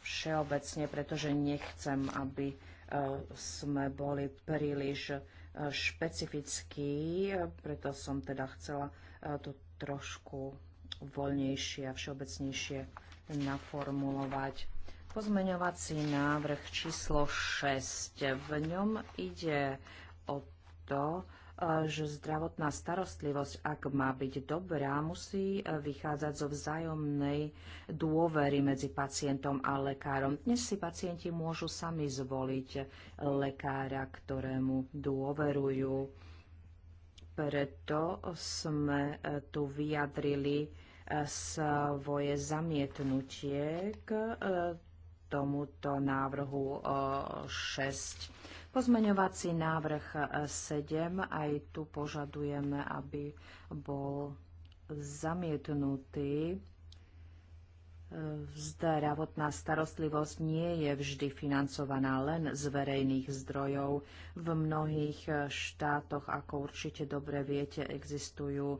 všeobecne, pretože nechcem, aby e, sme boli príliš e, špecifickí, preto som teda chcela e, to trošku voľnejšie a všeobecnejšie naformulovať. Pozmeňovací návrh číslo 6. V ňom ide o to, že zdravotná starostlivosť, ak má byť dobrá, musí e, vychádzať zo vzájomnej dôvery medzi pacientom a lekárom. Dnes si pacienti môžu sami zvoliť lekára, ktorému dôverujú. Preto sme e, tu vyjadrili e, svoje zamietnutie k tomuto návrhu 6 Pozmeňovací návrh 7, e, aj tu požadujeme, aby bol zamietnutý. E, zdravotná starostlivosť nie je vždy financovaná len z verejných zdrojov. V mnohých e, štátoch, ako určite dobre viete, existujú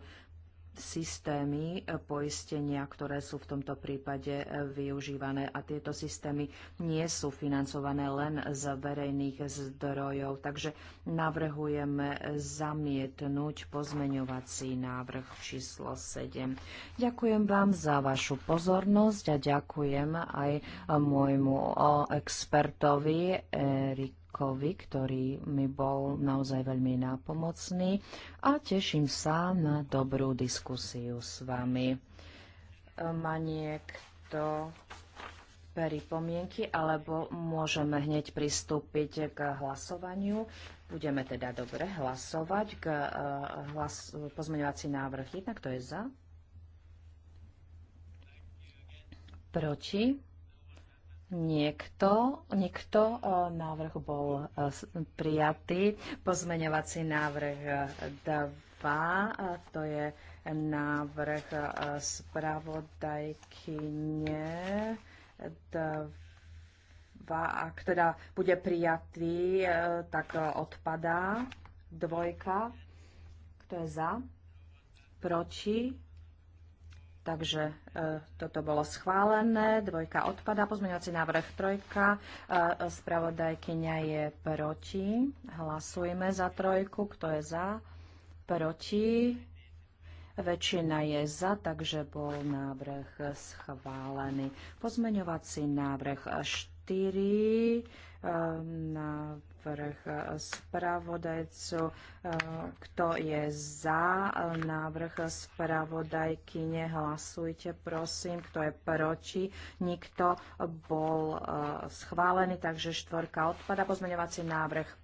systémy e, poistenia, ktoré sú v tomto prípade e, využívané. A tieto systémy nie sú financované len z verejných zdrojov. Takže navrhujeme zamietnúť pozmeňovací návrh číslo 7. Ďakujem vám za vašu pozornosť a ďakujem aj e, môjmu expertovi Erik Kovi, ktorý mi bol naozaj veľmi nápomocný a teším sa na dobrú diskusiu s vami. Má niekto pripomienky, alebo môžeme hneď pristúpiť k hlasovaniu. Budeme teda dobre hlasovať k eh, hlas, pozmeňovací návrh 1. Kto je za? Proti? Niekto, niekto e, návrh bol e, prijatý. Pozmeňovací návrh 2, e, to je návrh spravodajkyne 2, ak teda bude prijatý, tak odpadá dvojka. Kto je za? Proti? Takže e, toto bolo schválené, dvojka odpada, pozmeňovací návrh trojka, e, spravodajkyňa je proti, hlasujeme za trojku, kto je za, proti, väčšina je za, takže bol návrh schválený. Pozmeňovací návrh 4, e, na návrh spravodajcu. Eh, kto je za návrh spravodajky, nehlasujte prosím. Kto je proti, nikto bol eh, schválený, takže štvorka odpada. Pozmeňovací návrh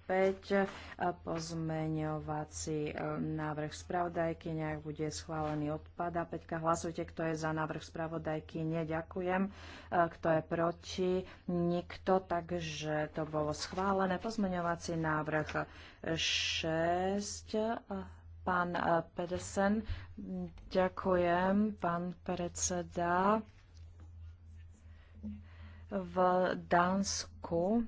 Pozmeňovací návrh spravodajky nejak bude schválený odpada. Peťka, hlasujte, kto je za návrh spravodajky. Neďakujem. Kto je proti? Nikto. Takže to bolo schválené. Pozmeňovací návrh 6 pán Pedersen. Ďakujem, pán predseda. V Dánsku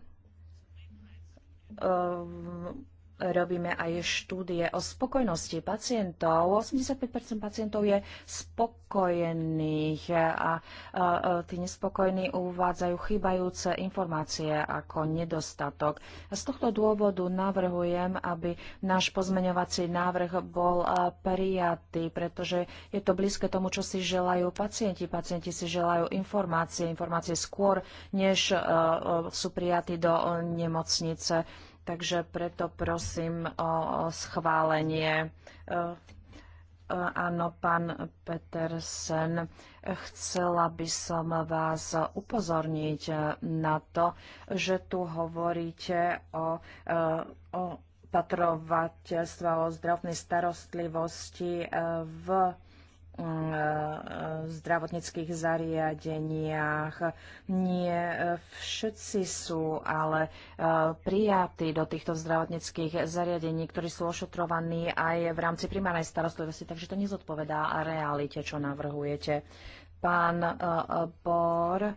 um, robíme aj štúdie o spokojnosti pacientov. 85% pacientov je spokojených a tí nespokojní uvádzajú chýbajúce informácie ako nedostatok. Z tohto dôvodu navrhujem, aby náš pozmeňovací návrh bol prijatý, pretože je to blízke tomu, čo si želajú pacienti. Pacienti si želajú informácie, informácie skôr, než sú prijatí do nemocnice Takže preto prosím o schválenie. E, e, áno, pán Petersen, chcela by som vás upozorniť na to, že tu hovoríte o, e, o patrovateľstve, o zdravotnej starostlivosti v Mm, e, zdravotníckých zariadeniach. Nie e, všetci sú ale e, prijatí do týchto zdravotníckých zariadení, ktorí sú ošetrovaní aj v rámci primárnej starostlivosti, takže to nezodpovedá realite, čo navrhujete. Pán Bor,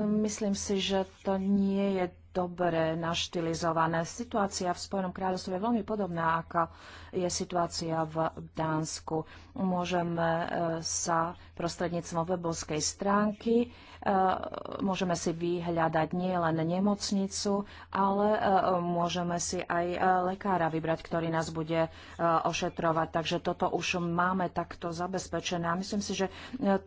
Myslím si, že to nie je dobre naštilizované. Situácia v Spojenom kráľovstve je veľmi podobná, ako je situácia v Dánsku. Môžeme eh, sa prostredníctvom webovskej stránky Eh, môžeme si vyhľadať nie len nemocnicu, ale eh, môžeme si aj eh, lekára vybrať, ktorý nás bude ošetrovať. Takže toto už máme takto zabezpečené. A myslím si, že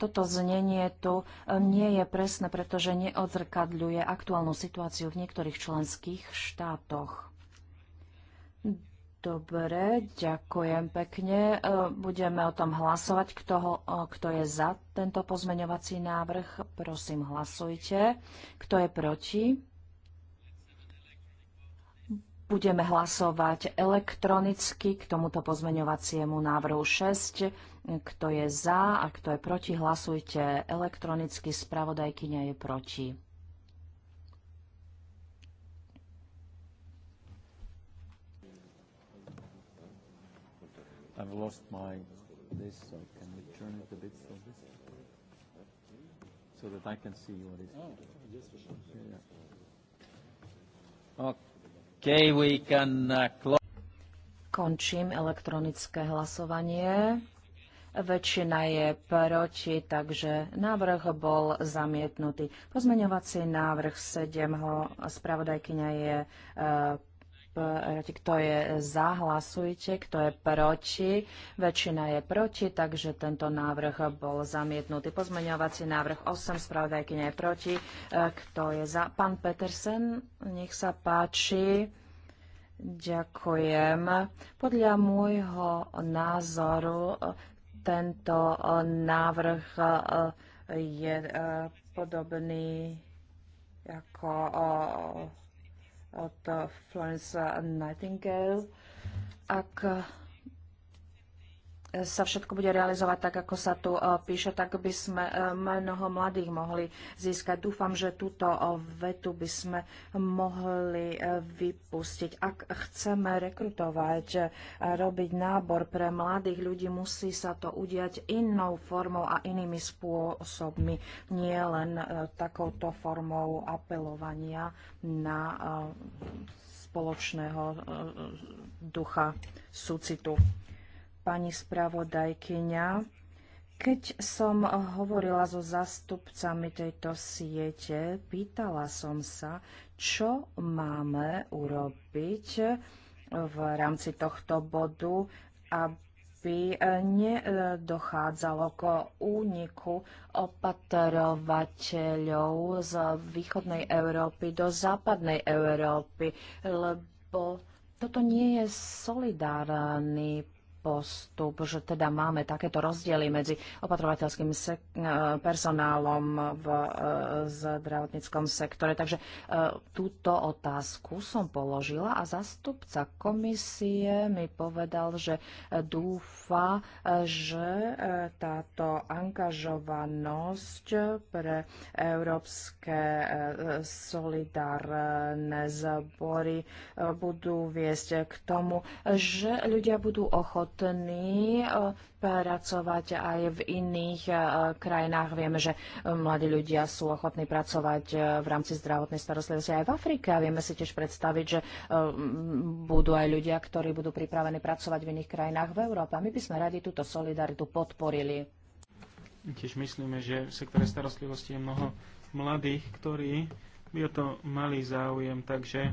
toto znenie tu nie je presné, pretože neodzrkadľuje aktuálnu situáciu v niektorých členských štátoch. Dobre, ďakujem pekne. E, budeme o tom hlasovať. Kto, ho, e, kto je za tento pozmeňovací návrh, prosím hlasujte. Kto je proti? Budeme hlasovať elektronicky k tomuto pozmeňovaciemu návrhu 6. Kto je za a kto je proti, hlasujte elektronicky. Spravodajkyňa je proti. I've lost my this, so can you turn it a bit so this? So that I can see what is. Oh, Yeah. Okay, we can uh, close. Končím elektronické hlasovanie. Väčšina je proti, takže návrh bol zamietnutý. Pozmeňovací návrh 7, spravodajkyňa je e, kto je za, hlasujte, kto je proti. Väčšina je proti, takže tento návrh bol zamietnutý. Pozmeňovací návrh 8, nie je proti. E, kto je za? Pán Petersen, nech sa páči. Ďakujem. Podľa môjho názoru e, tento e, návrh je podobný ako od Florence Nightingale. Ak sa všetko bude realizovať tak, ako sa tu eh, píše, tak by sme eh, mnoho mladých mohli získať. Dúfam, že túto eh, vetu by sme mohli vypustiť. Ak chceme rekrutovať a robiť nábor pre mladých ľudí, musí sa to udiať inou formou a inými spôsobmi, nie len takouto formou apelovania na spoločného ducha súcitu pani spravodajkyňa. Keď som hovorila so zastupcami tejto siete, pýtala som sa, čo máme urobiť v rámci tohto bodu, aby nedochádzalo k úniku opatrovateľov z východnej Európy do západnej Európy, lebo toto nie je solidárny postup, že teda máme takéto rozdiely medzi opatrovateľským e, personálom e, v zdravotníckom sektore. Takže e, túto otázku som položila a zastupca komisie mi povedal, že dúfa, že táto angažovanosť pre európske solidárne zbory budú viesť k tomu, že ľudia budú ochotní ochotní eh, pracovať aj v iných eh, krajinách. Vieme, že eh, mladí ľudia sú ochotní pracovať v rámci zdravotnej starostlivosti aj v Afrike a vieme si tiež predstaviť, že budú aj ľudia, ktorí budú pripravení pracovať v iných krajinách v Európe. A my by sme radi túto solidaritu podporili. Tiež myslíme, že v sektore starostlivosti je mnoho mladých, ktorí by o to mali záujem, takže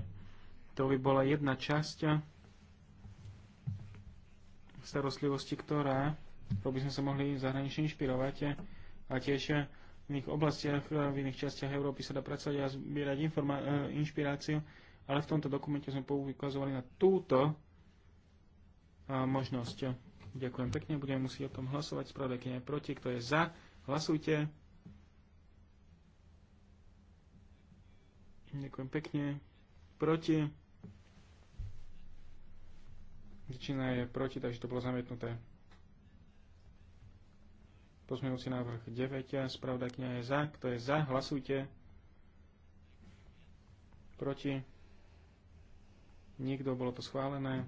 to by bola jedna časť starostlivosti, ktoré to by sme sa mohli zahranične zahraničí inšpirovať a tiež v iných oblastiach, v iných častiach Európy sa dá pracovať a zbierať e, inšpiráciu, ale v tomto dokumente sme poukazovali na túto e, možnosť. Ďakujem pekne, budeme musieť o tom hlasovať. Spravodajkynia je proti, kto je za, hlasujte. Ďakujem pekne. Proti. Väčšina je proti, takže to bolo zamietnuté. Pozmejúci návrh 9. Spravda kňa je za. Kto je za, hlasujte. Proti. Nikto, bolo to schválené.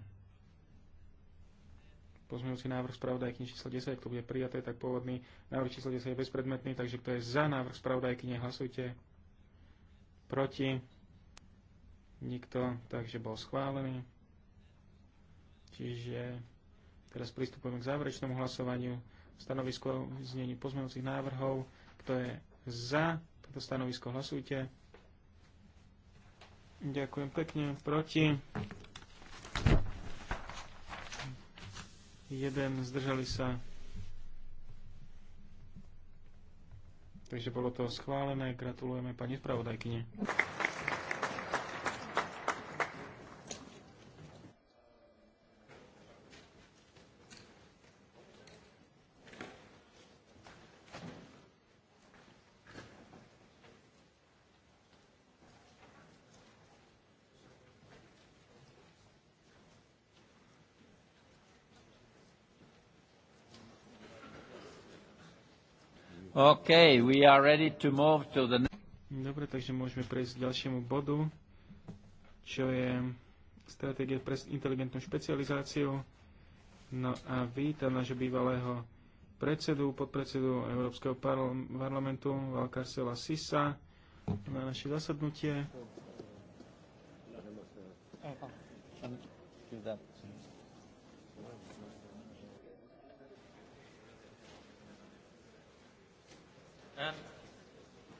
Pozmejúci návrh spravodajkyne číslo 10, ak to bude prijaté, tak pôvodný návrh číslo 10 je bezpredmetný, takže kto je za návrh spravodajkyne, hlasujte. Proti. Nikto, takže bol schválený. Čiže teraz pristupujeme k záverečnému hlasovaniu. Stanovisko znení pozmenúcich návrhov. Kto je za toto stanovisko, hlasujte. Ďakujem pekne. Proti. Jeden. Zdržali sa. Takže bolo to schválené. Gratulujeme pani spravodajkyne. Okay, we are ready to move to the... Dobre, takže môžeme prejsť k ďalšiemu bodu, čo je stratégia pre inteligentnú špecializáciu. No a vítam nášho bývalého predsedu, podpredsedu Európskeho parlamentu Valkarsela Sisa na naše zasadnutie. Oh,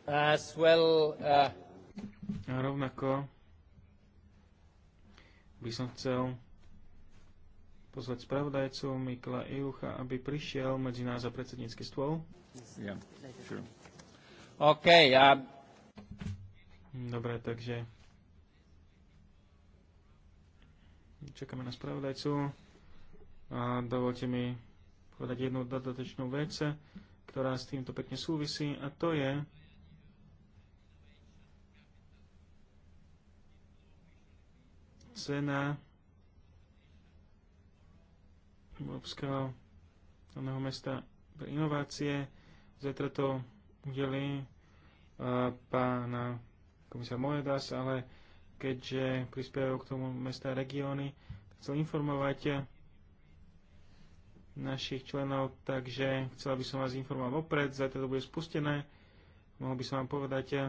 As well, uh... A rovnako by som chcel pozvať spravodajcu Mikla Ilucha, aby prišiel medzi nás za predsednícky stôl. Yeah, sure. OK, Uh... Dobre, takže... Čakáme na spravodajcu. A dovolte mi povedať jednu dodatočnú vec ktorá s týmto pekne súvisí a to je cena Európskeho hlavného mesta pre inovácie. Zajtra to udelí pána komisár Moedas, ale keďže prispievajú k tomu mesta a regióny, chcel informovať našich členov, takže chcela by som vás informovať vopred, zajtra to bude spustené, mohol by som vám povedať, eh,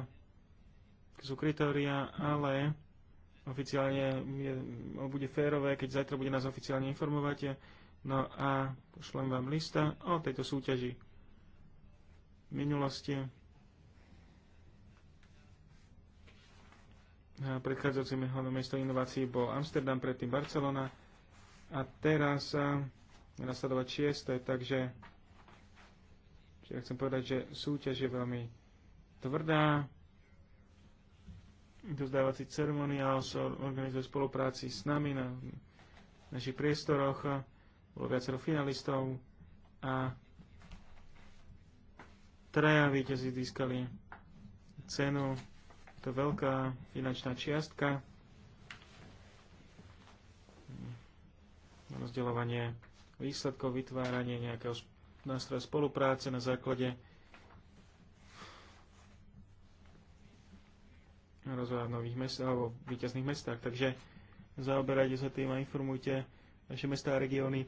aké sú kritória, ale oficiálne je, bude férové, keď zajtra bude nás oficiálne informovať, no a pošlem vám lista o tejto súťaži v minulosti. Predchádzajúcim hlavným mestom inovácií bol Amsterdam, predtým Barcelona a teraz eh, nasledovať šieste, takže ja chcem povedať, že súťaž je veľmi tvrdá. Dozdávací ceremoniál sa organizuje v spolupráci s nami na našich priestoroch. Bolo viacero finalistov a traja víťazí získali cenu. To veľká finančná čiastka. Rozdeľovanie výsledkov vytvárania nejakého nástroja spolupráce na základe rozvoja v nových mestách alebo v víťazných mestách. Takže zaoberajte sa tým a informujte naše mestá a regióny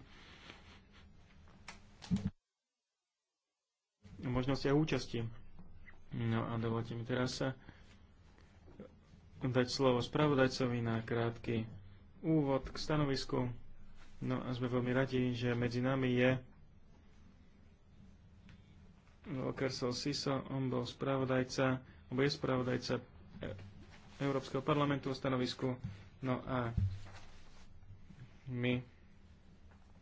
o možnostiach účasti. No a dovolte mi teraz sa dať slovo spravodajcovi na krátky úvod k stanovisku. No a sme veľmi radi, že medzi nami je Kersel Siso, on bol spravodajca, on je spravodajca e- Európskeho parlamentu o stanovisku. No a my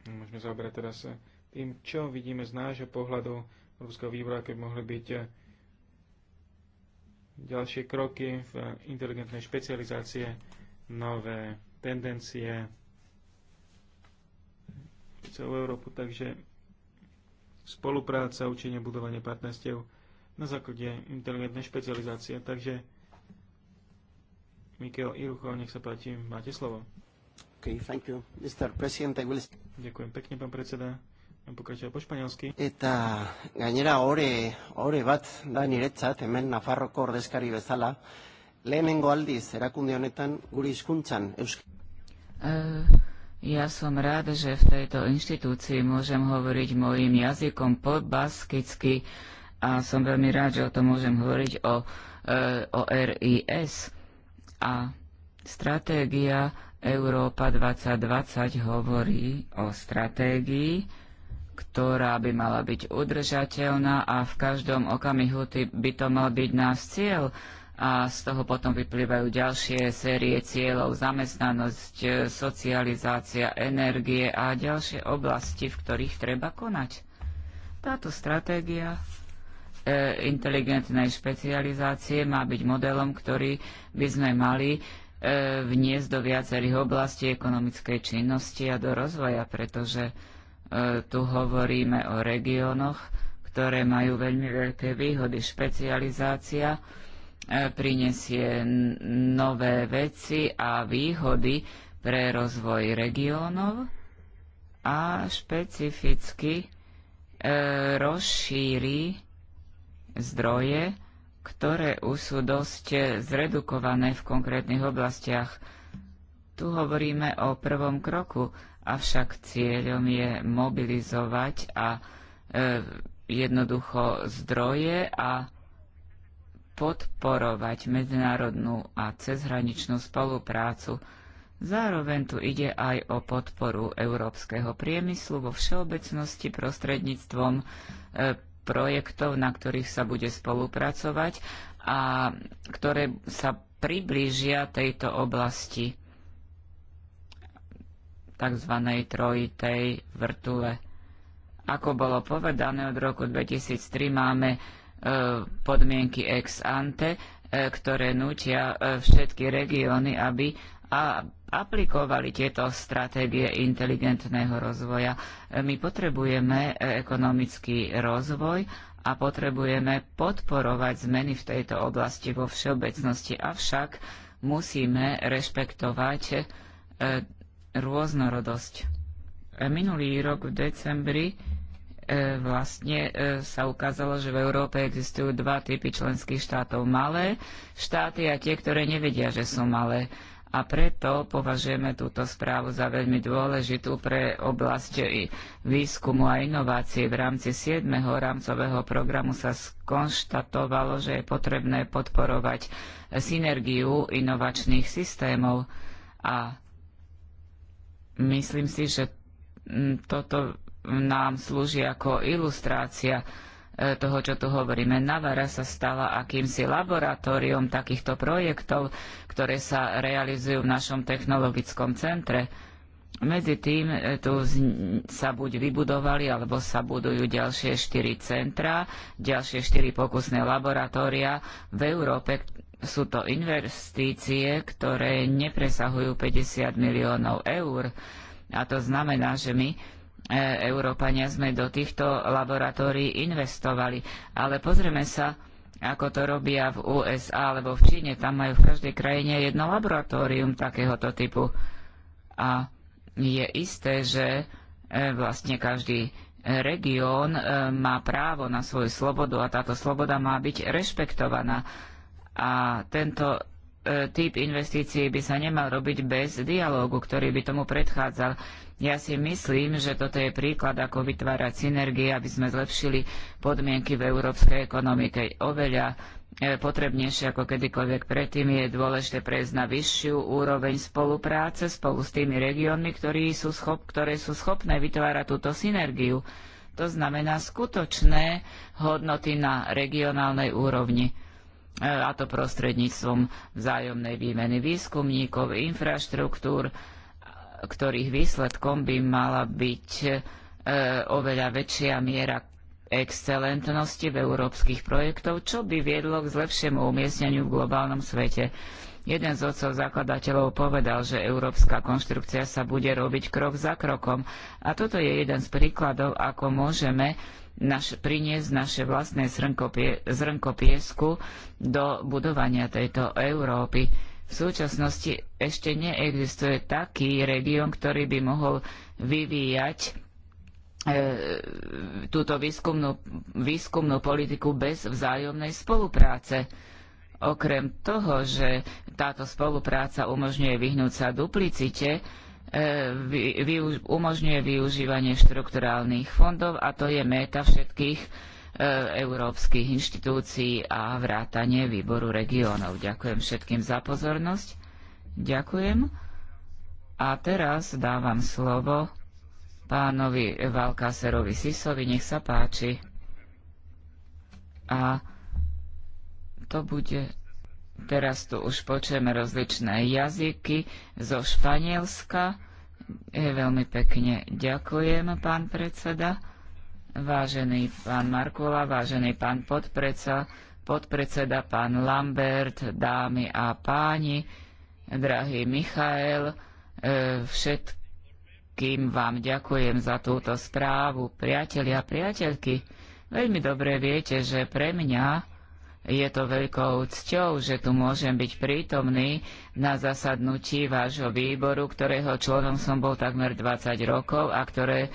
môžeme zaoberať teraz tým, čo vidíme z nášho pohľadu Európskeho výboru, aké mohli byť ďalšie kroky v inteligentnej špecializácie, nové tendencie, celú Európu, takže spolupráca, učenie, budovanie partnerstiev na základe inteligentnej špecializácie. Takže Mikel Irucho, nech sa páči, máte slovo. Okay, thank you. Mr. President, I will... Ďakujem pekne, pán predseda. Pokračuje po španielsky. Eta gainera ore, ore bat da niretzat, hemen Nafarroko ordezkari bezala, lehenengo aldiz erakunde honetan guri hizkuntzan euskara. Uh eh, ja som rád, že v tejto inštitúcii môžem hovoriť mojim jazykom po baskicky a som veľmi rád, že o tom môžem hovoriť o, e, o RIS. A stratégia Európa 2020 hovorí o stratégii, ktorá by mala byť udržateľná a v každom okamihu by to mal byť náš cieľ a z toho potom vyplývajú ďalšie série cieľov, zamestnanosť, e, socializácia, energie a ďalšie oblasti, v ktorých treba konať. Táto stratégia e, inteligentnej špecializácie má byť modelom, ktorý by sme mali e, vniesť do viacerých oblastí ekonomickej činnosti a do rozvoja, pretože e, tu hovoríme o regiónoch, ktoré majú veľmi veľké výhody. Špecializácia E, prinesie nové veci a výhody pre rozvoj regiónov a špecificky e, rozšíri zdroje, ktoré už sú dosť zredukované v konkrétnych oblastiach. Tu hovoríme o prvom kroku, avšak cieľom je mobilizovať a e, jednoducho zdroje a podporovať medzinárodnú a cezhraničnú spoluprácu. Zároveň tu ide aj o podporu európskeho priemyslu vo všeobecnosti prostredníctvom e, projektov, na ktorých sa bude spolupracovať a ktoré sa priblížia tejto oblasti tzv. trojitej vrtule. Ako bolo povedané, od roku 2003 máme podmienky ex ante, e, ktoré nutia e, všetky regióny, aby aplikovali tieto stratégie inteligentného rozvoja. E, my potrebujeme ekonomický rozvoj a potrebujeme podporovať zmeny v tejto oblasti vo všeobecnosti, avšak musíme rešpektovať rôznorodosť. Minulý rok v decembri E, vlastne e, sa ukázalo, že v Európe existujú dva typy členských štátov. Malé štáty a tie, ktoré nevedia, že sú malé. A preto považujeme túto správu za veľmi dôležitú pre oblasť výskumu a inovácie. V rámci 7. rámcového programu sa skonštatovalo, že je potrebné podporovať synergiu inovačných systémov. A myslím si, že toto nám slúži ako ilustrácia e, toho, čo tu hovoríme. Navara sa stala akýmsi laboratóriom takýchto projektov, ktoré sa realizujú v našom technologickom centre. Medzi tým e, tu sa buď vybudovali, alebo sa budujú ďalšie štyri centra, ďalšie štyri pokusné laboratória. V Európe sú to investície, ktoré nepresahujú 50 miliónov eur. A to znamená, že my E, Európania sme do týchto laboratórií investovali. Ale pozrieme sa, ako to robia v USA alebo v Číne. Tam majú v každej krajine jedno laboratórium takéhoto typu. A je isté, že e, vlastne každý región e, má právo na svoju slobodu a táto sloboda má byť rešpektovaná. A tento typ investícií by sa nemal robiť bez dialógu, ktorý by tomu predchádzal ja si myslím, že toto je príklad, ako vytvárať synergie, aby sme zlepšili podmienky v európskej ekonomike. Oveľa e, potrebnejšie ako kedykoľvek predtým je dôležité prejsť na vyššiu úroveň spolupráce spolu s tými regiónmi, schop, ktoré sú schopné vytvárať túto synergiu. To znamená skutočné hodnoty na regionálnej úrovni e, a to prostredníctvom vzájomnej výmeny výskumníkov, infraštruktúr, ktorých výsledkom by mala byť e, oveľa väčšia miera excelentnosti v európskych projektov, čo by viedlo k zlepšiemu umiestneniu v globálnom svete. Jeden z otcov zakladateľov povedal, že európska konštrukcia sa bude robiť krok za krokom a toto je jeden z príkladov, ako môžeme naš, priniesť naše vlastné zrnko, pie, zrnko piesku do budovania tejto Európy. V súčasnosti ešte neexistuje taký región, ktorý by mohol vyvíjať e, túto výskumnú, výskumnú politiku bez vzájomnej spolupráce. Okrem toho, že táto spolupráca umožňuje vyhnúť sa duplicite, e, vy, vy, umožňuje využívanie štrukturálnych fondov a to je méta všetkých E, európskych inštitúcií a vrátanie výboru regiónov. Ďakujem všetkým za pozornosť. Ďakujem. A teraz dávam slovo pánovi Valkáserovi Sisovi. Nech sa páči. A to bude Teraz tu už počujeme rozličné jazyky zo Španielska. Veľmi pekne ďakujem, pán predseda vážený pán Markula, vážený pán podpredsa, podpredseda, pán Lambert, dámy a páni, drahý Michael, e, všetkým vám ďakujem za túto správu. Priatelia a priateľky, veľmi dobre viete, že pre mňa je to veľkou cťou, že tu môžem byť prítomný na zasadnutí vášho výboru, ktorého členom som bol takmer 20 rokov a ktoré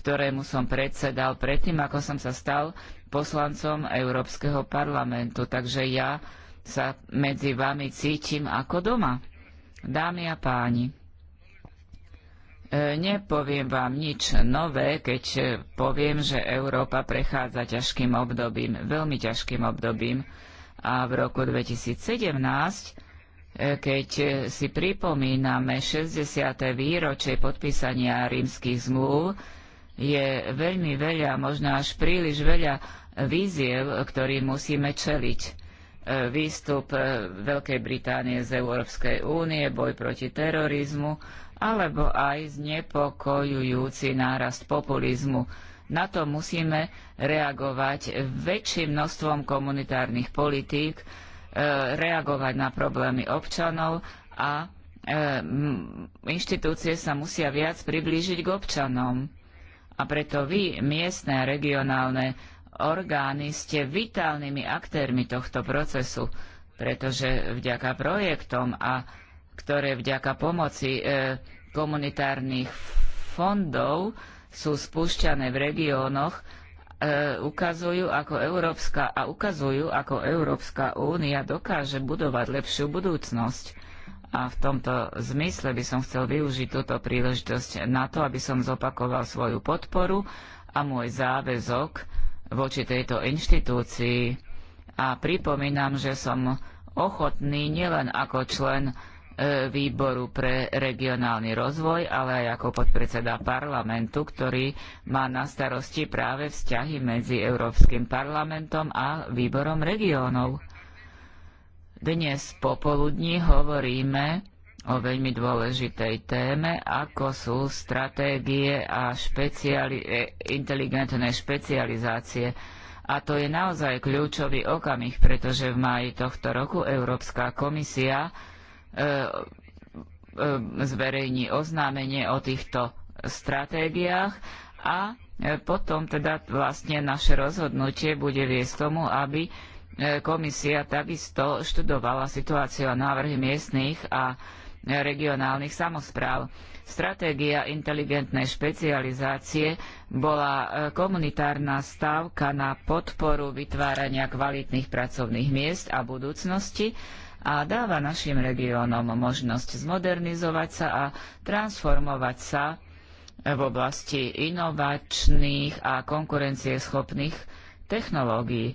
ktorému som predsedal predtým, ako som sa stal poslancom Európskeho parlamentu. Takže ja sa medzi vami cítim ako doma. Dámy a páni, e, nepoviem vám nič nové, keď poviem, že Európa prechádza ťažkým obdobím, veľmi ťažkým obdobím. A v roku 2017 e, keď si pripomíname 60. výročie podpísania rímskych zmluv, je veľmi veľa, možno až príliš veľa víziev, ktorým musíme čeliť. E, výstup e, Veľkej Británie z Európskej únie, boj proti terorizmu, alebo aj znepokojujúci nárast populizmu. Na to musíme reagovať väčším množstvom komunitárnych politík, e, reagovať na problémy občanov a inštitúcie sa musia viac priblížiť k občanom a preto vy, miestne a regionálne orgány, ste vitálnymi aktérmi tohto procesu, pretože vďaka projektom a ktoré vďaka pomoci e, komunitárnych fondov sú spúšťané v regiónoch, e, ukazujú ako Európska a ukazujú ako Európska únia dokáže budovať lepšiu budúcnosť. A v tomto zmysle by som chcel využiť túto príležitosť na to, aby som zopakoval svoju podporu a môj záväzok voči tejto inštitúcii. A pripomínam, že som ochotný nielen ako člen e, výboru pre regionálny rozvoj, ale aj ako podpredseda parlamentu, ktorý má na starosti práve vzťahy medzi Európskym parlamentom a výborom regiónov. Dnes popoludní hovoríme o veľmi dôležitej téme, ako sú stratégie a špeciali- e, inteligentné špecializácie. A to je naozaj kľúčový okamih, pretože v máji tohto roku Európska komisia e, e, zverejní oznámenie o týchto stratégiách a e, potom teda vlastne naše rozhodnutie bude viesť tomu, aby E, komisia takisto študovala situáciu a návrhy miestnych a regionálnych samospráv. Stratégia inteligentnej špecializácie bola e, komunitárna stávka na podporu vytvárania kvalitných pracovných miest a budúcnosti a dáva našim regiónom možnosť zmodernizovať sa a transformovať sa v oblasti inovačných a konkurencieschopných technológií.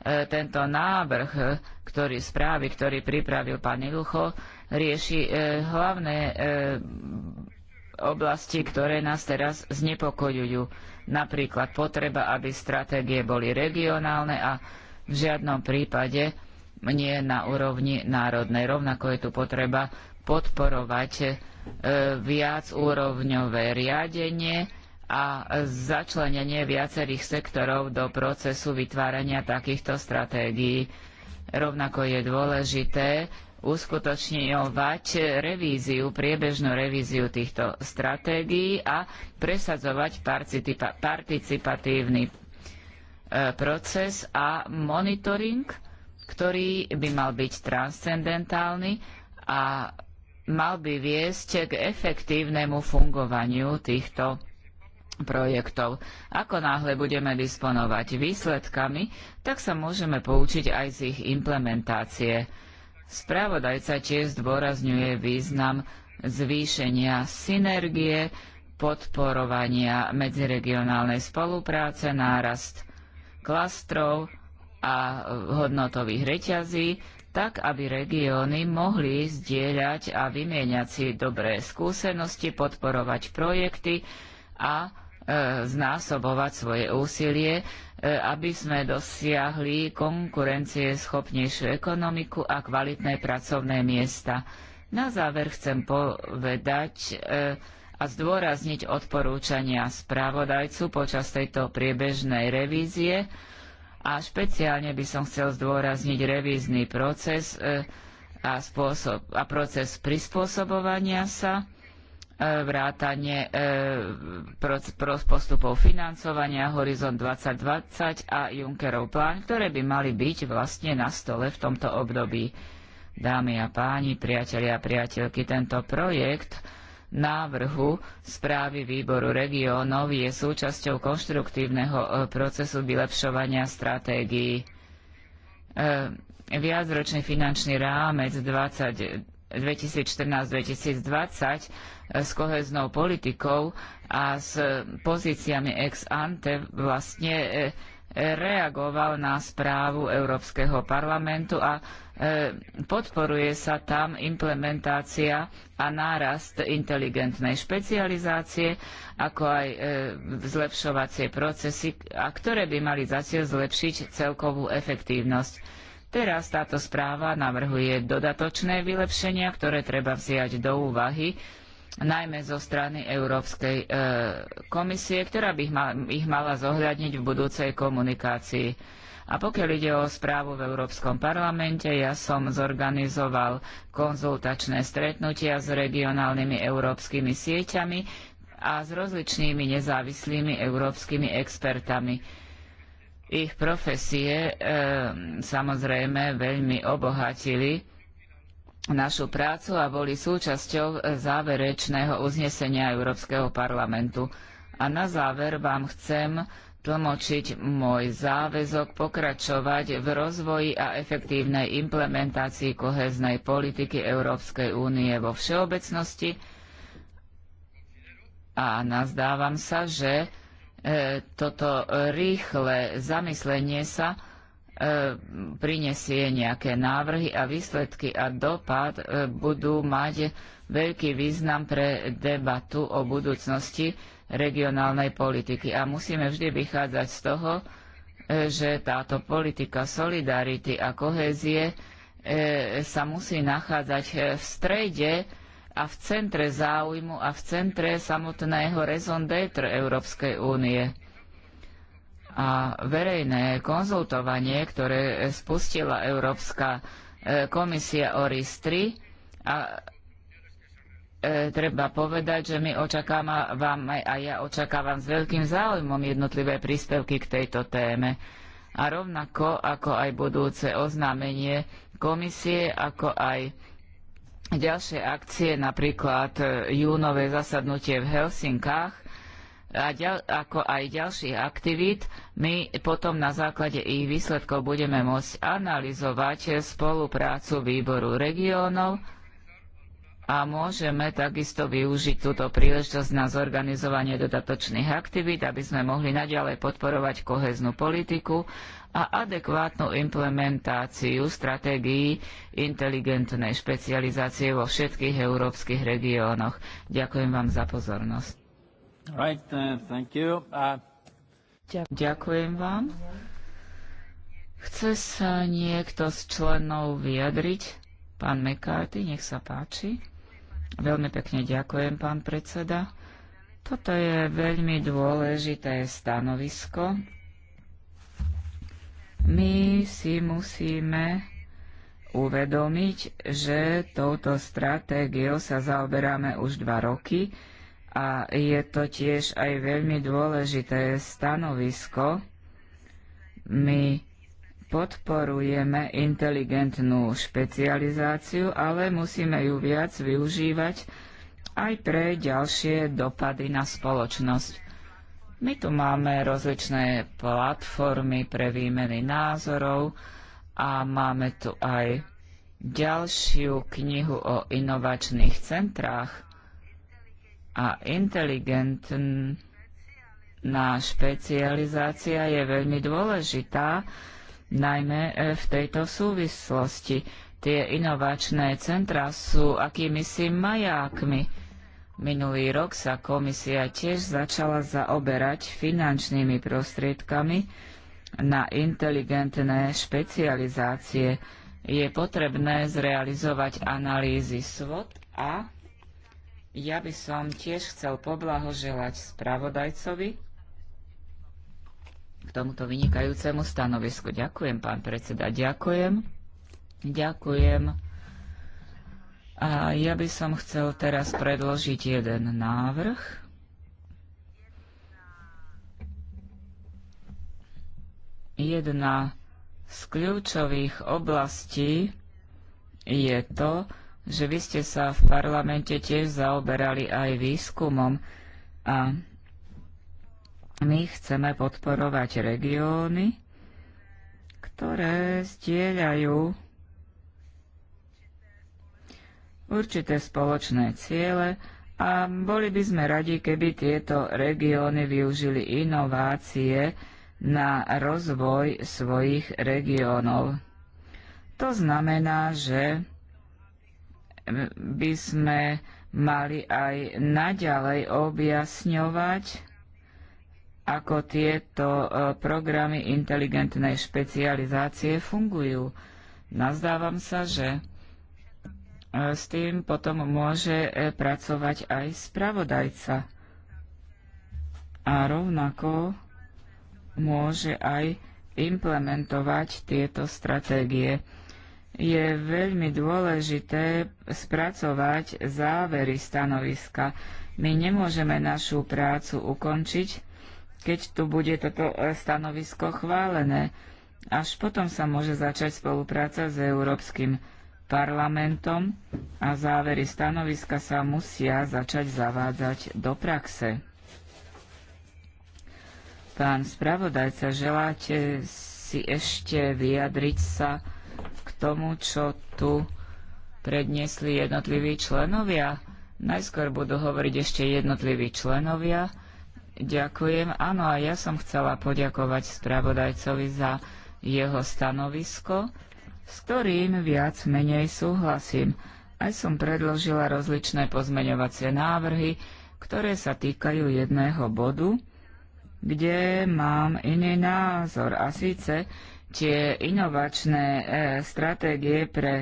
E, tento návrh, ktorý správy, ktorý pripravil pán Ilucho, rieši e, hlavné e, oblasti, ktoré nás teraz znepokojujú. Napríklad potreba, aby stratégie boli regionálne a v žiadnom prípade nie na úrovni národnej. Rovnako je tu potreba podporovať viacúrovňové riadenie, a začlenenie viacerých sektorov do procesu vytvárania takýchto stratégií. Rovnako je dôležité uskutočňovať revíziu, priebežnú revíziu týchto stratégií a presadzovať participa participatívny e, proces a monitoring, ktorý by mal byť transcendentálny a mal by viesť k efektívnemu fungovaniu týchto projektov. Ako náhle budeme disponovať výsledkami, tak sa môžeme poučiť aj z ich implementácie. Spravodajca tiež zdôrazňuje význam zvýšenia synergie, podporovania medziregionálnej spolupráce, nárast klastrov a hodnotových reťazí, tak aby regióny mohli zdieľať a vymieňať si dobré skúsenosti, podporovať projekty a E, znásobovať svoje úsilie, e, aby sme dosiahli konkurencieschopnejšiu ekonomiku a kvalitné pracovné miesta. Na záver chcem povedať e, a zdôrazniť odporúčania správodajcu počas tejto priebežnej revízie a špeciálne by som chcel zdôrazniť revízny proces a, spôsob, a proces prispôsobovania sa vrátanie e, postupov financovania Horizont 2020 a Junckerov plán, ktoré by mali byť vlastne na stole v tomto období. Dámy a páni, priatelia a priateľky, tento projekt návrhu správy výboru regiónov je súčasťou konštruktívneho e, procesu vylepšovania stratégií. E, viacročný finančný rámec 20 2014-2020 eh, s koheznou politikou a s pozíciami ex ante vlastne eh, reagoval na správu Európskeho parlamentu a eh, podporuje sa tam implementácia a nárast inteligentnej špecializácie, ako aj zlepšovacie procesy, a ktoré by mali za cieľ zlepšiť celkovú efektívnosť Teraz táto správa navrhuje dodatočné vylepšenia, ktoré treba vziať do úvahy, najmä zo strany Európskej e, komisie, ktorá by ich, ma, ich mala zohľadniť v budúcej komunikácii. A pokiaľ ide o správu v Európskom parlamente, ja som zorganizoval konzultačné stretnutia s regionálnymi európskymi sieťami a s rozličnými nezávislými európskymi expertami ich profesie e, samozrejme veľmi obohatili našu prácu a boli súčasťou eh, záverečného uznesenia Európskeho parlamentu. A na záver vám chcem tlmočiť môj záväzok pokračovať v rozvoji a efektívnej implementácii koheznej politiky Európskej únie vo všeobecnosti. A nazdávam sa, že E, toto rýchle zamyslenie sa e, prinesie nejaké návrhy a výsledky a dopad e, budú mať veľký význam pre debatu o budúcnosti regionálnej politiky. A musíme vždy vychádzať z toho, že táto politika solidarity a kohézie sa musí nachádzať v strede a v centre záujmu a v centre samotného raison d'être Európskej únie. A verejné konzultovanie, ktoré spustila Európska e, komisia o RIS-3 a e, treba povedať, že my očakávame a ja očakávam s veľkým záujmom jednotlivé príspevky k tejto téme. A rovnako ako aj budúce oznámenie komisie, ako aj Ďalšie akcie, napríklad e, júnové zasadnutie v Helsinkách a ďal, ako aj ďalších aktivít, my potom na základe ich výsledkov budeme môcť analyzovať spoluprácu výboru regiónov a môžeme takisto využiť túto príležitosť na zorganizovanie dodatočných aktivít, aby sme mohli naďalej podporovať koheznú politiku a adekvátnu implementáciu stratégií inteligentnej špecializácie vo všetkých európskych regiónoch. Ďakujem vám za pozornosť. Right, uh, thank you. Uh... Ďakujem vám. Chce sa niekto z členov vyjadriť? Pán McCarthy, nech sa páči. Veľmi pekne ďakujem, pán predseda. Toto je veľmi dôležité stanovisko my si musíme uvedomiť, že touto stratégiou sa zaoberáme už dva roky a je to tiež aj veľmi dôležité stanovisko. My podporujeme inteligentnú špecializáciu, ale musíme ju viac využívať aj pre ďalšie dopady na spoločnosť. My tu máme rozličné platformy pre výmeny názorov a máme tu aj ďalšiu knihu o inovačných centrách a inteligentná špecializácia je veľmi dôležitá, najmä e, v tejto súvislosti. Tie inovačné centra sú akýmisi majákmi Minulý rok sa komisia tiež začala zaoberať finančnými prostriedkami na inteligentné špecializácie. Je potrebné zrealizovať analýzy SWOT a ja by som tiež chcel poblahoželať spravodajcovi k tomuto vynikajúcemu stanovisku. Ďakujem, pán predseda. Ďakujem. Ďakujem a ja by som chcel teraz predložiť jeden návrh. Jedna z kľúčových oblastí je to, že vy ste sa v parlamente tiež zaoberali aj výskumom a my chceme podporovať regióny, ktoré zdieľajú určité spoločné ciele a boli by sme radi, keby tieto regióny využili inovácie na rozvoj svojich regiónov. To znamená, že by sme mali aj naďalej objasňovať, ako tieto e, programy inteligentnej špecializácie fungujú. Nazdávam sa, že E, s tým potom môže e, pracovať aj spravodajca. A rovnako môže aj implementovať tieto stratégie. Je veľmi dôležité spracovať závery stanoviska. My nemôžeme našu prácu ukončiť, keď tu bude toto e, stanovisko chválené. Až potom sa môže začať spolupráca s Európskym parlamentom a závery stanoviska sa musia začať zavádzať do praxe. Pán spravodajca, želáte si ešte vyjadriť sa k tomu, čo tu predniesli jednotliví členovia? Najskôr budú hovoriť ešte jednotliví členovia. Ďakujem. Áno, a ja som chcela poďakovať spravodajcovi za jeho stanovisko s ktorým viac menej súhlasím. Aj som predložila rozličné pozmeňovacie návrhy, ktoré sa týkajú jedného bodu, kde mám iný názor a síce tie inovačné e, stratégie pre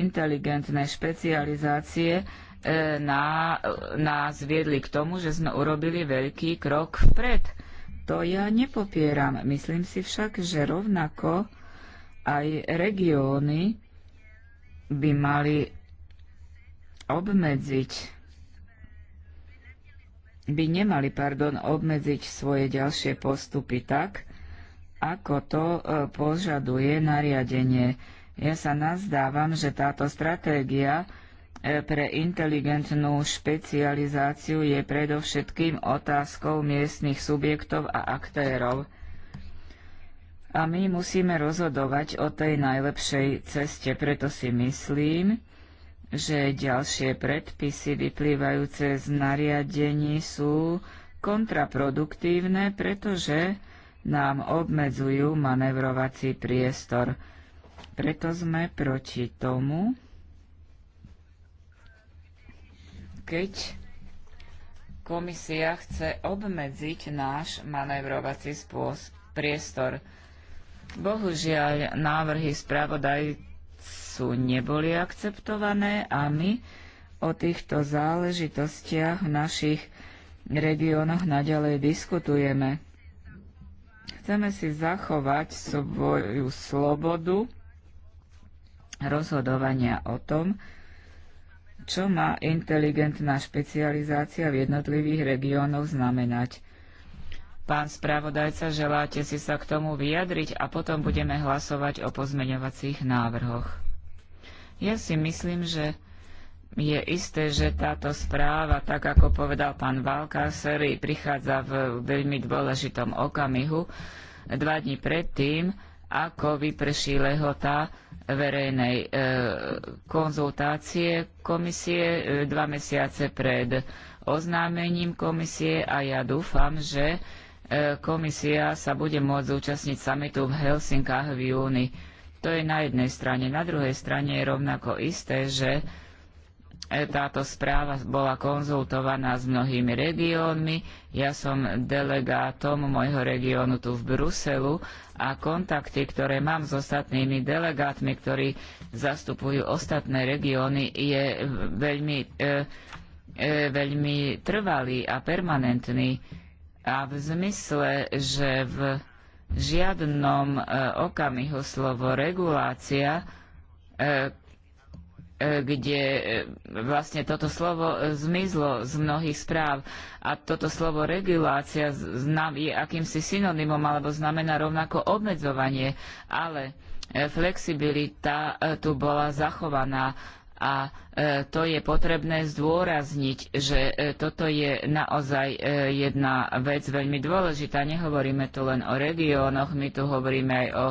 inteligentné špecializácie e, na, nás viedli k tomu, že sme urobili veľký krok vpred. To ja nepopieram. Myslím si však, že rovnako aj regióny by mali obmedziť, by nemali, pardon, obmedziť svoje ďalšie postupy tak, ako to e, požaduje nariadenie. Ja sa nazdávam, že táto stratégia e, pre inteligentnú špecializáciu je predovšetkým otázkou miestnych subjektov a aktérov. A my musíme rozhodovať o tej najlepšej ceste, preto si myslím, že ďalšie predpisy vyplývajúce z nariadení sú kontraproduktívne, pretože nám obmedzujú manevrovací priestor. Preto sme proti tomu, keď komisia chce obmedziť náš manevrovací spôsob, priestor. Bohužiaľ, návrhy spravodajcu neboli akceptované a my o týchto záležitostiach v našich regiónoch naďalej diskutujeme. Chceme si zachovať svoju slobodu rozhodovania o tom, čo má inteligentná špecializácia v jednotlivých regiónoch znamenať. Pán spravodajca, želáte si sa k tomu vyjadriť a potom budeme hlasovať o pozmeňovacích návrhoch. Ja si myslím, že je isté, že táto správa, tak ako povedal pán Valkáser, prichádza v veľmi dôležitom okamihu, dva dní predtým, ako vyprší lehota verejnej e, konzultácie komisie e, dva mesiace pred oznámením komisie a ja dúfam, že E, komisia sa bude môcť zúčastniť samitu v Helsinkách v júni. To je na jednej strane. Na druhej strane je rovnako isté, že e, táto správa bola konzultovaná s mnohými regiónmi. Ja som delegátom môjho regiónu tu v Bruselu a kontakty, ktoré mám s ostatnými delegátmi, ktorí zastupujú ostatné regióny, je veľmi, e, e, veľmi trvalý a permanentný a v zmysle, že v žiadnom e, okamihu slovo regulácia, e, e, kde e, vlastne toto slovo zmizlo z mnohých správ a toto slovo regulácia znam, je akýmsi synonymom alebo znamená rovnako obmedzovanie, ale e, flexibilita e, tu bola zachovaná a e, to je potrebné zdôrazniť, že e, toto je naozaj e, jedna vec veľmi dôležitá. Nehovoríme tu len o regiónoch, my tu hovoríme aj o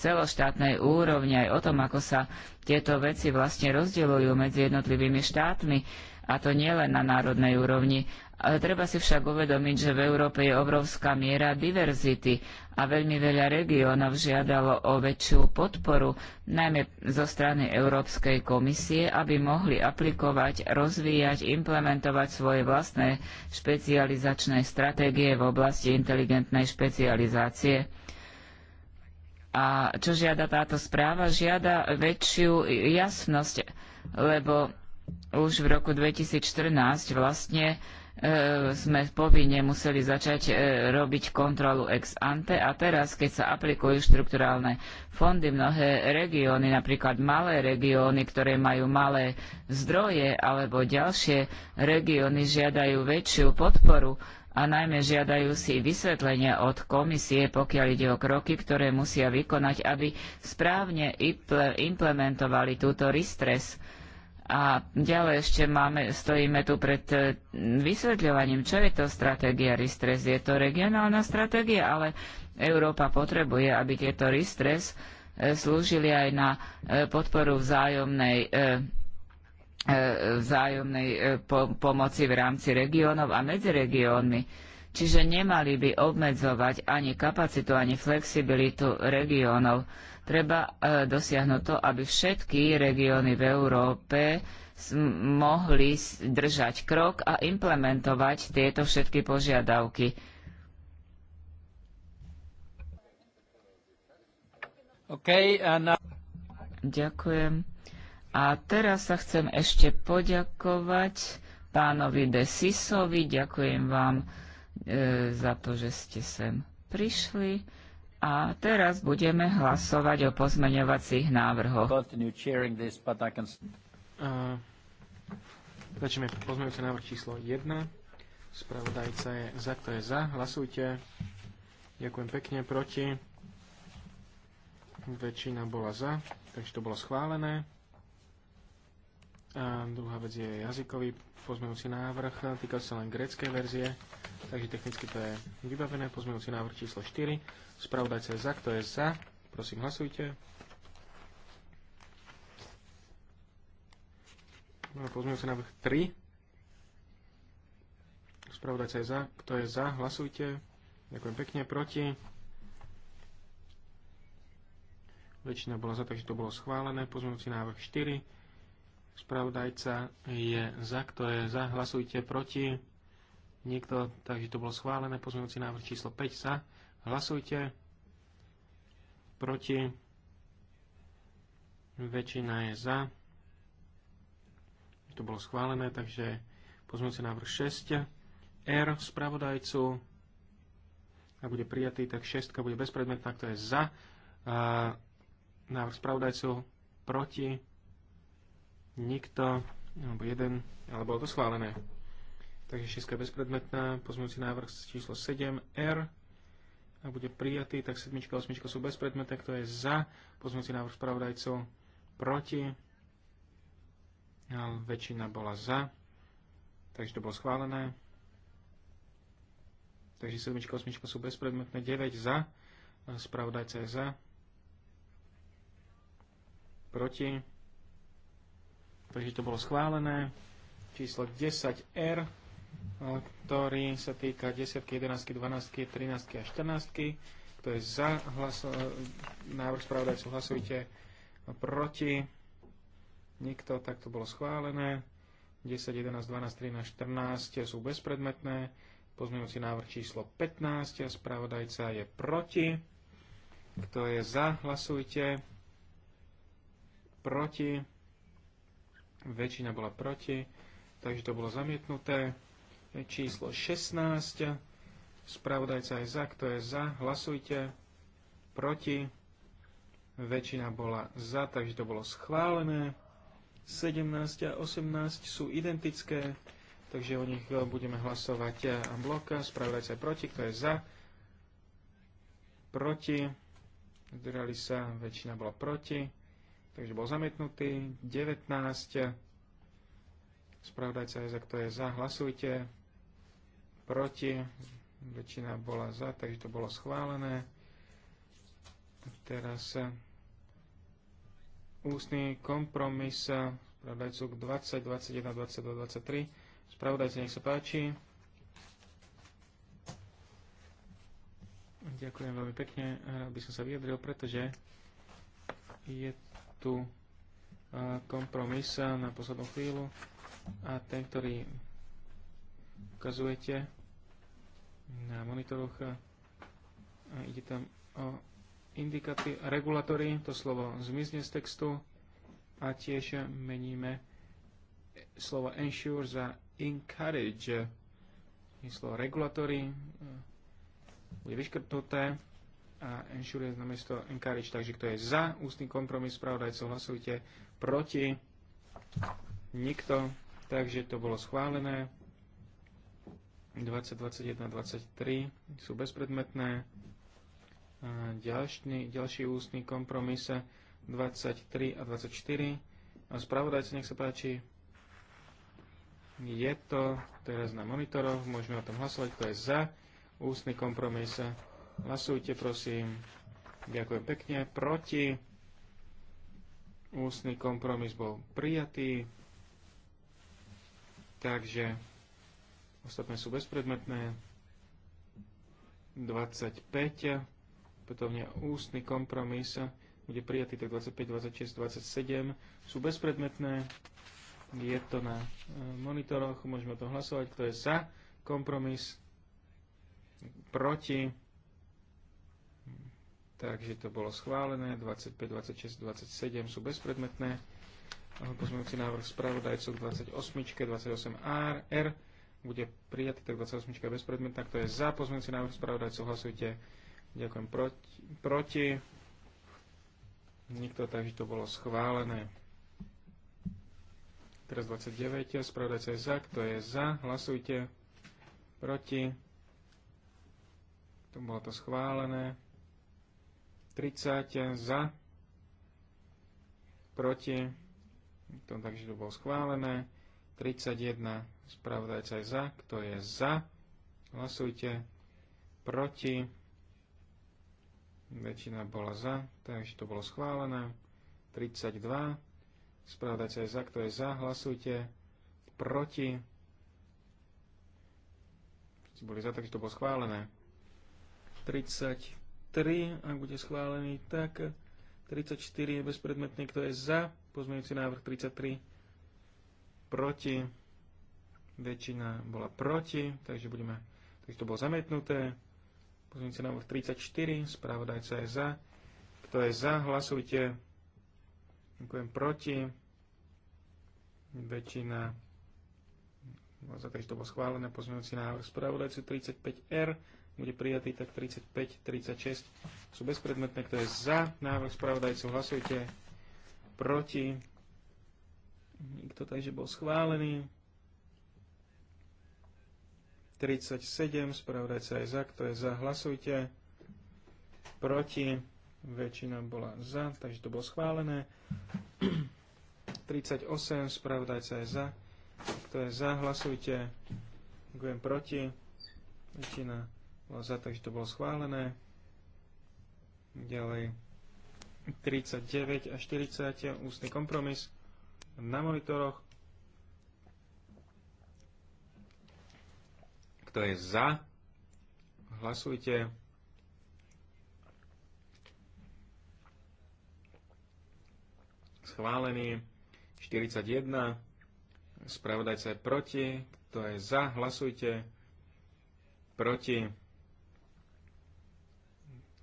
celoštátnej úrovni, aj o tom, ako sa tieto veci vlastne rozdeľujú medzi jednotlivými štátmi. A to nielen na národnej úrovni. Treba si však uvedomiť, že v Európe je obrovská miera diverzity a veľmi veľa regiónov žiadalo o väčšiu podporu, najmä zo strany Európskej komisie, aby mohli aplikovať, rozvíjať, implementovať svoje vlastné špecializačné stratégie v oblasti inteligentnej špecializácie. A čo žiada táto správa? Žiada väčšiu jasnosť, lebo už v roku 2014 vlastne E, sme povinne museli začať e, robiť kontrolu ex ante a teraz, keď sa aplikujú štrukturálne fondy, mnohé regióny, napríklad malé regióny, ktoré majú malé zdroje alebo ďalšie regióny žiadajú väčšiu podporu a najmä žiadajú si vysvetlenia od komisie, pokiaľ ide o kroky, ktoré musia vykonať, aby správne implementovali túto ristres a ďalej ešte máme, stojíme tu pred e, vysvetľovaním, čo je to stratégia Ristres. Je to regionálna stratégia, ale Európa potrebuje, aby tieto Ristres e, slúžili aj na e, podporu vzájomnej vzájomnej pomoci v rámci regiónov a medzi regiónmi. Čiže nemali by obmedzovať ani kapacitu, ani flexibilitu regiónov. Treba e, dosiahnuť to, aby všetky regióny v Európe mohli držať krok a implementovať tieto všetky požiadavky. Okay, now... Ďakujem. A teraz sa chcem ešte poďakovať pánovi De Sisovi. Ďakujem vám e, za to, že ste sem prišli. A teraz budeme hlasovať o pozmeňovacích návrhoch. Uh, začneme pozmeňovací návrh číslo 1. Spravodajca je za, kto je za. Hlasujte. Ďakujem pekne. Proti. Väčšina bola za, takže to bolo schválené. A druhá vec je jazykový pozmeňujúci návrh. Týka sa len gréckej verzie, takže technicky to je vybavené. Pozmeňujúci návrh číslo 4 Spravodajca je za, kto je za? Prosím, hlasujte. Pozmeňujúci návrh 3. Spravodajca je za, kto je za? Hlasujte. Ďakujem pekne, proti. Väčšina bola za, takže to bolo schválené. Pozmeňujúci návrh 4. Spravodajca je za, kto je za? Hlasujte, proti. Niekto, takže to bolo schválené. Pozmeňujúci návrh číslo 5 za Hlasujte. Proti. Väčšina je za. To bolo schválené, takže si návrh 6. R spravodajcu. A bude prijatý, tak 6 bude bezpredmetná, to je za. A návrh spravodajcu proti. Nikto. Alebo jeden. Ale bolo to schválené. Takže 6 je bezpredmetná. si návrh číslo 7. R ak bude prijatý, tak 7 a 8 sú bezpredmetné. Kto je za pozmeňujúci návrh spravodajcov? Proti? Ale väčšina bola za. Takže to bolo schválené. Takže 7 a 8 sú bezpredmetné. 9 za. Spravodajca je za. Proti? Takže to bolo schválené. Číslo 10R ktorý sa týka 10, 11, 12, 13 a 14. Kto je za hlaso- návrh spravodajcu, hlasujte proti. Nikto, tak to bolo schválené. 10, 11, 12, 13, 14 sú bezpredmetné. Pozmeňujúci návrh číslo 15, spravodajca je proti. Kto je za, hlasujte. Proti. Väčšina bola proti, takže to bolo zamietnuté číslo 16. Spravodajca je za, kto je za, hlasujte. Proti. Väčšina bola za, takže to bolo schválené. 17 a 18 sú identické, takže o nich eh, budeme hlasovať a eh, bloka. Spravodajca je proti, kto je za. Proti. Zdrali sa, väčšina bola proti. Takže bol zamietnutý. 19. Spravodajca je za, kto je za, hlasujte proti, väčšina bola za, takže to bolo schválené. Teraz eh, ústny kompromis eh, spravodajcu k 20, 21, 22, 23. Spravodajte nech sa páči. Ďakujem veľmi pekne, eh, rád by som sa vyjadril, pretože je tu kompromis na poslednú chvíľu a ten, ktorý ukazujete, na monitoroch a ide tam o indikaty, regulatory, to slovo zmizne z textu a tiež meníme slovo ensure za encourage. Je slovo regulatory e, bude vyškrtnuté a ensure je namiesto encourage. Takže kto je za ústny kompromis spravodajcov, hlasujte proti. Nikto. Takže to bolo schválené. 20, 21, 23 sú bezpredmetné. Ďalší, ďalší ústny kompromis 23 a 24. A spravodajci, nech sa páči. Je to teraz na monitoroch, môžeme o tom hlasovať, kto je za ústny kompromis. Hlasujte, prosím. Ďakujem pekne. Proti. Ústny kompromis bol prijatý. Takže Ostatné sú bezpredmetné. 25. Opätovne ústny kompromis bude prijatý, tak 25, 26, 27 sú bezpredmetné. Je to na eh, monitoroch, môžeme to hlasovať, kto je za kompromis, proti. Takže to bolo schválené, 25, 26, 27 sú bezpredmetné. Pozmeňujúci návrh spravodajcov 28, 28 R bude prijatý, tak 28 je bezpredmetná. Kto je za pozmeňujúci návrh spravodajcu, hlasujte. Ďakujem proti. proti. Nikto, takže to bolo schválené. Teraz 29, spravodajca je za, kto je za, hlasujte. Proti. To bolo to schválené. 30 za, proti. To, takže to bolo schválené. 31 Spravodajca je za. Kto je za? Hlasujte. Proti. Väčšina bola za, takže to bolo schválené. 32. Spravodajca je za. Kto je za? Hlasujte. Proti. Všetci boli za, takže to bolo schválené. 33, ak bude schválený, tak 34 je bezpredmetný, kto je za, pozmeňujúci návrh 33, proti, väčšina bola proti, takže budeme, takže to bolo zamietnuté. Pozmeňujúci návrh 34, správodajca je za. Kto je za, hlasujte. Ďakujem proti. Väčšina bola za, takže to bolo schválené. Pozmeňujúci návrh správodajcu 35R bude prijatý, tak 35, 36 sú bezpredmetné. Kto je za návrh spravodajcu, hlasujte proti. Nikto takže bol schválený. 37, spravodajca je za, kto je za, hlasujte. Proti, väčšina bola za, takže to bolo schválené. 38, spravodajca je za, kto je za, hlasujte. Ďakujem proti, väčšina bola za, takže to bolo schválené. Ďalej 39 a 40, ústny kompromis na monitoroch. Kto je za? Hlasujte. Schválený. 41. Spravodajca je proti. Kto je za? Hlasujte. Proti.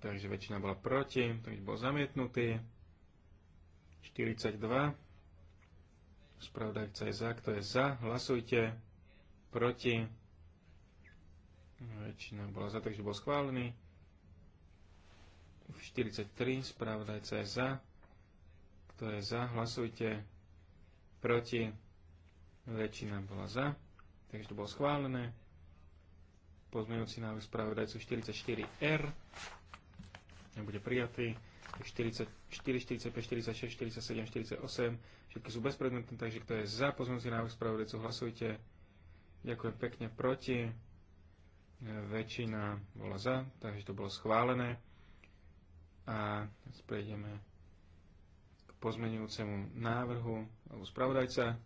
Takže väčšina bola proti, takže bol zamietnutý. 42. Spravodajca je za, kto je za, hlasujte. Proti. Väčšina bola za, takže bol schválený. 43, spravodajca je za. Kto je za, hlasujte. Proti, väčšina bola za, takže to bolo schválené. Pozmejúci návrh spravodajcu 44R nebude prijatý. 44, 45, 46, 47, 48, všetky sú bezpredmetné, takže kto je za pozmúci návrh spravodajcu, hlasujte. Ďakujem pekne proti väčšina bola za, takže to bolo schválené. A teraz prejdeme k pozmenujúcemu návrhu alebo spravodajca.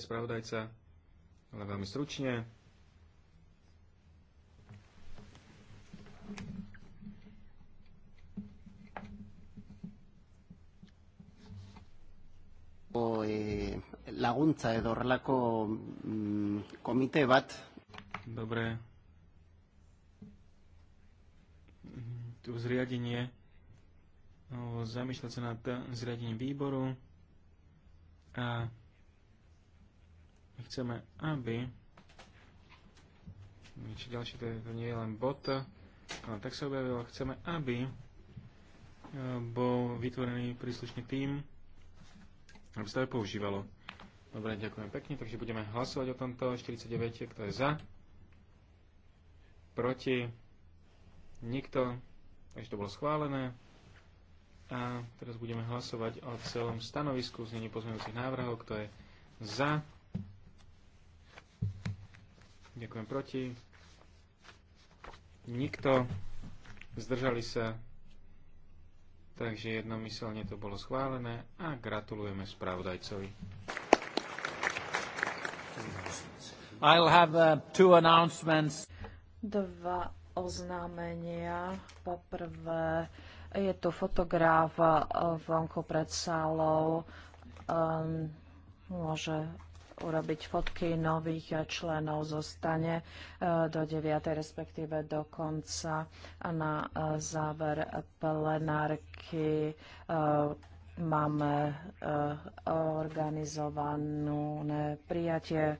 spravodajca, ale veľmi stručne. e, laguntza edo horrelako mm, komite bat. Dobre. Tu zriadenie, no, zamýšľať sa nad zriadením výboru a chceme, aby niečo ďalšie, to, to nie je len bot, ale tak sa objavilo, chceme, aby eh, bol vytvorený príslušný tým, aby sa to aj používalo. Dobre, ďakujem pekne, takže budeme hlasovať o tomto 49, kto je za, proti, nikto, takže to bolo schválené. A teraz budeme hlasovať o celom stanovisku znení pozmeňujúcich návrhov, kto je za, ďakujem proti, nikto, zdržali sa, Takže jednomyselne to bolo schválené a gratulujeme spravodajcovi. I'll have uh, two announcements. Dva oznámenia. Poprvé je to fotograf uh, vonku pred sálou. Um, môže urobiť fotky nových členov zostane e, do 9. respektíve do konca a na e, záver plenárky e, máme organizovanú prijatie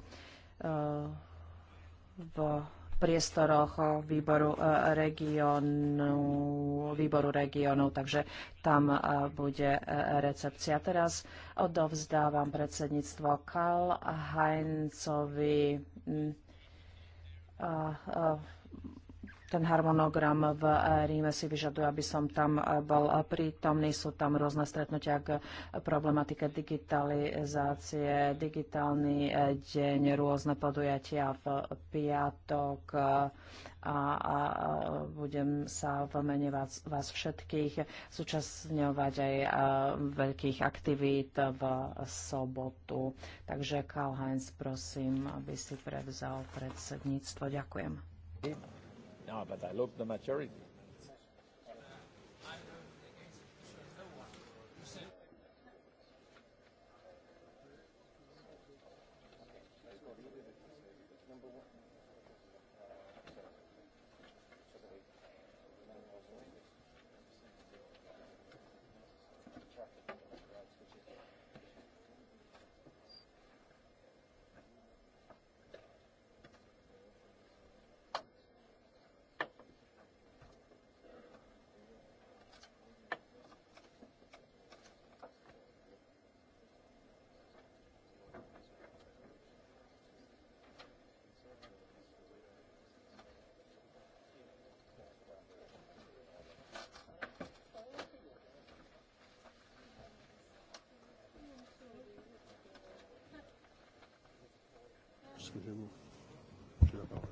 v priestoroch výboru e, regionu, výboru regionu, takže tam e, bude e, recepcia. Teraz odovzdávam predsedníctvo Karl Heinzovi. Mm, a, a, ten harmonogram v eh, Ríme si vyžaduje, aby som tam eh, bol prítomný. Sú tam rôzne stretnutia k problematike digitalizácie, digitálny eh, deň, rôzne podujatia v piatok a, a budem sa v mene vás, vás všetkých zúčastňovať aj veľkých aktivít v sobotu. Takže Karl Heinz, prosím, aby si prevzal predsedníctvo. Ďakujem. No, but I look the maturity. Excusez-moi, j'ai la parole.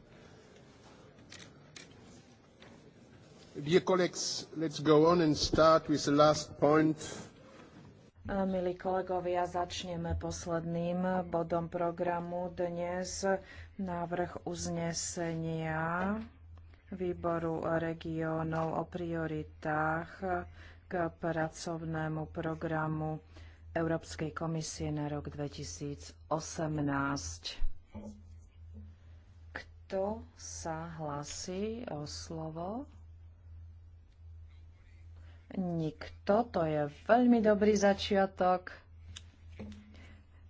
Dear colleagues, let's go on and start with the last point. Milí kolegovia, začneme posledným bodom programu dnes. Návrh uznesenia výboru regionov o prioritách k pracovnému programu Európskej komisie na rok 2018. Kto sa hlasí o slovo? Nikto, to je veľmi dobrý začiatok.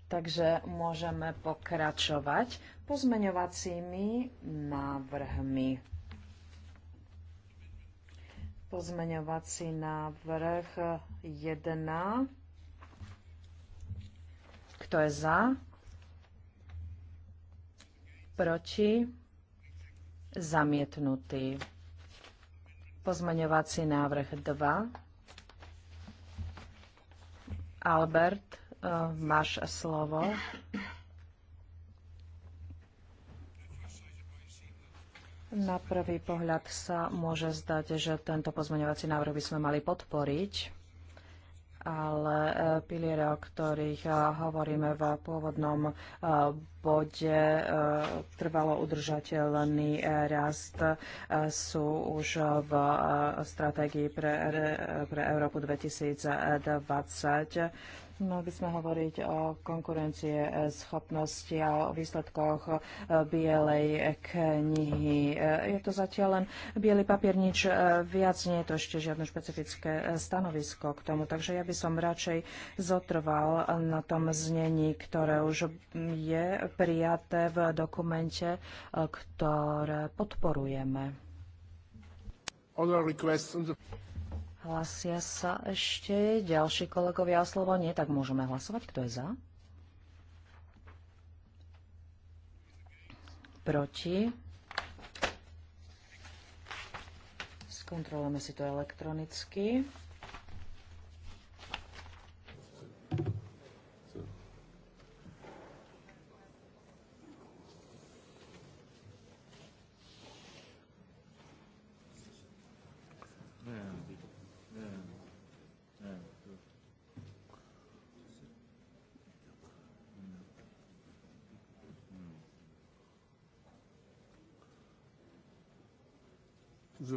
Takže môžeme pokračovať pozmeňovacími návrhmi. Pozmeňovací návrh 1. Kto je za? proti, zamietnutý. Pozmaňovací návrh 2. Albert, e, máš slovo. Na prvý pohľad sa môže zdať, že tento pozmeňovací návrh by sme mali podporiť ale e, piliere, o ktorých e, hovoríme v pôvodnom e, bode, trvalo udržateľný rast sú už v stratégii pre, pre Európu 2020 Mali by sme hovoriť o konkurencie e, schopnosti a o výsledkoch e, bielej knihy. E, je to zatiaľ len biely papier, nič viac, nie je to ešte žiadne špecifické stanovisko k tomu. Takže ja by som radšej zotrval na tom znení, ktoré už je prijaté v dokumente, ktoré podporujeme. Hlasia sa ešte ďalší kolegovia o slovo? Nie, tak môžeme hlasovať. Kto je za? Proti? Skontrolujeme si to elektronicky.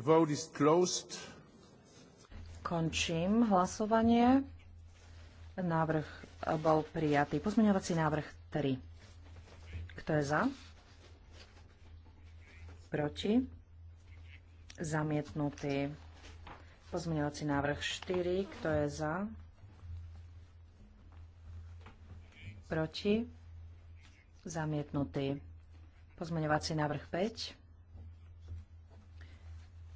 vote is closed. Končím hlasovanie. Návrh bol prijatý. Pozmeňovací návrh 3. Kto je za? Proti? Zamietnutý. Pozmeňovací návrh 4. Kto je za? Proti? Zamietnutý. Pozmeňovací návrh 5.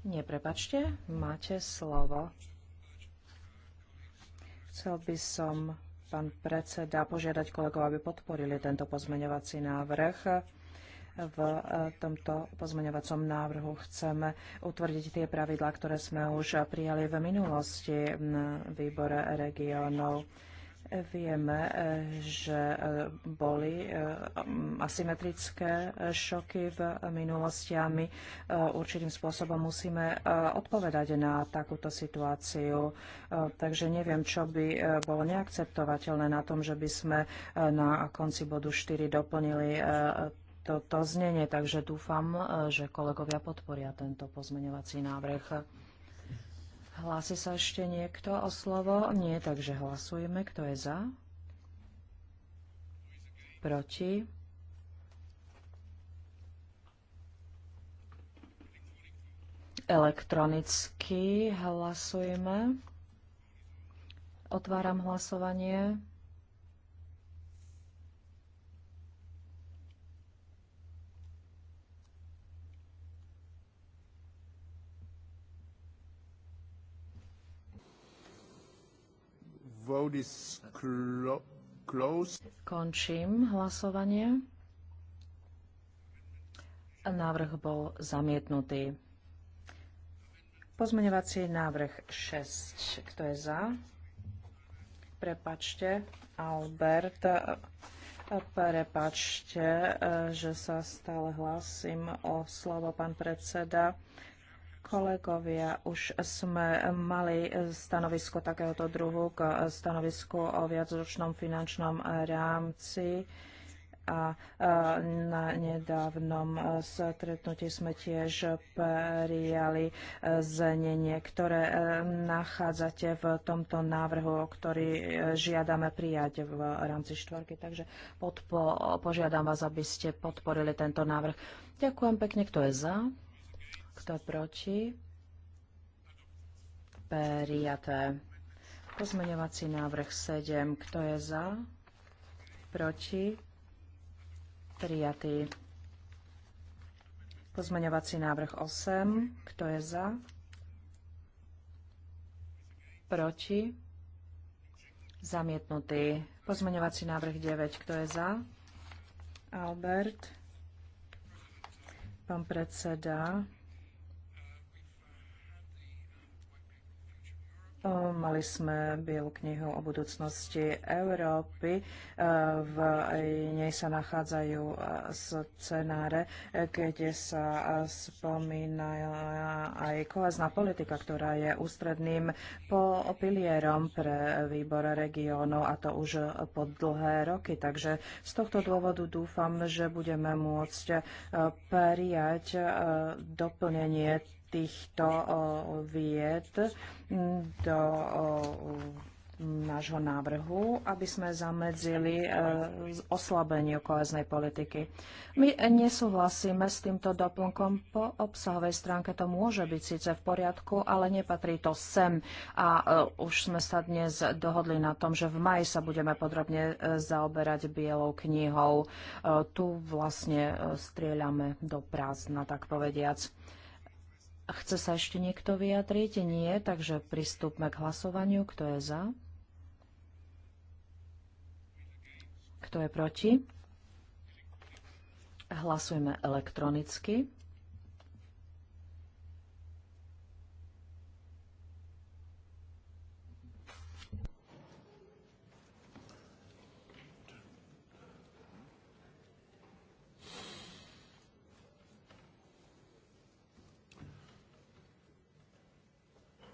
Neprepačte, máte slovo. Chcel by som, pán predseda, požiadať kolegov, aby podporili tento pozmeňovací návrh v e, tomto pozmeňovacom návrhu chceme utvrdiť tie pravidlá, ktoré sme už prijali v minulosti na výbore regionov. Vieme, e, že e, boli e, asymetrické šoky v minulosti a my určitým spôsobom musíme odpovedať na takúto situáciu. Takže neviem, čo by bolo neakceptovateľné na tom, že by sme na konci bodu 4 doplnili toto znenie. Takže dúfam, že kolegovia podporia tento pozmeňovací návrh. Hlási sa ešte niekto o slovo? Nie, takže hlasujeme. Kto je za? Proti? Elektronicky hlasujeme. Otváram hlasovanie. Vote is clo- closed. Končím hlasovanie. Návrh bol zamietnutý. Pozmeňovací návrh 6. Kto je za? Prepačte, Albert. Prepačte, že sa stále hlasím o slovo, pán predseda. Kolegovia, už sme mali stanovisko takéhoto druhu k stanovisku o viacročnom finančnom rámci a na nedávnom stretnutí sme tiež prijali znenie, ktoré e, nachádzate v tomto návrhu, ktorý e, žiadame prijať v rámci štvorky. Takže podpo- požiadam vás, aby ste podporili tento návrh. Ďakujem pekne. Kto je za? Kto proti? Prijaté. Pozmeňovací návrh 7. Kto je za? Proti? Prijatý. Pozmeňovací návrh 8. Kto je za? Proti? Zamietnutý. Pozmeňovací návrh 9. Kto je za? Albert. Pán predseda. Mali sme Bielu knihu o budúcnosti Európy. E, v nej sa nachádzajú e, scenáre, e, kde sa spomína aj kohezná politika, ktorá je ústredným pilierom pre výbor regiónov a to už po dlhé roky. Takže z tohto dôvodu dúfam, že budeme môcť prijať doplnenie týchto vied do nášho návrhu, aby sme zamedzili e, oslabenie koheznej politiky. My nesúhlasíme s týmto doplnkom po obsahovej stránke. To môže byť síce v poriadku, ale nepatrí to sem. A e, už sme sa dnes dohodli na tom, že v maji sa budeme podrobne e, zaoberať bielou knihou. Tu vlastne strieľame do prázdna, tak povediac. Chce sa ešte niekto vyjadriť? Nie, takže pristúpme k hlasovaniu. Kto je za? Kto je proti? Hlasujeme elektronicky.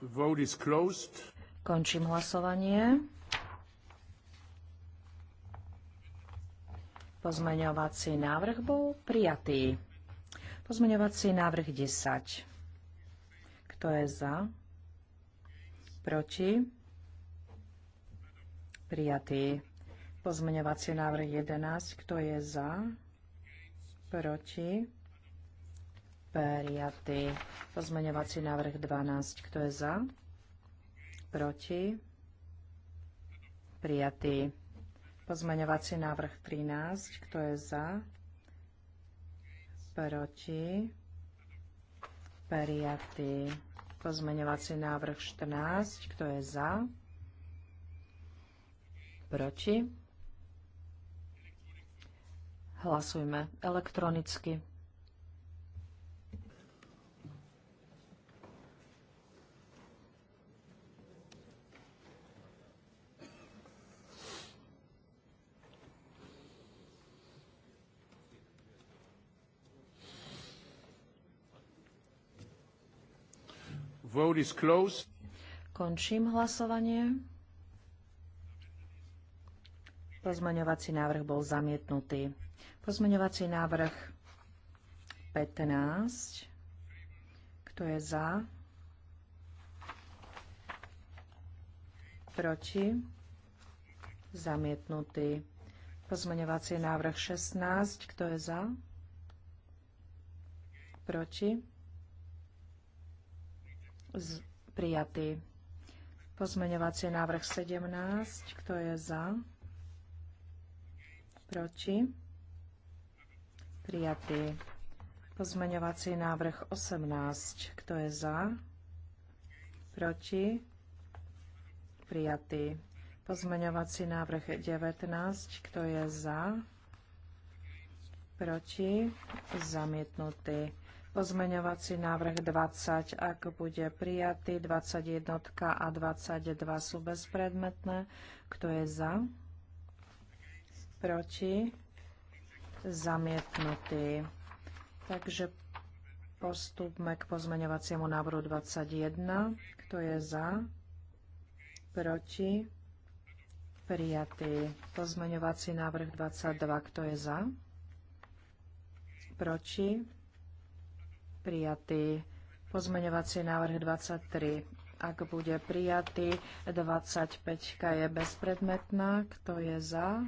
Vote is closed. Končím hlasovanie. Pozmeňovací návrh bol prijatý. Pozmeňovací návrh 10. Kto je za? Proti? Prijatý. Pozmeňovací návrh 11. Kto je za? Proti? prijatý. Pozmeňovací návrh 12. Kto je za? Proti? Prijatý. Pozmeňovací návrh 13. Kto je za? Proti? Prijatý. Pozmeňovací návrh 14. Kto je za? Proti? Hlasujme elektronicky. Vote is closed. Končím hlasovanie. Pozmeňovací návrh bol zamietnutý. Pozmeňovací návrh 15. Kto je za? Proti? Zamietnutý. Pozmeňovací návrh 16. Kto je za? Proti? prijatý. Pozmeňovací návrh 17. Kto je za? Proti? Prijatý. Pozmeňovací návrh 18. Kto je za? Proti? Prijatý. Pozmeňovací návrh 19. Kto je za? Proti? Zamietnutý. Pozmeňovací návrh 20, ak bude prijatý, 21 a 22 sú bezpredmetné. Kto je za? Proti? Zamietnutý. Takže postupme k pozmeňovaciemu návrhu 21. Kto je za? Proti? Prijatý. Pozmeňovací návrh 22. Kto je za? Proti? prijatý. Pozmeňovací návrh 23. Ak bude prijatý, 25 je bezpredmetná. Kto je za?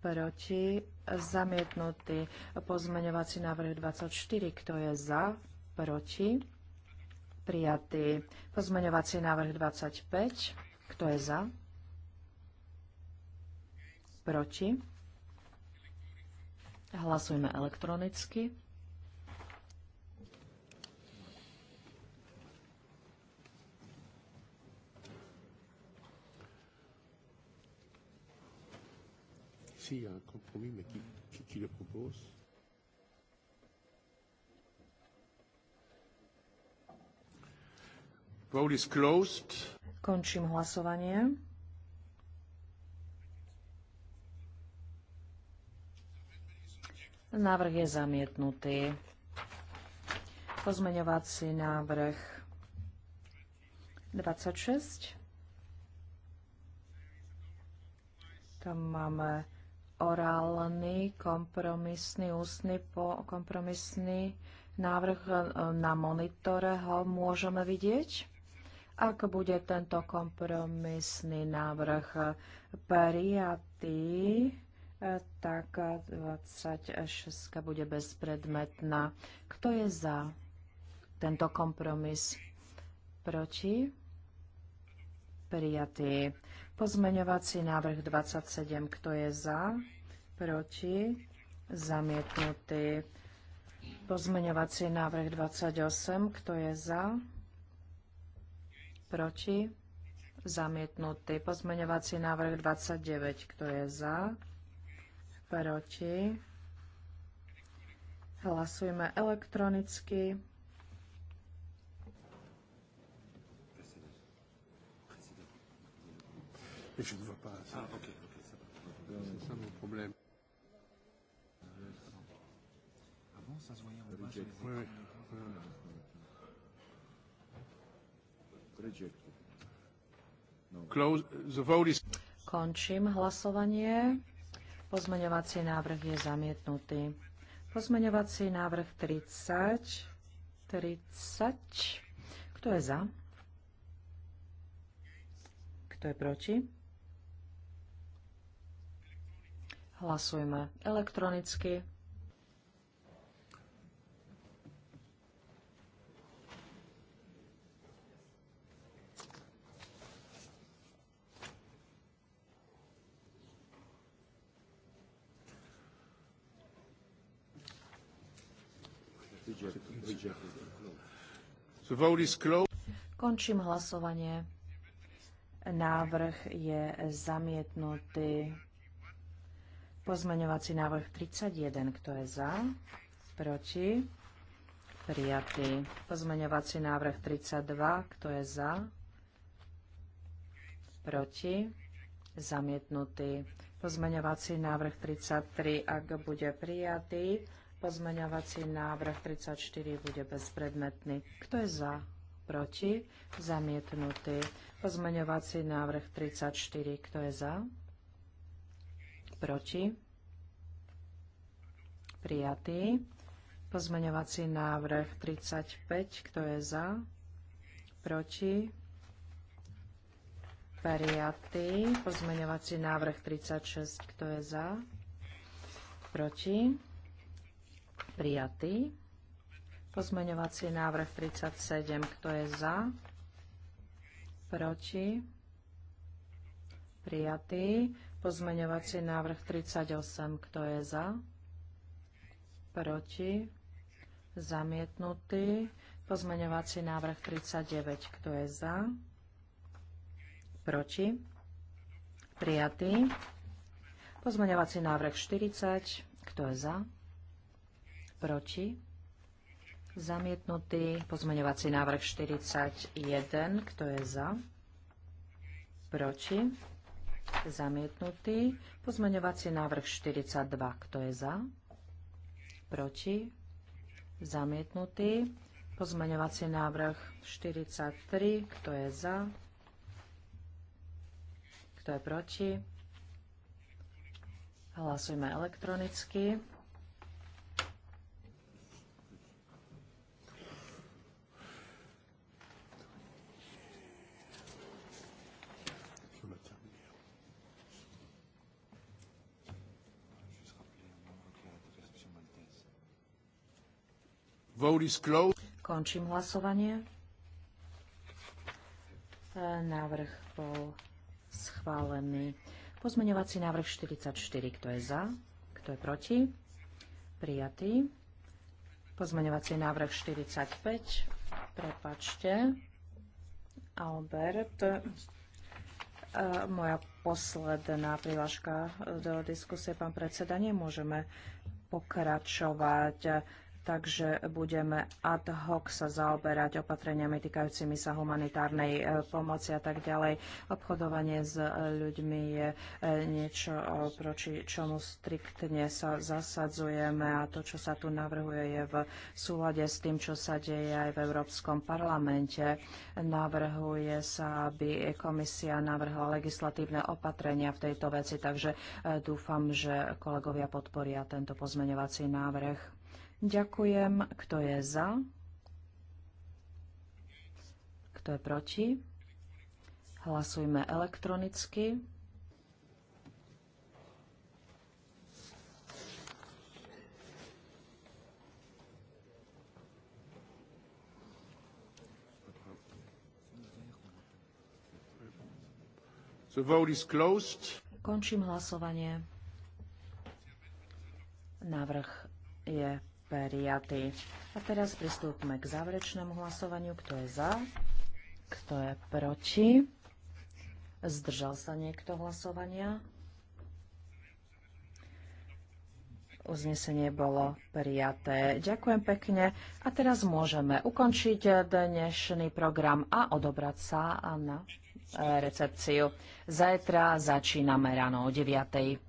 Proti? Zamietnutý. Pozmeňovací návrh 24. Kto je za? Proti? Prijatý. Pozmeňovací návrh 25. Kto je za? Proti? Hlasujme elektronicky. aussi un compromis, mais qui, qui, qui le propose Vote is closed. Končím hlasovanie. Návrh je zamietnutý. Pozmeňovací návrh 26. Tam máme orálny, kompromisný, ústny, po, kompromisný návrh e, na monitore ho môžeme vidieť. Ak bude tento kompromisný návrh prijatý, e, tak 26 bude bezpredmetná. Kto je za tento kompromis? Proti? Prijatý. Pozmeňovací návrh 27. Kto je za? Proti? Zamietnutý. Pozmeňovací návrh 28. Kto je za? Proti? Zamietnutý. Pozmeňovací návrh 29. Kto je za? Proti? Hlasujeme elektronicky. Et je ne vois pas. Ah, ok. C'est ça mon problème. Avant, ça se voyait en bas. Oui, oui. Close, the vote is... Končím hlasovanie. Pozmeňovací návrh je zamietnutý. Pozmeňovací návrh 30. 30. Kto je za? Kto je proti? Hlasujme elektronicky. Končím hlasovanie. Návrh je zamietnutý. Pozmeňovací návrh 31, kto je za? Proti? Prijatý. Pozmeňovací návrh 32, kto je za? Proti? Zamietnutý. Pozmeňovací návrh 33, ak bude prijatý, pozmeňovací návrh 34 bude bezpredmetný. Kto je za? Proti? Zamietnutý. Pozmeňovací návrh 34, kto je za? Proti? Prijatý. Pozmeňovací návrh 35. Kto je za? Proti? Prijatý. Pozmeňovací návrh 36. Kto je za? Proti? Prijatý. Pozmeňovací návrh 37. Kto je za? Proti? Prijatý. Pozmeňovací návrh 38. Kto je za? Proti? Zamietnutý. Pozmeňovací návrh 39. Kto je za? Proti? Prijatý. Pozmeňovací návrh 40. Kto je za? Proti? Zamietnutý. Pozmeňovací návrh 41. Kto je za? Proti? Zamietnutý. Pozmeňovací návrh 42. Kto je za? Proti? Zamietnutý. Pozmeňovací návrh 43. Kto je za? Kto je proti? Hlasujme elektronicky. Končím hlasovanie. E, návrh bol schválený. Pozmeňovací návrh 44. Kto je za? Kto je proti? Prijatý. Pozmeňovací návrh 45. Prepačte. Albert. E, moja posledná prihláška do diskusie, pán predseda. Nemôžeme pokračovať takže budeme ad hoc sa zaoberať opatreniami týkajúcimi sa humanitárnej e, pomoci a tak ďalej. Obchodovanie s e, ľuďmi je e, niečo, proti čomu striktne sa zasadzujeme a to, čo sa tu navrhuje, je v súlade s tým, čo sa deje aj v Európskom parlamente. Navrhuje sa, aby komisia navrhla legislatívne opatrenia v tejto veci, takže dúfam, že kolegovia podporia tento pozmeňovací návrh. Ďakujem. Kto je za? Kto je proti? Hlasujme elektronicky. The vote is closed. Končím hlasovanie. Návrh je prijatý. A teraz pristúpme k záverečnému hlasovaniu. Kto je za? Kto je proti? Zdržal sa niekto hlasovania? Uznesenie bolo prijaté. Ďakujem pekne. A teraz môžeme ukončiť dnešný program a odobrať sa na recepciu. Zajtra začíname ráno o 9.